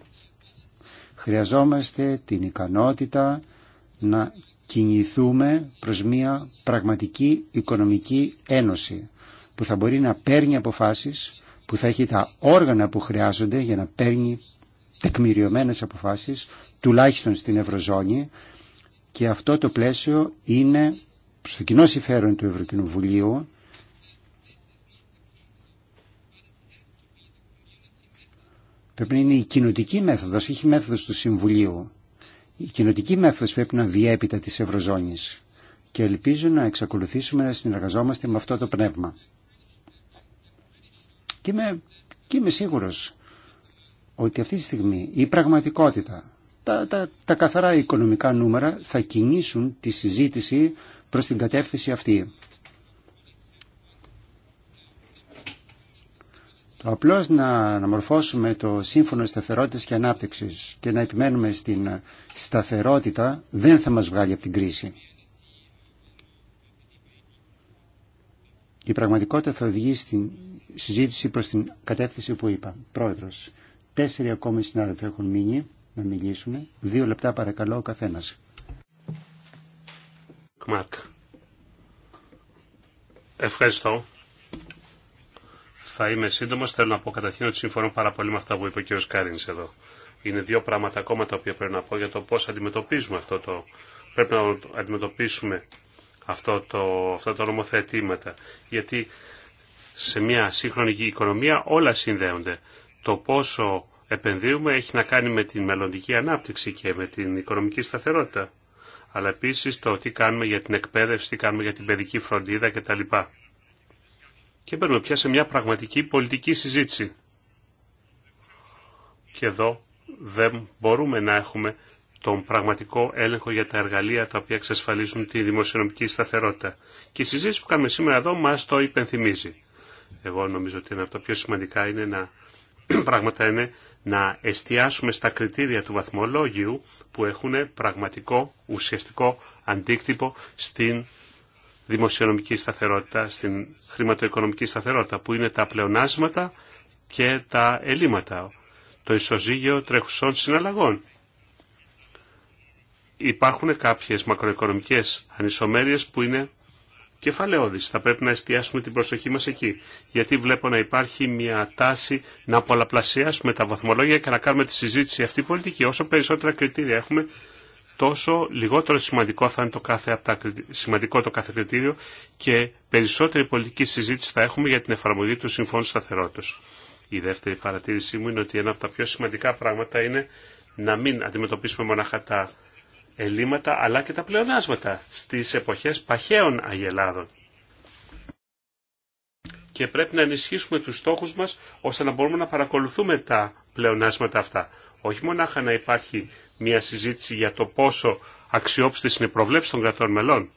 Χρειαζόμαστε την ικανότητα να κινηθούμε προς μια πραγματική οικονομική ένωση που θα μπορεί να παίρνει αποφάσεις που θα έχει τα όργανα που χρειάζονται για να παίρνει τεκμηριωμένες αποφάσεις, τουλάχιστον στην Ευρωζώνη, και αυτό το πλαίσιο είναι στο κοινό συμφέρον του Ευρωκοινοβουλίου πρέπει να είναι η κοινοτική μέθοδος, όχι η μέθοδος του Συμβουλίου. Η κοινοτική μέθοδος πρέπει να διέπειτα τα της Ευρωζώνης και ελπίζω να εξακολουθήσουμε να συνεργαζόμαστε με αυτό το πνεύμα. Και είμαι, και σίγουρος ότι αυτή τη στιγμή η πραγματικότητα, τα, τα, τα καθαρά οικονομικά νούμερα θα κινήσουν τη συζήτηση προς την κατεύθυνση αυτή. Το απλώς να αναμορφώσουμε το σύμφωνο σταθερότητας και ανάπτυξης και να επιμένουμε στην σταθερότητα δεν θα μας βγάλει από την κρίση. Η πραγματικότητα θα οδηγεί στην συζήτηση προς την κατεύθυνση που είπα. Πρόεδρος, τέσσερι ακόμη συνάδελφοι έχουν μείνει να μιλήσουμε. Δύο λεπτά παρακαλώ ο καθένας. Mark. Ευχαριστώ. Θα είμαι σύντομος. Θέλω να πω καταρχήν ότι συμφωνώ πάρα πολύ με αυτά που είπε ο κ. Κάρινς εδώ. Είναι δύο πράγματα ακόμα τα οποία πρέπει να πω για το πώς αντιμετωπίζουμε αυτό το. Πρέπει να αντιμετωπίσουμε αυτό το, αυτά τα νομοθετήματα. Γιατί σε μια σύγχρονη οικονομία όλα συνδέονται. Το πόσο επενδύουμε έχει να κάνει με την μελλοντική ανάπτυξη και με την οικονομική σταθερότητα. Αλλά επίσης το τι κάνουμε για την εκπαίδευση, τι κάνουμε για την παιδική φροντίδα κτλ. Και μπαίνουμε πια σε μια πραγματική πολιτική συζήτηση. Και εδώ δεν μπορούμε να έχουμε τον πραγματικό έλεγχο για τα εργαλεία τα οποία εξασφαλίζουν τη δημοσιονομική σταθερότητα. Και η συζήτηση που κάνουμε σήμερα εδώ μας το υπενθυμίζει. Εγώ νομίζω ότι ένα από τα πιο σημαντικά είναι να, πράγματα είναι να εστιάσουμε στα κριτήρια του βαθμολόγιου που έχουν πραγματικό ουσιαστικό αντίκτυπο στην δημοσιονομική σταθερότητα, στην χρηματοοικονομική σταθερότητα, που είναι τα πλεονάσματα και τα ελλείμματα, το ισοζύγιο τρέχουσών συναλλαγών. Υπάρχουν κάποιες μακροοικονομικές ανισομέρειες που είναι Κεφαλαιόδηση. Θα πρέπει να εστιάσουμε την προσοχή μας εκεί. Γιατί βλέπω να υπάρχει μια τάση να πολλαπλασιάσουμε τα βαθμολόγια και να κάνουμε τη συζήτηση αυτή πολιτική. Όσο περισσότερα κριτήρια έχουμε, τόσο λιγότερο σημαντικό θα είναι το κάθε, από τα, σημαντικό το κάθε κριτήριο και περισσότερη πολιτική συζήτηση θα έχουμε για την εφαρμογή του Συμφώνου Σταθερότητας. Η δεύτερη παρατήρησή μου είναι ότι ένα από τα πιο σημαντικά πράγματα είναι να μην αντιμετωπίσουμε μονάχα τα ελίματα αλλά και τα πλεονάσματα στις εποχές παχαίων αγελάδων. Και πρέπει να ενισχύσουμε τους στόχους μας ώστε να μπορούμε να παρακολουθούμε τα πλεονάσματα αυτά. Όχι μονάχα να υπάρχει μια συζήτηση για το πόσο αξιόπιστη είναι η προβλέψεις των κρατών μελών.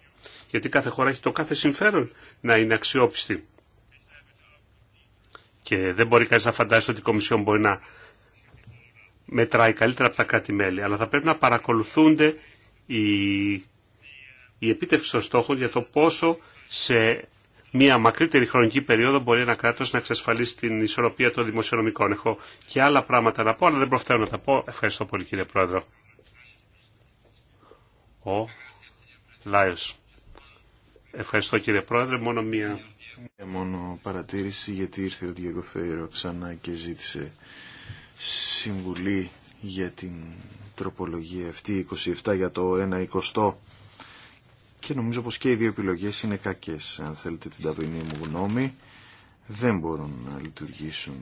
Γιατί κάθε χώρα έχει το κάθε συμφέρον να είναι αξιόπιστη. Και δεν μπορεί κανείς να φαντάσει ότι η Κομισιόν μπορεί να μετράει καλύτερα από τα κράτη-μέλη, αλλά θα πρέπει να παρακολουθούνται οι η επίτευξη των στόχων για το πόσο σε μια μακρύτερη χρονική περίοδο μπορεί ένα κράτο να εξασφαλίσει την ισορροπία των δημοσιονομικών. Έχω και άλλα πράγματα να πω, αλλά δεν προφέρω να τα πω. Ευχαριστώ πολύ, κύριε Πρόεδρο. Ο Λάιος. Ευχαριστώ, κύριε Πρόεδρε. Μόνο μία. μόνο παρατήρηση, γιατί ήρθε ο ξανά και ζήτησε συμβουλή για την τροπολογία αυτή, 27 για το 1 20 και νομίζω πως και οι δύο επιλογές είναι κακές. Αν θέλετε την ταπεινή μου γνώμη, δεν μπορούν να λειτουργήσουν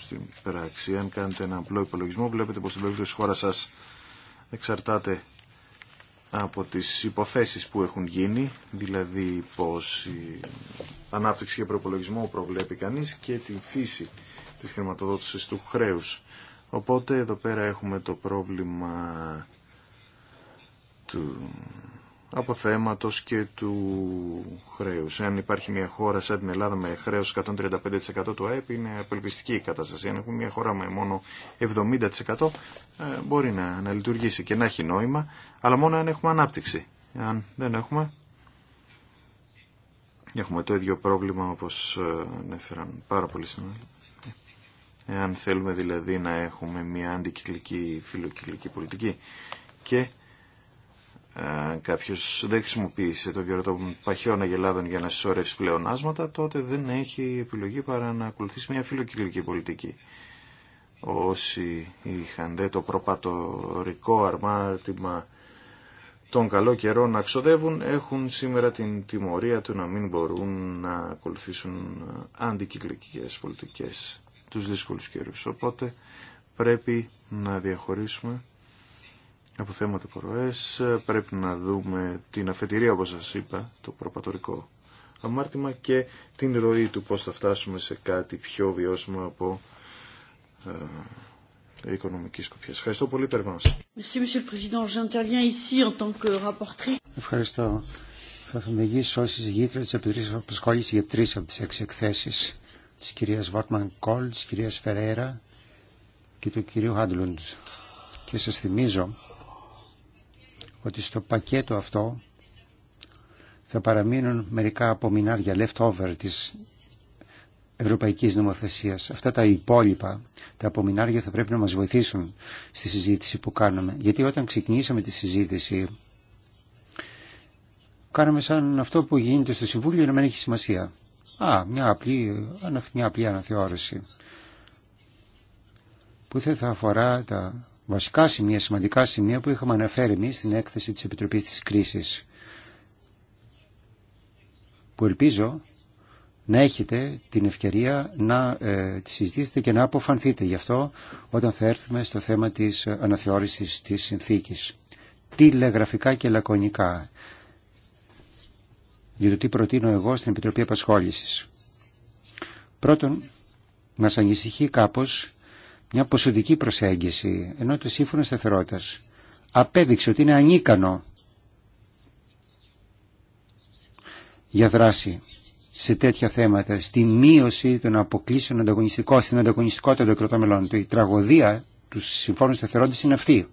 στην πράξη. Αν κάνετε ένα απλό υπολογισμό, βλέπετε πως στην περίπτωση της χώρας σας εξαρτάται από τις υποθέσεις που έχουν γίνει, δηλαδή πως η ανάπτυξη και προπολογισμό προβλέπει κανείς και την φύση της χρηματοδότησης του χρέους. Οπότε εδώ πέρα έχουμε το πρόβλημα του αποθέματος και του χρέους. Αν υπάρχει μια χώρα σαν την Ελλάδα με χρέος 135% του ΑΕΠ είναι απελπιστική η κατάσταση. Αν έχουμε μια χώρα με μόνο 70% ε, μπορεί να, να λειτουργήσει και να έχει νόημα, αλλά μόνο αν έχουμε ανάπτυξη. Αν δεν έχουμε, έχουμε το ίδιο πρόβλημα όπως ε, ανέφεραν πάρα πολύ συνάδελφοι εάν θέλουμε δηλαδή να έχουμε μια αντικυκλική φιλοκυκλική πολιτική και κάποιο ε, κάποιος δεν χρησιμοποίησε τον καιρό των παχιών αγελάδων για να συσσωρεύσει πλεονάσματα, τότε δεν έχει επιλογή παρά να ακολουθήσει μια φιλοκυκλική πολιτική. Όσοι είχαν δε το προπατορικό αρμάρτημα τον καλό καιρό να ξοδεύουν, έχουν σήμερα την τιμωρία του να μην μπορούν να ακολουθήσουν αντικυκλικές πολιτικές τους δύσκολους καιρούς. Οπότε πρέπει να διαχωρίσουμε από θέματα προές, πρέπει να δούμε την αφετηρία όπως σας είπα, το προπατορικό αμάρτημα και την ροή του πώς θα φτάσουμε σε κάτι πιο βιώσιμο από ε, οικονομική σκοπιά. Ευχαριστώ πολύ, σας. Ευχαριστώ. Θα θεμεγήσω όσες εισηγήτρια της Επιτροπής Απασχόλησης για τρεις από τις έξι εκθέσεις της κυρίας Βόρτμαν Κόλ, της κυρίας Φερέρα και του κυρίου Χάντλουντ. Και σας θυμίζω ότι στο πακέτο αυτό θα παραμείνουν μερικά απομεινάρια leftover της ευρωπαϊκής νομοθεσίας. Αυτά τα υπόλοιπα, τα απομεινάρια θα πρέπει να μας βοηθήσουν στη συζήτηση που κάνουμε. Γιατί όταν ξεκινήσαμε τη συζήτηση κάναμε σαν αυτό που γίνεται στο Συμβούλιο να μην έχει σημασία. Α, μια απλή, μια απλή αναθεώρηση που θα αφορά τα βασικά σημεία, σημαντικά σημεία που είχαμε αναφέρει εμείς στην έκθεση της Επιτροπής της Κρίσης που ελπίζω να έχετε την ευκαιρία να ε, συζητήσετε και να αποφανθείτε γι' αυτό όταν θα έρθουμε στο θέμα της αναθεώρησης της συνθήκης. Τηλεγραφικά και λακωνικά για το τι προτείνω εγώ στην Επιτροπή Απασχόλησης. Πρώτον, μας ανησυχεί κάπως μια ποσοτική προσέγγιση, ενώ το σύμφωνο σταθερότητα απέδειξε ότι είναι ανίκανο για δράση σε τέτοια θέματα, στη μείωση των αποκλήσεων ανταγωνιστικών, στην ανταγωνιστικότητα των κρατών μελών. Η τραγωδία του Συμφώνου Σταθερότητας είναι αυτή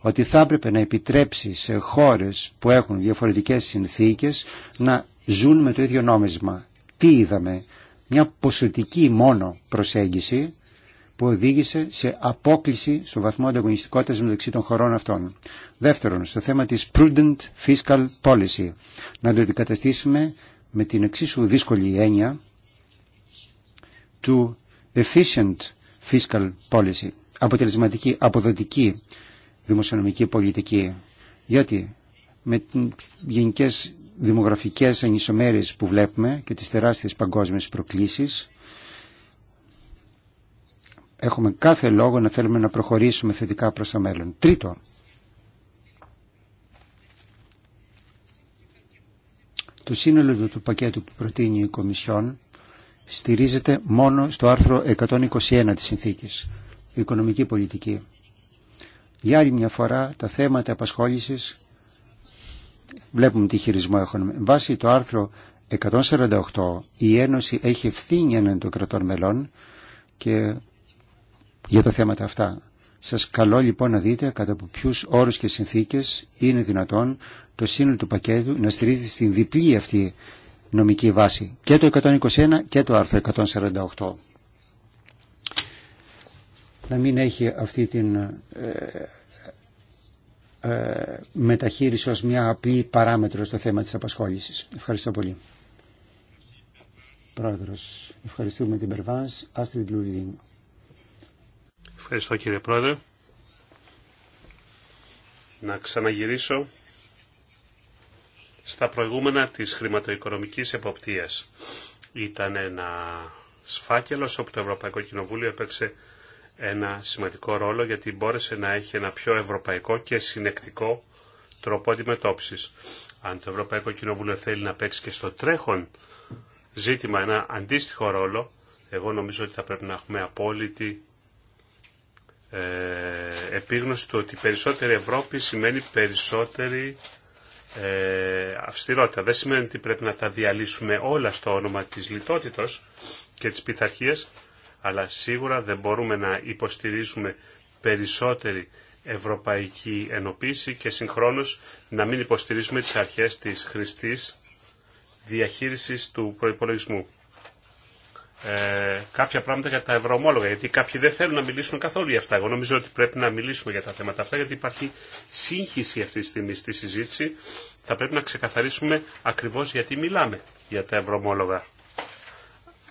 ότι θα έπρεπε να επιτρέψει σε χώρες που έχουν διαφορετικές συνθήκες να ζουν με το ίδιο νόμισμα. Τι είδαμε, μια ποσοτική μόνο προσέγγιση που οδήγησε σε απόκληση στο βαθμό ανταγωνιστικότητα μεταξύ των χωρών αυτών. Δεύτερον, στο θέμα της prudent fiscal policy, να το αντικαταστήσουμε με την εξίσου δύσκολη έννοια του efficient fiscal policy, αποτελεσματική, αποδοτική δημοσιονομική πολιτική. Γιατί με τις γενικές δημογραφικές ανισομέρειες που βλέπουμε και τις τεράστιες παγκόσμιες προκλήσεις έχουμε κάθε λόγο να θέλουμε να προχωρήσουμε θετικά προς το μέλλον. Τρίτο, το σύνολο του πακέτου που προτείνει η Κομισιόν στηρίζεται μόνο στο άρθρο 121 της Συνθήκης, η οικονομική πολιτική. Για άλλη μια φορά τα θέματα απασχόλησης βλέπουμε τι χειρισμό έχουν. Βάσει το άρθρο 148 η Ένωση έχει ευθύνη έναν των κρατών μελών και για τα θέματα αυτά. Σας καλώ λοιπόν να δείτε κατά ποιους όρους και συνθήκες είναι δυνατόν το σύνολο του πακέτου να στηρίζει στην διπλή αυτή νομική βάση και το 121 και το άρθρο 148 να μην έχει αυτή την ε, ε, μεταχείριση ως μια απλή παράμετρο στο θέμα της απασχόλησης. Ευχαριστώ πολύ. Πρόεδρος, ευχαριστούμε την Περβάνς. Άστριντ Ευχαριστώ κύριε Πρόεδρε. Να ξαναγυρίσω στα προηγούμενα της χρηματοοικονομικής εποπτείας. Ήταν ένα σφάκελος όπου το Ευρωπαϊκό Κοινοβούλιο έπαιξε ένα σημαντικό ρόλο γιατί μπόρεσε να έχει ένα πιο ευρωπαϊκό και συνεκτικό τρόπο αντιμετώπιση. Αν το Ευρωπαϊκό Κοινοβούλιο θέλει να παίξει και στο τρέχον ζήτημα ένα αντίστοιχο ρόλο, εγώ νομίζω ότι θα πρέπει να έχουμε απόλυτη ε, επίγνωση του ότι περισσότερη Ευρώπη σημαίνει περισσότερη ε, αυστηρότητα. Δεν σημαίνει ότι πρέπει να τα διαλύσουμε όλα στο όνομα της λιτότητος και της πειθαρχίας, αλλά σίγουρα δεν μπορούμε να υποστηρίζουμε περισσότερη ευρωπαϊκή ενοποίηση και συγχρόνως να μην υποστηρίζουμε τις αρχές της χρηστής διαχείρισης του προϋπολογισμού. Ε, κάποια πράγματα για τα ευρωομόλογα, γιατί κάποιοι δεν θέλουν να μιλήσουν καθόλου για αυτά. Εγώ νομίζω ότι πρέπει να μιλήσουμε για τα θέματα αυτά, γιατί υπάρχει σύγχυση αυτή τη στιγμή στη συζήτηση. Θα πρέπει να ξεκαθαρίσουμε ακριβώς γιατί μιλάμε για τα ευρωομόλογα.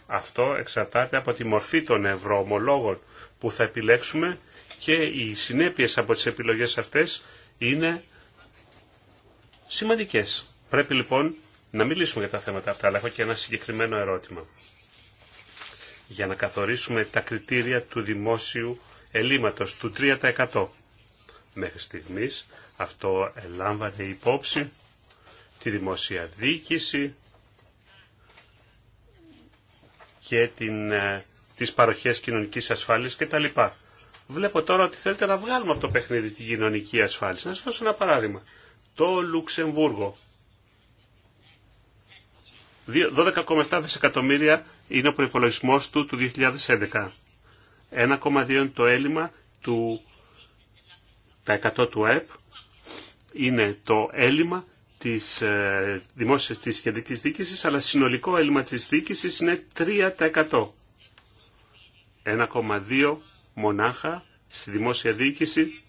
Αυτό εξαρτάται από τη μορφή των ευρωομολόγων που θα επιλέξουμε και οι συνέπειες από τις επιλογές αυτές είναι σημαντικές. Πρέπει λοιπόν να μιλήσουμε για τα θέματα αυτά, αλλά έχω και ένα συγκεκριμένο ερώτημα. Για να καθορίσουμε τα κριτήρια του δημόσιου ελλείμματος του 3% μέχρι στιγμής, αυτό ελάμβανε υπόψη τη δημοσία διοίκηση, και την, ε, τις παροχές κοινωνικής ασφάλειας λοιπά. Βλέπω τώρα ότι θέλετε να βγάλουμε από το παιχνίδι την κοινωνική ασφάλιση. Να σας δώσω ένα παράδειγμα. Το Λουξεμβούργο. 12,7 δισεκατομμύρια είναι ο προπολογισμό του του 2011. 1,2 είναι το έλλειμμα του τα 100 του ΑΕΠ είναι το έλλειμμα της ε, δημόσιας της κεντρικής αλλά συνολικό έλλειμμα της διοίκησης είναι 3%. 1,2 μονάχα στη δημόσια διοίκηση,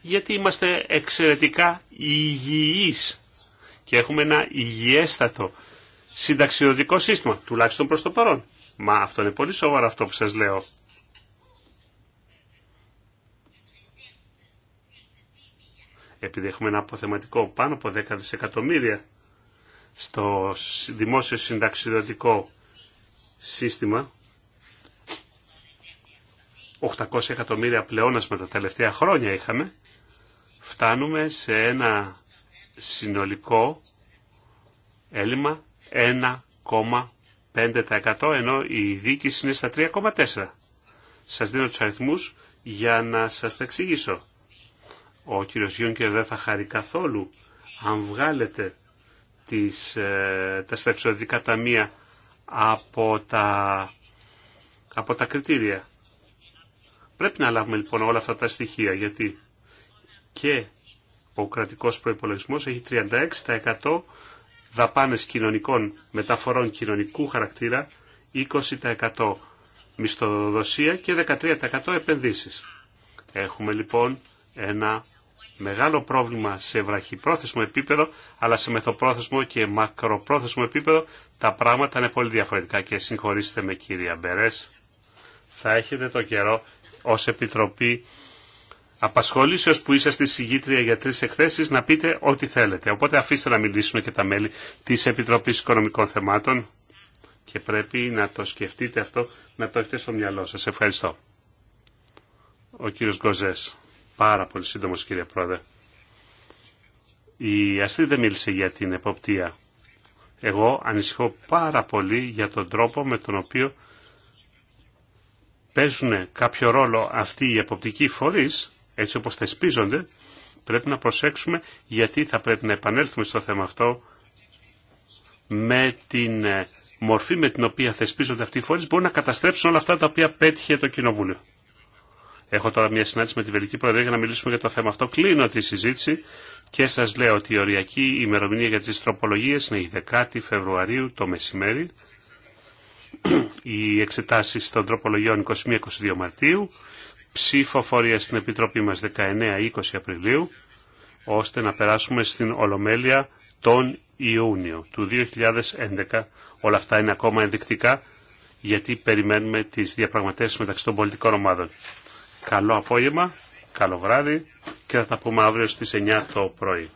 γιατί είμαστε εξαιρετικά υγιείς και έχουμε ένα υγιέστατο συνταξιοδοτικό σύστημα, τουλάχιστον προς το παρόν. Μα αυτό είναι πολύ σοβαρό αυτό που σας λέω. επειδή έχουμε ένα αποθεματικό πάνω από 10 δισεκατομμύρια στο δημόσιο συνταξιδοτικό σύστημα, 800 εκατομμύρια πλεόνασμα τα τελευταία χρόνια είχαμε, φτάνουμε σε ένα συνολικό έλλειμμα 1,5% ενώ η δίκηση είναι στα 3,4%. Σας δίνω τους αριθμούς για να σας τα εξηγήσω ο κύριος Γιούνκερ δεν θα χαρεί καθόλου αν βγάλετε τις, ε, τα στεξοδικά ταμεία από τα, από τα κριτήρια. Πρέπει να λάβουμε λοιπόν όλα αυτά τα στοιχεία γιατί και ο κρατικός προϋπολογισμός έχει 36% δαπάνες κοινωνικών μεταφορών κοινωνικού χαρακτήρα, 20% μισθοδοσία και 13% επενδύσεις. Έχουμε λοιπόν ένα μεγάλο πρόβλημα σε βραχυπρόθεσμο επίπεδο, αλλά σε μεθοπρόθεσμο και μακροπρόθεσμο επίπεδο τα πράγματα είναι πολύ διαφορετικά και συγχωρήστε με κυρία Μπερές. Θα έχετε το καιρό ως Επιτροπή Απασχολήσεως που είσαστε συγγήτρια για τρεις εκθέσεις να πείτε ό,τι θέλετε. Οπότε αφήστε να μιλήσουν και τα μέλη της Επιτροπής Οικονομικών Θεμάτων και πρέπει να το σκεφτείτε αυτό, να το έχετε στο μυαλό σας. Ευχαριστώ. Ο κύριος Γκοζές πάρα πολύ σύντομο κύριε Πρόεδρε. Η Αστή δεν μίλησε για την εποπτεία. Εγώ ανησυχώ πάρα πολύ για τον τρόπο με τον οποίο παίζουν κάποιο ρόλο αυτοί οι εποπτικοί φορείς, έτσι όπως θεσπίζονται, πρέπει να προσέξουμε γιατί θα πρέπει να επανέλθουμε στο θέμα αυτό με την ε, μορφή με την οποία θεσπίζονται αυτοί οι φορείς μπορούν να καταστρέψουν όλα αυτά τα οποία πέτυχε το Κοινοβούλιο. Έχω τώρα μια συνάντηση με τη Βελική Προεδρία για να μιλήσουμε για το θέμα αυτό. Κλείνω τη συζήτηση και σα λέω ότι η οριακή ημερομηνία για τι τροπολογίε είναι η 10η Φεβρουαρίου το μεσημέρι. Οι εξετάσει των τροπολογιών 21-22 Μαρτίου. Ψηφοφορία στην Επιτροπή μα 19-20 Απριλίου ώστε να περάσουμε στην Ολομέλεια τον Ιούνιο του 2011. Όλα αυτά είναι ακόμα ενδεικτικά γιατί περιμένουμε τις διαπραγματεύσεις μεταξύ των πολιτικών ομάδων. Καλό απόγευμα, καλό βράδυ και θα τα πούμε αύριο στις 9 το πρωί.